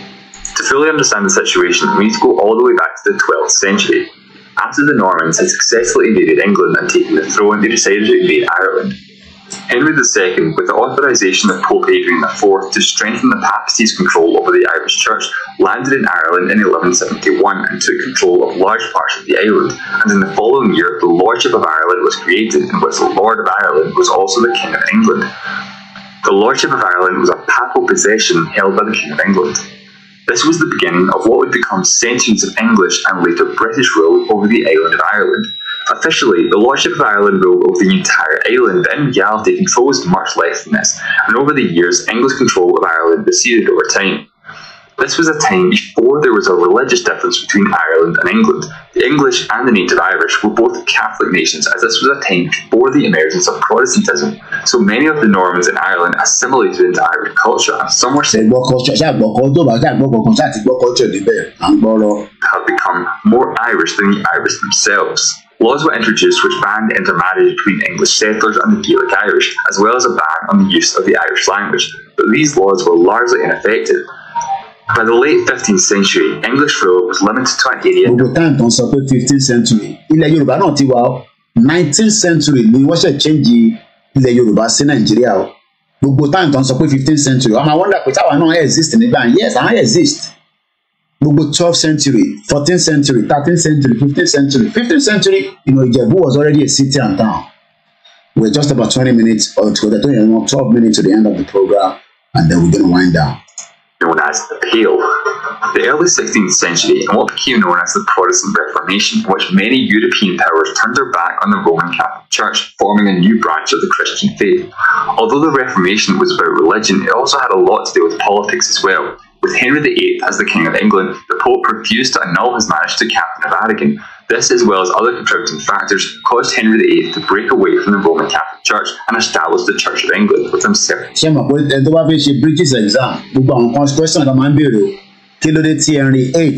To fully understand the situation, we need to go all the way back to the 12th century. After the Normans had successfully invaded England and taken the throne, they decided to invade Ireland. Henry II, with the authorisation of Pope Adrian IV to strengthen the papacy's control over the Irish Church, landed in Ireland in 1171 and took control of large parts of the island, and in the following year the Lordship of Ireland was created, in which the Lord of Ireland was also the King of England. The Lordship of Ireland was a papal possession held by the King of England. This was the beginning of what would become centuries of English and later British rule over the island of Ireland, Officially, the Lordship of Ireland ruled over the entire island, but in reality controls much less than this, and over the years, English control of Ireland receded over time. This was a time before there was a religious difference between Ireland and England. The English and the native Irish were both Catholic nations, as this was a time before the emergence of Protestantism. So many of the Normans in Ireland assimilated into Irish culture, and some were said have become more Irish than the Irish themselves. Laws were introduced which banned intermarriage between English settlers and the Gaelic Irish, as well as a ban on the use of the Irish language, but these laws were largely ineffective. By the late 15th century, English rule was limited to an area. Gbogbo time tó ń 15th century, the Yorùbá náà ti the 19th century we was a change the Yorùbá sí Nàìjíríà o. Gbogbo time tó 15th century, ọmọ àwọn wonder pé táwa náà exist the band. yes, I exist gbogbo twelfth century fourteenth century thirteenth century fifteenth century fifteenth century you know Ijebu was already a city and town we're just about twenty minutes or to the minutes to the end of the program and then we're gonna wind down. Known as the Pale, the early 16th century and what became known as the Protestant Reformation, which many European powers turned their back on the Roman Catholic Church, forming a new branch of the Christian faith. Although the Reformation was about religion, it also had a lot to do with politics as well. With Henry VIII as the King of England, the Pope refused to annul his marriage to Catherine of Aragon. This, as well as other contributing factors, caused Henry VIII to break away from the Roman Catholic Church and establish the Church of England with himself. ṣé mo pé ẹni eh, tó bá fi ṣe british exam gbogbo àwọn constitution ló máa dé Henry VIII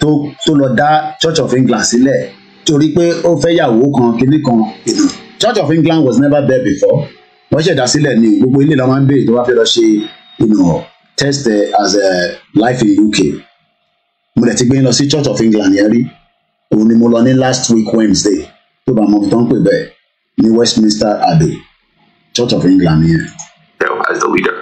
tó tó lọ dá Church of England sílẹ̀ To pé ó fẹ́ yàwó kan kini kan Church of England was never there before wọ́n da sílẹ̀ ní gbogbo ilé la máa ń béèrè tó bá fẹ́ lọ ṣe ìnù ọ̀ test as a life in UK mo dẹ̀ ti gbé lọ sí Church of England yẹn rí òun ni last week Wednesday tó bá mọ tó Westminster Abbey Church of England here. So, as the leader.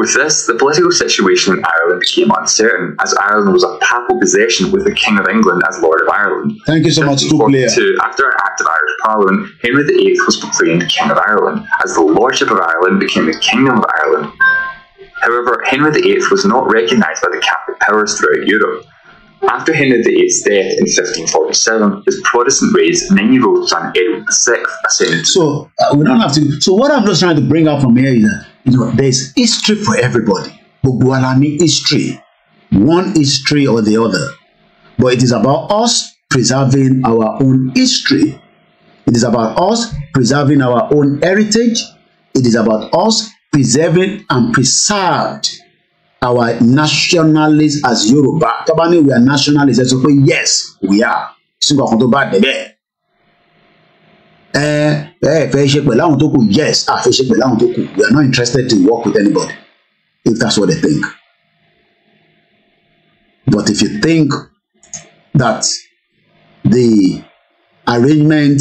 With this, the political situation in Ireland became uncertain as Ireland was a papal possession with the King of England as Lord of Ireland. Thank you so much, Player. After an act of Irish Parliament, Henry VIII was proclaimed King of Ireland as the Lordship of Ireland became the Kingdom of Ireland. However, Henry VIII was not recognised by the Catholic powers throughout Europe. After Henry VIII's death in 1547, his Protestant raised many year and son Edward VI ascended. So uh, we don't have to. So what I'm just trying to bring out from here is that you know there's history for everybody. Bugwalani history, one history or the other, but it is about us preserving our own history. It is about us preserving our own heritage. It is about us preserving and preserved our nationalism as Yorùbá tó bá we are nationalists ẹ sọ pé yes we are sí nǹkan kan tó bá dẹ̀ bẹ́ẹ̀ ẹ ẹ fẹ́ ṣe pẹ̀lú àwọn tó kù yes a fẹ́ ṣe pẹ̀lú àwọn tó kù we are not interested to work with anybody if that's what they think but if you think that the arrangement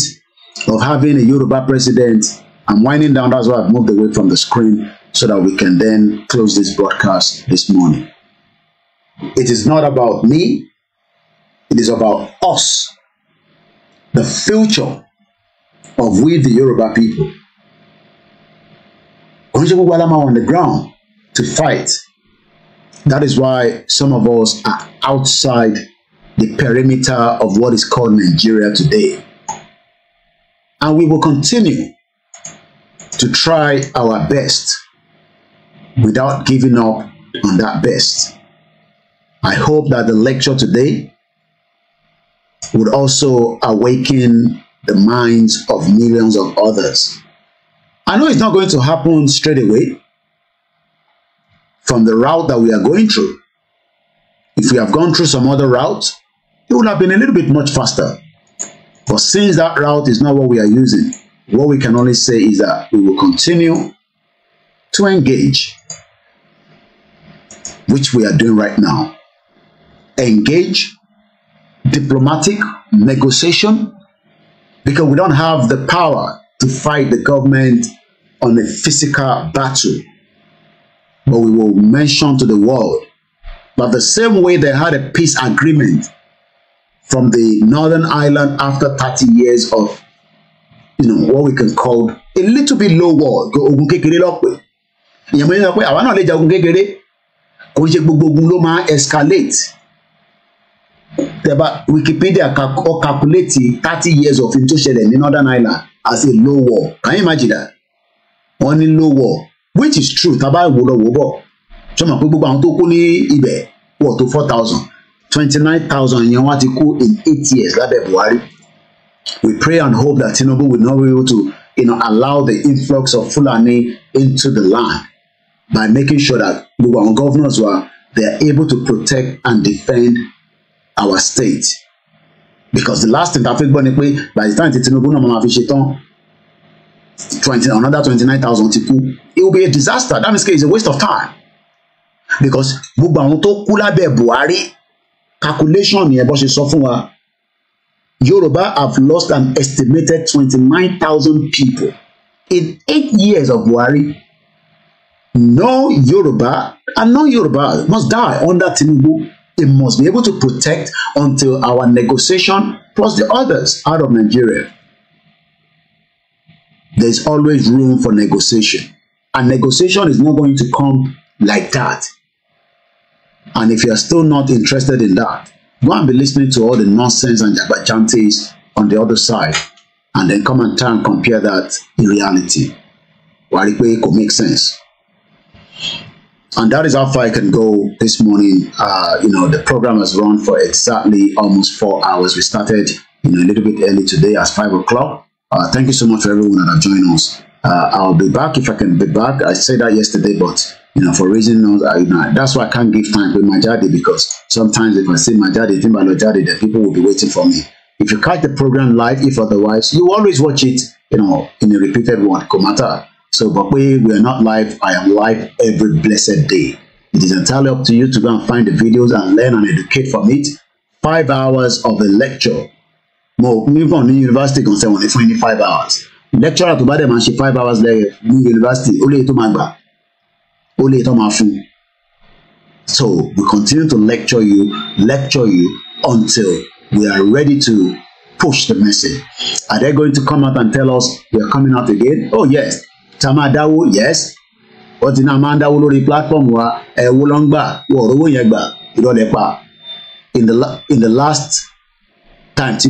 of having a Yoruba president I'm winding down. That's why I've moved away from the screen so that we can then close this broadcast this morning. It is not about me, it is about us, the future of we, the Yoruba people. We Walama on the ground to fight. That is why some of us are outside the perimeter of what is called Nigeria today. And we will continue to try our best without giving up on that best. I hope that the lecture today would also awaken the minds of millions of others. I know it's not going to happen straight away from the route that we are going through. If we have gone through some other route, it would have been a little bit much faster. But since that route is not what we are using, What we can only say is that we will continue to engage, which we are doing right now. Engage diplomatic negotiation because we don't have the power to fight the government on a physical battle. But we will mention to the world that the same way they had a peace agreement from the Northern Ireland after 30 years of you know, what we can call a little bit low war ogun kékeré lọ́pẹ́ ìyẹn mo ní sọ pé àwa náà lè ja ogun kékeré kò ń ṣe gbogbo ogun ló máa escalate tẹ́bà Wikipedia ọ calculate thirty years of it tó ṣẹlẹ̀ ní Northern Ireland as a low war can you imagine that wọ́n ní low war which is true Taba a bá wò lọ wò bọ̀ ṣé o mọ̀ pé gbogbo àwọn tó kú ní ibẹ̀ wọ̀ tó four thousand twenty nine thousand yẹn wọ́n ti kú in eight years lábẹ́ Buhari. We pray and hope that Tinubu will not be able to you know, allow the influx of Fulani into the land by making sure that our governors were they are able to protect and defend our state. Because the last thing that we gbọ́ by the time tí Tinubu náà máa fi twenty another twenty nine thousand ti it will be a disaster that means it's a waste of time because gbogbo àwọn tó kú calculation yẹn bó ṣe Yoruba have lost an estimated 29,000 people. In eight years of Buhari, no Yoruba and no Yoruba must die under Tinubu. It must be able to protect until our negotiation plus the others out of Nigeria. There's always room for negotiation. And negotiation is not going to come like that. And if you are still not interested in that, Go and be listening to all the nonsense and jabajantes on the other side and then come and try and compare that in reality. Why it could make sense. And that is how far I can go this morning. Uh, you know, the program has run for exactly almost four hours. We started, you know, a little bit early today at five o'clock. Uh, thank you so much for everyone that have joined us. Uh, I'll be back if I can be back. I said that yesterday, but you know, for raising us. you know, that's why I can't give time to my daddy because sometimes if I say my daddy, think about my daddy, then people will be waiting for me. If you catch the program live, if otherwise, you always watch it, you know, in a repeated one, komata. So, but we, we are not live. I am live every blessed day. It is entirely up to you to go and find the videos and learn and educate from it. Five hours of a lecture. more even in university, concern only 25 hours. Lecturer to buy them and she five hours later, in university, only to my back ó lè tán máa fún un. So we continue to lecture you, lecture you until we are ready to push the message. Are they going to come out and tell us we are coming out again? Oh yes. Tamadawo yes. Wọ́n ti náà máa ń dáwó lórí platform wa ẹ̀wọ́ ló ń gbà wọ́n ò rówó yẹn gbà ìrọ̀lẹ́ pa. In the, in the last time tí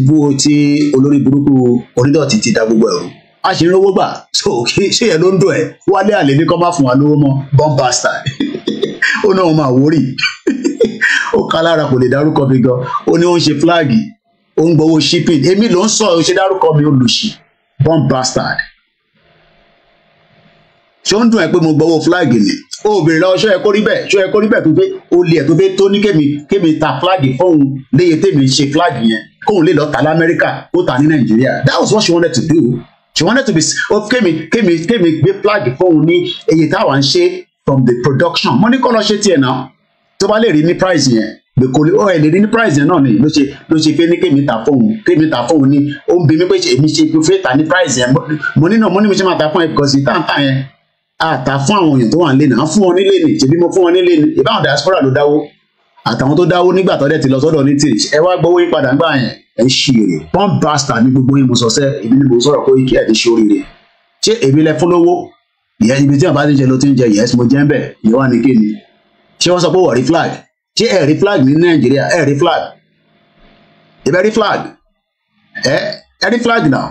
olórí burúkú onídọ̀tí ti da gbogbo ẹ̀rù a sì ń rówó gbà so ṣé yẹn ló ń dùn ẹ wálé àlè ní kọ́ bá fún wa lówó mọ́ bọ́m̀bàstà *laughs* ó náà máa wórì *laughs* ó ká lára kò lè dárúkọ mi gan ó ní ó ń ṣe fúláàgì ó ń gbowó shipping èmi ló ń sọ ó ṣe dárúkọ mi olùṣì bọ́m̀bàstà ṣó ń dùn ẹ pé mo gbowó fúláàgì ni ó béèrè lọ ṣó yẹ kó rí bẹ́ẹ̀ ṣó yẹ kó rí bẹ́ẹ̀ tó pé ó lè ẹ̀ tó pé tó ní kémi kémi ta fúláàgì fóun léye tèmi ṣe fúláàgì yẹn kóun lè lọ tà lamẹ́ríkà ó tà ní nàìjíríà that was what she wanted to do she wanted to be ó oh, kémi kémi kémi gbé flag fóun ní èyí táwa ń ṣe from the production mo ní kọ́ lọ ṣe tiẹ̀ náà tó bá lè rí ní price yẹn gbèkóli ó ẹ̀ lè rí ní price yẹn náà ni ló ṣe ló ṣe fẹ́ ní kémi ta fóun kémi ta fóun ní ó ń bi mí pé èmi ṣe fẹ́ ta ní price yẹn mo ní náà mo ní mi ṣe máa ta fún ẹ because ìtàǹtà yẹn àtà fún àwọn èèyàn tó wà nílé náà fún wọn nílé ni ṣèbí mo fún wọn nílé ni ìbáwọn diaspora ló dáwó àtàwọn tó dáwó nígbà tó dẹ̀ ti lọ sọ́dọ̀ ní tèèṣ ẹ wá gbowó yín padà ńgbà yẹn ẹ ṣí èrè pọn basta ní gbogbo yín mo sọ sẹ èmi ni mo sọ̀rọ̀ pé kí ẹ ti ṣe oríire ṣé èmi lẹ fún lówó ìyẹn ibi tí wọn bá ti jẹ ló ti ń jẹ yẹs mo jẹ ń bẹ ìyẹn wà ní kéde ṣé wọn sọ pé wọ́n rí flag ṣé ẹ rí flag ní nàìjíríà ẹ rí flag ìbẹ rí flag ẹ ẹ rí flag náà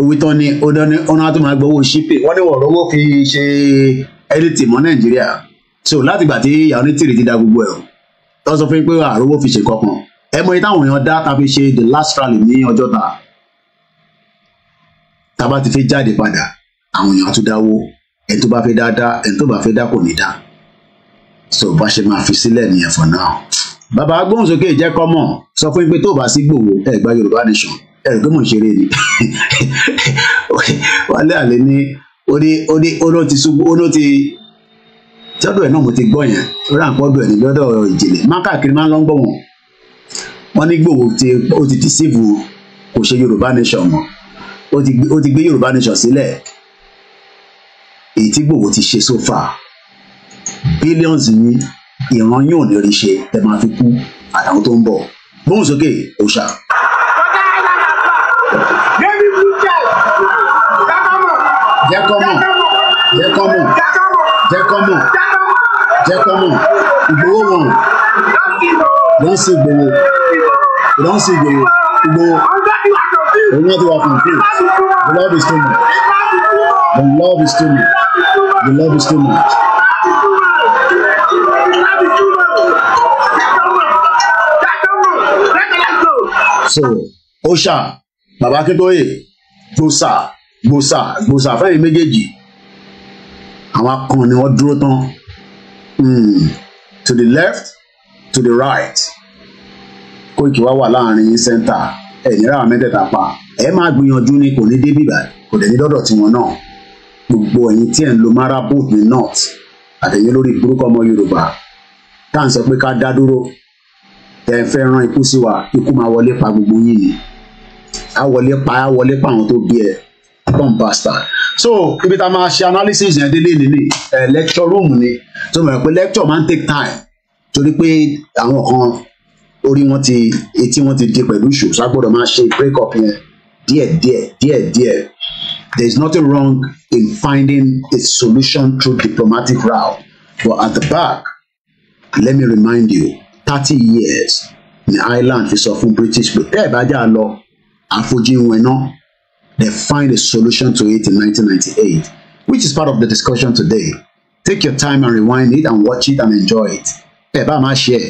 òwe tán ni ọdọni ọ̀nà tó máa gbowó ṣípè wọ́n ní wọ́n rówó fi ṣe ẹlẹ́tì mọ́ nàìjíríà so láti gbà tí ìyàwó ní tìrì ti da gbogbo ẹ̀ tọ́sọ fún pé àrówó ah, fi ṣe kankan ẹ mọ iye táwọn èèyàn dá tàbí ṣe the last rally ní ọjọ́ta tábà ti fi jáde padà àwọn èèyàn tún dáwó ẹni tó bá fẹ́ dá dá ẹni tó bá fẹ́ dá kò ní dá so bá ṣe máa fi sílẹ̀ nìyẹn for now. bàbá agbóhùnsókè jẹ́ kọ́mọ̀ sọ fún pé tó bá sí gbòòwò ẹ̀ gba yorùbá nation ẹ̀ rò pé mò ń ṣeré ni *laughs* wálé àlè ní orí orí oró ti ṣubú oró ti tọ́dọ̀ ẹ̀ náà mo ti gbọ́ yẹn ó rà pọ́dọ̀ ẹ̀ ní lọ́dọ̀ ìjìnlẹ̀ má káàkiri má ń lọ́ ń gbọ́ wọn wọ́n ní Ìgbòho ti ó ti deceive kò ṣe Yorùbá nation mọ́ ó ti gbé ó ti gbé Yorùbá nation sílẹ̀ èyí tí Ìgbòho ti ṣe so far billions ní ìran yóò ní rí ṣe ẹ máa fi kú àtàwọn tó ń bọ̀ gbóhùn sókè òòṣà. jẹ́ kọ́ mọ̀ jẹ́ Ìgbòho wọn. Don't see Igboho. You don't see Igboho. Igboho. The know is were confused. The love is too much. The love is too much. The love is too much. So, Osha, Baba Akintoye, Josa, Gbosa, Gbosa, fẹ́mi méjèèjì, àwọn akọni wọn dúró tán hmm. to the left to the right Koiki wá wà láàrin yín sẹ́ńtà ẹ̀ ní ráwọn mẹ́tẹ̀ẹ̀ta pa ẹ máa gbìyànjú ni kò ní dé bìbà kò dẹ̀ ní dọ́dọ̀ tiwọn náà gbogbo ẹ̀yin tí ẹ̀ ń lo marabot ní north àtẹ̀yẹ lórí ìgbórúkọ ọmọ Yorùbá tá à ń sọ pé ká dá dúró tẹ̀ ń fẹ́ rán ikú sí wa ikú máa wọlé pa gbogbo yín ni á wọlé pa á wọlé pa àwọn tó bí ẹ pump bastard so ibi tá a máa ṣe analysis yẹn délé nílé ẹ lecture room ni tó mọ̀ pé lecture máa ń take time torí pé àwọn kan orí wọn ti etí wọn ti di pẹ̀lú ìṣù ságbọ́dọ̀ máa ṣe break up yẹn díẹ̀ díẹ̀ díẹ̀ díẹ̀ there is nothing wrong in finding a solution through diplomatic route but at the back let me remind you thirty years ni Ireland fi sọ fún British pé tẹ́ ẹ̀ bá jà lọ àfojúwìn náà they find a solution to it in 1998 which is part of the discussion today take your time and rewind it and watch it and enjoy it ẹ bá máa ṣe ẹ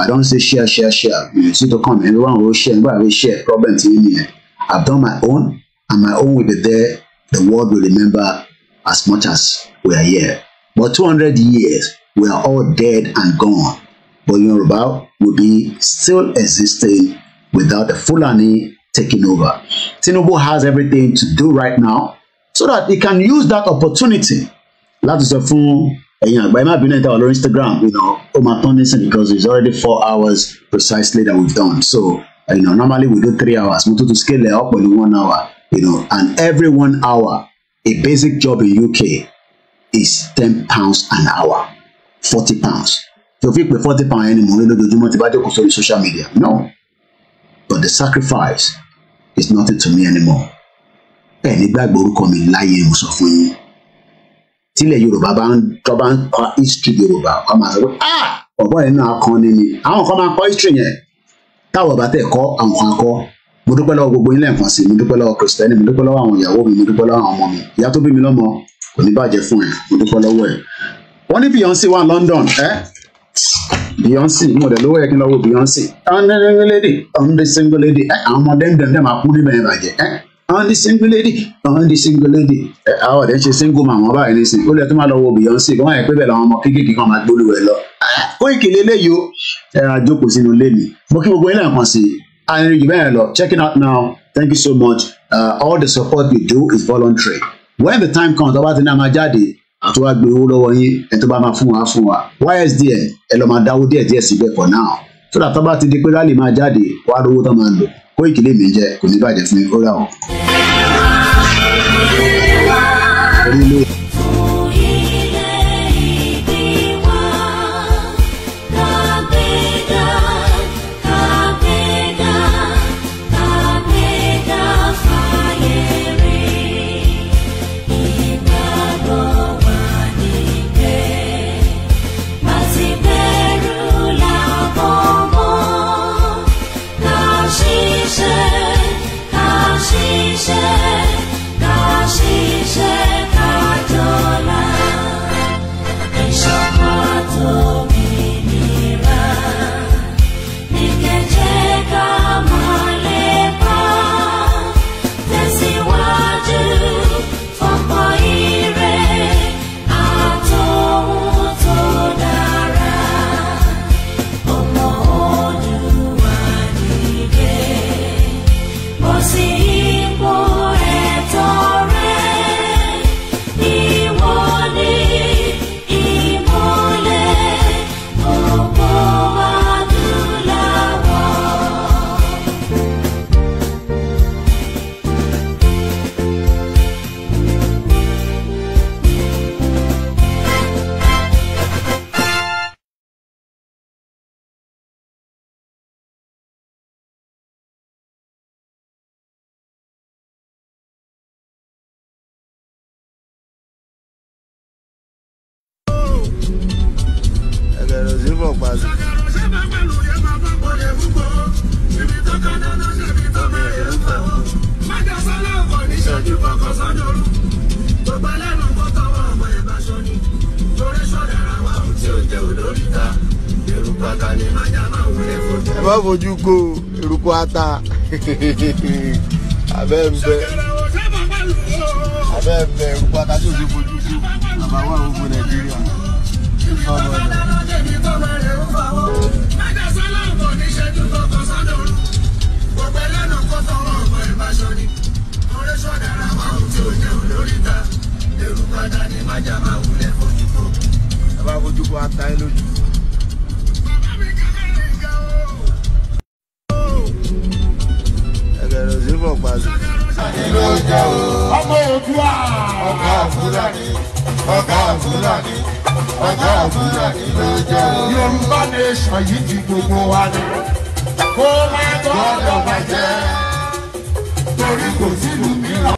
i don say share share share sí tó kàn mí everyone will share everybody will share problem to me. nìyẹn i've done my own and my own will be there the world will remember as much as we are here but two hundred years we are all dead and gone but Yoruba will be still existing without the Fulani taking over Tinubu has everything to do right now so that he can use that opportunity láti sọ fún ẹ̀yin àgbà ẹ má bínú ẹ̀ tàwọn lórí Instagram you know ó máa tán nísìn because it's already four hours precisely that we've done so you know normally we do three hours mo tuntun scale ẹ̀ up pẹ̀lú one hour you know and every one hour a basic job in UK is ten pounds an hour forty pounds tó fi pé forty pounds ẹni mò ń rí lójoojúmọ́ tí bá jókòó sórí social media no but the sacrifice is nothing to me anymore ẹ̀ nígbàgbọ́ orúkọ mi láyé mo sọ fún yín tílẹ̀ yorùbá bá ń tọ́ bá ń kọ́ history yorùbá kọ́ máa sọ pé ah ọ̀bọ̀n yẹn náà kan ni ni àwọn kan máa ń kọ́ history yẹn táwọn bá tẹ̀ kọ́ àwọn kan kọ́ mo dúpẹ́ lọ́wọ́ gbogbo yín lẹ́ẹ̀kan sí mo dúpẹ́ lọ́wọ́ kristẹni mo dúpẹ́ lọ́wọ́ àwọn ìyàwó mi mo dúpẹ́ lọ́wọ́ àwọn ọmọ mi ìyá tó bí mi lọ́mọ kò ní bàjẹ́ fún ẹ mo dúpẹ́ lọ́wọ́ ẹ. wọ́n ní Beyonce wà London ẹ́ Beyonce mo dẹ̀ lówó yẹ kí n lọ wo Beyonce ọ̀n ní single lady ọ̀n ní single lady ẹ́ àwọn ọmọ dẹ́ndẹ̀ndẹ̀ máa kú níbẹ̀ yẹn bàjẹ́ ẹ́ àwọn ní single lady àwọn ní single lady ẹ àwọn ọ̀dẹ̀ ń ṣe single man wọn báyìí nísìn ó lẹ tó máa lọ wo Beyonce kí wọn yẹ pé bẹ́ẹ̀ làwọn ọmọ kéékèèké kan máa gbólú ẹ lọ. kó ìkèlè léyìí o ẹ ra jókòó sínú ilé mi mo kí gbogbo ilé nǹkan sí i àárín jù bẹ́ẹ̀ lọ checking out now thank you so much uh, all the support we do is voluntary when the time comes ọba ti ní a máa jáde àti wàá gbé owó lọ́wọ́ yín ẹ tó bá máa fún wa fún wa ysdn ẹ lọ máa dáwó díẹ̀ díẹ̀ síbẹ̀ for now so that tó bá ti di pé rally máa jáde wàá rówó tó máa lò Koiki lèmi jẹ kò ní bàjẹ́ fún mi ó fojú ko eruku ata *laughs* abẹ́ ń bẹ abẹ́ eruku ata tí o ti fojú ko bàbá wà ó fún nàìjíríà ẹ bá fojú ko ata yín lójú. ẹ̀rọ sí fọ̀ pàṣẹ. Sani ló jẹ́ o. Ọmọ Oòduà. Ọ̀gá Fúlàní. Ọ̀gá Fúlàní. Ọ̀gá Fúlàní ló jẹ́ o. Yorùbá nation yìí ti gbogbo wa ni. Kó má gbọ́dọ̀ bàjẹ́. Torí kò sílùú mìíràn.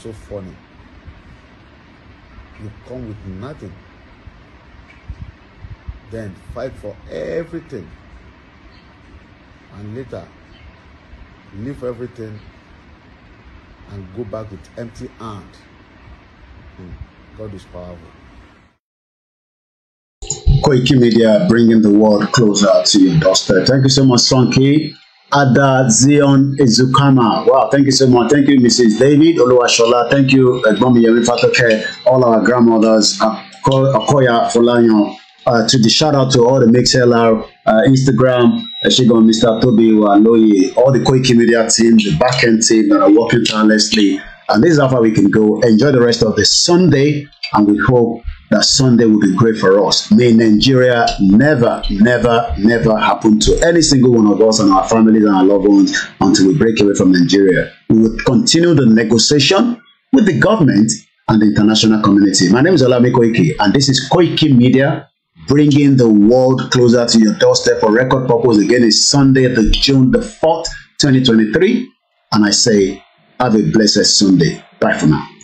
so funny. You come with nothing. Then fight for everything. And later, leave everything and go back with empty hand. Hmm. God is powerful. Koiki Media bringing the world closer to your doorstep. Thank you so much, Sonky. Ada Zion Ezukama. Wow, thank you so much. Thank you, Mrs. David Oluwashola. Thank you, Egbomi Yemi Fatoke, all our grandmothers, Akoya Folayan. Uh, to the shout out to all the MixLR, uh, Instagram, Eshigon, Mr. Toby Waloye, all the Koiki Media team, the backend team that are working tirelessly. And this is how far we can go. Enjoy the rest of the Sunday, and we hope that Sunday will be great for us. May Nigeria never, never, never happen to any single one of us and our families and our loved ones until we break away from Nigeria. We will continue the negotiation with the government and the international community. My name is Olamide Koike, and this is Koike Media, bringing the world closer to your doorstep for record purpose. Again, it's Sunday, the June the 4th, 2023, and I say, have a blessed Sunday. Bye for now.